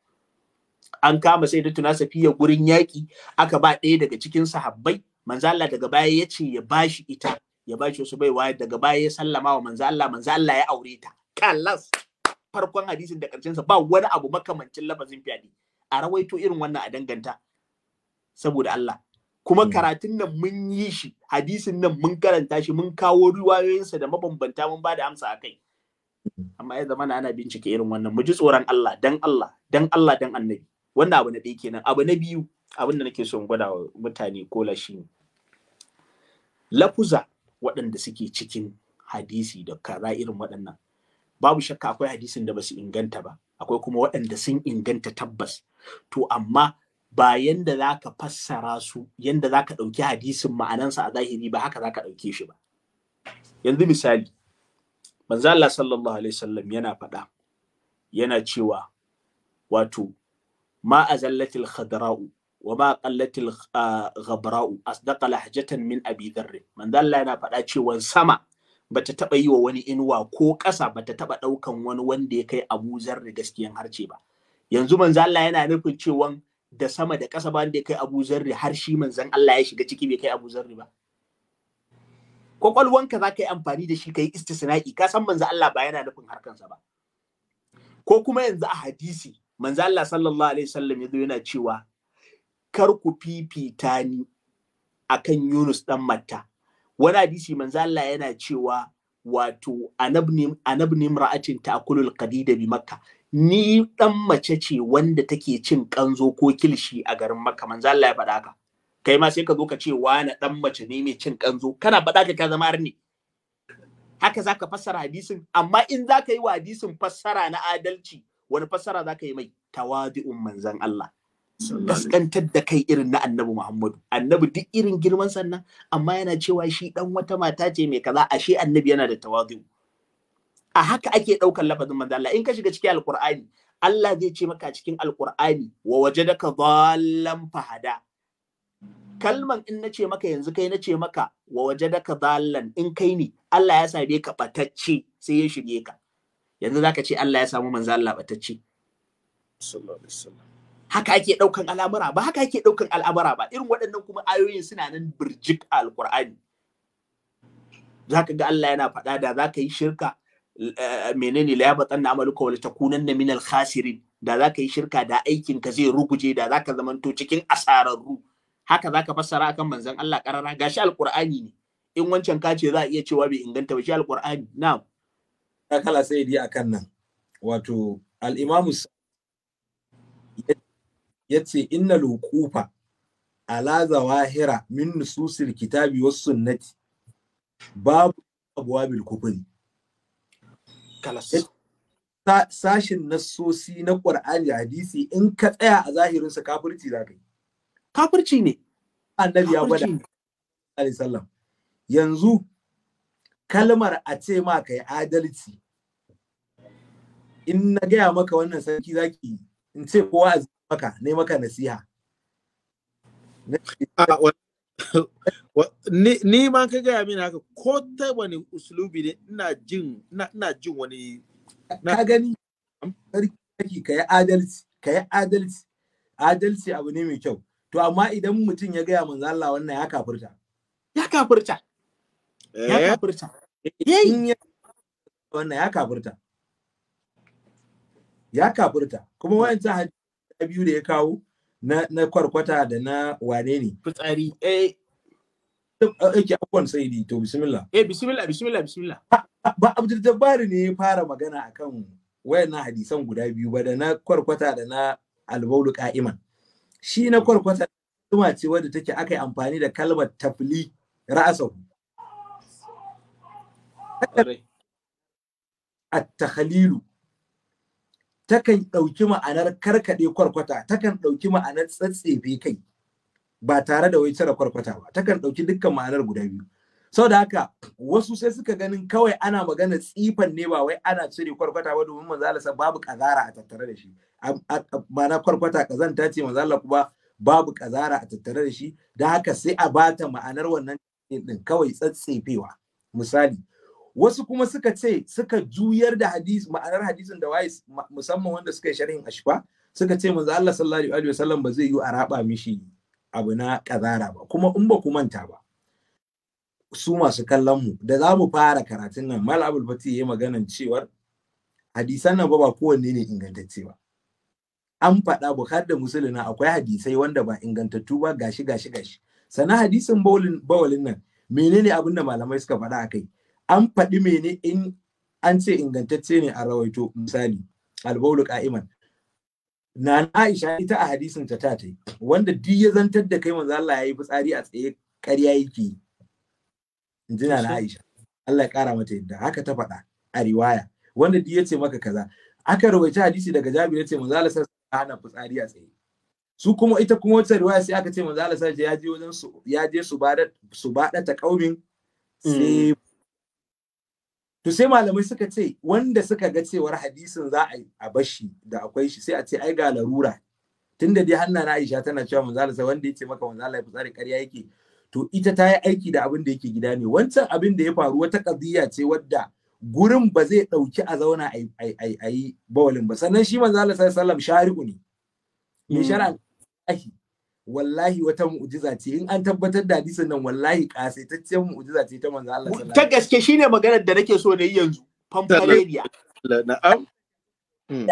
an kama sai da tuna safiya gurin yaki. aka ba ɗaya daga cikin sahabbai manzo Allah daga baya ya ce ya bashi ita ya bashi wasu baiwa daga baya ya sallama wa manzo Allah manzo Allah ya aure ta kallas farkon hadisin da karshen sa ba wani abu makamancin lafazin fiyadi a rawaito irin wannan a danganta saboda Allah kuma hmm. karatun nan mun yi shi hadisin nan mun karanta shi mun kawo riwayoyinsa da mabambanta mun bada amsa a kai hmm. amma ya zama ana bincike irin wannan mu ji tsoron Allah dan Allah dan Allah dan annabi wannan abu na ɗaya kenan abu na biyu abin da nake so in gwada wa mutane ko lashi ne lafuza waɗanda suke cikin hadisi da kaza irin waɗannan babu shakka akwai hadisin da ba su inganta ba akwai kuma waɗanda sun inganta tabbas to amma ba yanda za ka fassara su yanda za ka ɗauki hadisin ma'anansa a zahiri ba haka za ka ɗauke shi ba yanzu misali manzo Allah sallallahu alaihi wasallam yana faɗa yana cewa wato ma azallatil khadra'u wa ma qallatil ghabra'u asdaqa lahjatan min abi dharr manzo Allah yana faɗa cewa sama bata taɓa yi wa wani inuwa ko ƙasa bata taɓa ɗaukan wani wanda ya kai abu zarri gaskiyan harce ba yanzu manzo Allah yana nufin cewa da sama da ƙasa ba da kai Abu Zarri har shi manzon Allah ya shiga ciki bai kai Abu Zarri ba kwakwalwanka za ka yi amfani da shi ka yi istisna'i ka san manzo Allah ba yana nufin harkansa ba ko kuma yanzu a hadisi manzo Allah sallallahu alaihi wasallam zo yana cewa kar ku fifita ni akan Yunus dan Matta wani hadisi manzo Allah yana cewa wato anabni anabni a ta'kulul qadida bi makka ni ɗan mace ce wanda take cin ƙanzo ko kilishi a garin Makka manzo Allah ya faɗa ka kai ma sai ka zo ka ce wani ɗan mace ne mai cin ƙanzo. kana faɗa ka ka zama arni haka zaka fassara hadisin amma in zaka yi wa hadisin fassara na adalci wani fassara zaka yi mai tawadi'un manzon Allah gaskantar da kai irin na annabi Muhammadu annabi duk irin girman sannan amma yana cewa shi dan wata mata ce mai kaza ashe annabi yana da tawadu'u. a haka ake ɗaukar lafazin manzo Allah in ka shiga cikin alqur'ani Allah zai ce maka cikin alqur'ani wa wajadaka dhallan fahada kalman in na ce maka yanzu kai na ce maka wa wajadaka dhallan in kai ne Allah ya same ka batacce sai ya shige ka yanzu zaka ce Allah ya samu manzo Allah batacce haka ake ɗaukan al'amura ba haka ake ɗaukan al'amura ba irin waɗannan kuma ayoyin suna nan birjik a zaka za ka ga Allah yana faɗa da za ka yi shirka Eh, menene la yabatan na amaluka wala na minal khasirin da zaka yi shirka da aikin ka zai ruguje da zaka zamanto cikin asararru haka zaka fassara akan manzon Allah karara gashi alqur'ani ne in wancan ka ce za a iya cewa bai inganta ba shi alqur'ani na'am kala sai dai akan nan wato al-imamu yace innal wuqufa ala zawahira min nususil kitabi was sunnati babu abwabil kufri kalas eh, sashin nassosi na Qur'ani hadisi in ka tsaya a zahirin sa kafirci za ka yi kafirci ne annabi ya gwada alaihi sallam yanzu kalmar a ce ma kai adalci in na gaya maka wannan sarki zaki in ce kowa a maka ne maka nasiha ah, [laughs] ni ma ka gaya mini haka ko ta wani usulubi ne ina jin ina jin wani ka gani sarki ka yi adalci ka yi adalci adalci abu ne mai kyau to amma idan mutum ya gaya manzo Allah wannan ya kafirta ya kafirta ya eh? kafirta wannan ya kafirta ya kafirta kuma wayancan hadisi biyu da ya kawo na kwarkwata da na wane ne fitsari eh yake abubuwan saidi to bismillah eh bismillah bismillah bismillah ba abdul jabbari ne ya fara magana akan wayannan hadisan guda biyu ba da na kwarkwata da na albaulu ka'iman shi na kwarkwata tuma ce wadda take aka yi amfani da kalmar tafli ra'asahu at-takhlilu takan ɗauki ma'anar karkaɗe kwarkwata takan ɗauki ma'anar tsatsefe kai ba tare da wai cire kwarkwata ba takan ɗauki dukkan ma'anar guda biyu sau da haka wasu sai suka ganin kawai ana magana tsifan ne ba wai ana cire kwarkwata ba domin manzo Allah babu kazara a tattare da shi ma'ana kwarkwata kazanta ce manzo Allah kuma babu kazara a tattare da shi da haka sai a bata ma'anar wannan din kawai tsatsefewa misali wasu kuma suka ce suka juyar da hadis ma'anar hadisin da waye musamman wanda suka yi sharhin ashfa suka ce manzo Allah sallallahu alaihi wasallam ba zai yi araba mishi abu na kazara ba kuma in ba ku manta ba su masu kallon mu da za mu fara karatun nan mal abul fati yayi maganan cewar hadisan nan ba ba kowanne ne ingantacce ba an faɗa bukhari da musulina akwai hadisai wanda ba ingantattu ba gashi gashi gashi sannan hadisin bawalin nan menene abin da malamai suka faɗa a kai an faɗi mene in an ce ingantacce ne a rawaito misali albaulu ka'iman na Aisha ita a hadisin ta ta wanda duk ya zantar da kai manzo Allah yayi fitsari a tsaye ƙarya yake inji na Aisha Allah ya kara mata yadda haka ta faɗa a riwaya wanda duk ya ce maka kaza aka rawaita hadisi daga Jabir ya ce manzo Allah sai hana fitsari a tsaye su kuma ita kuma wata riwaya sai aka ce manzo Allah sai ya je wajen su ya je su bada su bada ta kaumin mm. sai to sai malamai suka ce wanda suka ga cewar hadisin za a yi a bashi da akwai shi sai a ce ai ga larura tunda dai hanna Aisha tana cewa manzala sai wanda yace maka manzala ya fitsari ƙarya yake to ita ta yi aiki da abin da yake gida ne wancan abin da ya faru wata kadiyya ce wadda gurin ba zai ɗauki a zauna a yi bawalin ba sannan shi manzo Allah sallallahu shari'u ne me hmm. shari'a wallahi wata mu'jiza ce in an tabbatar da hadisin nan wallahi kasaitacciyar mu'jiza ce ta manzo Allah sallallahu alaihi wasallam ta gaske shine maganar da nake so na yi yanzu fanfareriya na'am hmm.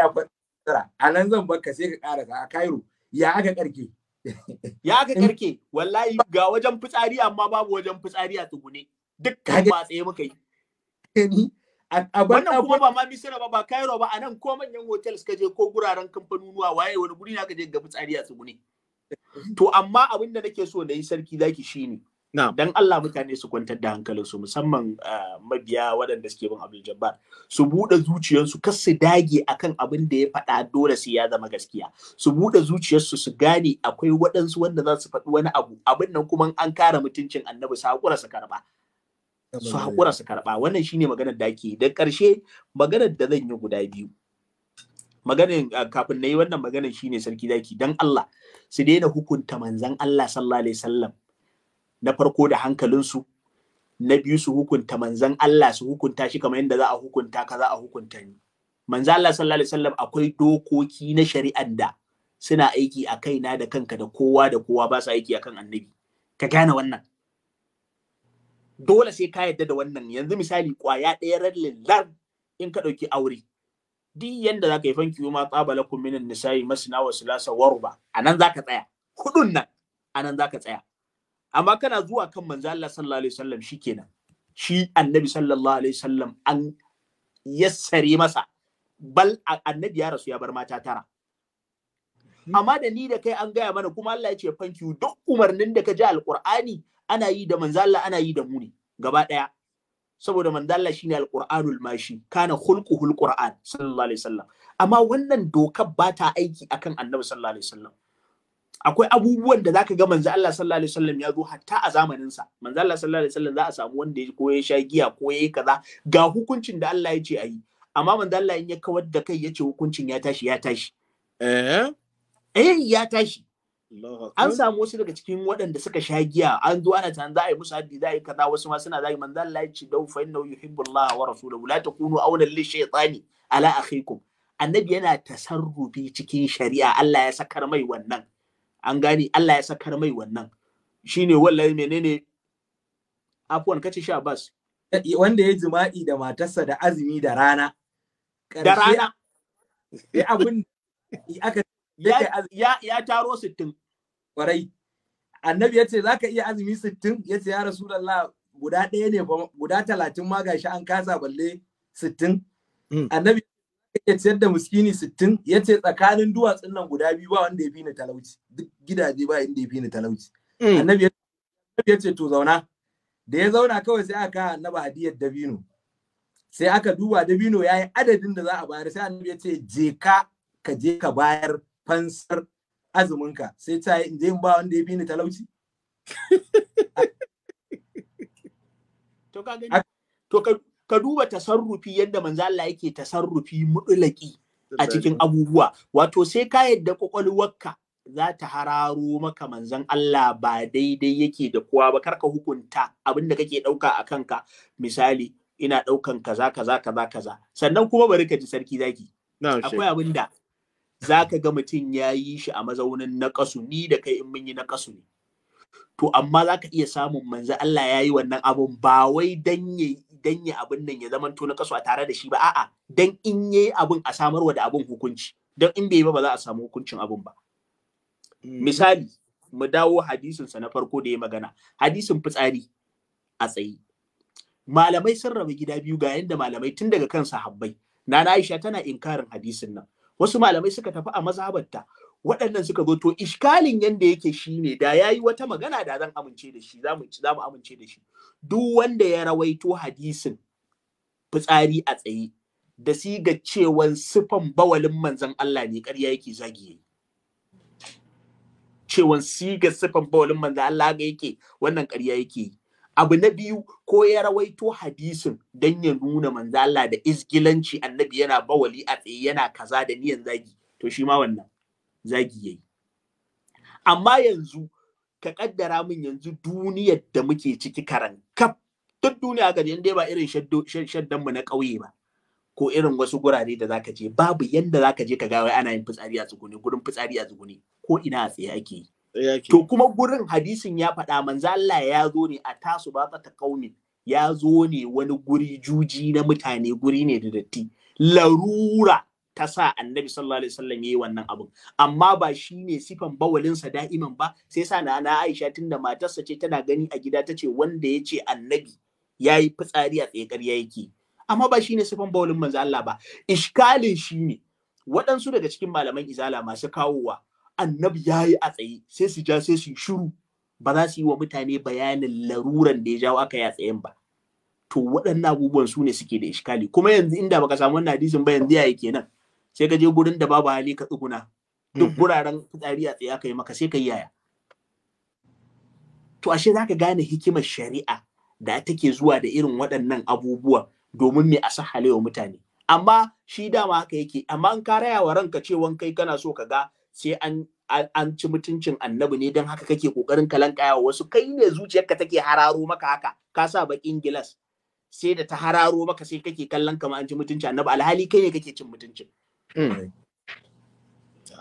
a nan zan baka sai ka kara a Cairo ya aka karke [laughs] ya aka karke wallahi ga wajen fitsari amma babu wajen fitsari a tsugune dukkan ba tsaye muka yi [laughs] wannan kuma ba ma misira ba ba Cairo ba a nan ko manyan hotel suka je ko guraren kamfanunuwa waye wani guri na ka je ga fitsari a tsugune to amma abin da nake so na yi sarki zaki shi ne. dan Allah mutane su kwantar da hankalin su. musamman ah, mabiya waɗanda suke bin Abdul Jabbar su buɗe zuciyarsu kar su dage akan abin da ya faɗa dole sai ya zama gaskiya su buɗe zuciyarsu su gane akwai waɗansu wanda za su faɗi wani abu abin nan kuma an kara mutuncin annabi su haƙura su karɓa su haƙura su karɓa wannan shine maganar da ake da ƙarshe maganar da zan yi guda biyu maganin ah, kafin na yi wannan maganin shine sarki zaki dan Allah su daina hukunta manzan Allah sallallahu alaihi wasallam na farko da hankalinsu na biyu su hukunta manzan Allah su hukunta shi kamar yadda za a hukunta ka za a hukunta ni manzan Allah sallallahu alaihi wasallam akwai dokoki na shari'ar da suna aiki a kaina da kanka da kowa da kowa ba su aiki akan annabi ka gane wannan dole sai ka yadda da wannan yanzu misali kwaya ɗaya rallin lar in ka ɗauki aure duk yanda zaka yi fanki ma qabala kum minan nisa'i masna wa sulasa warba anan zaka tsaya hudun nan anan zaka tsaya amma kana zuwa kan manzo Allah sallallahu alaihi wasallam shikenan shi annabi sallallahu alaihi wasallam an yassare masa bal annabi ya rasu ya bar mata tara hmm. amma da ni da kai an gaya mana kuma Allah ya ce fanki duk umarnin da ka ji alqur'ani ana yi da manzo Allah ana yi da mu ne gaba daya saboda Mandala shi shine alƙur'anul mashi kana hulƙu Hulƙur'an. sallallahu alaihi wasallam amma wannan dokar ba ta aiki akan annabi sallallahu alaihi wasallam akwai abubuwan da zaka ga manzo Allah sallallahu alaihi wasallam ya zo hatta a zamanin sa manzo Allah sallallahu alaihi wasallam za a samu wanda ya ko ya sha giya ko ya kaza ga hukuncin da Allah ya ce ayi amma manzo Allah in ya kawar da kai ya ce hukuncin ya tashi ya tashi eh eh ya tashi an samu wasu daga cikin waɗanda suka sha giya an zo ana can za a yi musu haddi za a yi kaza wasu ma suna zagi manzan Allah ya ce dau fa innahu yuhibbullah wa rasuluhu la takunu awla lil shaytani ala akhikum annabi yana tasarrufi cikin shari'a Allah ya sakar mai wannan an gane Allah ya sakar mai wannan shine wallahi menene afwan kace sha bas wanda ya jima'i da matarsa da azumi da rana da rana abin aka ya taro sittin. Kwarai. Annabi ya ce za ka iya azumi sittin ya ce ya Rasulallah guda ɗaya ne guda talatin ma gashi an kasa balle sittin. Hmm. Annabi ya ce, da muskini sittin ya ce tsakanin duwatsun nan guda biyu ba wanda ya fi ni talauci duk gidaje ba inda ya fi ni talauci. Hmm. Annabi ya ce to zauna. Da ya zauna kawai sai aka annaba hadiyar dabino. Sai aka duba dabino ya yi adadin da za a bayar sai annabi ya ce je ka ka je ka bayar fansar azuminka sai ta yi inda ba wanda ya bini talauci to ka duba tasarrufi yadda manzo Allah yake tasarrufi mudulaki a cikin abubuwa wato sai ka yadda kwakwalwarka za ta hararo maka manzon Allah ba daidai yake da kowa ba karka hukunta abin da kake ɗauka a kanka misali ina ɗaukan kaza kaza kaza kaza sannan kuma bari ka ji sarki zaki akwai abin da za ka ga mutum ya yi shi a mazaunin na kasu ni da kai in mun yi na kasu ne to amma za ka iya samun manzo Allah ya yi wannan abun ba wai danye ya abin nan ya zama to na kasu a tare da shi ba a'a dan in yi abun a samarwa da abun hukunci dan in bai ba ba za a samu hukuncin abun ba hmm. misali mu dawo hadisin sa na farko da ya magana hadisin fitsari a tsaye malamai sun rabu gida biyu ga yanda malamai tun daga kan sahabbai nana Aisha tana inkarin hadisin nan wasu malamai suka tafi a mazhabarta waɗannan suka zo to iskalin yanda yake shine da yayi wata magana da zan amince da shi zamu zamu amince da shi duk wanda ya rawaito hadisin fitsari a tsaye da siga cewan sifan bawalin manzon Allah ne ƙarya yake zagi cewan siga sifan bawalin manzon Allah ga yake wannan ƙarya yake yi abu na biyu ko ya rawaito hadisin dan ya nuna Manzala da izgilanci annabi yana bawali a tsaye yana kaza da niyan zagi to shi ma wannan zagi yayi amma yanzu ka kaddara min yanzu duniyar da muke ciki karan kaf duk duniya aka je ba irin shaddan mu na ƙauye ba ko irin wasu gurare da zaka je babu yanda zaka je ka ga wai ana yin fitsari a tsuguni gurin fitsari a tsuguni ko ina a tsaye ake yi To kuma gurin hadisin ya faɗa manzo Allah ya zo ne a tasu ba ta kauni ya zo ne wani guri juji na mutane guri ne da datti. Larura ta sa annabi sallallahu alaihi wasallam yayi wannan abun amma ba shi ne sifan sa da'iman ba sai sa na na Aisha tunda matarsa ce tana gani a gida tace wanda ya ce annabi yayi fitsari a tsekar yake amma ba shi ne sifan bawalin manzo Allah ba ishkalin shi ne waɗansu daga cikin malaman izala masu kawowa annabi ya yi a tsaye sai su ja sai su shiru ba za su yi wa mutane bayanin laruran da ya jawo aka yi a tsayen ba to waɗannan abubuwan su ne suke da ishkali kuma yanzu inda baka samu wannan hadisin ba yanzu yi kenan sai ka je gurin da babu hali ka tsuguna duk mhm. guraren fitsari a tsaye aka yi maka sai ka yi yaya to ashe za ka gane hikimar shari'a da take zuwa da irin waɗannan abubuwa domin me a sahalewa mutane amma shi dama haka yake amma an ka raya ranka cewa kai kana so ka ga sai an an ci mutuncin annabi ne don haka kake kokarin wa wasu kai ne zuciyarka take hararo maka haka ka sa bakin gilas sai da ta hararo maka sai kake kallon kamar an ci mutuncin annabi alhali kai ne kake cin mutuncin hmm.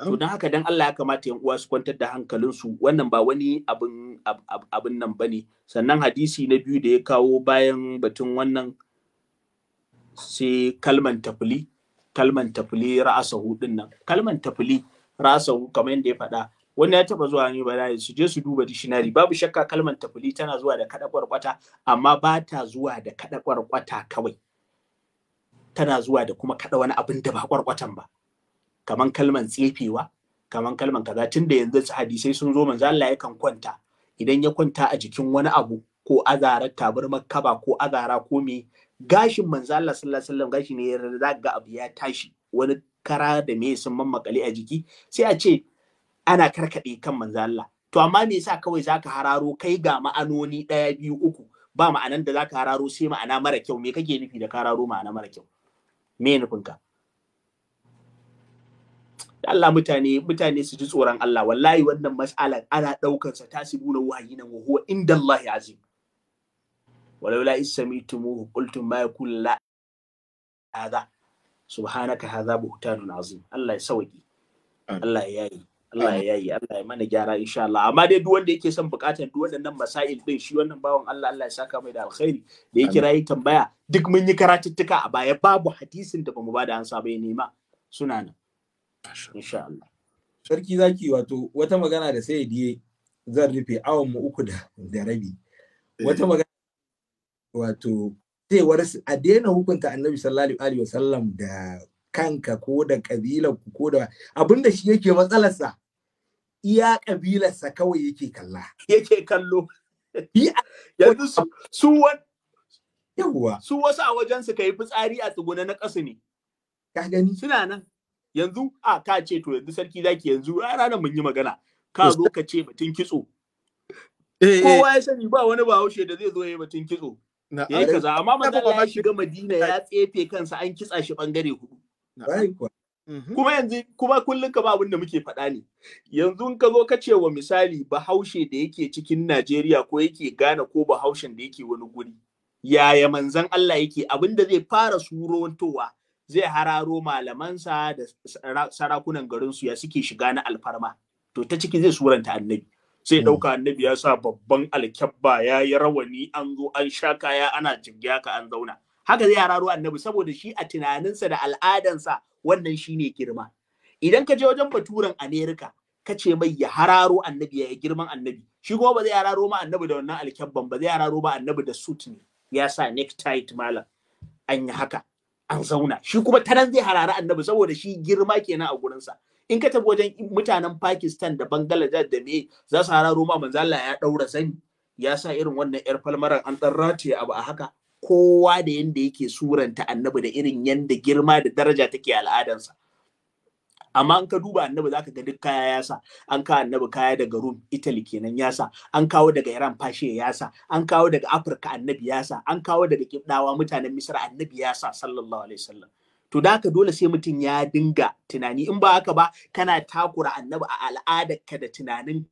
to don haka dan Allah ya kamata yan uwa su kwantar da hankalinsu wannan ba wani abin abin nan bane sannan hadisi na biyu da ya kawo bayan batun wannan sai kalman tafli kalman tafli ra'asa hudun nan kalman tafli rasa kamar yadda ya faɗa Wani ya taɓa zuwa ne za su je su duba dictionary babu shakka kalmar tafuli tana zuwa da kaɗa ƙwarƙwata, amma ba ta zuwa da kaɗa ƙwarƙwata kawai tana zuwa da kuma kaɗa wani abin da ba ƙwarƙwatan ba kamar kalmar tsefewa kamar kalmar kaza tun da yanzu hadisai sun zo manzo Allah yakan kwanta idan ya kwanta a jikin wani abu ko azara tabar kaba ko azara ko me gashin manzo Allah sallallahu alaihi wasallam gashi ne zaka ga abu ya tashi wani kara da me sun mammakale a jiki sai a ce ana karkaɗe kan manzo Allah to amma me yasa kawai zaka hararo kai ga ma'anoni ɗaya biyu uku ba ma'anan da zaka hararo sai ma'ana mara kyau me kake nufi da kararo ma'ana mara kyau me nufin ka Allah mutane mutane su ji tsoron Allah wallahi wannan mas'alan ana daukar sa tasibuna wahayina wa huwa inda Allah azim walaula إذ سمعتموه قلتم ما يكون لا subhanaka hadha buhtanun azim Allah ya sauki Allah ya yayi Allah ya yayi Allah ya mana gyara insha Allah amma dai duk wanda yake son bukatar duk waɗannan masail din shi wannan bawan Allah Allah ya saka mai da alkhairi da ya kira yi tambaya duk mun yi karatuttuka a baya babu hadisin da bamu bada ansa bai nema suna nan insha Allah sarki zaki wato wata magana da sai diye zan rufe awon mu uku da da rabi wata eh. magana wato cewar a daina hukunta annabi sallallahu alaihi wasallam da kanka ko da kabilar ku ko da abinda shi yake matsalarsa iya kabilarsa kawai yake kalla yake kallo yanzu su yawwa su wasu a wajen su kai fitsari a tsuguna na ƙasa ne ka gani suna nan yanzu a ka ce to yanzu sarki zaki yanzu Rana mun yi magana ka zo ka ce batun kitso eh, eh. kowa ya sani ba wani bahaushe da zai zo ya yi batun kitso Eh, ya kaza amma manzo ya shiga Madina ya tsefe kansa an kitsa shi bangare hudu mhm. kuma yanzu kuma kullum ka ba abin da muke faɗa ne yanzu ka zo ka ce wa misali bahaushe da yake cikin Najeriya ko yake Ghana ko bahaushen da yake wani guri yaya manzon Allah yake abin da zai fara surowantowa zai hararo malamansa da sarakunan garinsu ya suke shiga na alfarma to ta ciki zai suranta annabi sai hmm. ɗauka annabi ya sa babban alkyabba ya yi rawani an zo an sha kaya ana jingya ka an zauna haka zai hararo annabi saboda shi a tunaninsa da al'adansa wannan shine girma idan ka je wajen baturen america ka ce mai ya hararo annabi ya yi girman annabi shi kuma ba zai hararo ma annabi da wannan alkyabban ba zai hararo ba annabi da suit ne ya sa necktie malam an yi haka an zauna shi kuma ta zai harara annabi saboda shi girma kenan a gurinsa in ka tafi wajen mutanen Pakistan da Bangladesh da me za su hararo ma manzo ya daura sani ya sa irin wannan yar falmarar. an dan rataye abu a haka kowa da yanda yake suranta annabi da irin yanda girma da daraja take al'adansa amma an ka duba annabi za ka ga duk kaya ya sa an kawo annabi kaya daga rum italy kenan ya sa an kawo daga iran fashe ya sa an kawo daga afirka annabi ya sa an kawo daga kibdawa mutanen misra annabi ya sa sallallahu alaihi wasallam to da haka dole sai mutum ya dinga tunani in ba haka ba kana takura annabi a al'adar ka da tunanin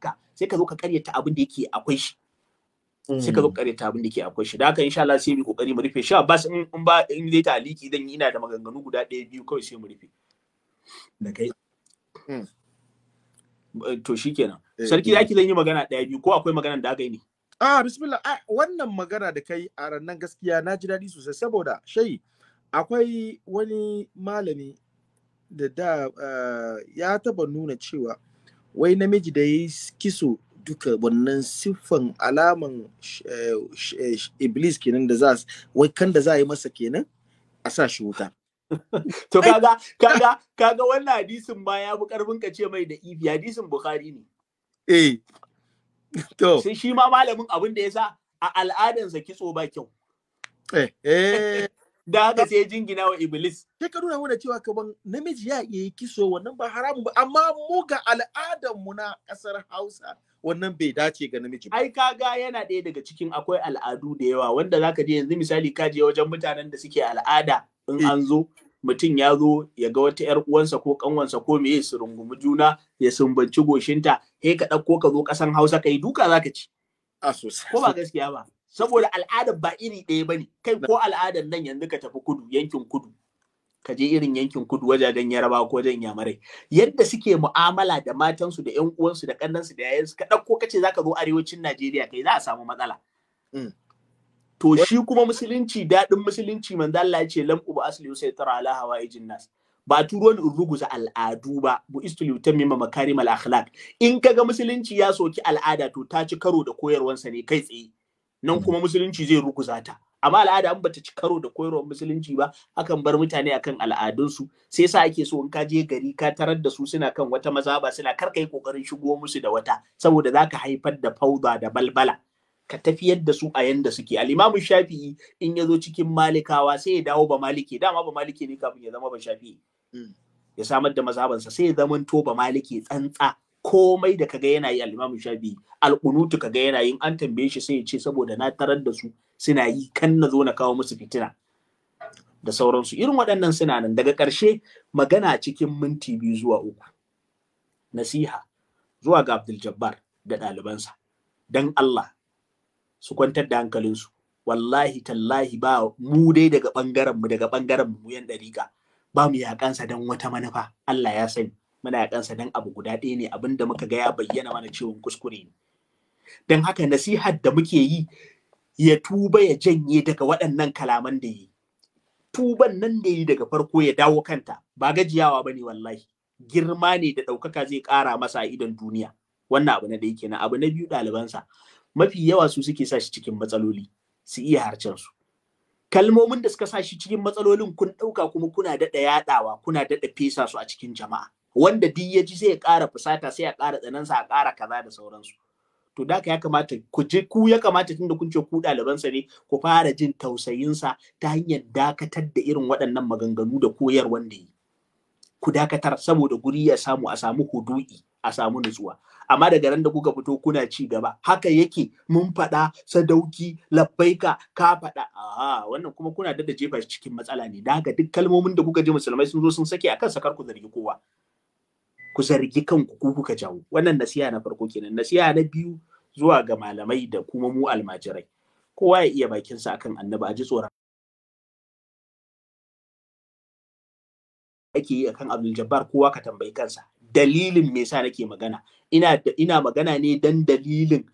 ka sai ka zo ka karyata abin da yake akwai shi sai ka zo ka karyata abin da yake akwai shi da haka insha Allah sai mu kokari mu rufe sha bas in ba in zai taliki dan ina da maganganu guda ɗaya biyu kawai sai mu rufe da kai hmm. eh, to shikenan eh, sarki zaki eh. zan yi magana ɗaya biyu ko akwai maganar da aka yi ne Ah, bismillah, ah, wannan magana da kai a rannan gaskiya na ji daɗi sosai saboda shai akwai wani malami da da eh, ya taba nuna cewa wai namiji da ya yi kiso duka wannan siffan alaman eh, eh, iblis kenan da za wai kan da za a yi masa kenan a sa shi wuta. [laughs] to kaga kaga kaga wannan hadisin ba ya bi karfin ka ce mai da ifi hadisin bukhari ne. Eh. [laughs] To. Sai shi ma malamin abin da ya sa a al'adansa kitso ba kyau. Eh, eh. [laughs] da haka sai ya jingina wa iblis sai ka nuna mana cewa kaman namiji ya iya kitso wannan ba haramun ba amma mu ga al'adar mu na ƙasar Hausa wannan bai dace ga namiji ba ai kaga yana ɗaya daga cikin akwai al'adu da yawa wanda zaka je yanzu misali ka je wajen mutanen da suke al'ada in eh. an zo mutum ya zo ya ga wata ‘yar uwansa ko ƙanwansa ko meye su rungumi juna ya sumbanci goshinta he ka ɗauko ka zo ƙasan Hausa kai duka zaka ci. Ko ba gaskiya ba. Saboda al'adar ba iri ɗaya ba kai ko al'adar nan yanzu ka tafi kudu yankin kudu. Ka je irin yankin kudu wajajen Yaraba ko wajen Yamarai. Yadda suke mu'amala da matansu da ‘yan uwansu da kannansu da yayansu ka ɗauko ka ce za ka zo arewacin Najeriya kai za a samu matsala. Mm. to shi kuma musulunci daɗin musulunci manzo Allah ya ce lam ubu asli yusaytara ala hawaijin nas ba turo ni in ruguza al'adu ba bu istu liyutammima makarim al akhlaq in kaga musulunci ya soki al'ada to ta ci karo da koyarwansa ne kai tsaye nan kuma musulunci zai ruguza ta amma al'ada an bata ci karo da koyarwar musulunci ba akan bar mutane akan al'adunsu sai sa ake so in ka je gari ka tarar da su suna kan wata mazaba suna karkai yi kokarin shigo musu da wata saboda zaka haifar da fauda da balbala ka tafiyar da su a yanda suke al'imamu shafi'i in ya zo cikin malikawa sai ya dawo ba maliki dama ba maliki ne kafin ya zama ba shafi'i hmm. ya samar da mazhabansa sai ya zama to ba maliki tsantsa komai da kaga yana yi al'imamu shafi'i al'unutu kaga yana yin an tambaye shi sai ya ce saboda na tarar da su suna yi kan na zo na kawo musu fitina da sauransu irin waɗannan suna nan daga ƙarshe magana cikin minti biyu zuwa uku nasiha zuwa ga Abdul Jabbar da ɗalibansa dan Allah su kwantar da hankalinsu wallahi tallahi ba mu dai daga bangaren mu daga bangaren mu yan dariƙa ba mu yaƙansa don wata manufa Allah ya sani muna yakansa don abu guda ɗaya ne da muka ga ya bayyana mana cewa kuskure ne don haka nasihar da muke yi ya tuba ya janye daga waɗannan kalaman da yi tuban nan da yi daga farko ya dawo kanta ba gajiyawa ba ne, wallahi girma ne da ɗaukaka zai ƙara masa a idon duniya wannan abu na da yake na abu na biyu ɗalibansa mafi yawa su suke sa shi cikin matsaloli su iya harcen su kalmomin da suka sa shi cikin matsalolin kun ɗauka kuma kuna daɗa yaɗawa kuna daɗa fesa su a cikin jama'a wanda duk ya ji sai ya ƙara fusata sai ya ƙara tsanansa a ƙara kaza da sauransu to da ya kamata ku je ku ya kamata tunda kun ce ku ɗalibansa ne ku fara jin tausayinsa ta hanyar dakatar da irin waɗannan maganganu da koyar wanda yi ku dakatar saboda guri ya samu a samu hudu'i a samu nutsuwa amma daga ran da kuka fito kuna ci gaba haka yake mun faɗa sadauki labbaika ka faɗa a wannan kuma kuna da da jefa cikin matsala ne daga duk kalmomin da kuka ji musulmai sun zo sun sake akan sakar ku zargi kowa ku zargi kanku ku kuka jawo wannan nasiha na farko kenan nasiha na biyu zuwa ga malamai da kuma mu almajirai kowa ya iya bakinsa akan annabi a ji tsoron ake yi akan Abdul Jabbar kowa ka tambayi kansa dalilin me yasa nake magana ina ina magana ne dan dalilin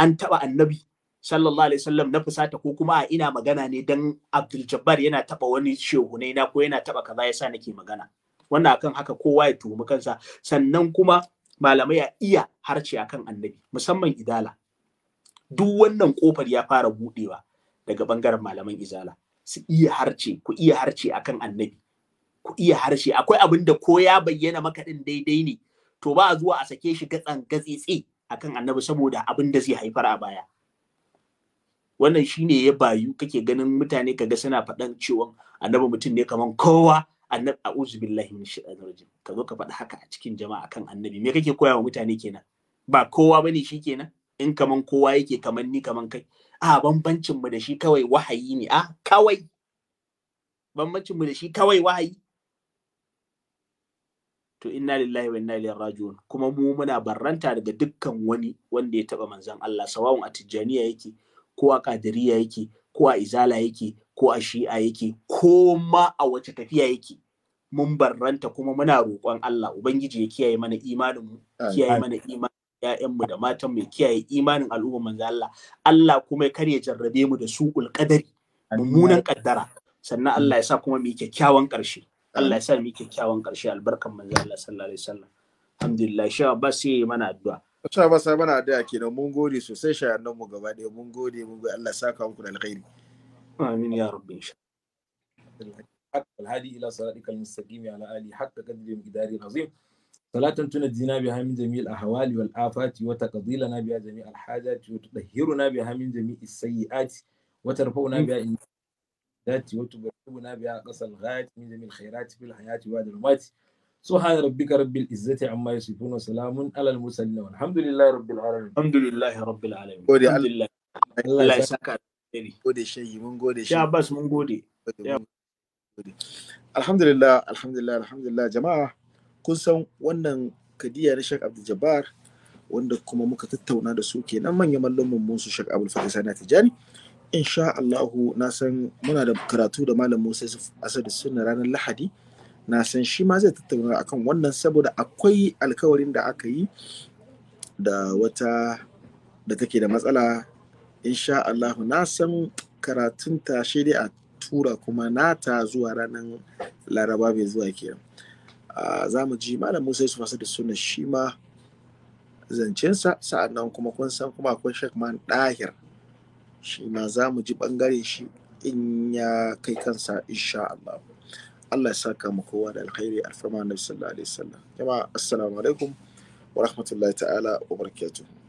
an taba annabi sallallahu alaihi wasallam na fusata ko kuma ina magana ne dan Abdul Jabbar yana taba wani shehunai na ko yana taba kaza yasa nake magana wannan akan haka kowa ya tuhumi kansa sannan kuma malamai ya iya harce akan annabi musamman idala duk wannan kofar ya fara budewa daga bangaren malaman izala su iya harce ku iya harce akan annabi ku iya harshe akwai abin da ko ya bayyana maka din daidai ne to ba a zuwa a sake shi gatsan gatsitsi akan annabi saboda abin da zai haifar a baya wannan shine ya bayu kake ganin mutane kaga suna faɗan cewa annabi mutum ne kaman kowa annabi a'udhu billahi min shaitanir rajim ka zo ka faɗi haka a cikin jama'a kan annabi me kake koya wa mutane kenan ba kowa bane shi kenan in kaman kowa yake kaman ni kaman kai a bambancin mu da shi kawai wahayi ne a kawai bambancin mu da shi kawai wahayi to inna lillahi wa inna ilaihi raji'un kuma mu muna barranta daga dukkan wani wanda ya taba manzon Allah sawawun a tijjaniya yake ko a kadiriya yake ko a izala yake ko a shi'a yake ko ma a wace tafiya yake mun barranta kuma muna roƙon Allah ubangiji ya kiyaye mana imanin mu kiyaye mana imanin ‘ya'yanmu da matan ya kiyaye imanin al'umma manzon Allah Allah kuma kar ya jarrabe mu da su qadari mummunan kaddara sannan Allah ya sa kuma mu yi kyakkyawan ƙarshe Allah mm. ya sa mu kyakkyawan ƙarshe albarkan manzo Allah sallallahu alaihi wasallam alhamdulillah sha ba sai mana addu'a sha ba sai mana addu'a kenan mun gode sosai shayannan mu gaba ɗaya mun gode mun gode Allah saka muku da alkhairi amin ya rabbi insha الهادي الى صراطك المستقيم على اله حق قدر مقدار عظيم صلاة تنجينا بها من جميع الاهوال والافات وتقضي لنا بها جميع الحاجات وتطهرنا بها من جميع السيئات وترفعنا بها ذاتي وتبلغنا بها قصى الغاية من جميع الخيرات في الحياة وبعد الممات سبحان ربك رب العزة عما يصفون وسلام على المرسلين والحمد لله رب العالمين الحمد لله رب العالمين الحمد لله Allah ya saka alheri gode shayi mun gode shi bas mun gode alhamdulillah alhamdulillah alhamdulillah jama'a kun san wannan kadiyar Sheikh Abdul Jabbar wanda kuma muka tattauna da su kenan manyan mallon mun su Sheikh Abdul Fatih Sani Tijani insha Allahu na san muna da karatu da malam Musa Asad suna ranar Lahadi na san shi ma zai tattauna akan wannan saboda akwai alkawarin da aka yi da wata da take da matsala insha Allahu na san karatun ta dai a tura kuma na ta zuwa ranar Laraba bai zuwa kenan za mu ji malam Musa Yusuf Asad suna shi ma zancensa sa'annan kuma kun san kuma akwai Sheikh Man Dahir shi ma za mu ji ɓangare shi in ya kai kansa insha Allah Allah ya saka mu kowa da alkhairi alfarma na sallallahu alaihi wasallam jama'a assalamu alaikum wa rahmatullahi ta'ala wa barakatuh